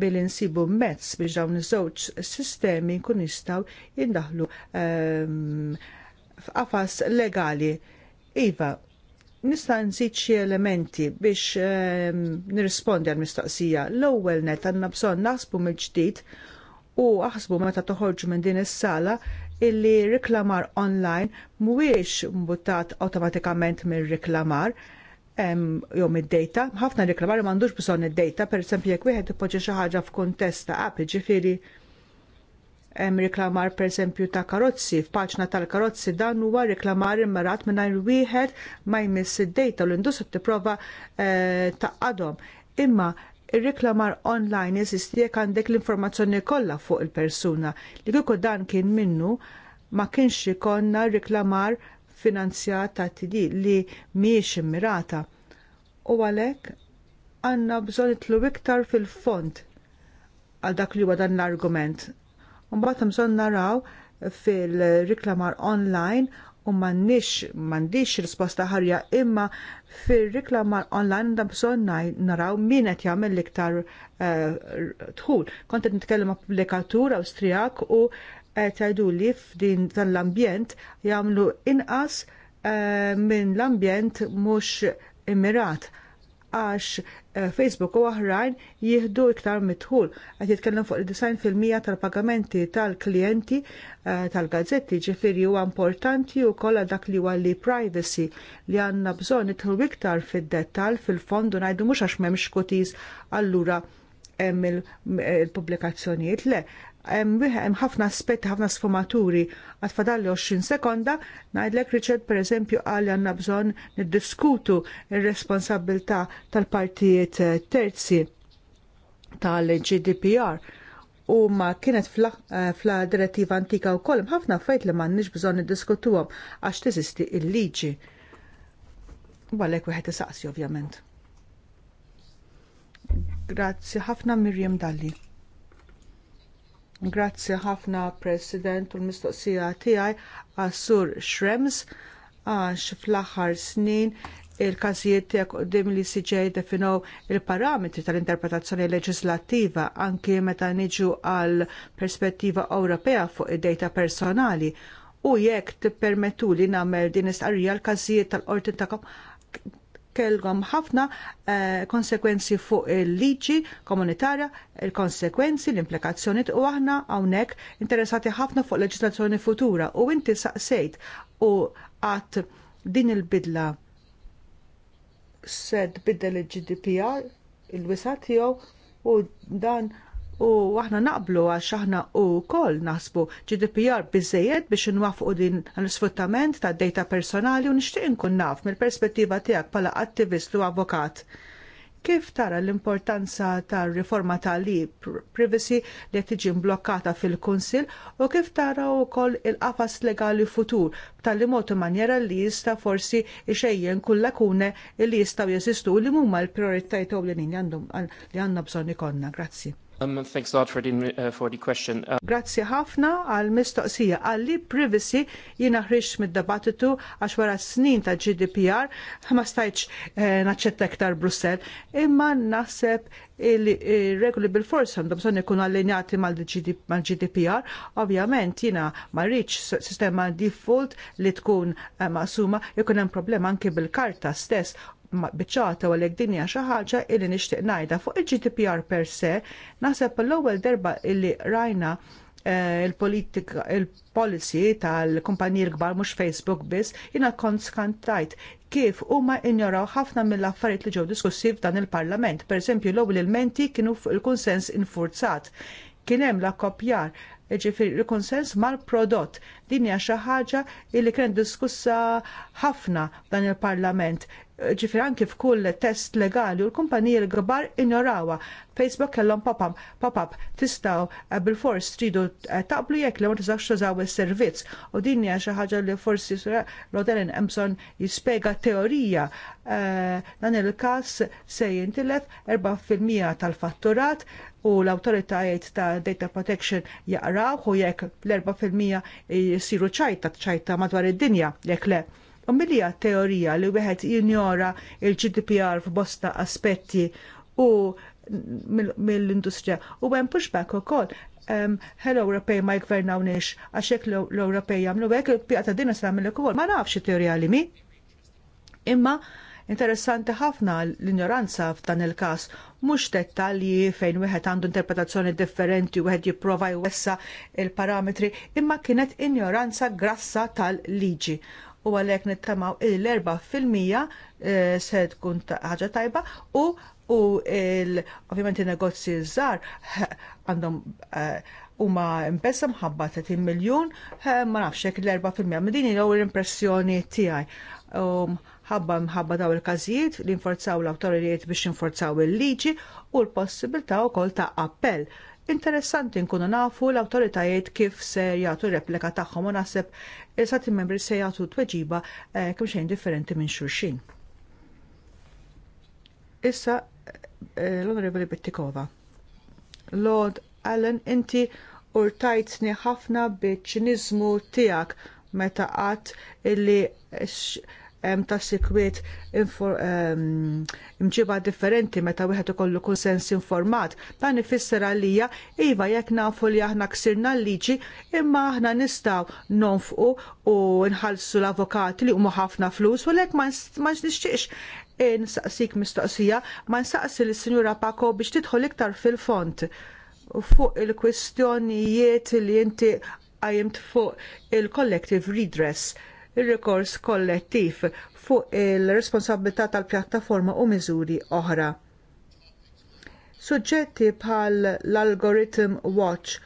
Billi nsibu mezz biex dawn iż-żewġ sistemi nkun jistgħu jindaħlu um, f'qafas legali. Iva, Nista' nżid xi elementi biex ehm, nirrispondi għall mistoqsija L-ewwel net għandna bżonn naħsbu mill-ġdid u aħsbu meta toħorġu minn din is-sala illi riklamar online mhuwiex mbuttat awtomatikament mir-riklamar ehm, jew mid data Ħafna riklamar m'għandux bżonn id-data, pereżempju jekk wieħed ipoġġa xi ħaġa f'kuntest ta' app, ġifieri hemm riklamar pereżempju ta' karozzi, f'paċna tal-karozzi dan huwa riklamar immarat mingħajr wieħed ma jmiss id-dejta u l-industri tipprova eh, taqadhom. Imma ir-riklamar online jeżisti jekk għandek l-informazzjoni kollha fuq il-persuna li kieku dan kien minnu ma kienx ikonna riklamar finanzjat ta' TD li mhijiex immirata. U għalhekk għandna bżonn itlu iktar fil fond għal dak li huwa dan l-argument Mbagħad bżonn naraw fil-riklamar online u m'għandniex m'għandix risposta ħarja imma fir-riklamar online da bżonn naraw min qed jagħmel l-iktar eh, dħul. Kont qed nitkellem ma' pubblikatur Awstrijak u jgħidu li f'din tal-ambjent jagħmlu inqas eh, minn l-ambjent mhux immirat għax eh, Facebook u oħrajn jieħdu iktar mitħul. Qed jitkellem fuq il-design fil-mija tal-pagamenti tal-klijenti eh, tal-gazzetti ġifieri huwa importanti wkoll dak li huwa li privacy li għandna bżonn itħul iktar fid detal fil-fond u ngħidu mhux għax m'hemmx kutiż allura hemm il-pubblikazzjonijiet le hemm ħafna aspetti, ħafna sfumaturi. Għad fadalli 20 sekonda, ngħidlek Richard pereżempju qal għalli għanna bżonn niddiskutu eh, r responsabilta tal-partijiet terzi tal-GDPR. U ma kienet fl-direttiva eh, antika wkoll kolm, ħafna fejt li m'għandniex bżonn għom għax teżisti il-liġi. Għalhekk wieħed isaqsi ovvjament. Grazzi ħafna Mirjam Dalli. Grazzi ħafna President u l-mistoqsija tiegħi għas-Sur Shrems għax fl-aħħar snin il-każijiet tiegħek qudiem li CJ definow il-parametri tal-interpretazzjoni leġislattiva anki meta niġu għal perspettiva Ewropea fuq id-dejta personali u jekk tippermettuli nagħmel din istqarrija l-każijiet tal-qorti ta' kellhom ħafna eh, konsekwenzi fuq il-liġi komunitarja, il-konsekwenzi, l-implikazzjoni u aħna hawnhekk interessati ħafna fuq leġislazzjoni futura u inti saqsejt u għat din il-bidla se tbiddel il-GDPR il wisat tiegħu u dan u aħna naqblu għax aħna u koll nasbu GDPR bizzejed biex nwafqu din l-sfruttament ta' data personali u nixtieq inkun naf mill-perspettiva tiegħek bħala attivist u avokat. Kif tara l-importanza tar riforma ta' li privacy li qed tiġi mblokkata fil-Kunsil u kif tara wkoll il-qafas legali futur tal-li mod manjera li jista' forsi ixejjen kull lakune li jistgħu jeżistu li huma l-prioritajiet ewlenin li għandhom li għandna bżonn ikollna. Grazzi. Um, thanks a lot for the, uh, for the question. Uh... Grazzi ħafna għal mistoqsija għalli privacy jina ħriċ mid debatitu għax wara snin ta' GDPR ma stajċ eh, naċċetta iktar Brussel imma naħseb il-regoli bil-fors għandhom bżonn ikun allenjati mal-GDPR, ovvjament jina ma rridx sistema default li tkun eh, maqsuma jkun hemm problema anke bil-karta stess biċċata u l dinja xaħġa illi nixtieq ngħidha fuq il-GDPR per se, naħseb l-ewwel derba illi rajna eh, il-politika, il-policy tal-kumpanijir kbar mhux Facebook biss, jiena kont skantajt kif huma ignoraw ħafna mill-affarijiet li ġew diskussi f'dan il-Parlament. Pereżempju l-ewwel il-menti kienu il-kunsens infurzat. Kien hemm l-akkopjar ġifir rikonsens mal-prodott. Din hija xi ħaġa li kien diskussa ħafna dan il-Parlament. Ġifir anki f'kull test legali u l-kumpaniji l-gbar ignorawa. Facebook kellhom pop-up tistgħu eh, bil-fors tridu eh, taqblu jekk li ma tiżgħux tużaw is-servizz. U din hija xi ħaġa li forsi Rodelin Emson jispjega teorija eh, dan il-każ se jintilef 4% tal-fatturat u l-autoritajiet ta' data protection jaqraw u jekk l-4% jisiru ċajta ċajta madwar id-dinja jekk le. U milija teorija li wieħed jinjora il-GDPR f'bosta aspetti u mill-industrija u għem pushback ukoll um, hello Europej ma jgvernaw għax hekk l-Ewropej jagħmlu hekk il-pjata din sa jagħmlu ukoll ma nafx it-teorija li mi. Imma Interessanti ħafna l-ignoranza f'dan il-każ mhux dettalji fejn wieħed għandu interpretazzjoni differenti wieħed jipprova jwessa il-parametri imma kienet ignoranza grassa tal-liġi u għalhekk nittamaw il-4 fil-mija eh, se tkun ħaġa tajba u u ovvjament in-negozji żgħar eh, għandhom eh, huma mbessa mħabba 30 miljun ma nafx hekk l-4 fil-mija. Din l impressjoni tiegħi um, ħabba mħabba daw il-każijiet li nforzaw l-awtoritajiet biex jinforzaw il-liġi u l-possibilità wkoll ta' appell. Interessanti nkunu nafu l-awtoritajiet kif se jagħtu replika tagħhom u naħseb il-sati membri se jagħtu tweġiba eh, kemm xejn differenti minn xulxin. Issa eh, l-Onorevoli Bittikova. Lord Allen, inti urtajtni ħafna biċ ċinizmu tiegħek meta qatt illi hemm ta' sikwiet ehm, imġiba differenti meta wieħed ikollu kull sens informat. Dan ifisser għalija iva jekk nafu li aħna ksirna l-liġi imma aħna nistgħu nonfqu u nħallsu l-avokati li huma ħafna flus u lek ma nixtieqx nsaqsik mistoqsija ma nsaqsi lis sinjura Pako biex tidħol iktar fil fond fuq il-kwistjonijiet li inti għajimt fuq il-collective redress ir-rikors kollettiv fuq il-responsabilità tal-pjattaforma u miżuri oħra. Suġġetti bħal l-algorithm watch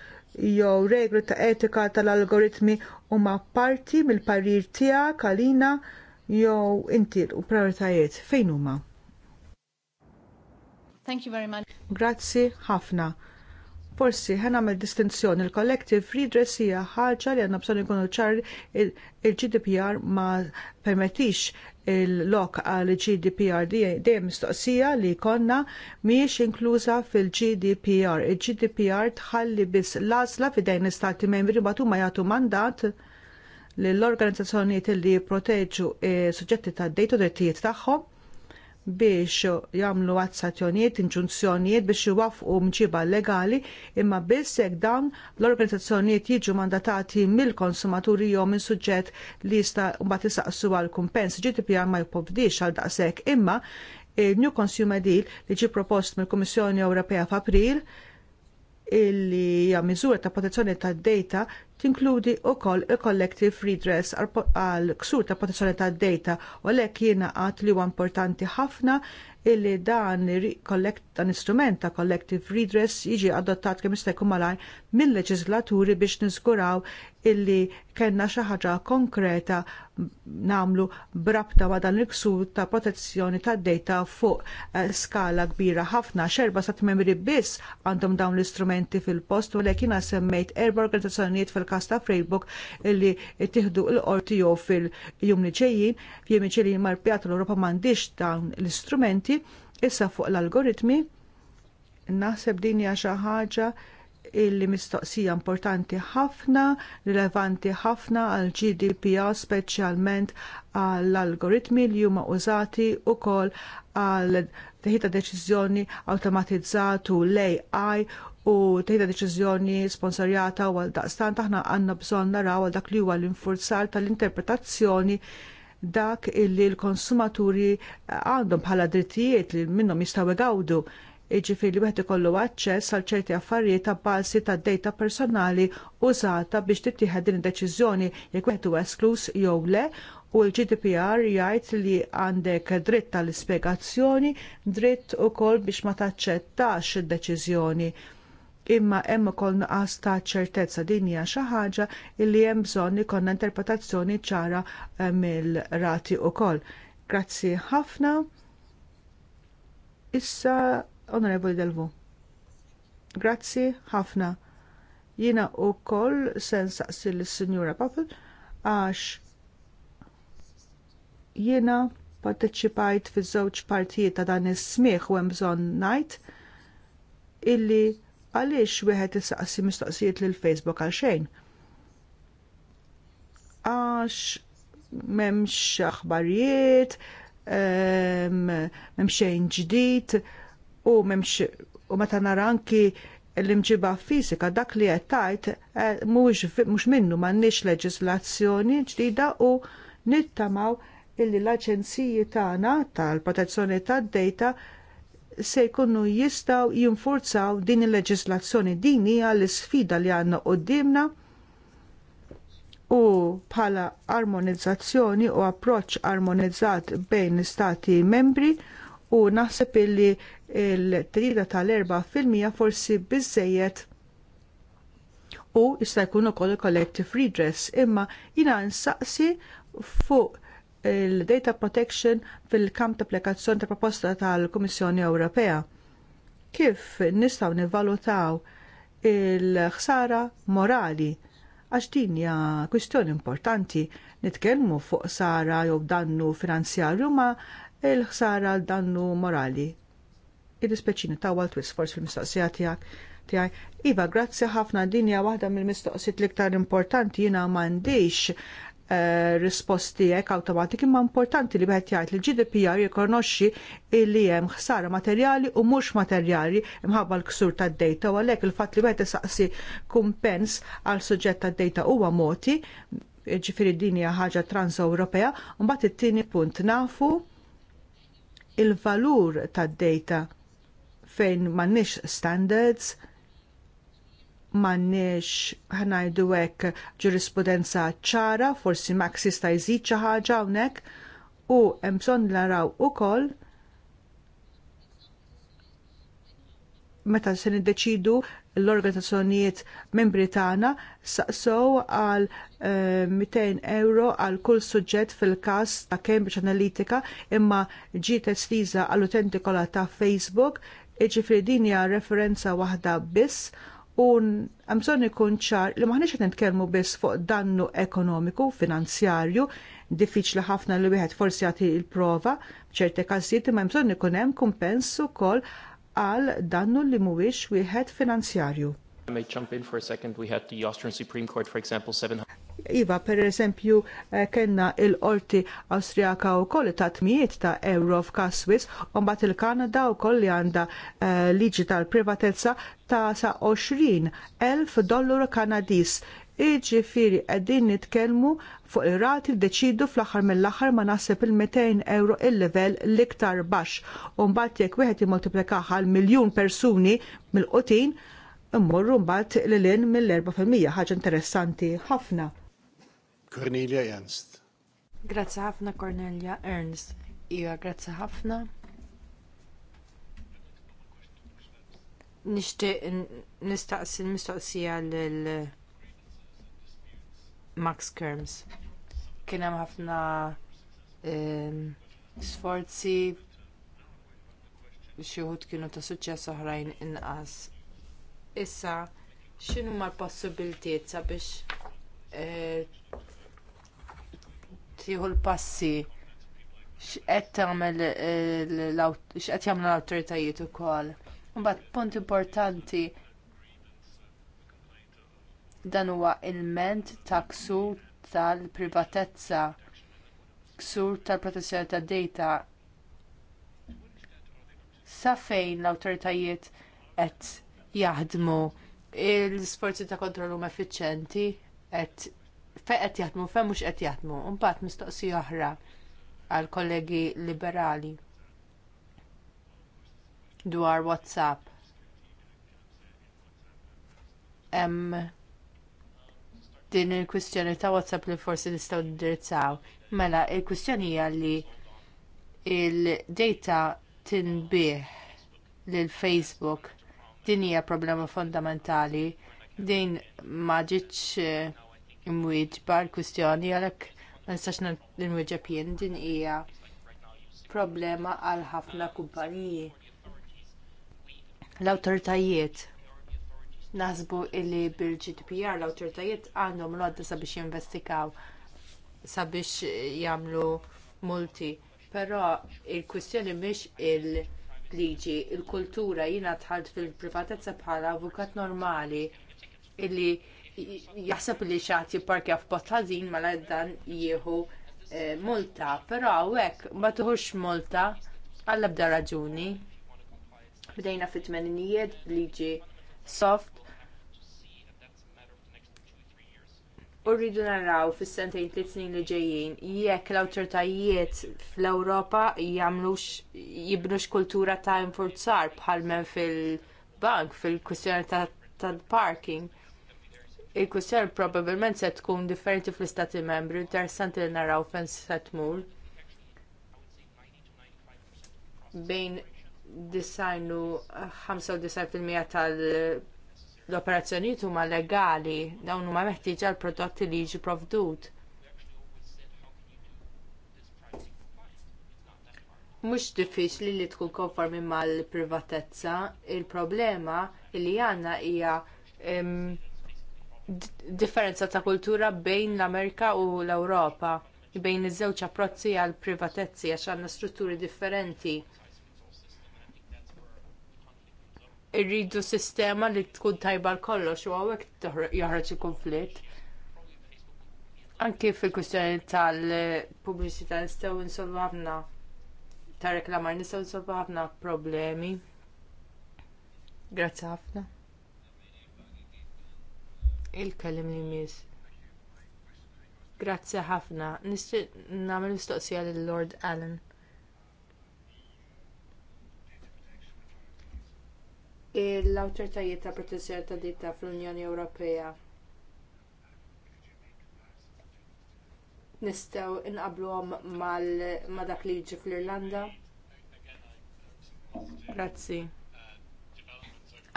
jew regru ta' etika tal-algoritmi huma parti mill-parir tiegħek kalina jew inti u prioritajiet fejn huma. Thank you very much. Grazzi ħafna. Forsi ħen għamil distinzjoni il-collective redress hija ħaġa li għandna bżonn ikunu ċar il-GDPR ma permettix il-lok għal GDPR dejjem mistoqsija li konna mhijiex inkluża fil-GDPR. Il-GDPR tħalli biss l-għażla f'idejn istati membri batu ma jagħtu mandat lill organizzazzjonijiet li jipproteġu eh, suġġetti tad-dejta u drittijiet tagħhom biex jagħmlu azzazzjonijiet, inġunzjonijiet biex iwaffqu mġiba legali imma biss jekk dawn l-organizzazzjonijiet jiġu mandatati mill-konsumaturi jew minn suġġett li jista' mbagħad isaqsu għal kumpens GDPR ma jpobdix għal daqshekk imma il-New Consumer Deal li ġie propost mill-Kummissjoni Ewropea f'April illi hija miżura ta' protezzjoni tad-data tinkludi wkoll il-collective redress għal ksur ta' protezzjoni tad-data u għalhekk jiena qatt li huwa importanti ħafna illi dan dan istrument ta' collective redress jiġi adottat kemm jista' jkun malajr mill-leġislaturi biex niżguraw illi kellna xi ħaġa konkreta nagħmlu brabta ma' dan il-ksur ta' protezzjoni tad dejta fuq eh, skala kbira ħafna xerba sa' tmemri biss għandhom dawn l-istrumenti fil-post u lekin semmejt erba organizzazzjonijiet fil kasta ta' Facebook illi tieħdu l-qorti jew fil-jum ġejjin f'jiem ġejjin marpjat l-Ewropa m'għandix dawn l-istrumenti issa fuq l-algoritmi naħseb din hija xi ħaġa illi mistoqsija importanti ħafna, rilevanti ħafna għal GDPR speċjalment għall algoritmi li huma użati wkoll għal teħita deċiżjoni awtomatizzatu l-AI u teħita deċiżjoni sponsorjata u għal daqstan taħna għandna bżonn naraw għal dak li huwa l-infurzar tal-interpretazzjoni dak illi l-konsumaturi għandhom bħala drittijiet li minnhom jistgħu gawdu jiġifieri wieħed ikollu aċċess għal ċerti affarijiet ta' bażi tad dejta personali użata biex tittieħed din id-deċiżjoni jekk wieħed huwa esklus jew le u l-GDPR jgħid li għandek dritt tal-ispjegazzjoni, dritt ukoll biex ma taċċettax id-deċiżjoni. Imma hemm ukoll nuqqas ta' ċertezza din hija xi ħaġa li hemm bżonn ikollna interpretazzjoni ċara eh, mill-rati wkoll. Grazzi ħafna. Issa Onorevoli Delvo, Grazzi ħafna. Jiena u koll sen saqsi l-Sinjura Papel għax jiena parteċipajt fi żewġ partijiet ta' dan is-smieħ u hemm bżonn ngħid illi għaliex wieħed isaqsi mistoqsijiet lil Facebook għal xejn. Għax m'hemmx aħbarijiet, m'hemm xejn ġdid, u memx u meta nara anki l-imġiba fizika dak li qed tgħid eh, mhux minnu m'għandniex leġislazzjoni ġdida u nittamaw illi l-aġenziji tagħna tal-protezzjoni tad-dejta se jkunu jistgħu jinfurzaw din il-leġislazzjoni din hija l-isfida li għandna qudiemna u bħala armonizzazzjoni u approċċ armonizzat bejn l istati membri u naħseb illi il trida tal erba fil-mija forsi biżżejjed u jista' jkun ukoll collective redress imma jiena nsaqsi fuq il-data protection fil-kamp ta' applikazzjoni ta' proposta tal-Kummissjoni Ewropea. Kif nistgħu nivvalutaw il-ħsara morali għax din hija kwistjoni importanti nitkellmu fuq sara jew dannu finanzjarju ma il-ħsara għal dannu morali. Ir-rispeċini tawal twis forsi fil-mistoqsija tiegħek Iva, grazzi ħafna dinja waħda mill-mistoqsijiet l-iktar importanti jiena m'għandix uh, risposti hekk automatik imma importanti li bħet jgħid li l-GDPR jikonoxxi illi hemm ħsara materjali u mhux materjali imħabba l-ksur tad-dejta u għalhekk il-fatt li bħet isaqsi kumpens għal suġġett tad-dejta huwa moti ġifiri dinja ħaġa trans-Ewropea, mbagħad it-tieni punt nafu il-valur tad-data fejn m'għandniex standards, m'għandniex ħanajdu hekk ġurisprudenza ċara, forsi Max jista' jżid xi ħaġa hawnhekk u hemm bżonn naraw ukoll meta se niddeċidu l-organizzazzjonijiet membri tagħna saqsow għal 200 eh, euro għal kull suġġett fil-każ ta' Cambridge Analytica imma ġiet estiża għall utenti kollha ta' Facebook, jiġifieri din hija referenza waħda biss u hemm bżonn ikun ċar li maħniex qed nitkellmu biss fuq dannu ekonomiku, finanzjarju, diffiċli ħafna li wieħed forsi jagħti l-prova, b'ċerti każijiet imma bżonn ikun hemm kumpens ukoll għal dannu li mhuwiex wieħed finanzjarju. may jump in for a second, we had the Austrian Supreme Court, for example, Iva, per eżempju, eh, kena il-qorti Austriaka u koll ta' tmijiet ta' euro f'kaswis, u unbat il-Kanada u koll li għanda eh, liġi tal-privatezza ta' sa' 20.000 elf dollaru Kanadis. Iġifiri, għedin nitkelmu fuq ir-rati ddeċidu fl-aħħar mill-aħħar ma naħseb il-200 euro il-level l-iktar baxx u mbagħad jekk wieħed jimmultiplikaha għal miljun persuni mill-qutin immorru mbagħad lilin mill-4% ħaġa interessanti ħafna. Cornelia Ernst. Grazzi ħafna Cornelia Ernst. Iva, grazzi ħafna. Nixtieq nistaqsi l-mistoqsija -l Max Kerms. Kien hemm ħafna ehm, sforzi xi wħud kienu ta' suċċess oħrajn inqas. Issa x'inhu ma l possibbiltijiet sabiex eh, tieħu l-passi x'qed tagħmel eh, x'qed jagħmlu l-awtoritajiet ukoll. Mbagħad punt importanti Dan huwa ilment ta' ksur tal-privatezza, ksur tal-protezzjoni tad-data. Sa fejn l-awtoritajiet qed jaħdmu l-sforzi ta' kontroll huma effiċjenti qed fejn qed jaħdmu fejn mhux qed jaħdmu. Imbagħad mistoqsija oħra għal kollegi liberali dwar WhatsApp din il-kwistjoni ta' WhatsApp li forsi nistgħu ndirizzaw. Mela, il-kwistjoni hija li il-data tinbih lil Facebook din hija problema fondamentali. Din ma ġietx eh, imwieġba l-kwistjoni għalhekk ma nistax ninwieġeb jien din hija problema għal ħafna kumpaniji. L-awtoritajiet Nasbu illi bil-GDPR l-autoritajiet għandhom l-għadda sabiex jinvestigaw sabiex jagħmlu multi. Però il-kwistjoni mhix il-liġi, il-kultura jina tħalt fil-privatezza bħala avukat normali illi jaħseb li xaħat jipparkja f'bot ħażin mala dan jieħu eh, multa, però hawnhekk ma tuħux multa għall-ebda raġuni. Bdejna fit-tmeninijiet liġi soft u rridu naraw fis-sentejn tliet snin li ġejjin jekk l-awtoritajiet fl-Ewropa jagħmlux jibnux kultura ta' infurzar bħal men fil-bank fil-kwistjoni tal-parking. Il-kwistjoni probabbilment se tkun differenti fl-istati membri, interessanti li naraw fejn se tmur. Bejn disajnu 95% tal- l-operazzjonijiet huma legali dawn huma meħtieġa l prodotti li jiġi provdut. Mhux diffiċli li tkun konformi mal-privatezza, il-problema li għandna hija differenza ta' kultura bejn l-Amerika u l-Ewropa, bejn iż-żewġ approzzi għall privatezzi għax għandna strutturi differenti. irridu sistema li tkun tajba l-kollox u għawek jaħraġ il-konflitt. Anki fil-kustjoni tal-publicità nistaw insolvu ħafna ta' reklamar nistgħu insolvu ħafna problemi. Grazzi ħafna. Il-kellim li mis. Grazzi ħafna. Nagħmel mistoqsija lill lord Allen l-awtoritajiet ta' protezzjoni ta' ditta fl-Unjoni Ewropea nistgħu inqabluhom ma' dak li jiġi fl-Irlanda? Grazzi.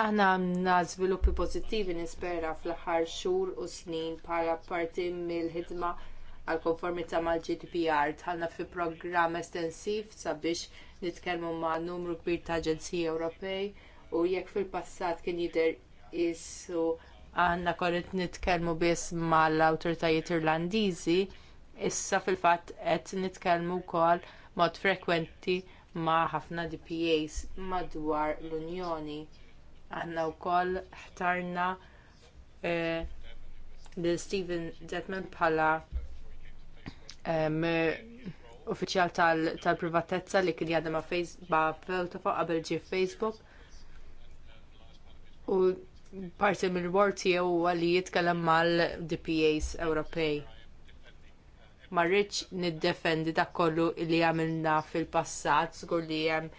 Aħna għandna żviluppi pożittivi nispera fl-aħħar xhur u snin bħala parti mill-ħidma għal konformità mal-GDPR tħallna fi programm estensiv sabiex nitkellmu ma' numru kbir ta' aġenziji Ewropej u jekk fil-passat kien jidher isu għandna korrit nitkellmu biss mal-awtoritajiet Irlandiżi, issa fil-fatt qed nitkellmu wkoll mod frekwenti ma' ħafna DPAs madwar l-Unjoni. Aħna wkoll ħtarna eh, lil Steven Detman bħala uffiċjal tal-privatezza li kien jadem ma' Facebook qabel ġie Facebook u parti mill word tiegħu huwa li jitkellem mal-DPAs Ewropej. Ma rridx niddefendi dak kollu li għamilna fil-passat, żgur li hemm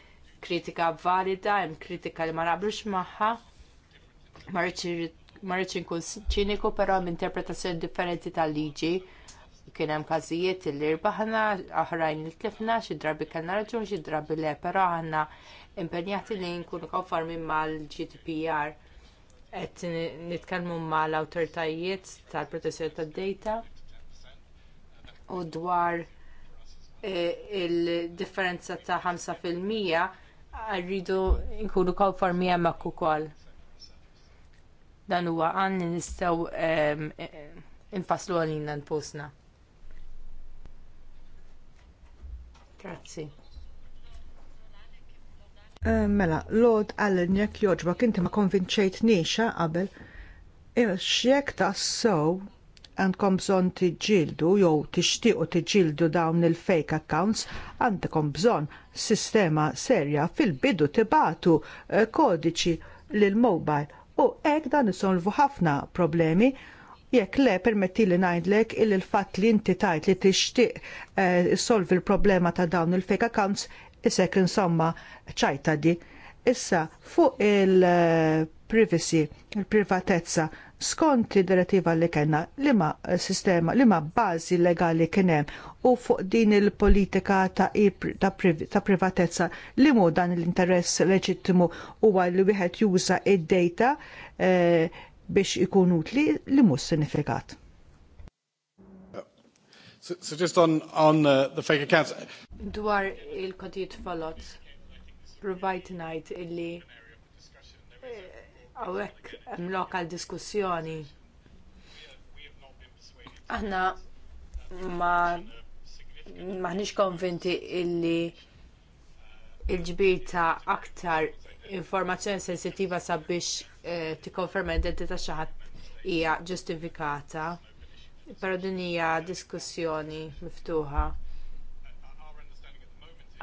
kritika valida, hemm kritika li ma naqblux magħha. Ma rridx inkun ċiniku, però hemm interpretazzjoni differenti tal-liġi. Kien hemm każijiet li rbaħna, oħrajn li tlifna, xi drabi kellna raġun, xi drabi le, però aħna impenjati li nkunu konformi mal-GDPR qed nitkellmu mal-awtoritajiet tal-protezzjoni tad-data u dwar e, il-differenza ta' 5% rridu nkunu konformi hemmhekk ukoll. Dan huwa għan nistgħu e, e, infaslu għalina nfusna. Grazzi. Eh, mela, Lord Allen, jekk joġba, inti ma konvinċejt nixa qabel, e, x'jekk tassow għandkom bżonn tiġġieldu jew tixtiequ tiġildu dawn il-fake accounts, għandkom bżonn sistema serja fil-bidu tibatu eh, kodiċi l mobile u hekk dan isolvu ħafna problemi jekk le permetti li ngħidlek il fatt li inti tajt li tixtieq eh, solvi l-problema ta' dawn il-fake accounts Isek insomma ċajta di. Issa fuq il-privacy, il-privatezza, skont id direttiva li kellna li ma sistema, li ma bazi legali kien hemm u fuq din il-politika ta', ta, ta privatezza li mu dan l-interess leġittimu huwa li wieħed juża id data eh, biex ikun utli li mhux sinifikat. So, so just on, on uh, the fake accounts. Dwar il-kontijiet falot, provajt najt illi għawek eh, hemm lokal diskussjoni. Aħna ma maħnix konvinti illi il-ġbir ta' aktar informazzjoni sensittiva sabiex eh, ti konferma identità xi ħadd hija ġustifikata. Pero din hija diskussjoni miftuħa.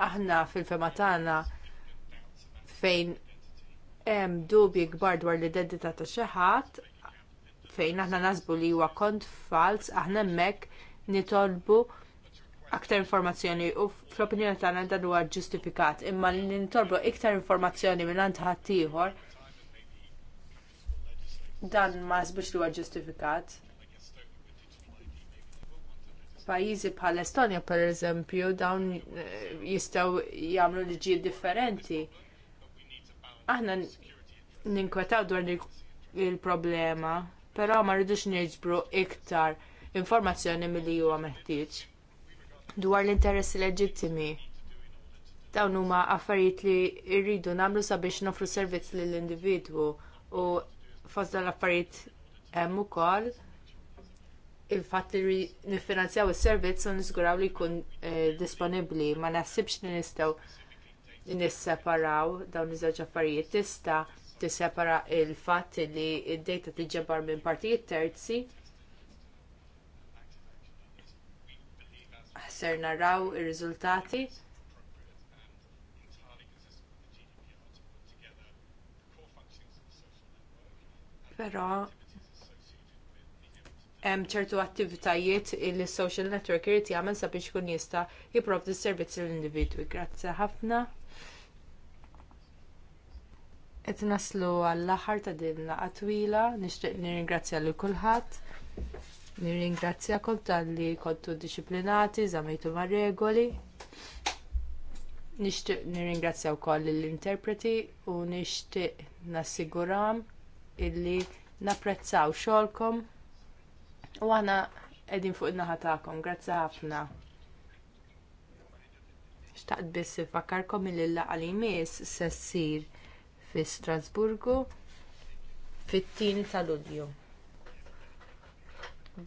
Aħna fil-fema tagħna fejn hemm dubji kbar dwar l-identità ta' xi ħadd fejn aħna nasbu li huwa kont fals, aħna hemmhekk nitolbu aktar informazzjoni u fl-opinjoni tagħna dan huwa ġustifikat, imma li nitolbu iktar informazzjoni mingħand ħadd ieħor dan ma sbux li huwa ġustifikat. Pajjiżi bħal Estonja pereżempju dawn eh, jistgħu jagħmlu liġijiet differenti. Aħna ninkwetaw dwar il-problema, però ma rridux niġbru iktar informazzjoni milli huwa meħtieġ dwar l-interessi leġittimi. Dawn huma affarijiet li rridu nagħmlu sabiex nofru servizz lill individwu u fost dal l-affarijiet hemm ukoll il-fatt li nifinanzjaw is-servizz u niżguraw li jkun eh, disponibbli ma naħsibx li nistgħu nisseparaw dawn iż-żewġ affarijiet tista' tissepara il-fatt li d-data tiġġebar minn partijiet terzi ser naraw ir-riżultati Però hemm ċertu attivitajiet li social network irid jagħmel sabiex ikun jista' jipprovdi s-servizzi l-individwi. Grazzi ħafna. Qed naslu għall-aħħar ta' din laqgħa twila, nixtieq nirringrazzja lil kulħadd. Nirringrazzjakom talli kontu dixxiplinati, żamejtu ma' regoli. Nixtieq nirringrazzja wkoll l-interpreti u nixtieq nassiguram illi napprezzaw xogħolkom. U għana qegħdin fuq id-naħa tagħkom, grazzi ħafna. Xtaqt biss ifakarkom il l għal-imis jmiss se ssir fi Strasburgu fit tini ta' Lulju.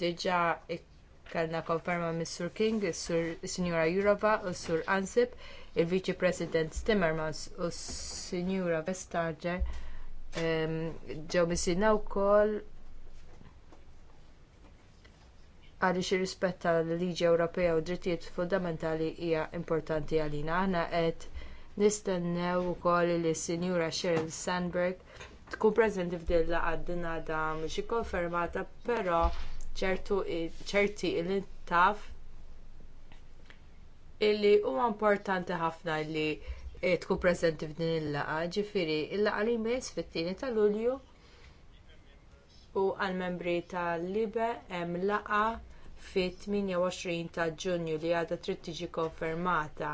Diġà kellna konferma Mr. King, is-Sur Sinjura Jurova u s-Sur Ansip, il-Viċi President Timmermans u s-Sinjura Vestager ehm, ġew misinna wkoll għaliex irrispetta l-liġi Ewropea u drittijiet fundamentali hija importanti għalina. Aħna qed nistennew ukoll li s-Sinjura Sheryl Sandberg tkun preżenti f'dilla għaddinada mhux ikkonfermata, però ċerti il taf illi huwa importanti ħafna li e, tkun preżenti f'din il laqgħa ġifieri il laqgħa li jmiss fit-tieni ta' Lulju u għall membri tal-Libe hemm laqgħa fit-28 ta' Ġunju li għadha trid tiġi konfermata.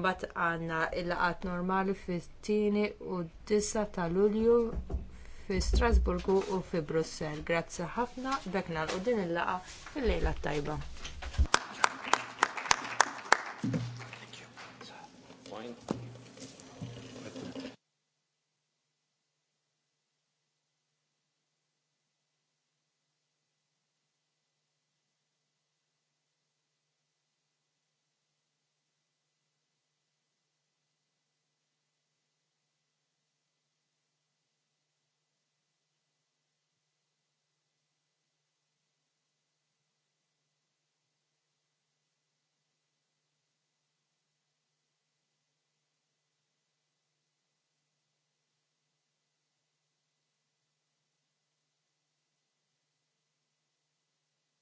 Mbagħad għandna il-laqat normali fit-tieni u d ta' Lulju fi Strasburgu u fi Brussell. Grazzi ħafna b'hekk nagħlqu din il laqgħa fil-lejla tajba. Thank